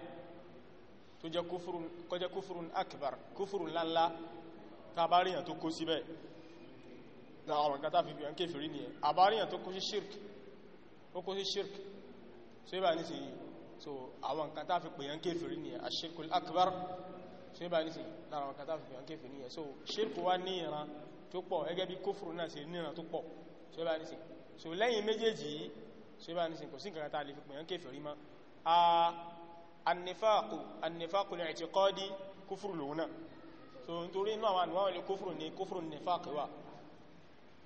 tó jẹ́ kófúrún akbar kófúrún lánlá tàbáríyàn tó kó síbẹ̀ na àwọn nǹkan tàbí bí i kéfèrí ni ẹ̀ àbáríyàn tó kó sí shirk ó kó sí shirk so ibá nísì lára wọn kàtà fìfì àǹkẹ́fì ní ẹ̀ so ṣírkù wá ní ìran tó pọ̀ gẹ́gẹ́ bí kófùrù náà sí ní tó pọ̀ so ibá nísì so lẹ́yìn méjèèjì yìí so ibá nísì kò sí nǹkan tá lè fi pè rí mọ́ so nítorí inú àwọn àwọn ilé kófùrù ní kófùrù nifaq wà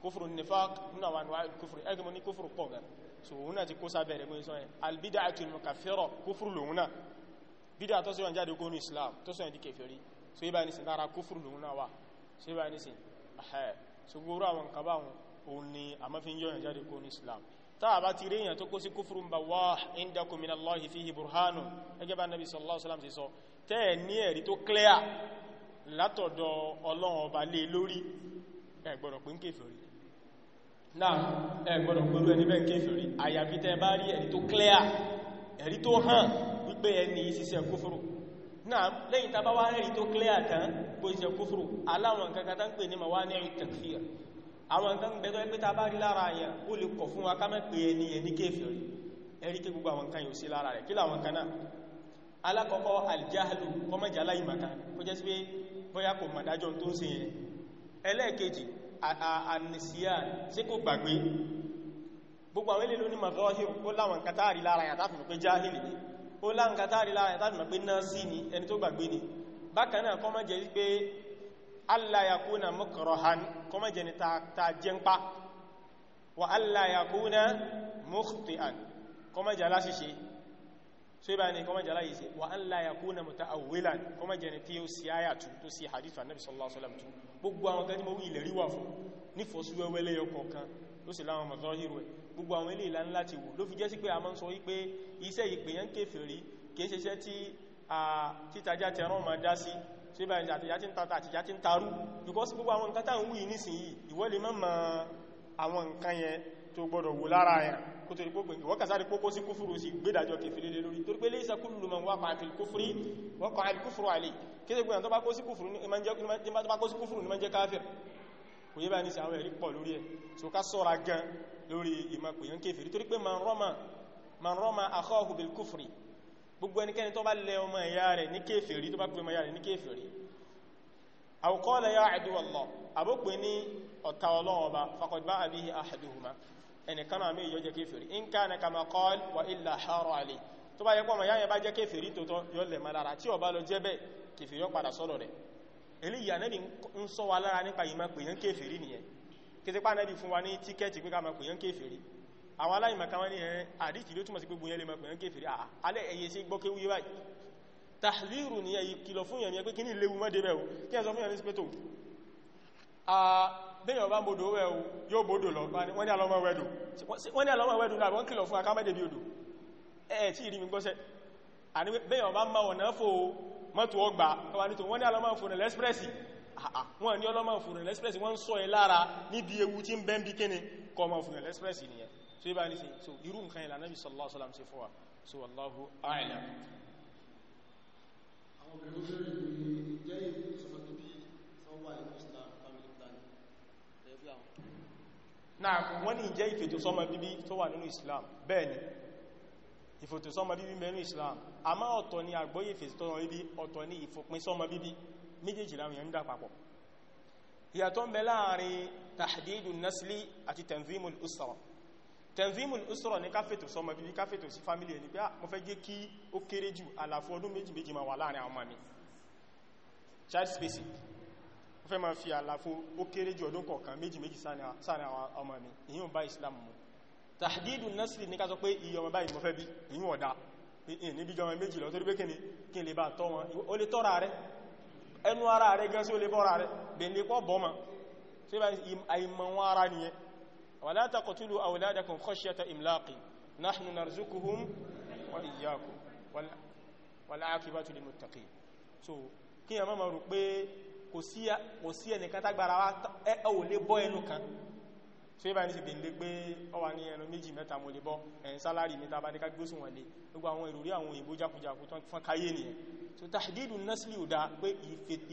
kófùrù nifaq inú àwọn àwọn kófùrù so òun náà ti kó sábẹ̀rẹ̀ mọ́ ìsọ́ bídá tó sọ́yàn jáde kó islam tó sọ́yàn di kèfèrí so ibá ní sin ara kúfùrù lòun náà wà so ibá ní sin ahẹ́ so gbogbo àwọn nǹkan báwọn òun ni a mafi yọ́yàn jáde kó islam táà bá ti rí èyàn tó kó sí kúfùrù ń bá wá indakum minallahi fihi burhanu gẹ́gẹ́ bá nabi sallallahu alaihi wasallam ti sọ tẹ́ẹ̀ clear látọ̀dọ̀ ọlọ́run ọba lé e lórí ẹ gbọ́dọ̀ pín kèfèrí náà ẹ gbọ́dọ̀ pẹ̀lú ẹni bẹ́ẹ̀ clear ẹ̀rí tó pé ẹni yìí ṣiṣẹ́ kúfúrú náà lẹ́yìn tàbá wá rẹ̀ tó clear tán bó ṣe kúfúrú aláwọn kankan tán pè ní ma wá ní takfir àwọn nǹkan gbẹ̀tọ́ ẹgbẹ́ tàbá rí lára àyà ó lè kọ̀ fún wa ká mẹ́ pé ẹni ẹni kéfìrí ẹ̀rí kí gbogbo àwọn kan yóò sí lára rẹ̀ kí láwọn kan náà alákọ̀ọ́kọ́ aljahlu kọmọ̀já aláìmọ̀ká kó jẹ́ sí pé bóyá kò mọ̀dájọ́ tó ń ṣe yẹn ẹlẹ́ẹ̀kejì àníṣíà sí kò gbàgbé gbogbo àwọn ilé lóní mazahir ó láwọn kan táàrí lára yàtàfùn pé jáhìlì ó láǹkátàrí láàrin tàbí mọ̀ pé náà sí ni ẹni tó gbàgbé ni bákan náà kọ́ mọ́ jẹ́ wípé aláyàkúnà mọ́kànrọ̀hán kọ́ mọ́ jẹ́ ni ta jẹ́ǹpá wà aláyàkúnà mọ́kànrọ̀hán kọ́ mọ́ jẹ́ aláṣìṣe so ibá ni kọ́ mọ́ jẹ́ aláyìṣe wà aláyàkúnà mọ́ gbogbo àwọn ilé ìlànà láti wò ló fi jẹ́ sí pé a máa ń sọ wípé iṣẹ́ ìpèyàn kéfèrí kìí tí a títajà tẹran ma dá sí ṣe bá tata àtìjá tí ń tarú because gbogbo àwọn nǹkan táà ń wí nísìnyí ìwọ lè má mọ àwọn nǹkan yẹn tó gbọdọ̀ wò lára yẹn kó tó ipò gbìyànjú wọ́n kàsáàrí kókó sí kúfùrù sí gbédàjọ kèfèrí lé lórí torí pé lè ìsàkúlù mọ̀ wọ́n kàáfil kúfùrí wọ́n kàáfil kúfùrù àlè kéde gbìyànjú kò yé ní sí àwọn ẹ̀rí pọ̀ lórí ẹ̀ so ká sọ́ra gan lórí ìmọ̀pèyàn kéfèrí torí pé man rọ́mà akhahu bil kufri gbogbo ẹnikẹ́ni tó bá lẹ ọmọ ìyá rẹ̀ ní kéfèrí tó bá pè ọmọ ìyá rẹ̀ ní kéfèrí aw qala ya aduwallah àbúkpé ní ọ̀tá ọlọ́ọba faqad ba'a bihi ahaduhuma ẹnìkan náà méjì jẹ́ kéfèrí in kana kama qala wa illa haro ali tó bá yẹ pọ̀ ọmọ ìyá yẹn bá jẹ́ kéfèrí tó tọ́ yọ lẹ̀ malara tí ó kìsípá náà bí fún wa ní tíkẹ́ẹ̀tì pé ká máa pèyàn kéfèrí àwọn aláìmọ̀ká wọ́n ní ẹ̀rẹ́ àdíkì ló túnmọ̀ sí gbogbo yẹn lè máa pèyàn kéfèrí alẹ́ ẹ̀yẹ sí gbọ́kéwúyé báyìí tàhlírù ní ẹ̀yí kìlọ̀ fún yẹn pé kí ní léwu mọ́ débẹ̀ o kí ẹ sọ fún yẹn ní sípẹ́tò bẹ́yàn bá bodò wẹ́ o yóò bodò lọ wọ́n ní alọ́mọ wẹ́dù wọ́n ní Ah, ah. wọ́n ní ọlọ́mọ fúnrẹ̀ express wọ́n sọ ẹ lára níbi ewu tí ń bẹ́ ń bí kíni kọmọ fúnrẹ̀ express nìyẹn so ibá ní sí so irú nǹkan ìlà náà bí sallallahu alaihi wasallam sí fún wa so wallahu a'lam náà wọ́n ní jẹ́ ìfètòsọ́mọ bíbí tó wà nínú Islam bẹ́ẹ̀ ni ìfètòsọ́mọ bíbí Islam àmọ́ bíbí ọ̀tọ̀ méjèèjì láwọn yẹn ń dá papọ̀ ìyàtọ̀ ń bẹ láàrin tahdidu nasli àti tanzimul usra tanzimul usra ní káfètò sọmọ bíbí káfètò sí fámílì ẹni pé ah, mo fẹ́ jẹ́ kí ó kéré jù àlàfo ọdún méjì méjì ma wà láàrin àwọn ọmọ mi child spacing mo fẹ́ ma fi àlàfo ó kéré jù ọdún kọ̀ọ̀kan méjì méjì sáàrin àwọn ọmọ mi ìyún bá islam mu tahdidu nasli ẹnu ara rẹ̀ gẹ́sí ó lè bọ́ra rẹ̀ bèèlè pọ́ bọ́mà tí bá àìmọ̀ wọn ara nìyẹn wala taqtulu awladakum khashyata imlaqi nahnu narzuquhum wa iyyakum wal aqibatu lil muttaqin so so ibà ní sì dìndé pé ọwà ní ẹnu méjì mẹ́ta mo lè bọ́ ẹ̀yìn sálárì mi tàbá ní ká gbósùn wọn lè gbogbo àwọn ìròrí àwọn òyìnbó jákujàku tán fún káyé nìyẹn so tahdidu nasli ò dá pé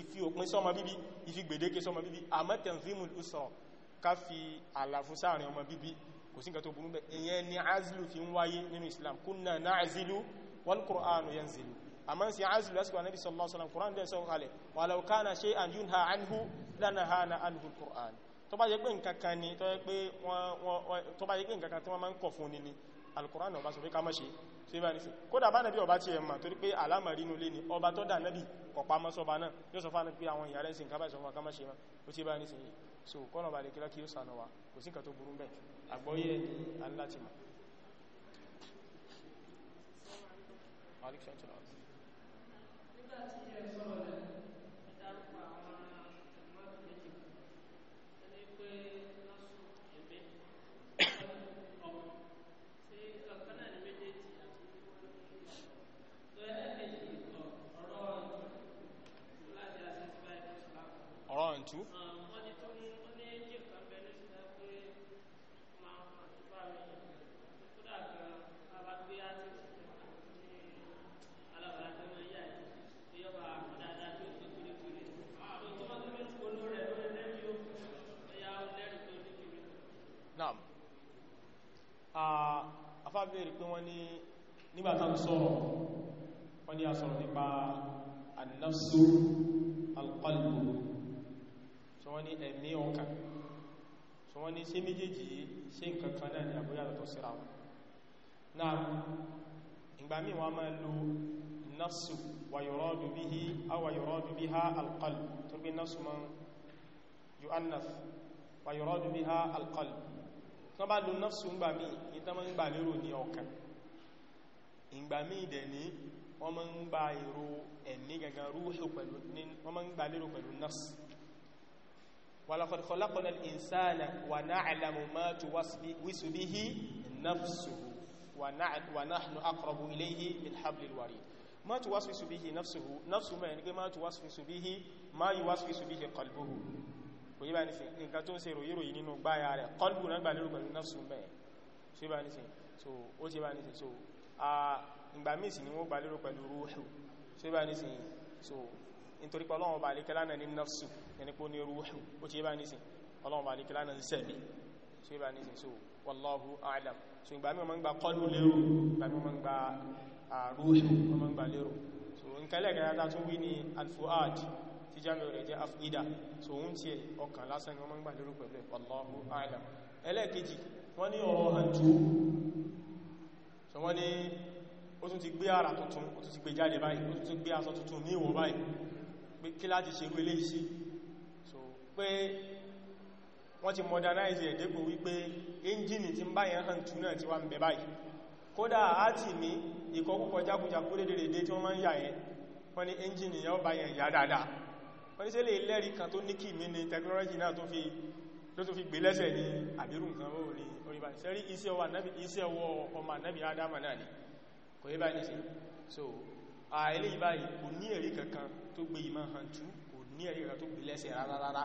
ìfi òpin sọmọ bíbí ìfi gbèdéke sọmọ bíbí àmọ́ tanzimul usra ká fi àlàfo sáàrin ọmọ bíbí kò sí nǹkan tó burú bẹ́ẹ̀ ìyẹn ni azlu fi ń wáyé tó bá jẹ́ pé nǹkankan ni tó bá jẹ́ pé nǹkankan tí wọ́n máa ń kọ̀ fún ni ni alkùránà ọba sọ pé ká mọ́ ṣe ṣe bá ní sí kódà bá nàbí ọba tí ẹ mà torí pé alámàrí nulé ni ọba tó dà nàbí kọ̀pá mọ́ sọba náà yóò sọ fánà pé àwọn ìyàrẹ́ sí nǹkan ìsọfún akámọ́ ṣe ó ṣe one two. wọ́n ní tó pé wọ́n ní nígbà ń sọ̀rọ̀ wọ́n ní a sọ̀rọ̀ nípa an-nafsu wọ́n ní ẹ̀mí ọkà so wọ́n ní sí méjèèjì sí nǹkankan náà ni àbúyà tó síra wọn náà ìgbà míì wọ́n máa lo nasu wàyọ̀rọ̀dù bí i awàyọ̀rọ̀dù bí ha alqal tó bí nasu ma yuannas wàyọ̀rọ̀dù bí ha alqal tó bá lo nasu ń gbà míì ìtàmà ń gbà lérò ní ọkàn ìgbà míì dẹ̀ ní wọ́n máa ń gba lérò pẹ̀lú nasu ولقد خلقنا الإنسان ونعلم ما توسوس به نفسه ونحن أقرب إليه من حبل الوريد ما توسوس به نفسه نفسه ما يعني ما توسوس به ما يوسوس به قلبه kò yíba nísìn nǹkan tó ń ṣe ròyí ròyí nínú gbáyà rẹ̀ kọlbù náà gbà lérò pẹ̀lú náfsù mẹ́ẹ̀ so yíba nísìn so ó ti yíba nísìn so a ìgbà míì sí ni wọ́n gbà lérò pẹ̀lú rúhù so yíba nísìn so nítorí pé ọlọ́run ọba àlékẹ́lá náà ní nafsu ẹni pé ó ní rúhù ó ti yé bá nísìn ọlọ́run ọba àlékẹ́lá náà ní sẹ́mi tí ó bá ní ṣe so wallahu a'lam so ìgbà mí ọmọ ń gba kọlù lérò ìgbà mí ọmọ ń gba àrúṣù ọmọ ń gba lérò so n kẹ́lẹ̀ gẹ́gẹ́ta tó wí ní alfuad tí jami rẹ̀ jẹ́ afida so oun tí ọkàn lásán ó tún ti gbé ara tuntun ó tún ti gbé jáde báyìí ó tún ti gbé aṣọ tuntun ní ìwọ̀ báyìí pé kí láti ṣe rú ilé iṣẹ́ so pé wọ́n ti modernize ẹ̀dẹ́gbò wípé engine ti ń báyẹ̀ hàn tún náà ti wá ń bẹ báyìí kódà á ti ní ìkọkúkọ jákújákú dédédé tí wọ́n máa ń yà ẹ́ wọ́n ni engine yẹn ó báyẹ̀ yà dáadáa wọ́n ni sí lè lẹ́rí kan tó ní kí mi ní technology náà tó fi ló tó fi gbé lẹ́sẹ̀ ní àbírù nǹkan ó ní orí báyìí sẹ́rí iṣẹ́ ọwọ́ iṣẹ́ ọwọ́ ọmọ ànábì ádámà náà ni kò yé báyìí sí so àìlè báyìí kò ní ẹ̀rí kankan tó gbé ìmọ̀ hàn tú kò ní ẹ̀ríra tó gbé lẹ́sẹ̀ rárára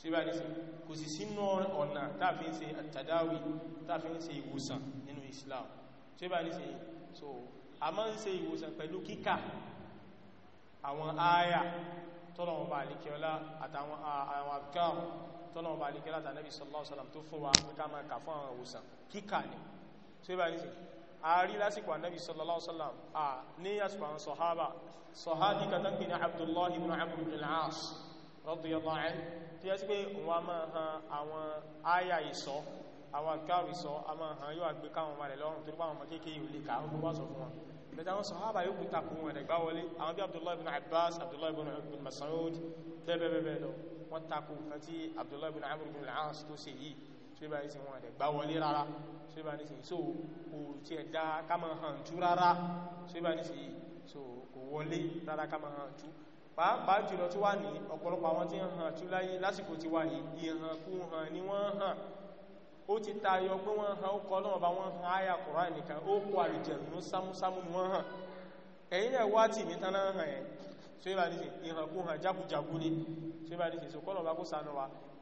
síbá ní sí kò sì sínú ọ̀nà tàbí ń ṣe àtàdáwì tàbí ń ṣe ìwòsàn nínú Islam síbá ní sí so a máa ń ṣe ìwòsàn pẹ̀lú kíkà àwọn ááyà tọ́lọ̀wọ̀n bá alikẹ́ọ́lá àtàwọn àwọn afghan tọ́lọ̀wọ̀n bá alikẹ́ọ́lá tàbí sallallahu alaihi wasallam tó fún wa ká máa kà fún àwọn ìwòsàn kíkà ni síbá ní sí ààrí lásìkò annabi sallallahu alaihi wasallam a ní àsìkò àwọn sọ̀hábà sọ̀hábí katangi ní abdullahi ibn amr ibn al-as radiyallahu anhu tí yẹ́ sí pé wọ́n máa han àwọn àyà ìsọ́ àwọn akáàrù ìsọ́ a máa han yóò àgbé káwọn ọmọ rẹ̀ lọ́rùn tó pàwọn kéèkéé yóò lè káwọn gbogbo sọ fún wọn bẹ̀tẹ̀ àwọn sọ̀hábà yóò kúta kún ṣe bá ìsìn wọn àdẹ̀ gbá wọlé rárá ṣe bá nìsìn so kò tí ẹ̀ dá kámà hàn tú rárá ṣe bá nìsìn so kò wọlé rárá kámà hàn tú pàápàá jùlọ tó wà ní ọ̀pọ̀lọpọ̀ àwọn tí hàn tú láyé lásìkò ti wà ìhàn kú hàn ni wọ́n hàn ó ti tayọ pé wọ́n hàn ó kọ́ náà bá wọ́n hàn áyà kùrá so yíba ní ìhàn kú hàn jákújákú ní so yíba ní kó sànú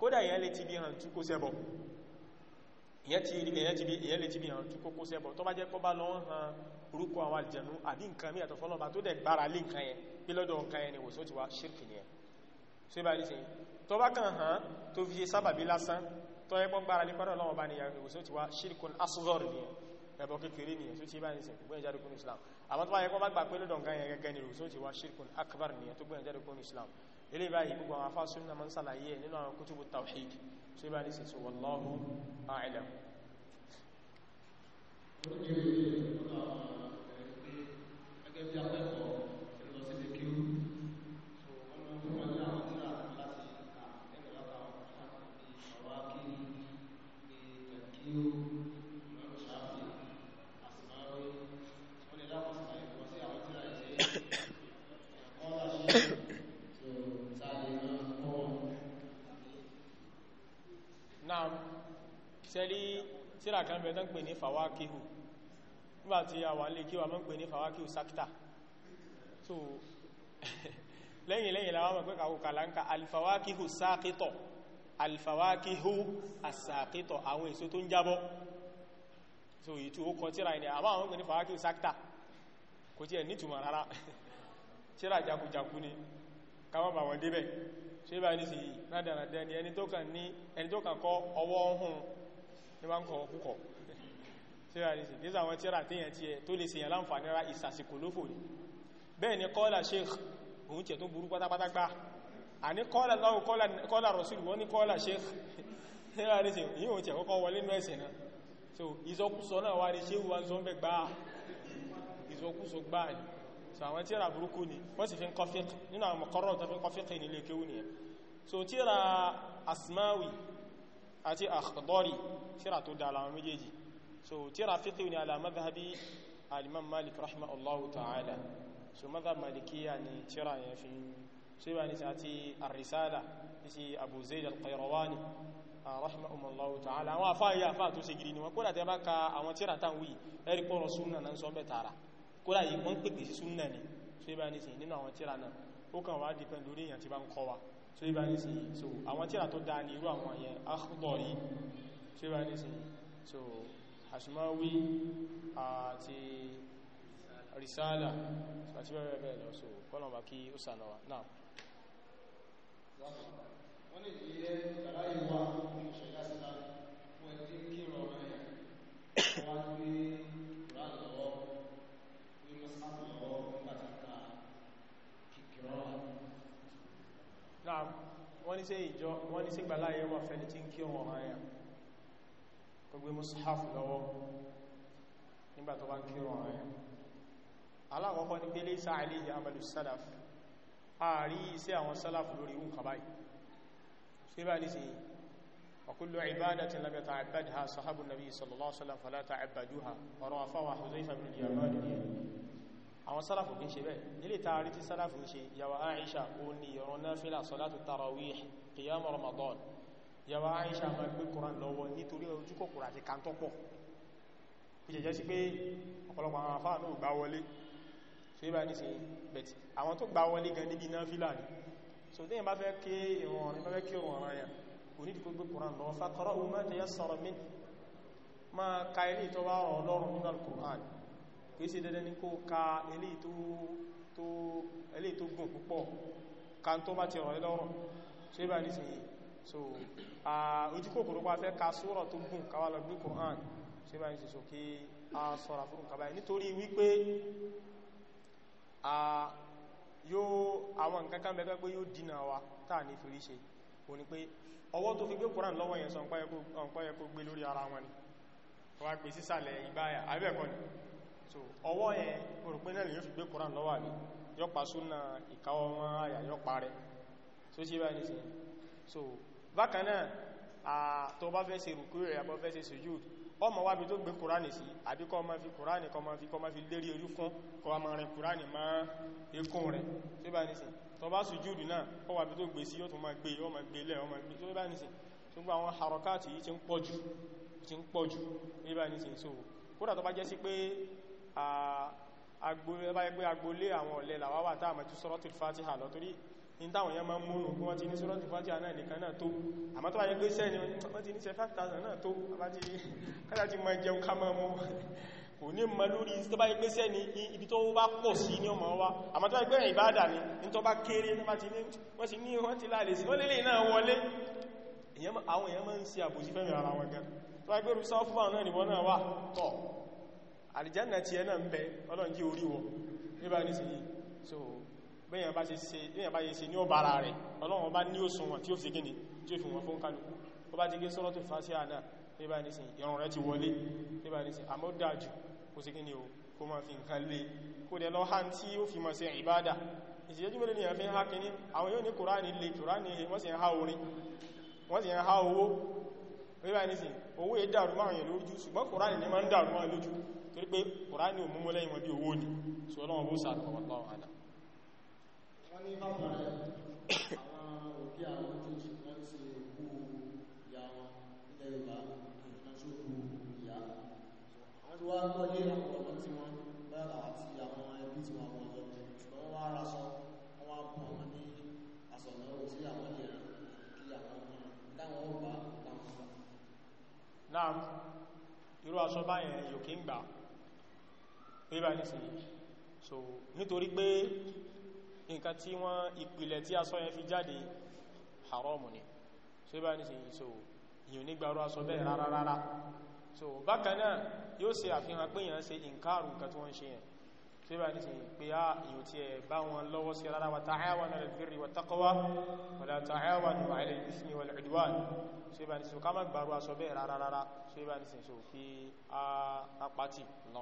kódà ìyẹn lè ti bí hàn tú kó sẹ́bọ̀ ìyẹn ti rí ìyẹn ti bí ìyẹn lè ti bí hàn tí kókó sẹ́bọ̀ tó bá jẹ́ pọ́ bá lọ ń han orúkọ àwọn àlìjẹ̀nú àbí nǹkan mí àtọ̀fọ́ lọ́ba tó dẹ̀ gbára lé nǹkan yẹn bí lọ́dọ̀ nǹkan yẹn ni wòsàn ti wá ṣírkì ni ẹ̀ ṣé bá nìsín tó bá kàn hàn tó fi sábàbí lásán tó yẹ pọ́ gbára lé pọ́dọ̀ ni ẹ̀ ẹbọ kékeré ni Islam àwọn tó bá yẹ kọ́ bá gbà pé lọ́dọ̀ nǹkan akbar ni ẹ̀ tó gbọ́n Islam eléyìí báyìí gbogbo àwọn afásúnnà máa ń sàlàyé nínú ṣe bá ní sí so wallahu a'lam Thank you. tíra kan bẹ̀ tán pè ní fàwákíhù nígbàtí a wà lè kíwà mọ́ pè ní fàwákíhù sáktà so lẹ́yìn lẹ́yìn láwọn mọ̀ pé kàwò kàlánkà alfàwákíhù sákítọ̀ alfàwákíhù asákítọ̀ àwọn èso tó ń jábọ́ so ìtù ó kọ tíra ilẹ̀ àmọ́ àwọn pè ní fàwákíhù sáktà kò tí ẹ̀ nítumọ̀ rárá tíra jakujaku ni káwọn bà wọn débẹ̀ ṣe bá ní kọ́ ọwọ́ ọ̀hún ní wọ́n kọ̀ púpọ̀ tíra ní sí ní àwọn tíra tíyàn tí ẹ tó lè ṣèyàn láǹfààní ra ìsàsìkò lófò ní bẹ́ẹ̀ ni kọ́lá sheikh òun tẹ̀ tó burú pátápátá gbá àní kọ́lá láwù kọ́lá rasul wọ́n ní kọ́lá sheikh tíra ní sí yíò tẹ̀ kọ́kọ́ wọlé nú ẹ̀sẹ̀ náà so ìsọkúsọ náà wà ní sheikh wa ń sọ ń bẹ gbáà ìsọkúsọ gbáà ni so àwọn tíra burúkú ni wọ́n sì fi ń kọfíkì nínú àwọn mọ̀kọ́rọ̀ tó fi ń kọfíkì nílé kéwù nìyẹn so tíra asmawi àti Akhdari tíra tó dáa láwọn méjèèjì so tíra fíkí ni ala madhhabi al-Imam Malik rahimahullahu ta'ala so madhhab Malikiyya ni tíra yẹn fi so yíwa ni sí àti ar-Risala ti Abu Zayd al-Qayrawani rahimahullahu ta'ala àwọn afá yìí afá tó ṣe gidi ni wọn kódà tẹ bá ka àwọn tíra tán wí ẹ̀rí pọ̀rọ̀ súnnà náà sọ bẹ́ tààrà kódà yìí wọ́n pèpè sí súnnà ni so yíwa ni sí nínú àwọn tíra náà ó kàn wá dìpẹ́ lórí èèyàn ti bá ń kọ́ so ibà ní sí so àwọn tíra tó dáa ní irú àwọn yẹn Akhdari so ibà ní sí so Asmawi àti uh, Risala àti bẹ́ẹ̀ lọ so kọ́lọ̀mà kí ó sànà wa náà
wọ́n lè jẹ́
náà
wọ́n ní sí ìjọ wọ́n ní sí gbàláyé wà fẹ́ni tí ń kí wọn ọ̀háyà kò gbé mushaf lọ́wọ́ nígbà tó bá ń kí wọn ọ̀háyà alákọ̀ọ́kọ́ ní pé laysa alayhi amalu salaf àwọn sálàfù kí ń ṣe bẹ́ẹ̀ nílé tààrí tí sálàfù ń ṣe yàwà Aisha ó ní ìrun náfílà sọ́látù tarawih qiyam Ramadan yàwà Aisha ma gbé koran lọ́wọ́ nítorí ojú kòkòrò àti kàntọ́pọ̀ kò jẹjẹ́ sí pé ọ̀pọ̀lọpọ̀ àwọn afá náà gbá wọlé so ibà ní sí bẹ̀tì àwọn tó gbá wọlé gan níbi náfílà ni so tí ìbá fẹ́ kìí ṣe dandan ní kó ka eléyìí tó gùn púpọ̀ ká tó bá ti rọ̀ lọ́rùn ṣe bá ní sìnyí so ojú kòkòrò pa fẹ́ ka sóòrọ̀ tó gùn káwà lọ gbé Qur'an ṣe bá ní sì so kí a sọ́ra fún nǹkan báyìí nítorí wípé yóò àwọn nǹkan kan bẹ́ẹ̀ pé yóò dínà wa táà ní fi rí ṣe o ní pé ọwọ́ tó fi gbé Qur'an lọ́wọ́ yẹn sọ ọ̀pá yẹ gbé lórí ara wọn ni wọ́n gbé sísàlẹ̀ ìgbáyà àbẹ́ẹ̀kọ́ ni so ọwọ́ yẹn orùpẹ́ náà yóò fi gbé koran lọ́wà ní yọpa súnà ìkáwọ́ wọn àyà yọpa rẹ̀ so ṣe bá ní sí so bákanáà àtọ bá fẹ́ ṣe rùkú rẹ̀ àbọ́ fẹ́ ṣe sujud ọmọ wábi tó gbé kùránì sí àbí kọ́ ma fi kùránì kọ́ ma fi kọ́ ma fi lérí ojú fún kọ́ ma rẹ̀ kùránì ma ikún rẹ̀ tó bá nìsìn tó bá sùjúdù náà ọ wábi tó gbé sí yóò tó ma gbé yóò ma gbé lẹ́ ọ ma gbé tó bá nìsìn tó gbá àwọn harakati yìí ti ń pọ̀jù ti ń pọ̀jù tó bá nìsìn so kódà tó bá jẹ́ sí pé ẹgbẹ́ agbolé àwọn ọ̀lẹ́ làwáwà tá àmà tí suratul fatiha lọ torí ní táwọn yẹn máa múnù kí wọ́n ti ní suratul fatiha náà nìkan náà tó àmọ́ tó wáyé pé sẹ́ ni wọ́n ti ní sẹ́ 5000 náà tó kátà ti máa jẹun ká máa mú kò ní mọ lórí tó bá gbé sẹ́ ni ibi tó bá pọ̀ sí ní ọmọ wa àmọ́ tó bá gbé ìbádà ni ní tó bá kéré tó bá ti ní wọ́n ti ní wọ́n ti láàlè sí wọ́n lélè náà wọlé àwọn èèyàn máa ń ṣe àbòsí fẹ́mi ara wọn àlìjánà ti ẹ̀nà ń bẹ ọlọ́run jí orí wọn níbà ní sèyí so bẹ́yàn bá ṣe ṣe ní ọba ara rẹ̀ ọlọ́run bá ní òsùnwọ̀n tí ó fi gíní tí ó fi wọ́n fún kálukú ó bá ti gé sọ́rọ̀ tó fásí àná níbà ní sèyí ìrùn rẹ̀ ti wọlé níbà ní sèyí àmọ́ dájú kó sí gíní o kó máa fi nǹkan lé kó dẹ̀ lọ hàn tí ó fi ni àfihàn ha kíní àwọn yóò ní kùránì lè ni máa ń dàrùmáwòyàn torí pé kùránì ò múmú lẹ́yìn wọn bí owó ni so ọlọ́wọ́n bó sàánù wallahu a'lam
wọ́n ní bá fún àwọn
òkè àwọn tó ti máa ṣe òkú ìyá wọn nílẹ̀ yorùbá ìjìnà sókú ìyá àwọn wọ́n kọ́ wá ara sọ ní àsọ̀lọ́wọ́ tí àwọn lè kí àwọn ọmọ táwọn ó
bá ríbà nísìnyí so nítorí pé nǹkan tí wọ́n ìpìlẹ̀ tí aṣọ yẹn fi jáde haramu ni so ríbà nísìnyí so yìí nígbàrú aṣọ bẹ́ẹ̀ rárá rárá so bákanáà yóò ṣe àfihàn pé yàn ṣe ìǹkàrù nǹkan tí wọ́n ṣe yẹn so ríbà nísìnyí pé á yóò ti ẹ̀ bá wọn lọ́wọ́ sí rárá wa ta'awanu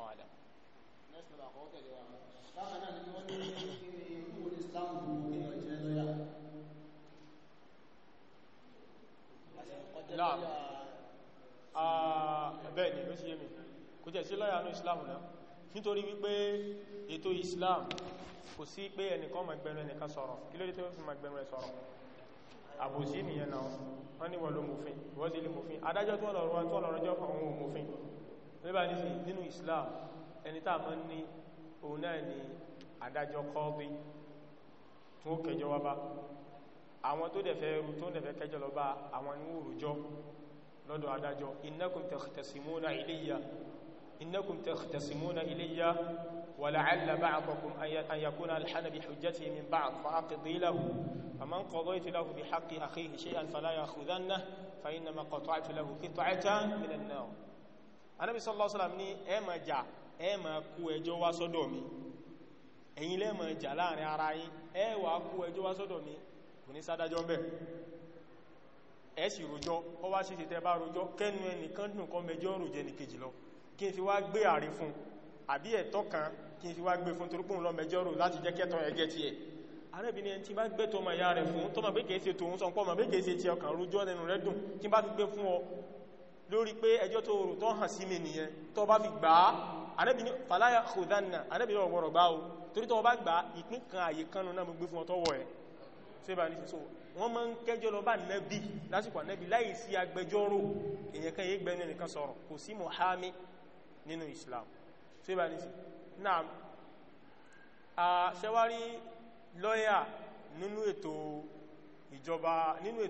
'alal
ẹ̀sìn ọ̀rọ̀ àkọ́kọ́ tẹ̀lé wa
bákan náà ni wọ́n ní kí ni ikú ní islam gbogbo ní ọ̀jẹ́ lọ́yà
bẹ́ẹ̀ ni mẹ́sí ah, yémi kò jẹ́ sí lọ́yà ní islam náà nítorí wípé ètò islam kò sí pé ẹnìkan mọ̀gbẹ̀rún ẹnìkan sọ̀rọ̀ kí ló dé tó fi mọ̀gbẹ̀rún ẹ sọ̀rọ̀ àbòsí nìyẹn náà wọ́n ní wọ́n ló mòfin wọ́n sí ilé mòfin adájọ́ tó lọ́rọ̀ tó lọ́rọ̀ jọ́ fún òun ẹni tá a mọ́ ní òun náà ni adájọ́ kọ́ọ̀bí tó kẹjọ wá bá àwọn tó dẹ̀fẹ́ ẹrù tó dẹ̀fẹ́ kẹjọ lọ bá àwọn ní òrùjọ́ lọ́dọ̀ adájọ́ innakum takhtasimuna ilayya innakum takhtasimuna ilayya wa ní ẹ má jà ẹ ma kó ẹjọ́ wá sọ́dọ̀ mi ẹ̀yin lẹ́mà jà láàrin ara yín ẹ wà kó ẹjọ́ wá sọ́dọ̀ mi kò ní sádájọ́ bẹ̀ ẹ sì rojọ́ ọ wá ṣíṣe tẹ́ bá rojọ́ kẹ́nu ẹnìkan dùn kọ́ mẹjọ́ rò jẹ́ nìkejì lọ kí n fi wá gbé àrí fún àbí ẹ̀tọ́ kan kí n fi wá gbé fún torípòun lọ mẹjọ́ rò láti jẹ́ kẹ́tọ́ ẹgẹ́ ti ẹ̀ arẹ́bìnrin ẹni tí bá gbẹ́tọ́ ọmọ ìyá rẹ̀ fún tọ́mọ̀ pé kèése tòun sọ pọ́ mọ̀ pé kèése ti ọkàn rojọ́ nínú rẹ̀ dùn tí bá ti gbé fún ọ lórí pé ẹjọ́ tó rù tó hàn sí mi nìyẹn tó bá fi gbà á Ànábì ní fàláyà kòdánà Ànábì ní ọgbọ̀rọ̀ gbá o torí tó bá gbà á ìpín kan àyè kanu náà gbé fún ọtọ́wọ̀ ẹ̀ tí bá ní so wọ́n máa ń kẹjọ́ lọ bá nẹ́bí lásìkò nẹ́bí láì sí agbẹjọ́rò èyàn kan yé gbẹ́nu nìkan Islam tí bá ní a ṣẹwárí lọ́yà nínú ètò ìjọba nínú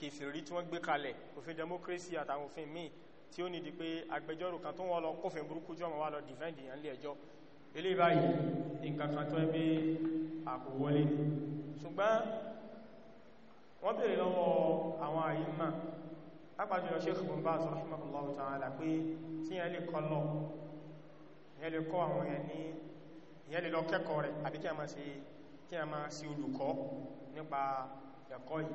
kèfèrí tí wọ́n gbé kalẹ̀ òfin democracy àtàwọn òfin míì tí ó nìdí pé agbẹjọ́rò kan tó wọ́n lọ kófin burúkú jọ ma wá lọ defend ìyàn lé ẹjọ́ ilé báyìí nǹkan kan tó ẹgbẹ́ àkòwọlé ni ṣùgbọ́n wọ́n bèèrè lọ́wọ́ àwọn àyíma lápàjúlọ Sheikh Ibn Baz rahimahullahu ta'ala pé tí yẹn lè kọ́ lọ yẹn lè kọ́ àwọn yẹn ní yẹn lè lọ kẹ́kọ̀ọ́ rẹ̀ àbí kí a máa ṣe olùkọ́ nípa ẹ̀kọ́ yìí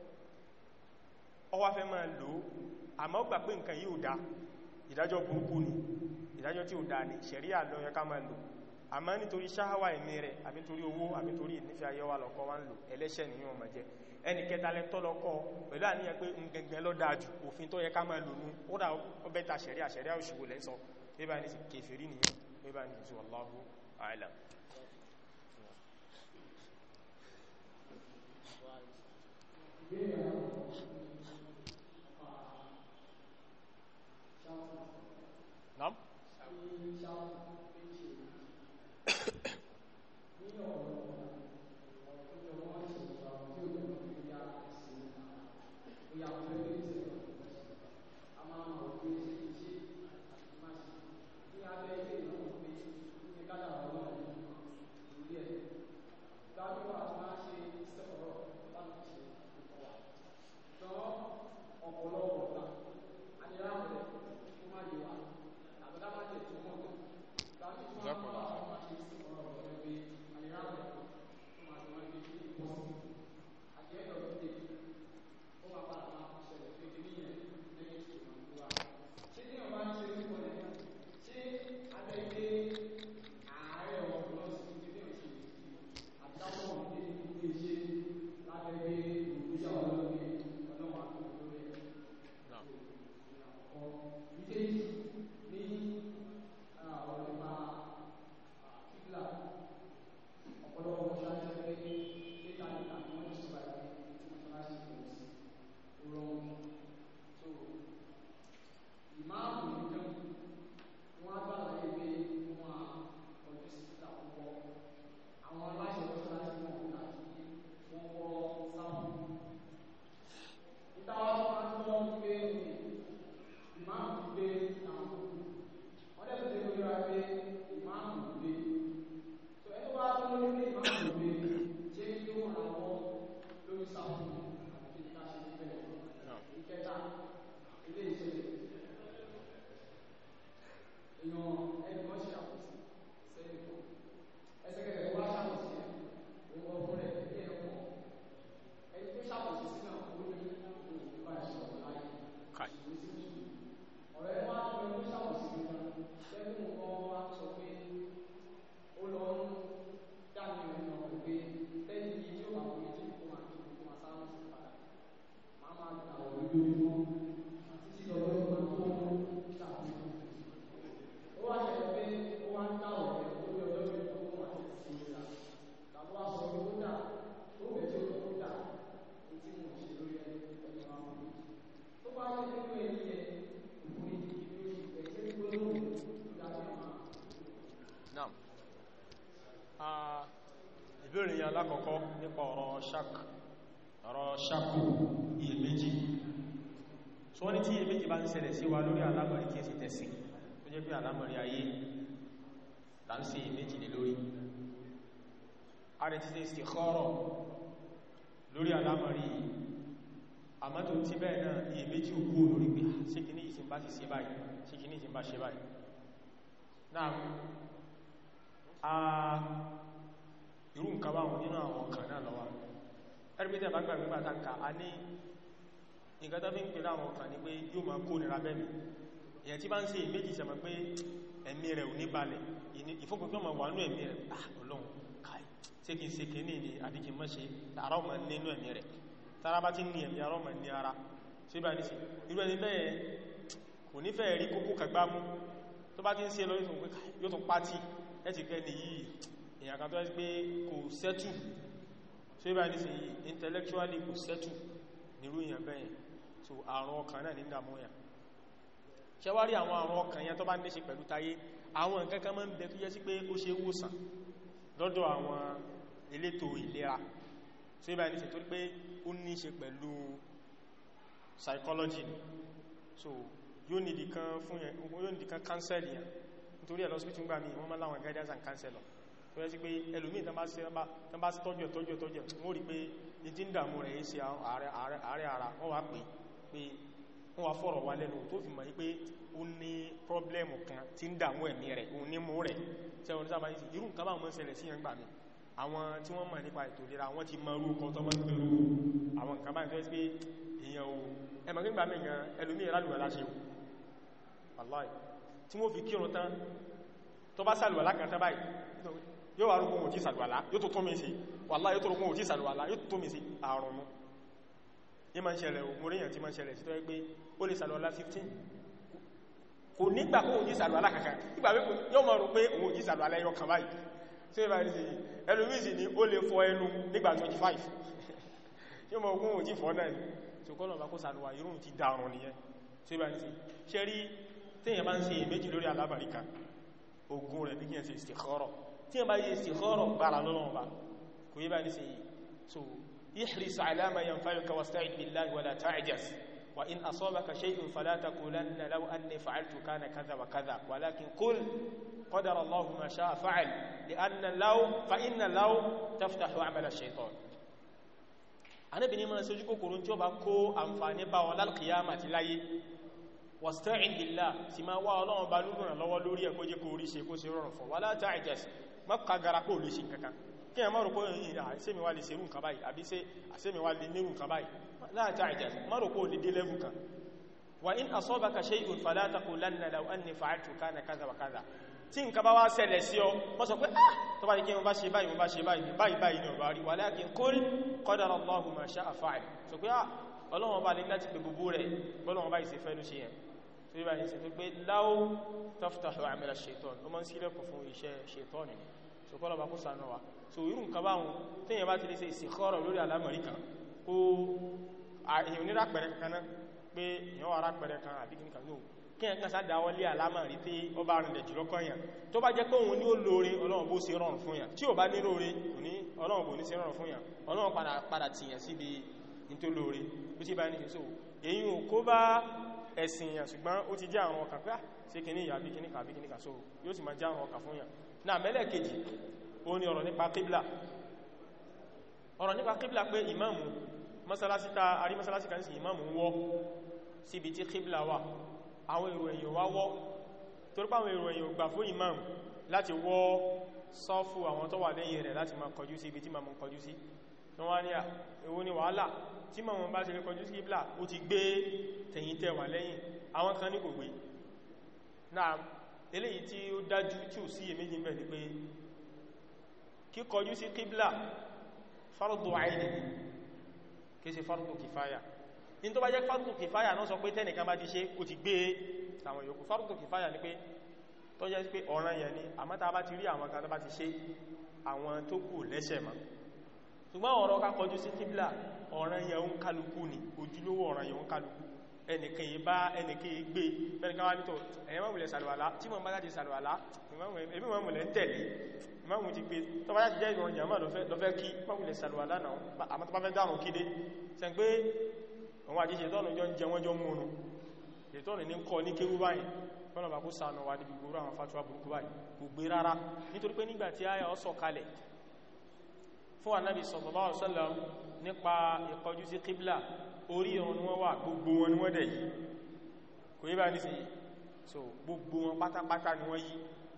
ọwá fẹ́ máa lò ó àmọ́ ó gbà pé nǹkan yìí ò dá ìdájọ́ burúkú ni ìdájọ́ tí ò dá ní ṣẹ̀ríà ló yẹ ká máa lò àmọ́ nítorí ṣáháwà ẹ̀mí rẹ̀ àbí torí owó àbí torí ìnífẹ́ ayọ́wà lọ́kọ́ wá ń lò ẹlẹ́ṣẹ̀ nínú ọmọ jẹ́ ẹni kẹta lẹ́tọ́ lọ́kọ́ pẹ̀lú àníyàn
Yeah.
南。
rọ́ṣák rọ́ṣákù iyèméjì so wọ́n ni tí iyèméjì bá ń ṣẹlẹ̀ sí wa lórí alámọ̀rí tí èsì tẹ̀sí tó jẹ́ pé alámọ̀rí ayé là ń ṣe iyèméjì lé lórí a rẹ̀ ti ṣe istikhara lórí alámọ̀rí àmọ́ tó ti bẹ́ẹ̀ náà iyèméjì òkú lórí pé síkíní ah, ìsìn bá ti ẹ̀rìmítẹ̀ bá gbàgbé pàtàkà a ní nǹkan tó fi ń pèrè àwọn ọ̀kan ní pé yóò máa kó nira bẹ́ẹ̀ èyàn tí bá ń ṣe ìméjì sẹ̀mọ̀ pé ẹ̀mí rẹ̀ ò ní balẹ̀ ìfúnkùnkùn ah, ni àdíkì mọ́ ṣe tààrà ọmọ nínú ẹ̀mí rẹ̀ tààrà bá ti ní ẹ̀mí ara ọmọ ní ara ṣe bá ní sí irú ẹni bẹ́ẹ̀ kò nífẹ̀ẹ́ rí kókó kàgbámú tó bá ti ń so ibà ní sí intellectually kò settle nírú èyàn bẹ́yẹn so àrùn ọkàn náà ní ìdàmú yà ṣẹwárí àwọn àrùn ọkàn yẹn tó bá níṣe pẹ̀lú táyé àwọn nǹkan kan máa ń bẹ tó yẹ sí pé ó ṣe wòsàn lọ́dọ̀ àwọn elétò ìlera so ibà ní sí torí pé ó níṣe pẹ̀lú psychology so yóò nìdí kan fún yẹn yóò nìdí kan cancel yẹn nítorí ẹ̀ lọ́sibítù ń gbà mí wọ́n máa láwọn guidance and counselor tó yẹ sí pé ẹlòmíì tán bá sí tọ́jọ̀ tọ́jọ̀ tọ́jọ̀ wọ́n rí pé ìdí ń dàmú rẹ̀ ṣe ààrẹ ara wọ́n wá pè pé wọ́n wá fọ̀rọ̀ wá lẹ́nu tó fi mọ̀ pé ó ní pọ́blẹ́mù kan tí ń dàmú ẹ̀mí rẹ̀ ó ní mú rẹ̀ tẹ́wọ́n sábà yìí irú nǹkan bá wọn ṣẹlẹ̀ sí yẹn gbà mí àwọn tí wọ́n mọ̀ nípa ètò ìlera wọ́n ti mọ orúkọ tó fi kírun tán tó bá sàlùwẹ̀ lákàtà báyìí yóò wà rúgbùn òjí sàlùwàlá yóò tó tó mi sí wàlá yóò tó rúgbùn òjí sàlùwàlá yóò tó mi sí àrùn mú ní ma ń ṣẹlẹ̀ o moríyàn tí ma ń ṣẹlẹ̀ sí tó ẹgbẹ́ ó lè sàlùwàlá 15 kò nígbà kó òjí sàlùwàlá kankan nígbà wípé yóò mọ̀ rú pé òun òjí sàlùwàlá ẹyọ ni ó lè fọ ẹnu nígbà 25 yóò mọ̀ ogún òjí fọ́ náà tí ó kọ́ lọ́nà kó sàlùwà irú ti dàrùn nìyẹn tí ó bá rí sí ṣe rí téèyàn bá ń ṣe méjì lórí alábàríkà ogun rẹ̀ bí kí ẹ̀ ṣe istikhara tí a bá yẹ sí ọ̀rọ̀ gbára lọ́nà ọba kò yí bá ní sí yìí so ihris ala ma yanfa'uka wasta'id billahi wala ta'jaz wa in asabaka shay'un fala taqulanna law anni fa'altu kana kadha wa kadha walakin qul qadara Allahu ma sha'a fa'al li'anna law fa inna law taftahu 'amala ash-shaytan Ànábì ní máa ṣojú wá Ọlọ́run bá lúrùn lọ́wọ́ lórí ẹ̀kọ́jẹ́ kò rí ṣe kó sí rọrùn fún wala ta'jaz má kagara pé ò lè ṣe nǹkankan kí ẹ má rò pé ìyìn àṣẹ́mi wá lè ṣerú nǹkan báyìí àbí ṣe àṣẹ́mi wá lè nírú nǹkan báyìí láàtà ìjà má rò pé ò lè dé lẹ́bù kan wà ní asọ́bàkà ṣe ìhùn fàlátàkù lánàá láwọn ní fàájú kánà kánà kánà tí nǹkan bá wá ṣẹlẹ̀ sí ọ wọ́n sọ pé ah tó bá ní kí wọ́n bá ṣe báyìí wọ́n tó yíba ní sí tó pé láó taftahu amala shaitan ó máa ń sílẹ̀kùn fún iṣẹ́ shaitan ni so kọ́lọ̀ bá kó sànà wa so irú nǹkan báhùn tíyàn bá ti lè ṣe istikhara lórí alamọ̀ríkà ó èyàn nírà pẹ̀rẹ̀ kan náà pé èyàn wà rà pẹ̀rẹ̀ kan àbí kìnnìkan náà kí ẹ̀kan sádáwọlé alamọ̀rí tí ó bá rìnlẹ̀ jùlọ kọ́yàn tó bá jẹ́ pé òun ní ó lóore ọlọ́run bó ṣe rọrùn fún yàn tí ò bá ní lóore ọlọ́run bó ní ṣe rọrùn ẹ̀sìn yàn ṣùgbọ́n ó ti jẹ́ àrùn ọkàn pé ah, ṣe kìíní ìyàbí kìíní kàbí kìíní kàṣó yóò sì máa jẹ́ àrùn ọkàn fún yàn náà mẹ́lẹ̀ kejì ó ní ọ̀rọ̀ nípa kíblà ọ̀rọ̀ nípa kíblà pé ìmáàmù mọ́sálásí ta arí mọ́sálásí kan sí ìmáàmù wọ́ síbi tí kíblà wà àwọn èrò ẹ̀yìn wá wọ́ torí pé àwọn èrò ẹ̀yìn gbà fún ìmáàmù láti wọ́ sọ́fù àwọn tó wà lẹ́yìn rẹ̀ láti máa kọjú sí ibi tó wá ní à ewu ni wàhálà tí ma wọn bá ṣe rékọjú sí ìbìlà ó ti gbé tẹ̀yìntẹ̀ wà lẹ́yìn àwọn kan ní kò gbé náà eléyìí tí ó dájú tí ò sí èméjì ń bẹ̀ ní pé kíkọjú sí kíblà fardu àìní kìí ṣe fardu kìfáyà ní tó bá àwọn tó kù lẹ́sẹ̀ mọ́ ṣùgbọ́n ọ̀rọ̀ ká kọjú sí kíblà ọ̀ràn yẹn ń kálukú ni ojúlówó ọ̀ràn yẹn ń kálukú ẹnìkan yìí bá ẹnìkan yìí gbé bẹ́ẹ̀ ká wá nítọ̀ ẹ̀yẹ́ mọ̀mùlẹ̀ sàlùwàlá tí mọ̀ bá láti sàlùwàlá ẹ̀mí mọ̀mùlẹ̀ ń tẹ̀lé ìmáàmù ti pé tó bá láti jẹ́ ìwọ̀n jàmà lọ́fẹ́ kí mọ̀mùlẹ̀ sàlùwàlá náà àmọ́ tó bá fẹ́ dárùn kídé fọ́nà bá kó sànà wà níbi gbogbo àwọn fatuwa burúkú báyìí kò rárá nítorí pé nígbà tí àyà ọ sọ̀kalẹ̀ fún anábì sallallahu alaihi wasallam nípa ìkọjú sí kíblà orí ọ̀run ni wọ́n wà gbogbo wọn ni wọ́n dẹ̀ yìí kò yí bá ní sí so gbogbo wọn pátápátá ni wọ́n yí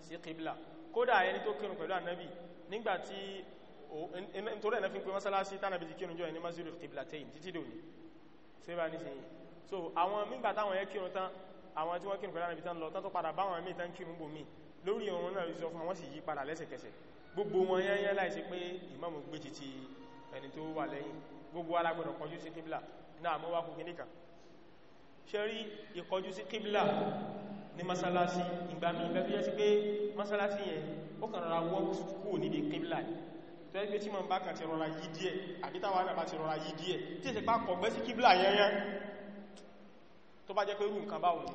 sí kíblà kódà ẹni tó kírun pẹ̀lú anábì nígbàtí nítorí ẹ̀nà fi ń pè mọ́sálásí tánàbí ti kírun jọ ẹni masjid al-qiblatain títí so yí bá ní sí so àwọn mígbà táwọn yẹ kírun tán àwọn tí wọ́n kírun pẹ̀lú anábì tán lọ tán tó padà báwọn míì gbogbo wọn yányá láìsí pé ìmáàmù gbé títí ẹni tó wà lẹ́yìn gbogbo alágbọ̀dọ̀ kọjú sí kíblà náà mọ́ wá kú kìníkà ṣe rí ìkọjú sí kíblà ní masalasi ìgbàmí ìgbàmí yẹ́ sí pé masalasi yẹn ó kàn rọra wọ́n kú níbi kíblà tó ẹgbẹ́ tí mọ̀ bá kàn ti rọra yí díẹ̀ àbí táwa náà bá ti rọra yí díẹ̀ tí ìsẹ̀ pá kọ̀gbẹ́ sí kíblà yẹnyẹn tó bá jẹ́ pé rú nǹkan báwọn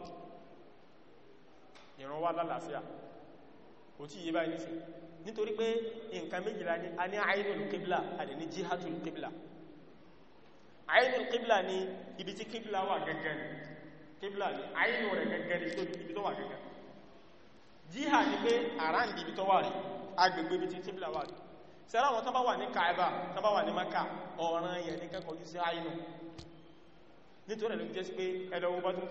ìrànwá lálàáfíà kò tí yé báyìí nísìnyí nítorí pé nǹkan méjìlá ní a ní àìnul kíblà àti ní jíhatul kíblà àìnul kíblà ní ibi tí kíblà wà gẹ́gẹ́ ni kíblà ní àìnù rẹ̀ gẹ́gẹ́ ni tó ibi tó wà gẹ́gẹ́ jíhà ní pé àráǹdì ibi tó wà rí agbègbè ibi tí kíblà wà rí sẹ́rà wọn tó bá wà ní Kaaba tó bá wà ní Maka ọ̀ràn yẹ̀ ní kẹ́kọ̀ọ́ sí àìnù nítorí ló jẹ́ sí pé ẹlọ́wọ́ bá tún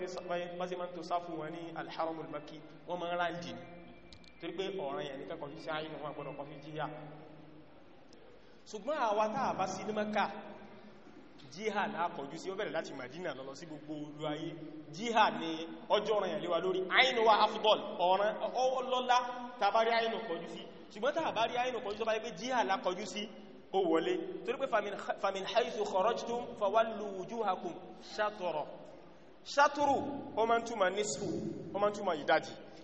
ti sáfún wọn ní alharamul wọ́n máa ń ni torí pé ọ̀ràn yẹn nìkan kọfí sí ayé wọn gbọ́dọ̀ kọfí jíyà ṣùgbọ́n àwa táà bá sí ní Mẹ́kà jíhà láàkọ̀jú sí ó bẹ̀rẹ̀ láti Madina lọ sí gbogbo olú ayé jíhà ní ọjọ́ ọ̀ràn yẹn léwa lórí àyínú wa afdol ọ̀ràn ọlọ́lá tàbárí àyínú kọjú sí ṣùgbọ́n tàbárí àyínú kọjú sí bá yẹ pé jíhà lákọjú sí ó wọlé torí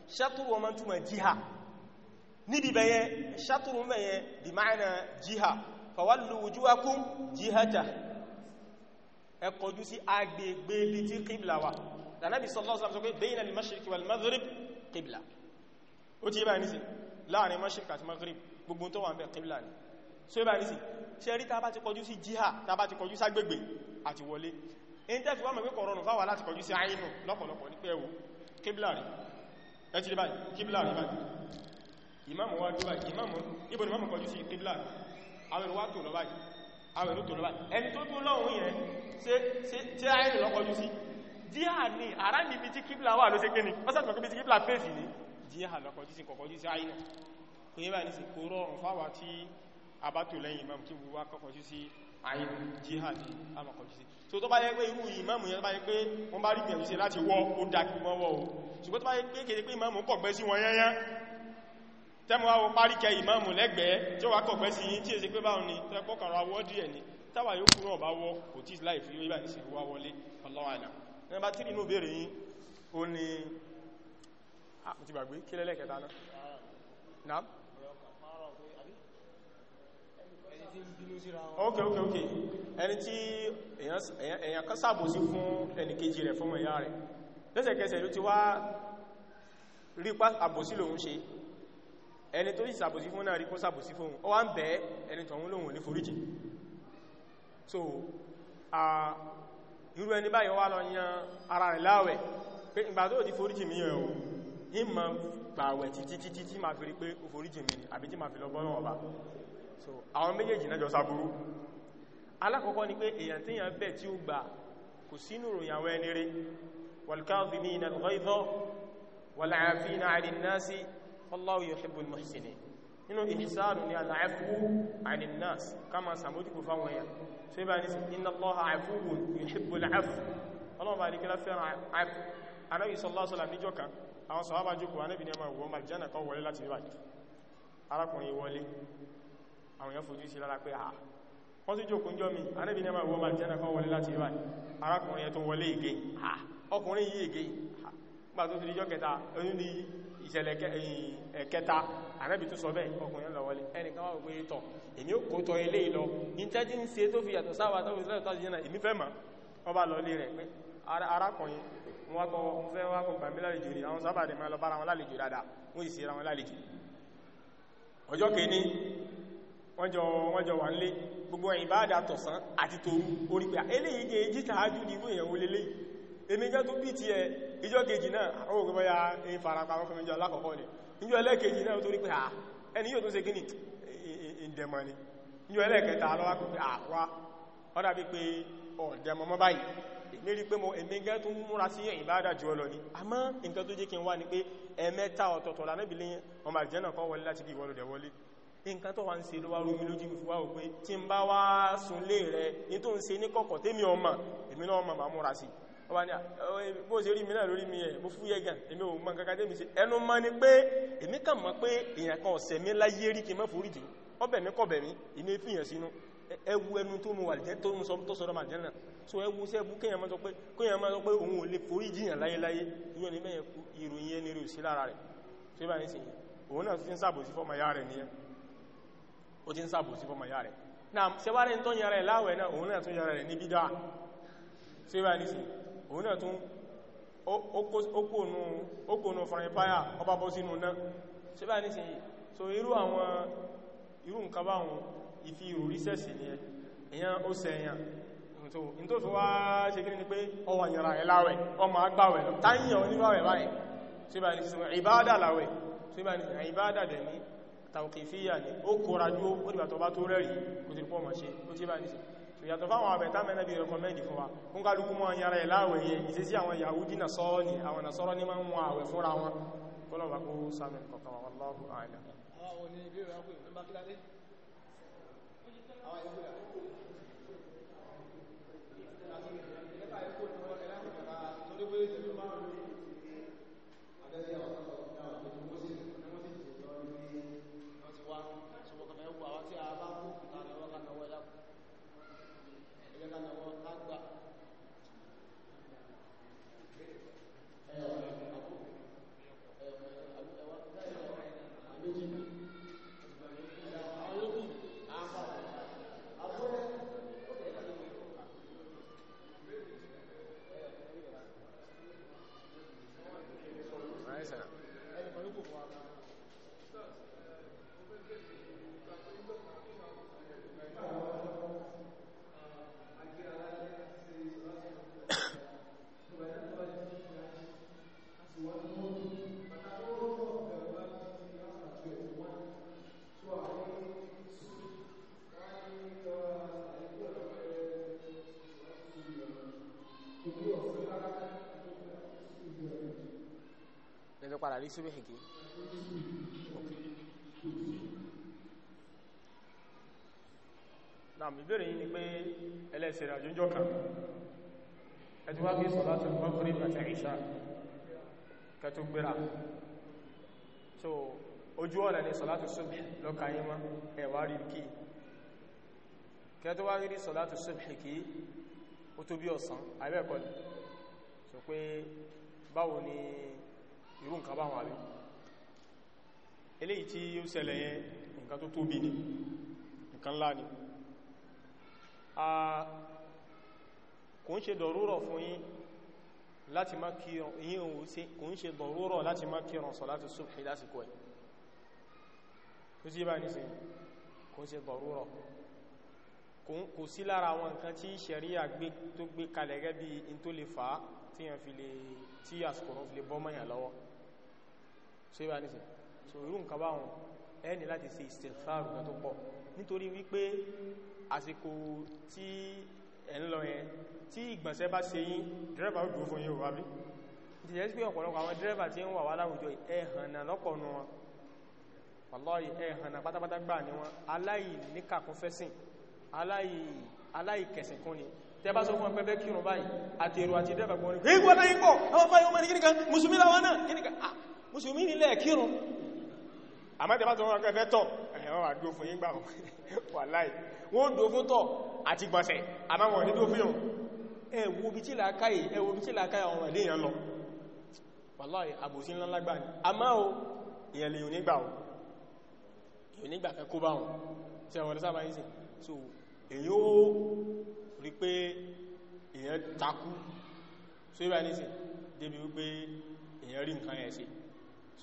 ṣátúrù wọn máa túnmọ̀ jíhà níbi bẹ̀yẹ ṣátúrù bẹ̀yẹ di ma'ana jíhà fawallu wujuhakum jíhàtà ẹ kọjú sí agbègbè ibi tí kíblà wà lànàbí sallallahu alaihi wasallam sọ pé bayna al-mashriq wal-maghrib kíblà ó ti yẹ báyìí nísìn láàrin mashriq àti maghrib gbogbo tó wà ń bẹ kíblà ni so yẹ báyìí nísìn ṣe rí tàbá ti kọjú sí jíhà ẹ̀tìrí báyìí kíblà rí báyìí ìmáàmù wá dúbà ìmáàmù níbo ni máàmù kọjú sí kíblà àwọn ìwá tó lọ báyìí àwọn ìlú tó lọ báyìí ẹni tó tó lọ́hùn yẹn tí a ẹni lọ́kọjú sí díà ní ara níbi tí kíblà wà ló ṣe kí ni ó sàtìmọ̀ kí bí ti kíblà fèsì ní díà lọ́kọjú sí kọkọjú sí àyìn kò yẹ báyìí sí kò rọrùn fáwà àyìn jihad amakọ̀lùsí so tó bá yẹ pé irú ìmáàmù yẹn tó bá yẹ pé wọ́n bá rí bẹ̀rù sí láti wọ́ ó dákì mọ́ wọ́ o ṣùgbọ́n tó bá yẹ pé kèdè pé ìmáàmù kọ̀gbẹ́ sí wọn yẹ́yẹ́ tẹ́mù wá parí kẹ ìmáàmù lẹ́gbẹ̀ẹ́ tí ó wá kọ̀gbẹ́ sí yí tí è sí pé báwọn ni tẹ́ kọ́kànra wọ́ díẹ̀ ni táwà yóò kúrò ọ̀bá wọ́ kò tí láì fi yóò ìbáyìí sí wá wọlé ọlọ́wàna nígbà tí ok ok ok ẹni tí èyàn kan sàbòsí fún ẹnìkejì rẹ̀ fún ẹ̀yà rẹ̀ lẹ́sẹ̀kẹsẹ̀ ló ti wá rí pa àbòsí lòun ṣe ẹni tó sì sàbòsí fún náà rí kó sàbòsí fún ọ wá ń bẹ́ ẹni tọ̀hún lòun ní foríjì so a irú ẹni báyìí wá lọ yan ara rẹ̀ láwẹ̀ pé ìgbà tó di foríjì mi ẹ̀hùn ní ma gbàwẹ̀ títí títí tí ma fi rí pé foríjì mi àbí tí ma fi lọ bọ́nà so àwọn méjèèjì náà jọ sáburú alákọ̀ọ́kọ́ ni pé èyàn tí yàn bẹ̀ tí ó gbà kò sínú ròyìn àwọn ẹni rí wal-kāẓimīna al-ghayẓ wal-'āfīna 'ani n-nāsi wallāhu yuḥibbu al-muḥsinīn nínú ìṣàánù ni al-'afwu 'ani máa sàmójúkú bá ní inna Allāha wọlé láti rí arákùnrin wọlé àwọn èèyàn fojú sí lára pé à ah, wọ́n sí jòkó jọ́ mi anẹ́bí ní ẹmà ìwọ́n bá jẹ́ ẹnàkan wọlé láti ibà arákùnrin ẹ̀tọ́ wọlé ìgé ah, ọkùnrin yìí ìgé ah, gbà tó ti díjọ́ kẹta oyún ní ìṣẹ̀lẹ̀ ẹ̀kẹta anẹ́bí tó sọ bẹ́ẹ̀ ọkùnrin lọ wọlé ẹnìkan wà pé tọ̀ èmi ó kó tọ ilé ìlọ ìtẹ́jì ń ṣe tó fi yàtọ̀
wọ́n jọ wọ́n jọ wà nílé
gbogbo ẹ̀yìn bá dà tọ̀sán àti tòru orí pé eléyìí gẹ̀ èjì tààjú ní ìwé ìyẹ̀wò lélé èmi jẹ́ tó bí ti ẹ̀ ìjọ kejì náà àwọn òkè bọ́ya ẹ̀yìn farapa wọn fẹ́mẹ́jọ ni ìjọ ẹlẹ́kejì náà torí pé ẹni yóò tó ṣe gíní ìdẹ̀mọ̀ ni ìjọ ẹlẹ́kẹta lọ́wọ́ pé àwa ọ̀dà bí pé ọ̀dẹ̀mọ̀ mọ́ báyìí èmi rí pé mo èmi gẹ́ tó múra sí ẹ̀yìn bá dájú nǹkan tó wà ń ṣe ló wá rúmi lójú mi fi wá òpé tí ń bá wá sùn rẹ ní tó ń ṣe ní kọ̀kọ̀ tèmi ọmọ èmi náà ọmọ bá múra sí ọba ni bó ṣe rí mi náà lórí mi ẹ̀ bó fúyẹ́ gan èmi ò mọ kankan tèmi ṣe ẹnu mọ́ ni pé èmi kàn mọ̀ pé èèyàn kan ọ̀sẹ̀ mi láyé rí kí n mọ́ foríjì ọbẹ̀ mi kọ̀bẹ̀ mi èmi fìyàn sínú ẹwu ẹnu tó mu so ẹwu sẹ́ bú kéèyàn máa sọ pé kéèyàn máa sọ pé òun ò lè foríjì yàn ni mẹ́yẹn ìròyìn ẹni rí sí lára rẹ̀ tó bá náà ti ń sàbòsí fọ́mọ ya rẹ̀ nìyẹn ó ti ń sàbòsí fọ́mọ̀ yà rẹ̀ náà ṣẹwárẹ̀ tó yẹrẹ láwẹ̀ náà òun náà tún yẹrẹ rẹ̀ ní bídá ṣíwá nìsí òun náà tún ókòónú fọ̀rẹ̀páyà ọba bọ́ sínú náà ṣíwá so irú àwọn irú nǹkan báwọn ìfi ìròrí sẹ́sì ni ẹ èyàn ó sẹ èyàn ní tó fi wá ṣe kí ní pé ọwọ̀ yẹra ẹ̀ láwẹ̀ ọmọ agbáwẹ̀ táyíyàn oníbáwẹ̀ báyìí ṣíwá nìsí ìbádà láwẹ̀ dẹ̀ ní tàwùkìfíyà ní ó kóra jú ó dìbà tó bá tó rẹ̀rí kò tí pọ̀ mọ̀ ṣe ó tí bá ní sí so yàtọ̀ fáwọn àbẹ̀tá mẹ́nàbí rẹ̀kọ́mẹ́ndì fún wa ń kálukú mọ́ yára ẹ̀ láwẹ̀ yẹ ìsẹ́sí àwọn Yahudi Thank you. padà rí súbìhì kí náà ìbéèrè yìí ni pé ẹlẹ́sẹ̀ rẹ̀ àjọjọ́ kan ẹjú wá gbé sọ̀lá tó wọ́n kúrò àti àìṣà kẹtù gbéra so ojú ọ̀nà ni sọ̀lá tó súbìhì lọ́ka yí rí kí kẹtù wá rí sọ̀lá tó súbìhì kí ó tó bí ọ̀sán àbẹ́ẹ̀kọ́ so pé báwo ni irú nǹkan bá wà rí eléyìí tí ó ṣẹlẹ̀ yẹn nǹkan tó tóbi ni nǹkan ńlá ni a kò ń ṣe dọ̀rúrọ̀ fún yín láti má kírun yín òun sí kò ń ṣe dọ̀rúrọ̀ láti má kírun sọ̀látù subhi lásìkò ẹ̀ tó sí bá nìsìn kò ń ṣe sí lára àwọn nǹkan tí ṣẹ̀ríà tó gbé kalẹ̀ gẹ́gẹ́ bí in tó lè fà tí àsìkò rán fi lè bọ́ mọ́yàn lọ́wọ́ so ibà ní sí so irú nǹkan báwọn ẹni láti ṣe istighfar náà tó pọ̀ nítorí wípé àsìkò tí ẹ̀ ń lọ yẹn tí ìgbọ̀nsẹ̀ bá ṣe yín dírẹ́bà ó dúró fún yín wà bí ti jẹ́ sí pé ọ̀pọ̀lọpọ̀ àwọn dírẹ́bà tí ń wà wá láwùjọ ẹ̀hànà lọ́pọ̀nù wọn wàlọ́yì ẹ̀hànà pátápátá gbà ní wọn aláìníkàkún fẹ́sìn aláìkẹsìn kún ni tẹ bá sọ fún ẹgbẹ́ bẹ́ báyìí àti èrò àti dẹ́bà mùsùlùmí nílẹ̀ kírùn àmọ́tẹ̀ bá tó wọ́n kẹfẹ́ tọ̀ ẹ̀wọ́n wà dó fún yíngbà wà láì wọ́n dó fún tọ̀ àti gbọ̀nsẹ̀ àmáwọn ní dó fún yùn ẹwọ́ bí tí làákàyè ẹwọ́ bí tí làákàyè ọ̀rọ̀ ilé èèyàn lọ wàláì àbòsí ńlá lágbà ní àmá o èèyàn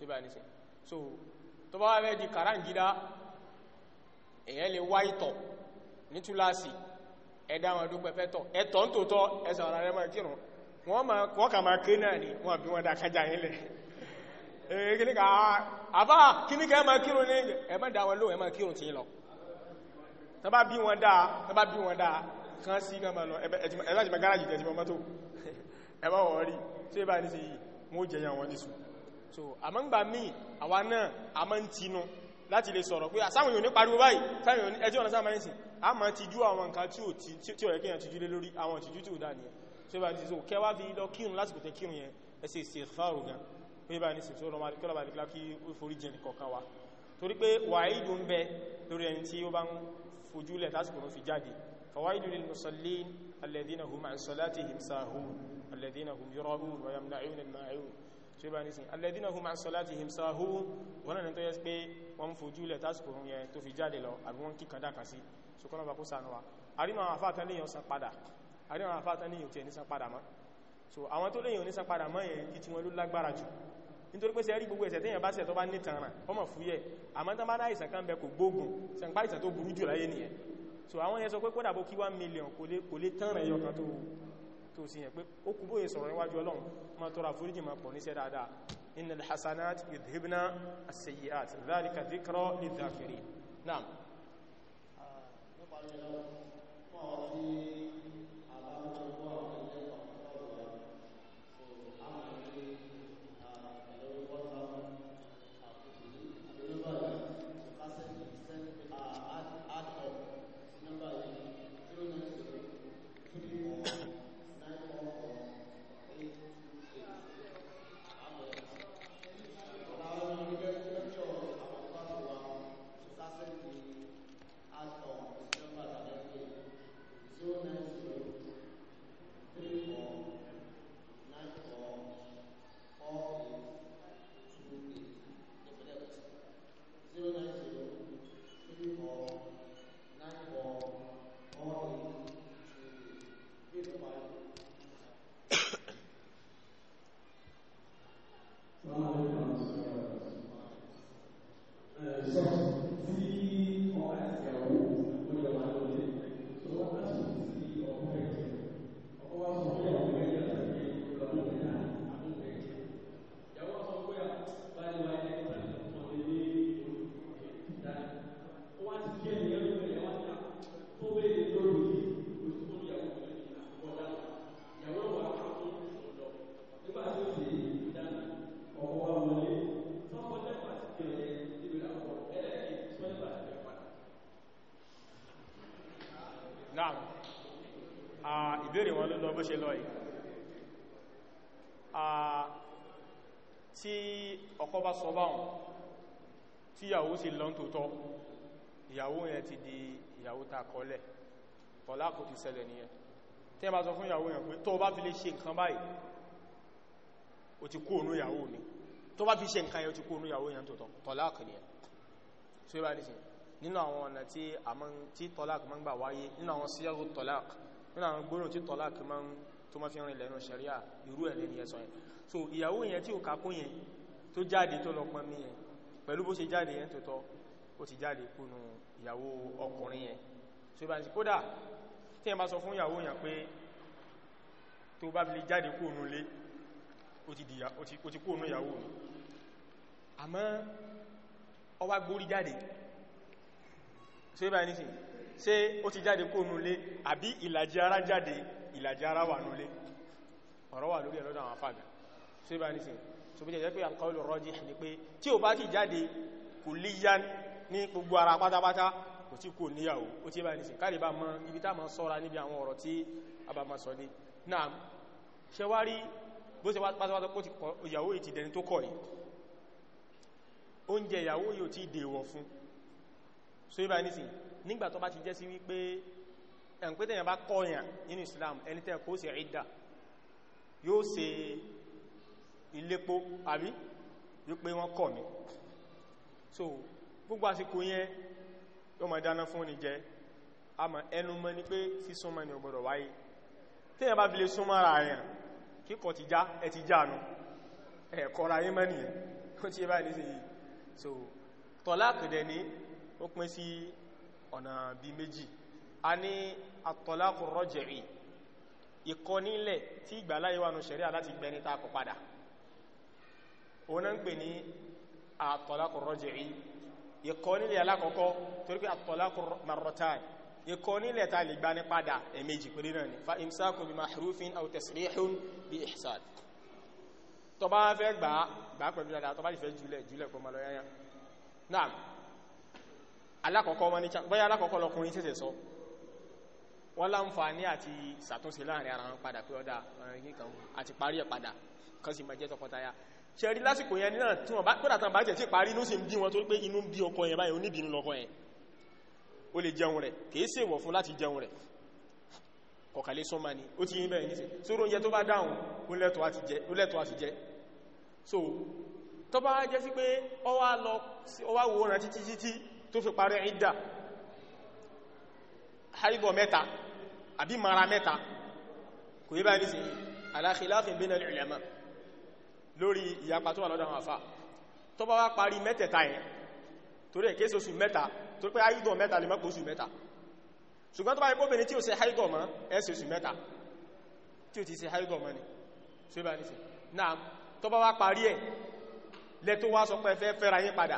ṣe bá níṣẹ́ so tó bá wá fẹ́ di kàráǹgídá èyàn lè wá ìtọ̀ ní túláàsì ẹ̀dá wọn dúpẹ́ fẹ́ tọ̀ ẹ̀tọ́ ń tòótọ́ ẹsẹ̀ ọ̀rọ̀ rẹ̀ máa kírun wọ́n kà máa ké náà ni wọ́n bí wọ́n dákájá ilẹ̀ kíníkà àbá kíníkà ẹ máa kírun ní ẹ máa dá wọn lóhùn ẹ máa kírun tí lọ tó bá bí wọn dáa tó bá bí wọn dáa kan sí so àmọ́ngbà míì àwa náà a máa ń tinú láti lè sọ̀rọ̀ pé àsáwọn yóò ní pariwo báyìí sáwọn yóò ní ẹjọ́ ọ̀nà sáà máa ń sìn a máa tijú àwọn nǹkan tí ó yẹ kéèyàn tijú lé lórí àwọn ìtìjú tí ó dá nìyẹn so bá ti so kẹwa fi lọ kírun lásìkò tẹ kírun yẹn ẹsẹ ìsèfáàrù gan pé bá ní sèso ọmọ akẹ́kọ̀ọ́ bá nígbà kí ó forí jẹ nìkọ̀ọ̀kan wa torí pé wàáìdù ń bẹ lórí ẹni tí ó bá ń fojú lẹ̀ lásìkò ló fi jáde fawaidu lil musallin alladhina hum an salatihim sahun alladhina hum yura'un ṣe bá ní sin alladhina hum an salatihim sahun wọ́n náà tó yẹ pé wọ́n ń fojú lẹ̀ tásìkò oorun yẹn tó fi jáde lọ àbí wọ́n kíkàndà kan sí ṣokọ́nà so àwọn tó léyìn onísan padà mọ́ yẹn kí tí wọ́n ló lágbára jù nítorí pé sẹ́rí gbogbo ẹ̀ṣẹ̀ téèyàn bá ṣẹ̀ so àwọn yẹn sọ pé kí 1 million kò lè tànrà ẹyọ kan tó tó sí yẹn pé ó kú bóyẹ sọ̀rọ̀ níwájú ọlọ́run ma tọrọ àforíjì ma pọ̀ ní sẹ́ dáadáa inna alhassanat yudhibna as-sayyi'at dhalika dhikra lidh-dhakirin naam bó ṣe lọ yìí tí ọkọ bá sọ báhùn tí ìyàwó sì lọ tótọ́ ìyàwó yẹn ti di ìyàwó ta kọlẹ̀ tọ́lákò ti ṣẹlẹ̀ nìyẹn tí ẹ bá sọ fún ìyàwó yẹn pé tó bá fi lè ṣe nǹkan báyìí ó ti kú ònú ìyàwó mi tó bá fi ṣe nǹkan yẹn ó ti kú ònú ìyàwó yẹn tótọ́ tọ́lákò nìyẹn so yẹ nínú àwọn gbóòrùn tí tọ́lá kí máa ń tó máa fi rìn lẹ́nu ṣẹ̀ríà irú ẹ̀ lẹ́ni ẹ̀sọ́ yẹn so ìyàwó yẹn tí ò kakún yẹn tó jáde tó lọ pọn mi yẹn pẹ̀lú bó ṣe jáde yẹn tó tọ́ ó ti jáde kúnnù ìyàwó ọkùnrin yẹn so ìbá ti kódà tí yẹn bá sọ fún ìyàwó yẹn pé tó bá fi lè jáde kúnnù lé ó ti kúnnù ìyàwó mi àmọ́ ó ṣé ó ti jáde kó nulé àbí ìlàjì ara jáde ìlàjì ara wà nulé ọ̀rọ̀ wà lórí ẹ̀lọ́dọ̀ àwọn afáàgà ṣé bá nísìn tó bí jẹ́ pé al-qawlu rajih ni pé tí ó bá ti jáde kulliyan ní gbogbo ara pátápátá kò tí kò níyàwó ó ti bá nísìn káàdì bá mọ ibi tá mọ sọ́ra níbi àwọn ọ̀rọ̀ tí a bá mọ sọ ní náà ṣe wá rí bó ṣe wá pátápátá kó ti ìyàwó ètì dẹni tó kọ̀ yìí oúnjẹ ìyàwó yóò ti nígbà tó bá ti jẹ́ sí wípé ẹ̀ǹpẹ́tẹ̀ yẹn bá kọ́yàn nínú Islam ẹni tẹ́ kó ṣe ìdá yóò ṣe ilépo àbí wípé wọ́n kọ̀ mí so gbogbo àsìkò yẹn yóò máa dáná fún ní jẹ́ a ma ẹnu mọ́ ní pé sísúnmọ́ ni ọgbọ̀dọ̀ wáyé tí yẹn bá fi lè súnmọ́ ó ti so tọ́lá kìdẹ̀ ní ó pín sí ọ̀nà bí méjì a ní àtọ̀lákù rọ́jẹ̀rí ìkọnílẹ̀ tí ìgbàláyé wà nù ṣẹ̀ríà láti gbẹni tá kọ padà òun ń pè ní àtọ̀lákù rọ́jẹ̀rí ìkọnílẹ̀ alákọ̀ọ́kọ́ torí pé àtọ̀lákù marrotan ìkọnílẹ̀ tá lè gbani padà ẹ̀mẹ́jì pẹ̀lú náà ni fa imsaku bi mahrufin aw tasrihun bi ihsan tó bá fẹ́ alákọ̀ọ́kọ́ wọn ní bọ́yá alákọ̀ọ́kọ́ lọkùnrin tètè sọ wọ́n láǹfààní àti ṣàtúnṣe láàrin ara wọn padà pé ọ̀dà ọ̀rìn kan àti parí ẹ̀ padà kan sì máa jẹ́ tọkọtaya ṣe rí lásìkò yẹn náà tí wọ́n bá kódà tán bá jẹ̀ sí parí ló sì ń bí wọn tó pé inú bí ni ó ti yí bẹ́ẹ̀ ní sí sóró oúnjẹ so tó bá jẹ́ sí pé ọwá wo ọ̀nà títí títí tó fi parí ìdá haibọ̀ mẹ́ta àbí mara mẹ́ta kò yí bá ní sí aláhìláfin bí náà ìlẹ̀mọ̀ lórí ìyapa tó wà lọ́dọ̀ àwọn àfá tó bá wá parí mẹ́tẹ̀ta yẹn torí ẹ̀ kéèsì oṣù mẹ́ta tó pé haibọ̀ mẹ́ta lè mọ́pọ̀ oṣù mẹ́ta ṣùgbọ́n tó bá ikú obìnrin tí ò ṣe haibọ̀ mọ́ ẹ̀sì oṣù tó bá wá parí ẹ̀ lẹ́tọ́ wá sọ pé fẹ́ fẹ́ra yín padà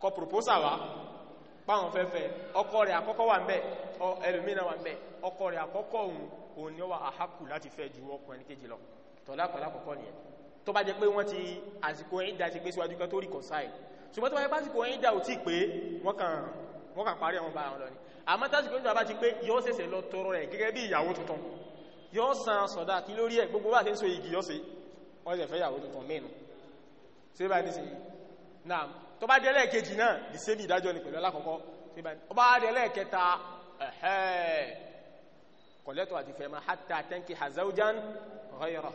kọ proposal wá páwọn fẹ́fẹ́ ọkọ rẹ̀ àkọ́kọ́ wà ń bẹ ẹlòmínà wà ń bẹ ọkọ rẹ̀ àkọ́kọ́ òun òun ni ó wà àhákù láti fẹ́ ju ọkọ ẹni kejì lọ tọ́lápàá kọ́kọ́ nìyẹn tó bá jẹ́ pé wọ́n ti àsìkò ìdá ti pé síwájú kan tó rí kọ̀sáì ṣùgbọ́n tó bá jẹ́ pásìkò ìdá ò tí pé wọ́n kàn parí àwọn bára wọn lọ ni àmọ́ tásìkò ìdá bá ti pé yóò ṣẹ̀ṣẹ̀ lọ tọrọ rẹ̀ gẹ́gẹ́ bí ìyàwó tuntun yóò san sọ̀dá kí lórí ẹ̀ gbogbo bá ti ń so igi yóò ṣe wọ́n ṣẹ̀fẹ́ ìyàwó tuntun mẹ́nu ṣé bá ní sí náà tó bá délẹ̀ kejì náà di sẹ́mi ìdájọ́ ni pẹ̀lú alákọ̀ọ́kọ́ tó bá délẹ̀ kẹta ẹ̀hẹ́ kọ̀lẹ́tọ̀ àti fẹ̀mà hátà tẹ́ǹkì hazaujan ghayra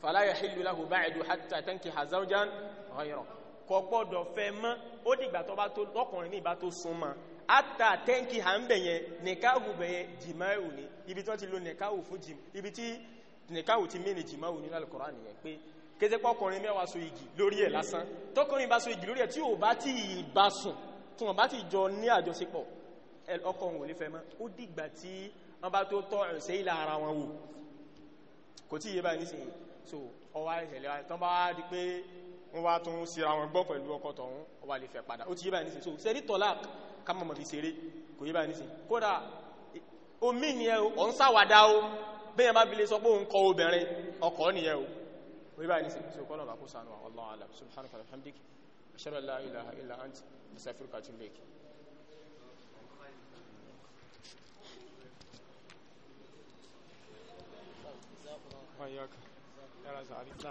fala yahillu lahu ba'du hátà tẹ́ǹkì hazaujan ghayra kò gbọ́dọ̀ fẹ́ mọ́ ó dìgbà tó bá tó lọ́kùnrin ní ìbá tó súnmọ́ hátà tẹ́ǹkì hà ń bẹ̀yẹn nìkáhù kése pọ́kùnrin mẹ́wàá so igi lórí ẹ̀ lásán tọ́kùnrin bá so igi lórí ẹ̀ tí ò bá ti bá sùn tí wọ́n bá ti jọ ní àjọṣepọ̀ ọkọ wọn ò lè mọ́ ó dìgbà tí wọ́n bá tó tọ́ ẹ̀sẹ̀ ilẹ̀ ara wọn wò kò tí yé báyìí nísìnyí so ọwá ìṣẹ̀lẹ̀ wa tán bá di pé wọ́n wá tún síra wọn gbọ́ pẹ̀lú ọkọ tọ̀hún ó wá lè fẹ́ padà ó ti yé báyìí nísìnyí so sẹ́rí tọ́lá kámọ̀mọ̀ fi ṣeré kò yé o orí báyìí nísìnyí tí ó kọ́nà àkó sànú Allahu a'lam subhanaka wa bihamdik ashhadu an la ilaha illa anta astaghfiruka wa atubu ilayk
وإياك يا رزاق